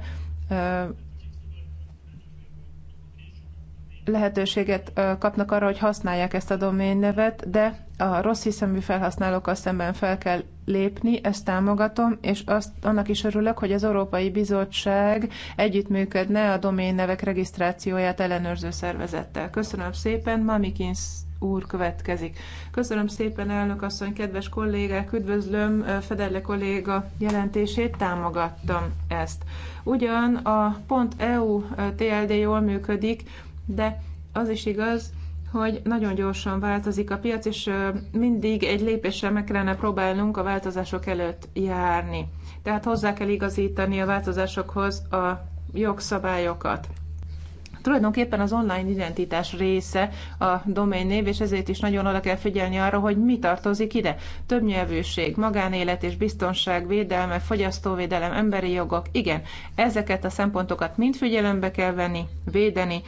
S7: lehetőséget kapnak arra, hogy használják ezt a doménnevet, de a rossz hiszemű felhasználókkal szemben fel kell lépni, ezt támogatom, és azt, annak is örülök, hogy az Európai Bizottság együttműködne a doménnevek regisztrációját ellenőrző szervezettel. Köszönöm szépen, Mamikins úr következik. Köszönöm szépen, elnök asszony, kedves kollégák, üdvözlöm fedele kolléga jelentését, támogattam ezt. Ugyan a .eu TLD jól működik, de az is igaz, hogy nagyon gyorsan változik a piac, és mindig egy lépéssel meg kellene próbálnunk a változások előtt járni. Tehát hozzá kell igazítani a változásokhoz a jogszabályokat tulajdonképpen az online identitás része a domain név és ezért is nagyon oda kell figyelni arra, hogy mi tartozik ide. Többnyelvűség, magánélet és biztonság, védelme, fogyasztóvédelem, emberi jogok, igen, ezeket a szempontokat mind figyelembe kell venni, védeni,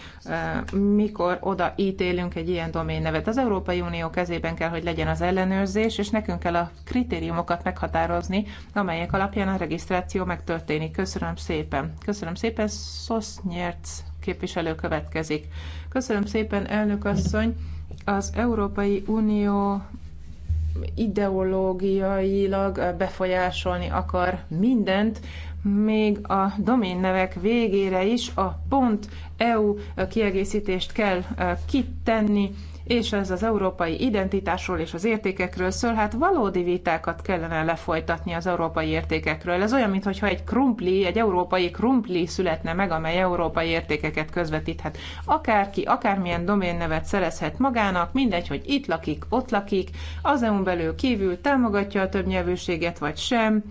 S7: mikor oda ítélünk egy ilyen domain nevet. Az Európai Unió kezében kell, hogy legyen az ellenőrzés, és nekünk kell a kritériumokat meghatározni, amelyek alapján a regisztráció megtörténik. Köszönöm szépen. Köszönöm szépen, Szosznyerc képviselő következik. Köszönöm szépen, elnök asszony! Az Európai Unió ideológiailag befolyásolni akar mindent, még a doménnevek végére is a .eu kiegészítést kell eh, kitenni, és ez az európai identitásról és az értékekről szól, hát valódi vitákat kellene lefolytatni az európai értékekről. Ez olyan, mintha egy krumpli, egy európai krumpli születne meg, amely európai értékeket közvetíthet. Akárki, akármilyen doménnevet szerezhet magának, mindegy, hogy itt lakik, ott lakik, az EU-n belül kívül támogatja a többnyelvűséget, vagy sem,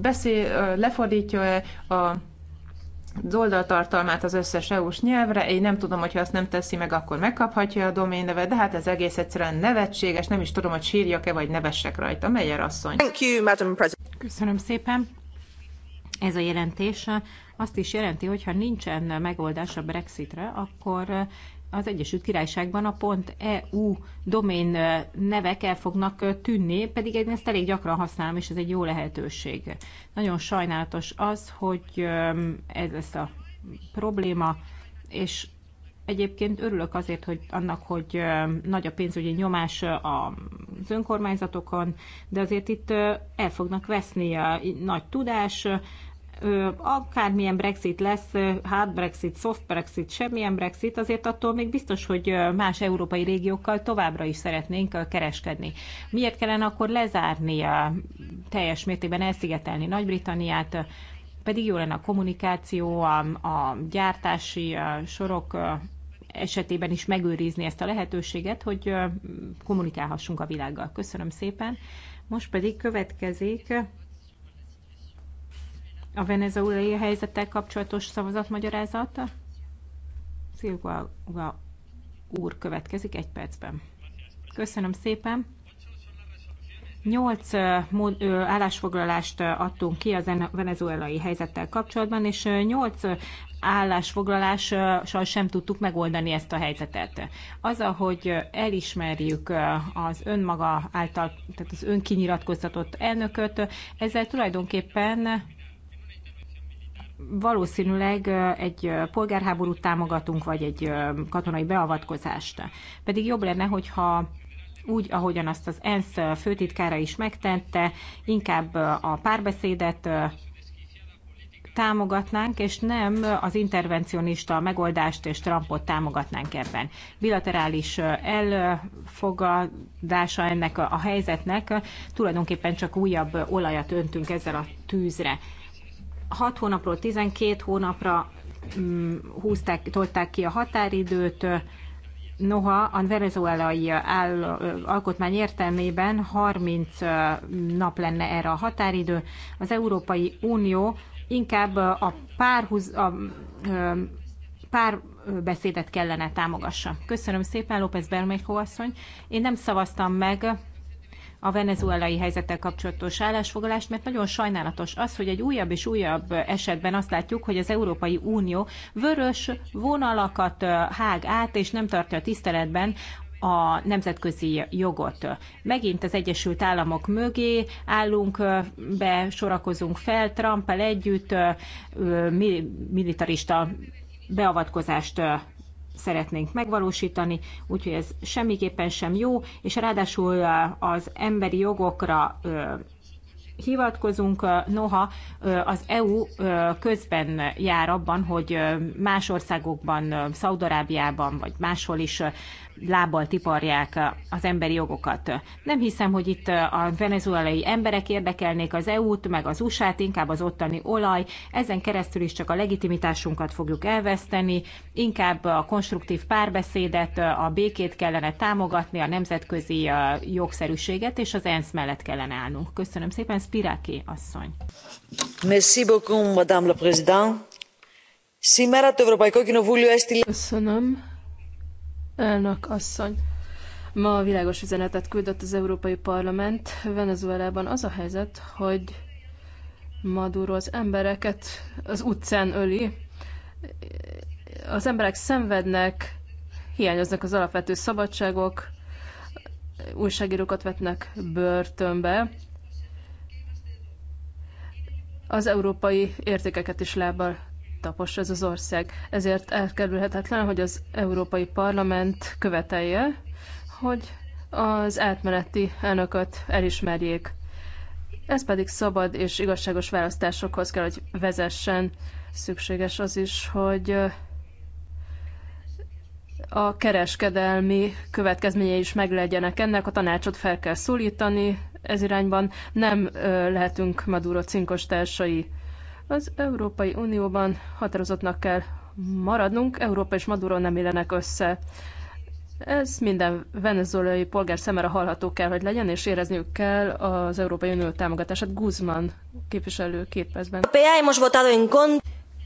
S7: beszél, lefordítja-e a az oldaltartalmát az összes EU-s nyelvre, én nem tudom, hogy ha azt nem teszi meg, akkor megkaphatja a nevet, de hát ez egész egyszerűen nevetséges, nem is tudom, hogy sírjak-e, vagy nevessek rajta. Meyer asszony. Thank you, Madam President.
S5: Köszönöm szépen. Ez a jelentés azt is jelenti, hogy ha nincsen megoldás a Brexitre, akkor az Egyesült Királyságban a .eu domén nevek el fognak tűnni, pedig én ezt elég gyakran használom, és ez egy jó lehetőség. Nagyon sajnálatos az, hogy ez lesz a probléma, és egyébként örülök azért, hogy annak, hogy nagy a pénzügyi nyomás az önkormányzatokon, de azért itt el fognak veszni a nagy tudás, akármilyen Brexit lesz, hard Brexit, soft Brexit, semmilyen Brexit, azért attól még biztos, hogy más európai régiókkal továbbra is szeretnénk kereskedni. Miért kellene akkor lezárni, teljes mértékben elszigetelni Nagy-Britanniát, pedig jó lenne a kommunikáció, a, a gyártási a sorok esetében is megőrizni ezt a lehetőséget, hogy kommunikálhassunk a világgal. Köszönöm szépen. Most pedig következik a venezuelai helyzettel kapcsolatos szavazatmagyarázata? Szilva úr következik egy percben. Köszönöm szépen. Nyolc állásfoglalást adtunk ki a venezuelai helyzettel kapcsolatban, és nyolc állásfoglalással sem tudtuk megoldani ezt a helyzetet. Az, hogy elismerjük az önmaga által, tehát az önkinyiratkoztatott elnököt, ezzel tulajdonképpen valószínűleg egy polgárháborút támogatunk, vagy egy katonai beavatkozást. Pedig jobb lenne, hogyha úgy, ahogyan azt az ENSZ főtitkára is megtette, inkább a párbeszédet támogatnánk, és nem az intervencionista megoldást és Trumpot támogatnánk ebben. Bilaterális elfogadása ennek a helyzetnek tulajdonképpen csak újabb olajat öntünk ezzel a tűzre. 6 hónapról 12 hónapra mm, húzták, tolták ki a határidőt, noha a venezuelai áll, alkotmány értelmében 30 nap lenne erre a határidő. Az Európai Unió inkább a, párhuz, a pár beszédet kellene támogassa. Köszönöm szépen, López Bermejo asszony. Én nem szavaztam meg a venezuelai helyzettel kapcsolatos állásfoglalást, mert nagyon sajnálatos az, hogy egy újabb és újabb esetben azt látjuk, hogy az Európai Unió vörös vonalakat hág át, és nem tartja a tiszteletben a nemzetközi jogot. Megint az Egyesült Államok mögé állunk be, sorakozunk fel, trump együtt militarista beavatkozást szeretnénk megvalósítani, úgyhogy ez semmiképpen sem jó, és ráadásul az emberi jogokra hivatkozunk, noha az EU közben jár abban, hogy más országokban, Szaudarábiában vagy máshol is lábbal tiparják az emberi jogokat. Nem hiszem, hogy itt a venezuelai emberek érdekelnék az EU-t, meg az USA-t, inkább az ottani olaj. Ezen keresztül is csak a legitimitásunkat fogjuk elveszteni, inkább a konstruktív párbeszédet, a békét kellene támogatni, a nemzetközi jogszerűséget, és az ENSZ mellett kellene állnunk. Köszönöm szépen, Spiráki asszony.
S8: Merci beaucoup, Madame la Présidente. Σήμερα το Ευρωπαϊκό Κοινοβούλιο έστειλε... Köszönöm. Elnök asszony, ma világos üzenetet küldött az Európai Parlament. Venezuelában az a helyzet, hogy Maduro az embereket az utcán öli, az emberek szenvednek, hiányoznak az alapvető szabadságok, újságírókat vetnek börtönbe, az európai értékeket is lábbal tapos ez az ország. Ezért elkerülhetetlen, hogy az Európai Parlament követelje, hogy az átmeneti elnököt elismerjék. Ez pedig szabad és igazságos választásokhoz kell, hogy vezessen. Szükséges az is, hogy a kereskedelmi következményei is meglegyenek ennek, a tanácsot fel kell szólítani ez irányban, nem lehetünk Maduro cinkos társai. Az Európai Unióban határozottnak kell maradnunk, Európa és Maduro nem illenek össze. Ez minden venezuelai polgár szemére hallható kell, hogy legyen, és érezniük kell az Európai Unió támogatását. Guzman képviselő két percben.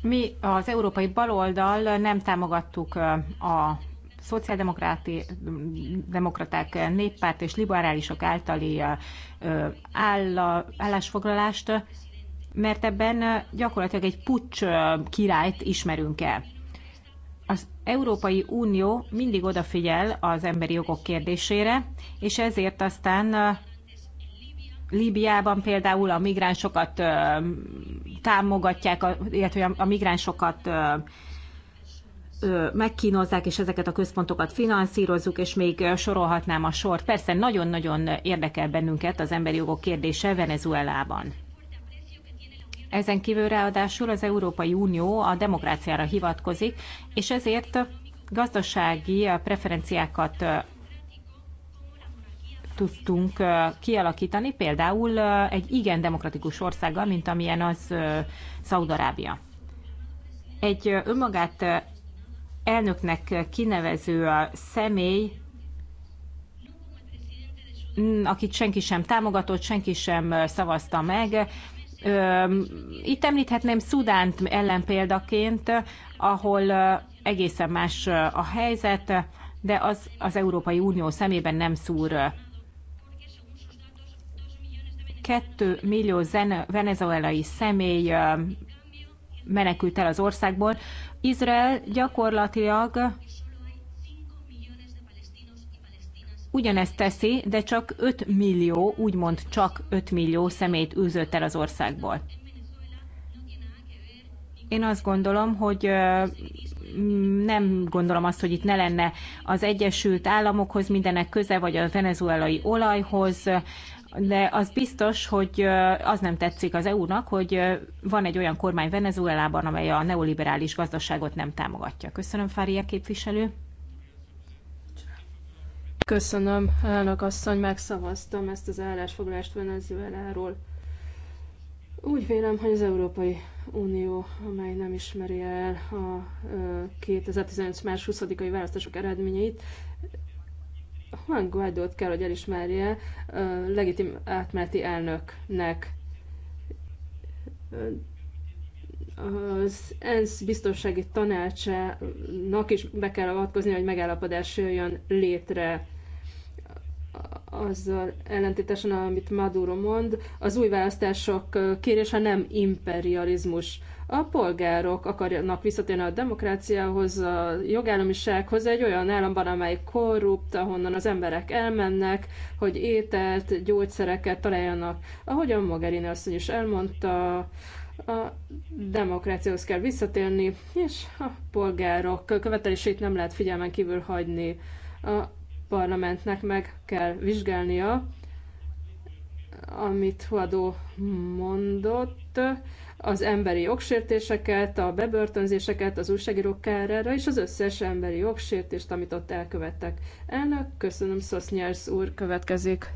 S8: Mi az európai baloldal nem
S5: támogattuk a szociáldemokraták, néppárt és liberálisok általi áll, állásfoglalást, mert ebben gyakorlatilag egy pucs királyt ismerünk el. Az Európai Unió mindig odafigyel az emberi jogok kérdésére, és ezért aztán Líbiában például a migránsokat támogatják, illetve a migránsokat megkínozzák, és ezeket a központokat finanszírozzuk, és még sorolhatnám a sort. Persze nagyon-nagyon érdekel bennünket az emberi jogok kérdése Venezuelában. Ezen kívül ráadásul az Európai Unió a demokráciára hivatkozik, és ezért gazdasági preferenciákat tudtunk kialakítani, például egy igen demokratikus országgal, mint amilyen az Szaudarábia. Egy önmagát elnöknek kinevező személy, akit senki sem támogatott, senki sem szavazta meg, itt említhetném Szudánt ellenpéldaként, ahol egészen más a helyzet, de az az Európai Unió szemében nem szúr 2 millió venezuelai személy menekült el az országból. Izrael gyakorlatilag ugyanezt teszi, de csak 5 millió, úgymond csak 5 millió szemét űzött el az országból. Én azt gondolom, hogy nem gondolom azt, hogy itt ne lenne az Egyesült Államokhoz mindenek köze, vagy a venezuelai olajhoz, de az biztos, hogy az nem tetszik az EU-nak, hogy van egy olyan kormány Venezuelában, amely a neoliberális gazdaságot nem támogatja.
S8: Köszönöm, Fária képviselő. Köszönöm, elnök asszony, megszavaztam ezt az állásfoglalást Venezueláról. Úgy vélem, hogy az Európai Unió, amely nem ismeri el a 2015. más 20-ai választások eredményeit, Juan Guaidót kell, hogy elismerje legitim átmeneti elnöknek. Az ENSZ biztonsági tanácsának is be kell avatkozni, hogy megállapodás jöjjön létre azzal ellentétesen, amit Maduro mond, az új választások kérése nem imperializmus. A polgárok akarnak visszatérni a demokráciához, a jogállamisághoz, egy olyan államban, amely korrupt, ahonnan az emberek elmennek, hogy ételt, gyógyszereket találjanak. a Mogherini asszony is elmondta, a demokráciához kell visszatérni, és a polgárok követelését nem lehet figyelmen kívül hagyni. A parlamentnek meg kell vizsgálnia, amit Huadó mondott, az emberi jogsértéseket, a bebörtönzéseket, az újságírók kárára és az összes emberi jogsértést, amit ott elkövettek. Elnök, köszönöm, Szosznyersz úr, következik.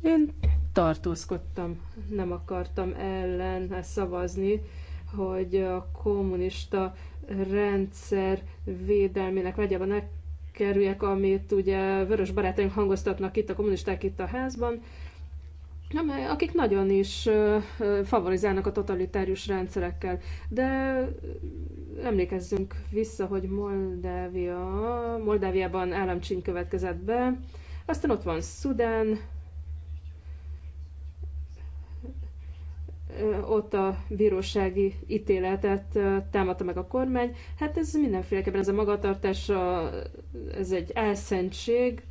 S8: Én tartózkodtam, nem akartam ellen szavazni, hogy a kommunista rendszer védelmének vegyebben kerüljek, amit ugye vörös barátaink hangoztatnak itt a kommunisták itt a házban, akik nagyon is favorizálnak a totalitárius rendszerekkel. De emlékezzünk vissza, hogy Moldávia, Moldáviában államcsín következett be, aztán ott van Szudán, ott a bírósági ítéletet támadta meg a kormány. Hát ez mindenféleképpen, ez a magatartás, a, ez egy elszentség.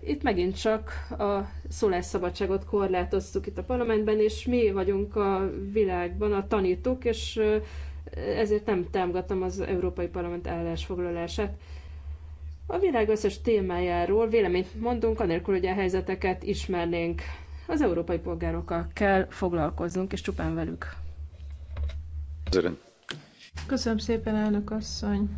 S8: Itt megint csak a szólásszabadságot korlátoztuk itt a parlamentben, és mi vagyunk a világban a tanítók, és ezért nem támogatom az Európai Parlament állásfoglalását. A világ összes témájáról véleményt mondunk, anélkül, hogy a helyzeteket ismernénk. Az európai polgárokkal kell foglalkoznunk, és csupán velük.
S6: Köszönöm,
S7: Köszönöm szépen, elnök asszony.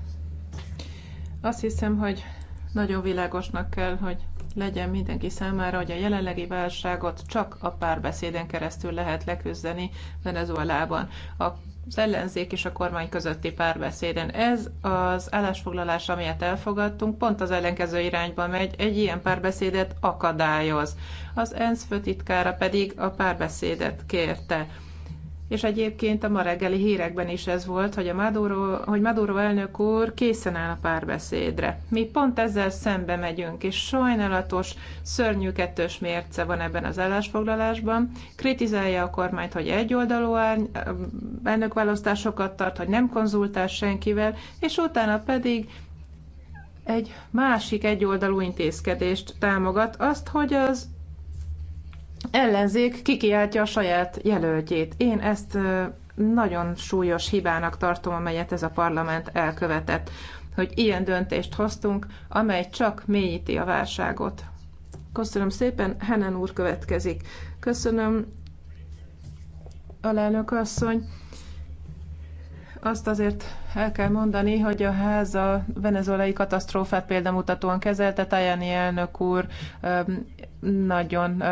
S7: Azt hiszem, hogy nagyon világosnak kell, hogy legyen mindenki számára, hogy a jelenlegi válságot csak a párbeszéden keresztül lehet leküzdeni Venezuelában. A az ellenzék és a kormány közötti párbeszéden. Ez az állásfoglalás, amelyet elfogadtunk, pont az ellenkező irányba megy, egy ilyen párbeszédet akadályoz. Az ENSZ főtitkára pedig a párbeszédet kérte és egyébként a ma reggeli hírekben is ez volt, hogy, a Maduro, hogy Maduro elnök úr készen áll a párbeszédre. Mi pont ezzel szembe megyünk, és sajnálatos, szörnyű kettős mérce van ebben az állásfoglalásban. Kritizálja a kormányt, hogy egyoldalú elnökválasztásokat tart, hogy nem konzultál senkivel, és utána pedig egy másik egyoldalú intézkedést támogat, azt, hogy az ellenzék kikiáltja a saját jelöltjét. Én ezt nagyon súlyos hibának tartom, amelyet ez a parlament elkövetett, hogy ilyen döntést hoztunk, amely csak mélyíti a válságot. Köszönöm szépen, Henen úr következik. Köszönöm, alelnök asszony. Azt azért el kell mondani, hogy a ház a venezuelai katasztrófát példamutatóan kezelte, Tajani elnök úr nagyon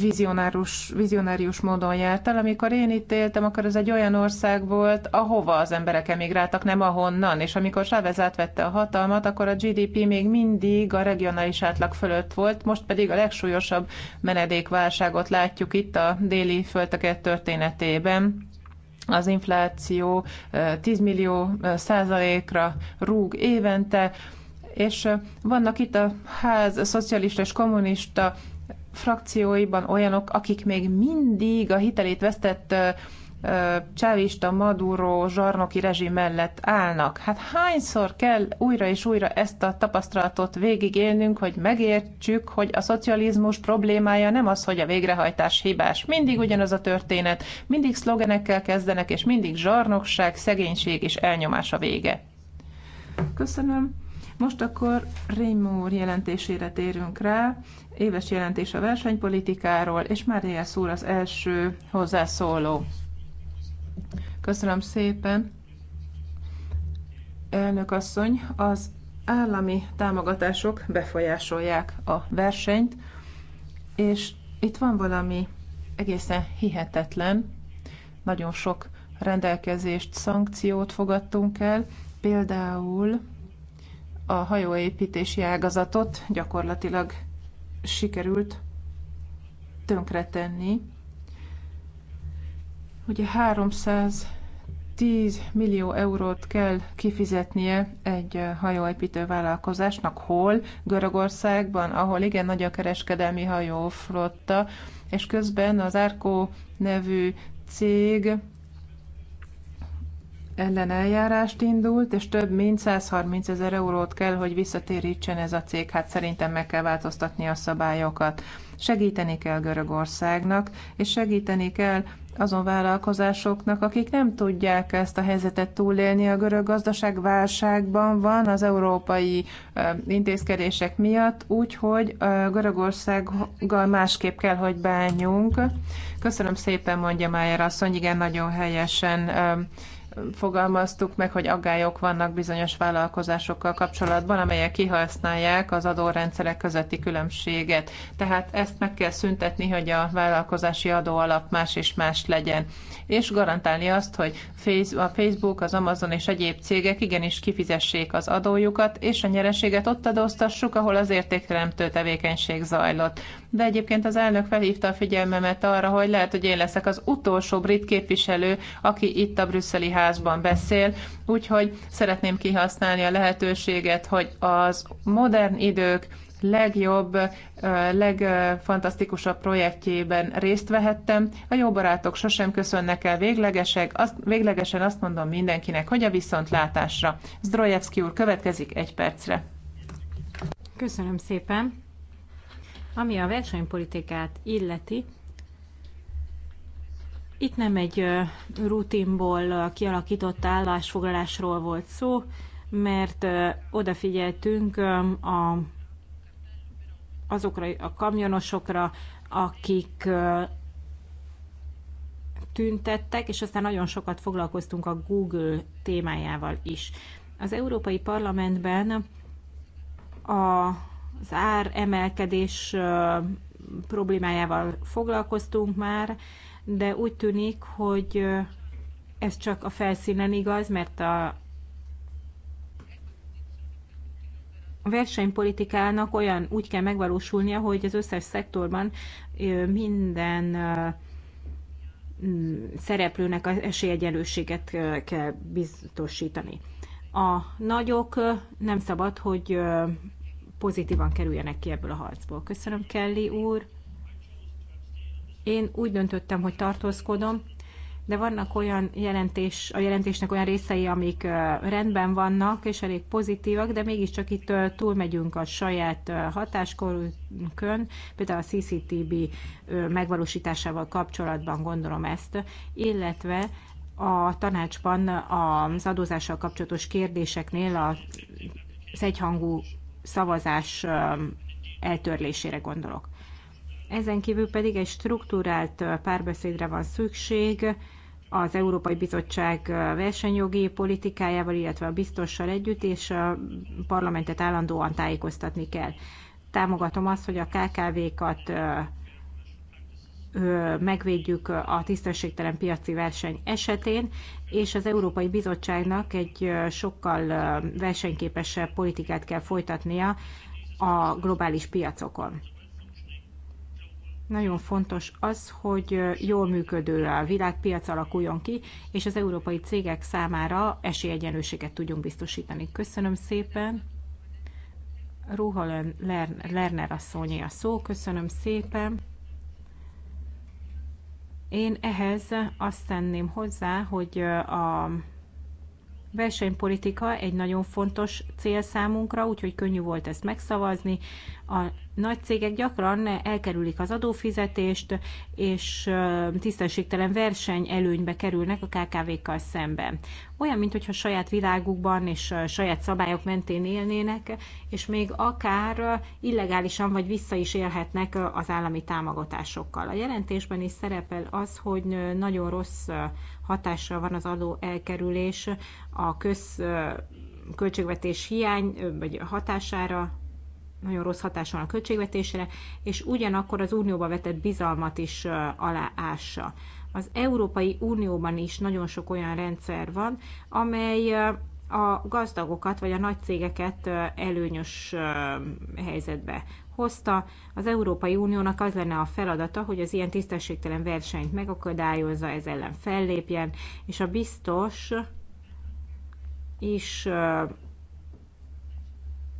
S7: vizionárus, vizionárius módon járt el. Amikor én itt éltem, akkor ez egy olyan ország volt, ahova az emberek emigráltak, nem ahonnan. És amikor Chávez átvette a hatalmat, akkor a GDP még mindig a regionális átlag fölött volt, most pedig a legsúlyosabb menedékválságot látjuk itt a déli fölteket történetében az infláció 10 millió százalékra rúg évente, és vannak itt a ház a szocialista és kommunista frakcióiban olyanok, akik még mindig a hitelét vesztett csávista, Maduro, zsarnoki rezsim mellett állnak. Hát hányszor kell újra és újra ezt a tapasztalatot végigélnünk, hogy megértsük, hogy a szocializmus problémája nem az, hogy a végrehajtás hibás. Mindig ugyanaz a történet, mindig szlogenekkel kezdenek, és mindig zsarnokság, szegénység és elnyomás a vége. Köszönöm. Most akkor Rémó jelentésére térünk rá éves jelentés a versenypolitikáról, és Mária úr az első hozzászóló. Köszönöm szépen. Elnök asszony, az állami támogatások befolyásolják a versenyt, és itt van valami egészen hihetetlen. Nagyon sok rendelkezést, szankciót fogadtunk el, például a hajóépítési ágazatot gyakorlatilag sikerült tönkretenni. Ugye 310 millió eurót kell kifizetnie egy eh, hajóépítő vállalkozásnak, hol? Görögországban, ahol igen nagy a kereskedelmi hajóflotta, és közben az Árkó nevű cég ellen eljárást indult, és több mint 130 ezer eurót kell, hogy visszatérítsen ez a cég. Hát szerintem meg kell változtatni a szabályokat. Segíteni kell Görögországnak, és segíteni kell azon vállalkozásoknak, akik nem tudják ezt a helyzetet túlélni. A görög gazdaság válságban van az európai intézkedések miatt, úgyhogy Görögországgal másképp kell, hogy bánjunk. Köszönöm szépen, mondja Májer asszony, igen, nagyon helyesen fogalmaztuk meg, hogy aggályok vannak bizonyos vállalkozásokkal kapcsolatban, amelyek kihasználják az adórendszerek közötti különbséget. Tehát ezt meg kell szüntetni, hogy a vállalkozási adóalap más és más legyen. És garantálni azt, hogy a Facebook, az Amazon és egyéb cégek igenis kifizessék az adójukat, és a nyereséget ott adóztassuk, ahol az értékteremtő tevékenység zajlott de egyébként az elnök felhívta a figyelmemet arra, hogy lehet, hogy én leszek az utolsó brit képviselő, aki itt a brüsszeli házban beszél, úgyhogy szeretném kihasználni a lehetőséget, hogy az modern idők legjobb, legfantasztikusabb projektjében részt vehettem. A jó barátok sosem köszönnek el véglegesek, azt, véglegesen azt mondom mindenkinek, hogy a viszontlátásra. Zdrojevski úr következik egy percre.
S5: Köszönöm szépen. Ami a versenypolitikát illeti, itt nem egy rutinból kialakított állásfoglalásról volt szó, mert odafigyeltünk a, azokra a kamionosokra, akik tüntettek, és aztán nagyon sokat foglalkoztunk a Google témájával is. Az Európai Parlamentben a az ár emelkedés problémájával foglalkoztunk már, de úgy tűnik, hogy ez csak a felszínen igaz, mert a versenypolitikának olyan úgy kell megvalósulnia, hogy az összes szektorban minden mm, szereplőnek az esélyegyenlőséget kell biztosítani. A nagyok nem szabad, hogy pozitívan kerüljenek ki ebből a harcból. Köszönöm, Kelly úr. Én úgy döntöttem, hogy tartózkodom, de vannak olyan jelentés, a jelentésnek olyan részei, amik rendben vannak, és elég pozitívak, de mégiscsak itt túlmegyünk a saját hatáskörünkön, például a CCTB megvalósításával kapcsolatban gondolom ezt, illetve a tanácsban az adózással kapcsolatos kérdéseknél az egyhangú szavazás eltörlésére gondolok. Ezen kívül pedig egy struktúrált párbeszédre van szükség az Európai Bizottság versenyjogi politikájával, illetve a biztossal együtt, és a parlamentet állandóan tájékoztatni kell. Támogatom azt, hogy a KKV-kat megvédjük a tisztességtelen piaci verseny esetén, és az Európai Bizottságnak egy sokkal versenyképesebb politikát kell folytatnia a globális piacokon. Nagyon fontos az, hogy jól működő a világpiac alakuljon ki, és az európai cégek számára esélyegyenlőséget tudjunk biztosítani. Köszönöm szépen! Ruha Lerner asszonyi a szó. Köszönöm szépen. Én ehhez azt tenném hozzá, hogy a versenypolitika egy nagyon fontos cél számunkra, úgyhogy könnyű volt ezt megszavazni. A nagy cégek gyakran elkerülik az adófizetést, és tisztességtelen verseny előnybe kerülnek a KKV-kkal szemben. Olyan, mintha saját világukban és saját szabályok mentén élnének, és még akár illegálisan vagy vissza is élhetnek az állami támogatásokkal. A jelentésben is szerepel az, hogy nagyon rossz hatással van az adó elkerülés a közköltségvetés hiány vagy hatására, nagyon rossz hatása van a költségvetésre, és ugyanakkor az unióba vetett bizalmat is aláássa. Az Európai Unióban is nagyon sok olyan rendszer van, amely a gazdagokat vagy a nagy cégeket előnyös helyzetbe hozta. Az Európai Uniónak az lenne a feladata, hogy az ilyen tisztességtelen versenyt megakadályozza, ez ellen fellépjen, és a biztos is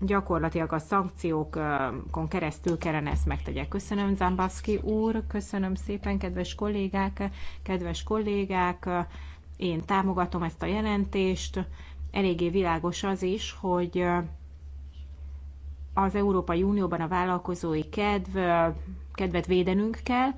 S5: gyakorlatilag a szankciókon keresztül kellene ezt megtegye. Köszönöm, Zambaszki úr, köszönöm szépen, kedves kollégák, kedves kollégák, én támogatom ezt a jelentést. Eléggé világos az is, hogy az Európai Unióban a vállalkozói kedv, kedvet védenünk kell,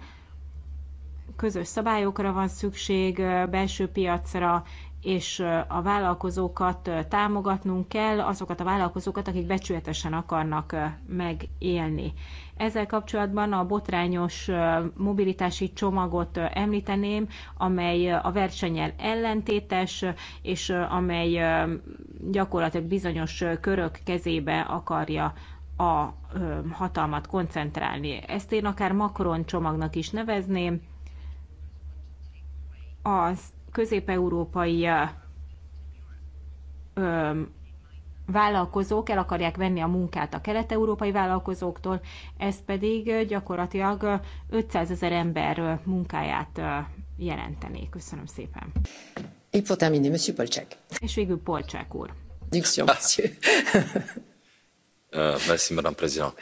S5: közös szabályokra van szükség, belső piacra, és a vállalkozókat támogatnunk kell, azokat a vállalkozókat, akik becsületesen akarnak megélni. Ezzel kapcsolatban a botrányos mobilitási csomagot említeném, amely a versenyel ellentétes, és amely gyakorlatilag bizonyos körök kezébe akarja a hatalmat koncentrálni. Ezt én akár Macron csomagnak is nevezném, az közép-európai vállalkozók el akarják venni a munkát a kelet-európai vállalkozóktól, ez pedig gyakorlatilag 500 ezer ember munkáját jelenteni Köszönöm szépen. Et pour terminer, Monsieur Polcsák. És végül Polcsák úr. Diction, ah. Monsieur.
S6: Euh, merci, Madame Président.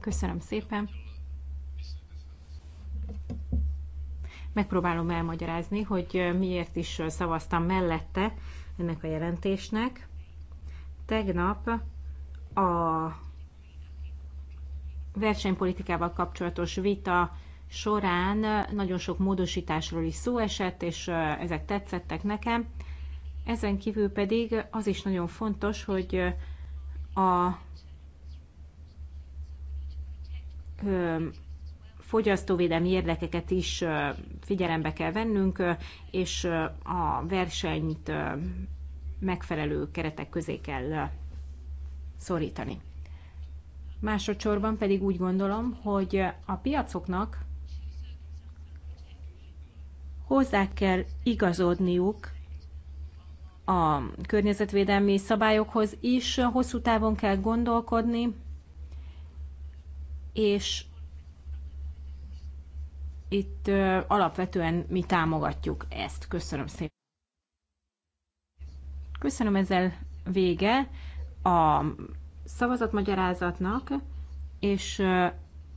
S5: Köszönöm szépen. Megpróbálom elmagyarázni, hogy miért is szavaztam mellette ennek a jelentésnek. Tegnap a versenypolitikával kapcsolatos vita során nagyon sok módosításról is szó esett, és ezek tetszettek nekem. Ezen kívül pedig az is nagyon fontos, hogy a fogyasztóvédelmi érdekeket is figyelembe kell vennünk, és a versenyt megfelelő keretek közé kell szorítani. Másodszorban pedig úgy gondolom, hogy a piacoknak hozzá kell igazodniuk a környezetvédelmi szabályokhoz is, hosszú távon kell gondolkodni, és itt alapvetően mi támogatjuk ezt. Köszönöm szépen. Köszönöm ezzel vége a szavazatmagyarázatnak, és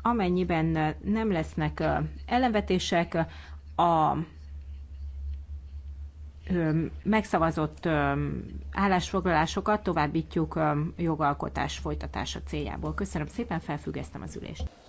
S5: amennyiben nem lesznek ellenvetések, a megszavazott állásfoglalásokat továbbítjuk jogalkotás folytatása céljából. Köszönöm szépen, felfüggesztem az
S6: ülést.